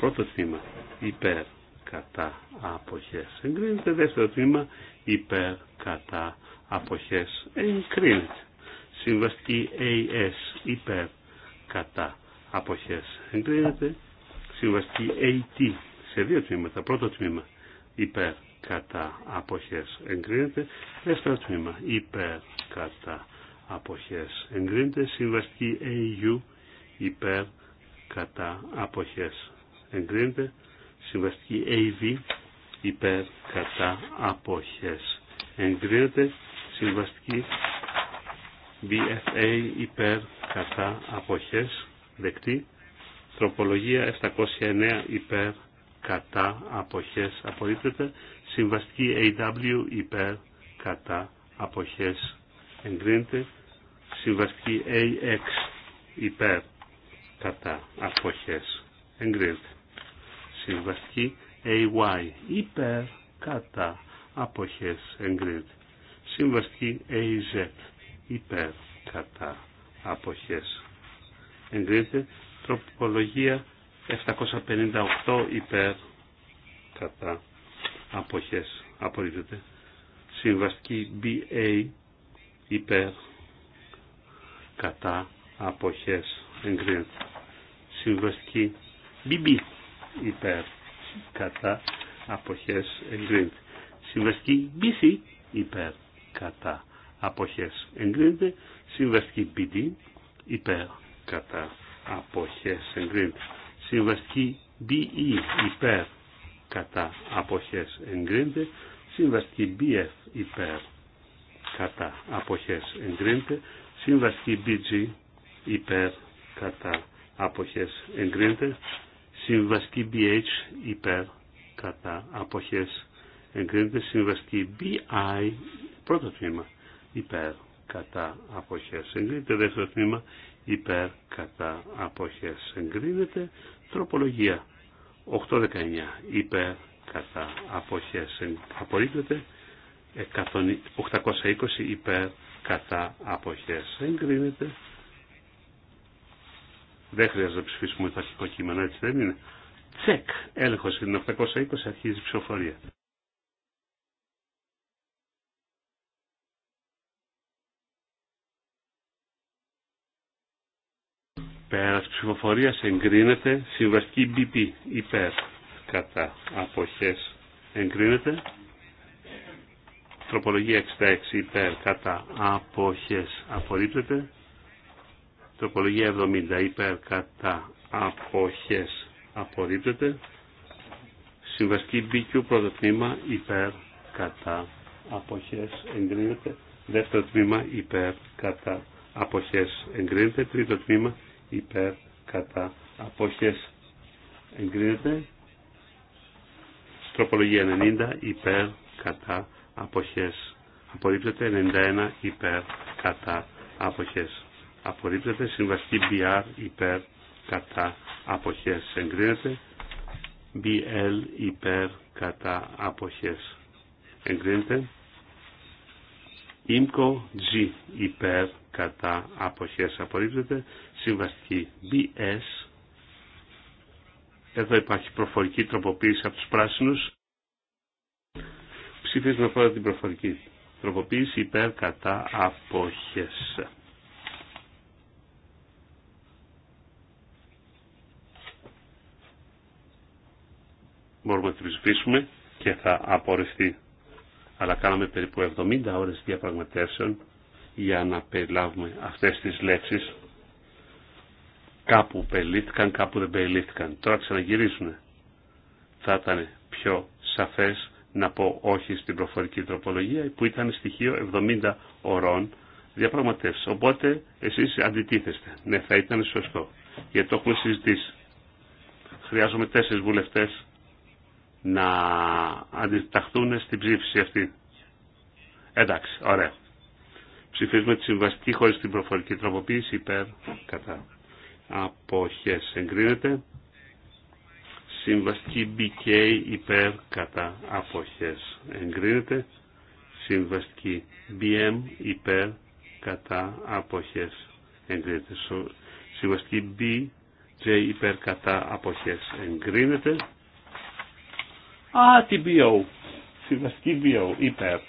πρώτο τμήμα υπέρ κατά αποχές εγκρίνεται δεύτερο τμήμα υπέρ κατά αποχές εγκρίνεται συμβαστική AS υπέρ κατά αποχές εγκρίνεται Συμβαστική AT σε δύο τμήματα. Πρώτο τμήμα υπέρ κατά αποχές εγκρίνεται. Δεύτερο τμήμα υπέρ κατά αποχές εγκρίνεται. Συμβαστική AU υπέρ κατά αποχές εγκρίνεται. Συμβαστική AV υπέρ κατά αποχές εγκρίνεται. Συμβαστική BFA υπέρ κατά αποχές δεκτή. Τροπολογία 709 υπέρ κατά αποχές απορρίπτεται. Συμβαστική AW υπέρ κατά αποχές εγκρίνεται. Συμβαστική AX υπέρ κατά αποχές εγκρίνεται. Συμβαστική AY υπέρ κατά αποχές εγκρίνεται. Συμβαστική AZ υπέρ κατά αποχές εγκρίνεται. Τροπολογία 758 υπέρ κατά αποχές απορρίπτεται. Συμβαστική BA υπέρ κατά αποχές εγκρίνεται. Συμβαστική BB υπέρ κατά αποχές εγκρίνεται. Συμβαστική BC υπέρ κατά αποχές εγκρίνεται. Συμβαστική BD υπέρ κατά αποχές εγκρίνεται. Συμβαστική BE υπέρ κατά αποχές εγκρίνεται. Συμβαστική BF υπέρ κατά αποχές εγκρίνεται. Συμβαστική BG υπέρ κατά αποχές εγκρίνεται. Συμβαστική BH υπέρ κατά αποχές εγκρίνεται. Συμβαστική BI πρώτο τμήμα υπέρ κατά αποχές εγκρίνεται. Δεύτερο τμήμα υπέρ κατά αποχές εγκρίνεται. Τροπολογία 819 υπέρ κατά αποχές απορρίπτεται. 820 υπέρ κατά αποχές εγκρίνεται. Δεν χρειάζεται να ψηφίσουμε το αρχικό κείμενο, έτσι δεν είναι. Τσεκ, έλεγχος είναι 820, αρχίζει η ψηφοφορία. Πέρας ψηφοφορίας εγκρίνεται συμβαστική BP υπέρ κατά αποχές εγκρίνεται. Τροπολογία 66 υπέρ κατά αποχές απορρίπτεται. Τροπολογία 70 υπέρ κατά αποχές απορρίπτεται. Συμβαστική BQ πρώτο τμήμα υπέρ κατά αποχές εγκρίνεται. Δεύτερο τμήμα υπέρ κατά αποχές εγκρίνεται. Τρίτο τμήμα υπέρ κατά αποχές εγκρίνεται. Τροπολογία 90 υπέρ κατά αποχές απορρίπτεται. 91 υπέρ κατά αποχές απορρίπτεται. συμβαστή BR υπέρ κατά αποχές εγκρίνεται. BL υπέρ κατά αποχές εγκρίνεται. imco G υπέρ κατά αποχές απορρίπτεται συμβαστική BS. Εδώ υπάρχει προφορική τροποποίηση από τους πράσινους. Ψηφίζουμε πρώτα την προφορική τροποποίηση υπέρ κατά απόχες. Μπορούμε να την ψηφίσουμε και θα απορριφθεί. Αλλά κάναμε περίπου 70 ώρες διαπραγματεύσεων για να περιλάβουμε αυτές τις λέξεις Κάπου πελήθηκαν, κάπου δεν πελήθηκαν. Τώρα ξαναγυρίσουν. Θα ήταν πιο σαφές να πω όχι στην προφορική τροπολογία που ήταν στοιχείο 70 ωρών διαπραγματεύσεις. Οπότε εσείς αντιτίθεστε. Ναι, θα ήταν σωστό. Γιατί το έχουμε συζητήσει. Χρειάζομαι τέσσερις βουλευτές να αντιταχθούν στην ψήφιση αυτή. Εντάξει, ωραία. Ψηφίζουμε τη συμβαστική χωρίς την προφορική τροποποίηση υπέρ κατά αποχές εγκρίνεται. Συμβαστική BK υπέρ κατά αποχές εγκρίνεται. Συμβαστική BM υπέρ κατά αποχές εγκρίνεται. Συμβαστική BJ υπέρ κατά αποχές εγκρίνεται. Α, την BO. Συμβαστική BO υπέρ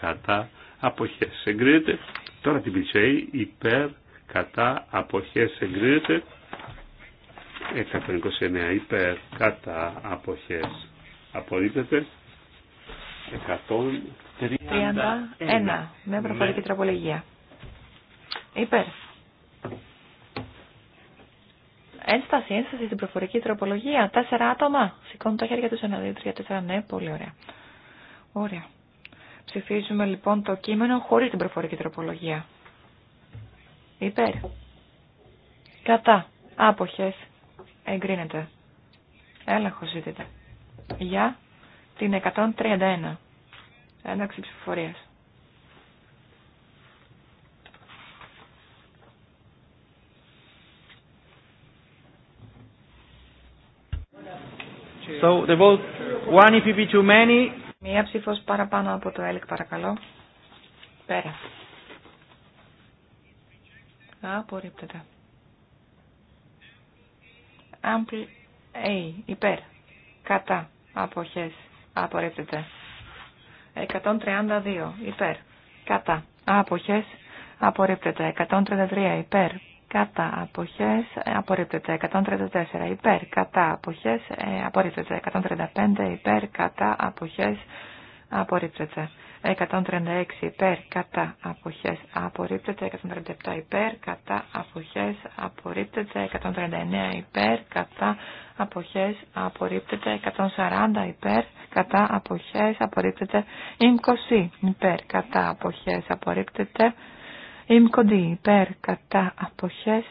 κατά αποχές εγκρίνεται. Τώρα την BJ υπέρ κατά αποχές εγκρίνεται 129 υπέρ κατά αποχές απορρίπτεται 131 με προφορική ναι. τραπολογία υπέρ Ένσταση, ένσταση στην προφορική τροπολογία. Τέσσερα άτομα. Σηκώνουν τα χέρια του. Ένα, δύο, τρία, τέσσερα. Ναι, πολύ ωραία. Ωραία. Ψηφίζουμε λοιπόν το κείμενο χωρίς την προφορική τροπολογία. Υπέρ. Κατά. Άποχες. Εγκρίνεται. Έλεγχο ζήτητε. Για την 131. Ένταξη ψηφοφορία. So the vote one EPP too many. Μία ψήφος παραπάνω από το ΕΛΚ παρακαλώ. Πέρα. Απορρίπτεται. Ample A. Υπέρ. Κατά. Αποχές. Απορρίπτεται. 132. Υπέρ. Κατά. Αποχές. Απορρίπτεται. 133. Υπέρ. Κατά. Αποχές. Απορρίπτεται. 134. Ε, υπέρ. Κατά. Αποχές. Απορρίπτεται. 135. Υπέρ. Κατά. Αποχές. Απορρίπτεται. 136 υπέρ κατά αποχές απορρίπτεται, 137 υπέρ κατά αποχές απορρίπτεται, 139 υπέρ κατά αποχές απορρίπτεται, 140 υπέρ κατά αποχές απορρίπτεται, 20 υπέρ κατά αποχές απορρίπτεται, ΙΜΚΟ υπέρ κατά αποχές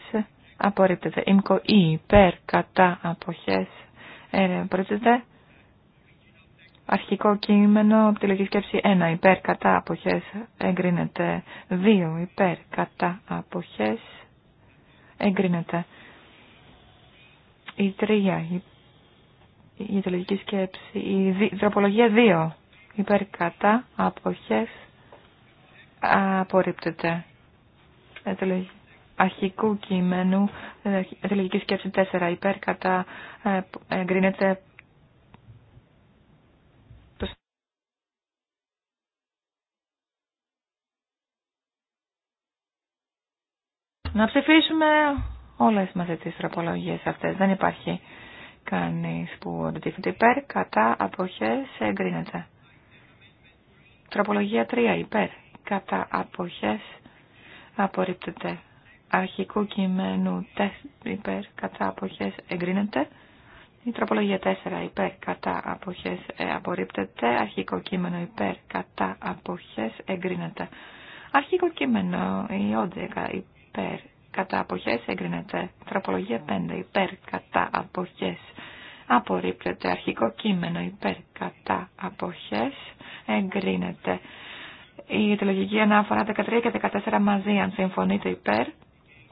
απορρίπτεται, ΙΜΚΟ υπέρ κατά αποχές απορρίπτεται, Αρχικό κείμενο, λογική σκέψη 1, υπέρ κατά αποχές εγκρίνεται. 2, υπέρ κατά αποχές εγκρίνεται. Η 3, η, η σκέψη, η, τροπολογία 2, υπέρ κατά αποχές απορρίπτεται. Ε, αρχικού κειμένου, ετελογική σκέψη 4, υπέρ κατά ε, εγκρίνεται Να ψηφίσουμε όλε μα τι τροπολογίε αυτέ. Δεν υπάρχει κανεί που αντιτίθεται υπέρ, κατά, αποχές, εγκρίνεται. Τροπολογία 3 υπέρ, κατά, απόχέ απορρίπτεται. Αρχικού κειμένου 4 υπέρ, κατά, αποχέ εγκρίνεται. Η τροπολογία 4 υπέρ, κατά, αποχέ ε, απορρίπτεται. Αρχικό κείμενο υπέρ, κατά, αποχέ εγκρίνεται. Αρχικό κείμενο, η όντια υπέρ, κατά αποχές εγκρίνεται. Τροπολογία 5 υπέρ, κατά αποχές απορρίπτεται. Αρχικό κείμενο υπέρ, κατά αποχές εγκρίνεται. Η ιδεολογική αναφορά 13 και 14 μαζί, αν συμφωνείτε υπέρ,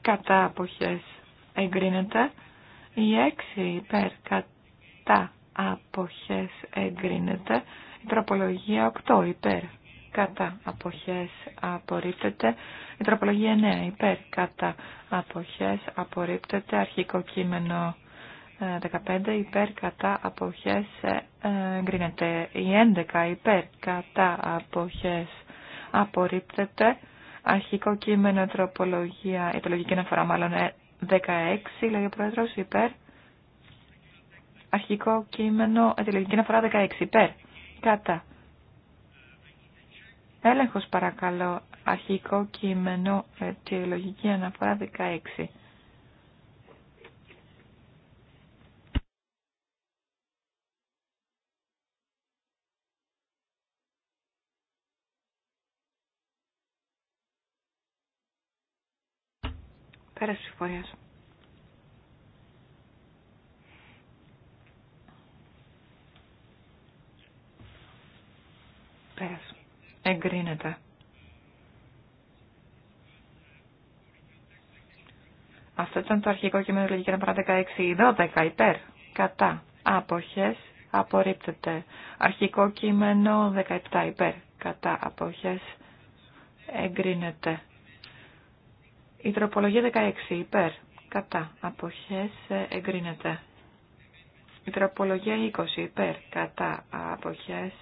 κατά αποχές εγκρίνεται. Η 6 υπέρ, κατά αποχές εγκρίνεται. Η τροπολογία 8 υπέρ, κατά αποχές απορρίπτεται. Η τροπολογία 9 υπέρ κατά αποχές απορρίπτεται. Αρχικό κείμενο 15 ε, υπέρ κατά αποχές ε, εγκρίνεται. Η 11 υπέρ κατά αποχές απορρίπτεται. Αρχικό κείμενο τροπολογία, η τροπολογική αναφορά μάλλον 16 ε, λέει ο Πρόεδρος υπέρ. Αρχικό κείμενο, η τροπολογική αναφορά 16 υπέρ κατά Έλεγχος παρακαλώ, αρχικό κείμενο, ε, λογική αναφορά 16. Πέρασε τη εγκρίνεται. Αυτό ήταν το αρχικό κείμενο λογική να 16, 12 υπέρ, κατά, άποχες, απορρίπτεται. Αρχικό κείμενο 17 υπέρ, κατά, άποχες, εγκρίνεται. Η τροπολογία 16 υπέρ, κατά, αποχές, εγκρίνεται. Η τροπολογία 20 υπέρ, κατά, αποχές,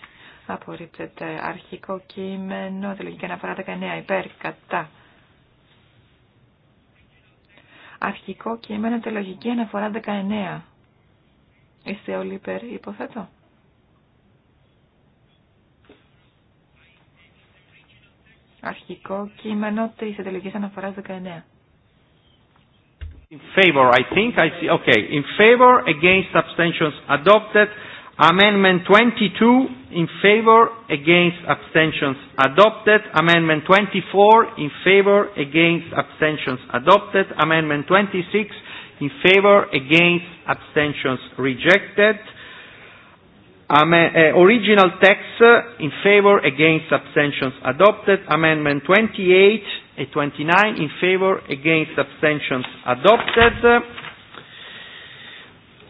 απορρίπτεται αρχικό κείμενο, τελική αναφορά 19 υπέρ, κατά. Αρχικό κείμενο, τελογική αναφορά 19. Είστε όλοι υπέρ, υποθέτω. Αρχικό κείμενο της τελογικής αναφοράς 19. In favor, I think I see. Okay, in favor, against abstentions adopted. Amendment 22 in favor against abstentions adopted. Amendment 24 in favor against abstentions adopted. Amendment 26 in favor against abstentions rejected. Original text in favor against abstentions adopted. Amendment 28 and 29 in favor against abstentions adopted.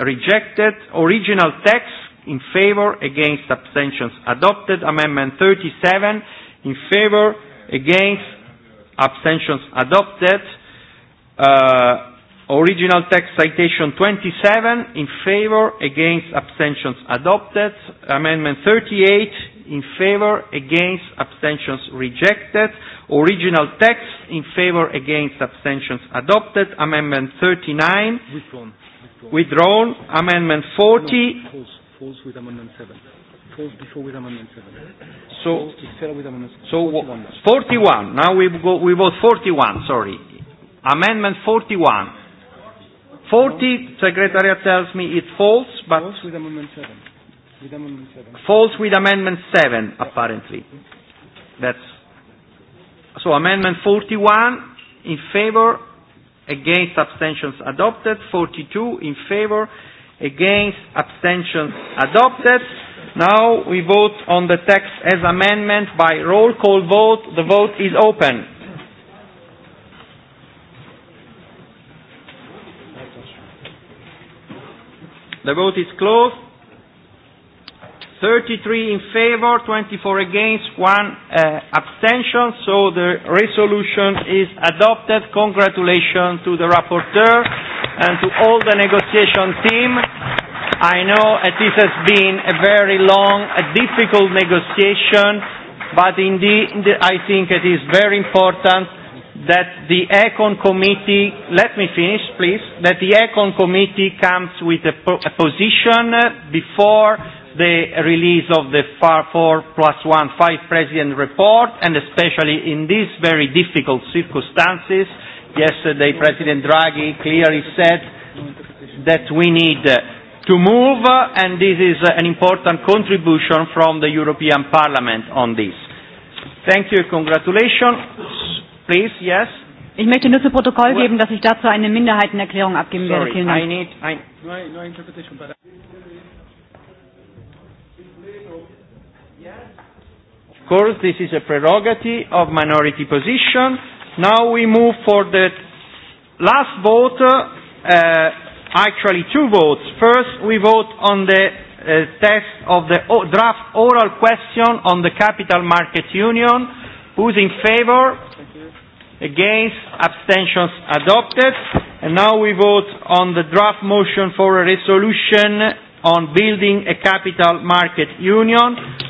rejected original text in favor against abstentions adopted amendment 37 in favor against abstentions adopted uh, original text citation 27 in favor against abstentions adopted amendment 38 in favor against abstentions rejected original text in favor against abstentions adopted amendment 39 which Withdrawn. Amendment 40. with Amendment 7. falls before with Amendment 7. So, with amendment so 41. Now we, go, we vote 41, sorry. Amendment 41. 40, Secretariat tells me it false, but... False with Amendment 7. With False with Amendment 7, apparently. That's... So Amendment 41, in favor, against abstentions adopted 42 in favor against abstentions adopted now we vote on the text as amendment by roll call vote the vote is open the vote is closed 33 in favor, 24 against, one abstention. So the resolution is adopted. Congratulations to the rapporteur and to all the negotiation team. I know that this has been a very long, a difficult negotiation, but indeed I think it is very important that the ECON committee, let me finish please, that the ECON committee comes with a position before the release of the FAR 4 plus One Five President report, and especially in these very difficult circumstances. Yesterday, President Draghi clearly said that we need to move, and this is an important contribution from the European Parliament on this. Thank you. Congratulations. Please, yes. Ich möchte nur zu Protokoll geben, dass ich dazu eine Minderheitenerklärung abgeben werde. course, this is a prerogative of minority position. Now we move for the last vote, actually two votes. First, we vote on the test of the draft oral question on the Capital Market Union. Who's in favor? Against? Abstentions adopted. And now we vote on the draft motion for a resolution on building a Capital Market Union.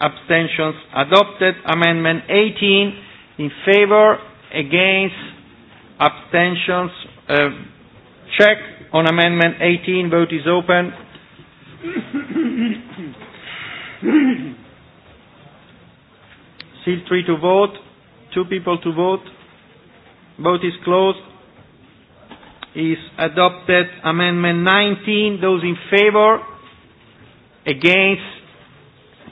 abstentions adopted. Amendment 18 in favor, against, abstentions. check on Amendment 18. Vote is open. Seal three to vote. Two people to vote. Vote is closed. Is adopted. Amendment 19. Those in favor, against,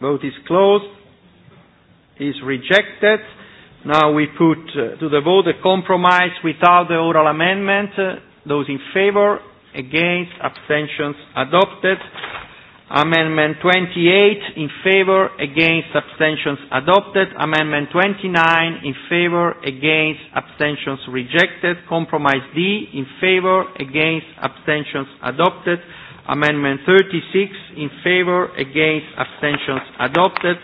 Vote is closed. Is rejected. Now we put to the vote a compromise without the oral amendment. Those in favor, against, abstentions adopted. Amendment 28 in favor, against, abstentions adopted. Amendment 29 in favor, against, abstentions rejected. Compromise D in favor, against, abstentions adopted. Amendment 36 in favor, against, abstentions adopted.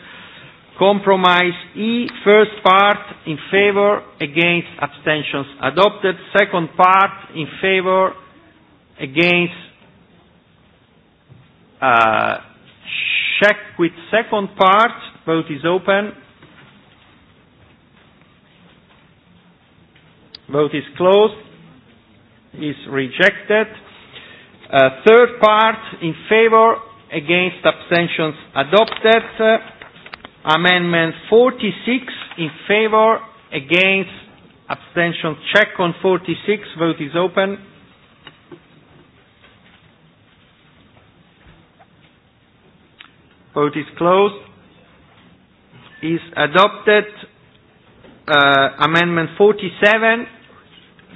Compromise E, first part in favor, against, abstentions adopted. Second part in favor, against, uh, check with second part. Vote is open. Vote is closed. Is rejected. Third part, in favor, against abstentions adopted. Amendment 46, in favor, against abstentions. Check on 46. Vote is open. Vote is closed. Is adopted. Amendment 47,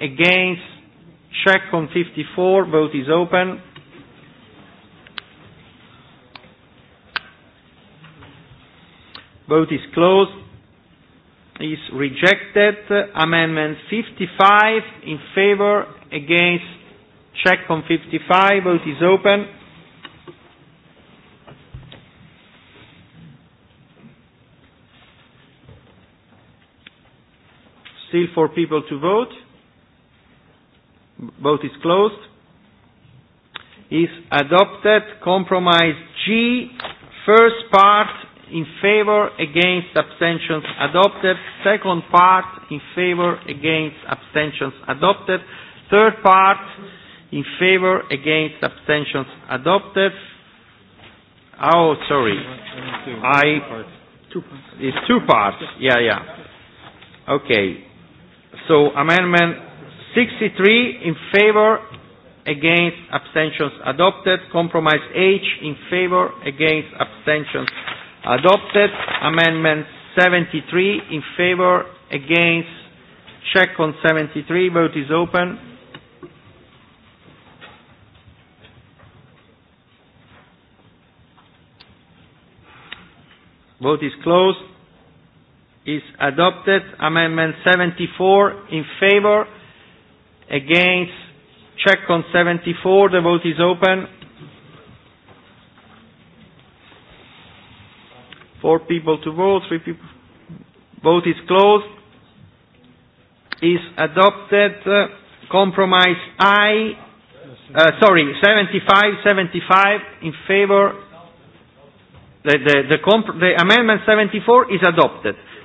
against, check on 54, vote is open. Vote is closed. Is rejected. Amendment 55 in favor, against, check on 55, vote is open. Still for people to vote. Vote is closed. Is adopted. Compromise G. First part in favor against abstentions adopted. Second part in favor against abstentions adopted. Third part in favor against abstentions adopted. Oh, sorry. I. It's two parts. Yeah, yeah. Okay. So amendment 63 in favor, against abstentions adopted. Compromise H in favor, against abstentions adopted. Amendment 73 in favor, against. Check on 73. Vote is open. Vote is closed. Is adopted. Amendment 74 in favor against, check on 74, the vote is open. Four people to vote, three people. Vote is closed. Is adopted. Compromise I. sorry, 75, 75 in favor. The, the, the, the amendment 74 is adopted.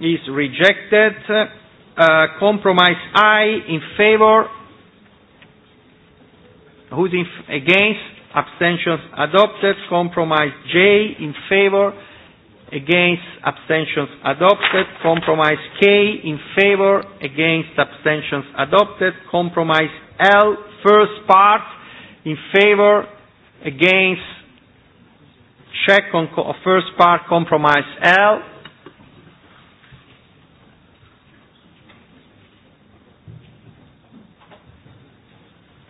is rejected. compromise I in favor. Who's in, against? Abstentions adopted. Compromise J in favor. Against abstentions adopted. Compromise K in favor. Against abstentions adopted. Compromise L first part in favor. Against check on first part compromise L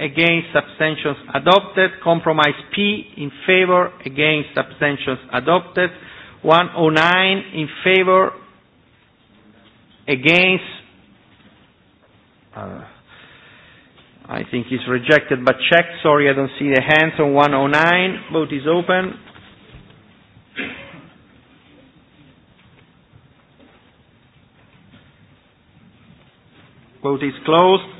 against abstentions adopted. Compromise P in favor against abstentions adopted. 109 in favor against. I think it's rejected but check. Sorry, I don't see the hands on 109. Vote is open. Vote is closed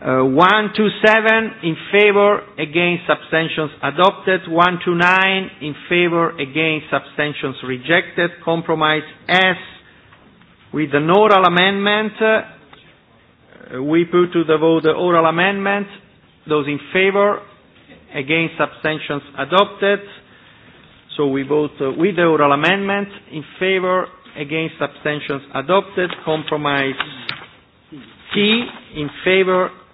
One to seven in favor against abstentions adopted. One to nine in favor against abstentions rejected. Compromise S with an oral amendment. We put to the vote the oral amendment. Those in favor against abstentions adopted. So we vote with the oral amendment in favor against abstentions adopted. Compromise T in favor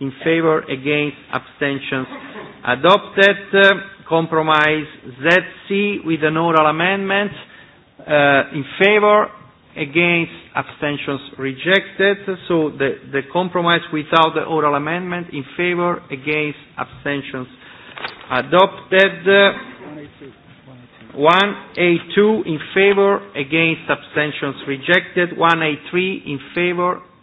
in favor against abstentions adopted compromise ZC with an oral amendment in favor against abstentions rejected so the the compromise without the oral amendment in favor against abstentions adopted 1A2 in favor against abstentions rejected 1A3 in favor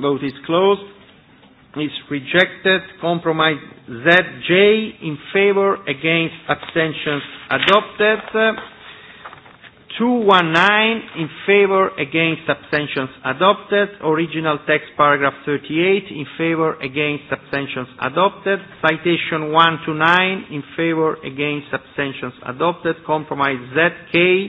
Vote is closed. Is rejected. Compromise ZJ in favor against abstentions adopted. 219 in favor against abstentions adopted. Original text paragraph 38 in favor against abstentions adopted. Citation 1 to 9 in favor against abstentions adopted. Compromise ZK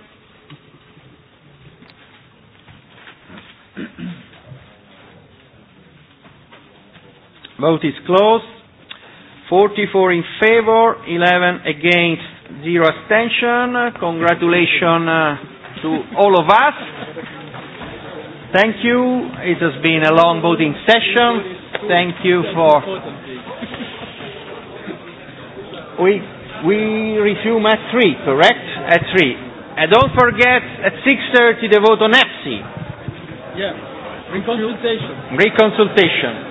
Vote is closed. 44 in favor, 11 against, zero abstention. Congratulations to all of us. Thank you. It has been a long voting session. Thank you for. We we resume at three, correct? At three. And don't forget at 6:30 the vote on EPSI. Yeah. Reconsultation. Reconsultation.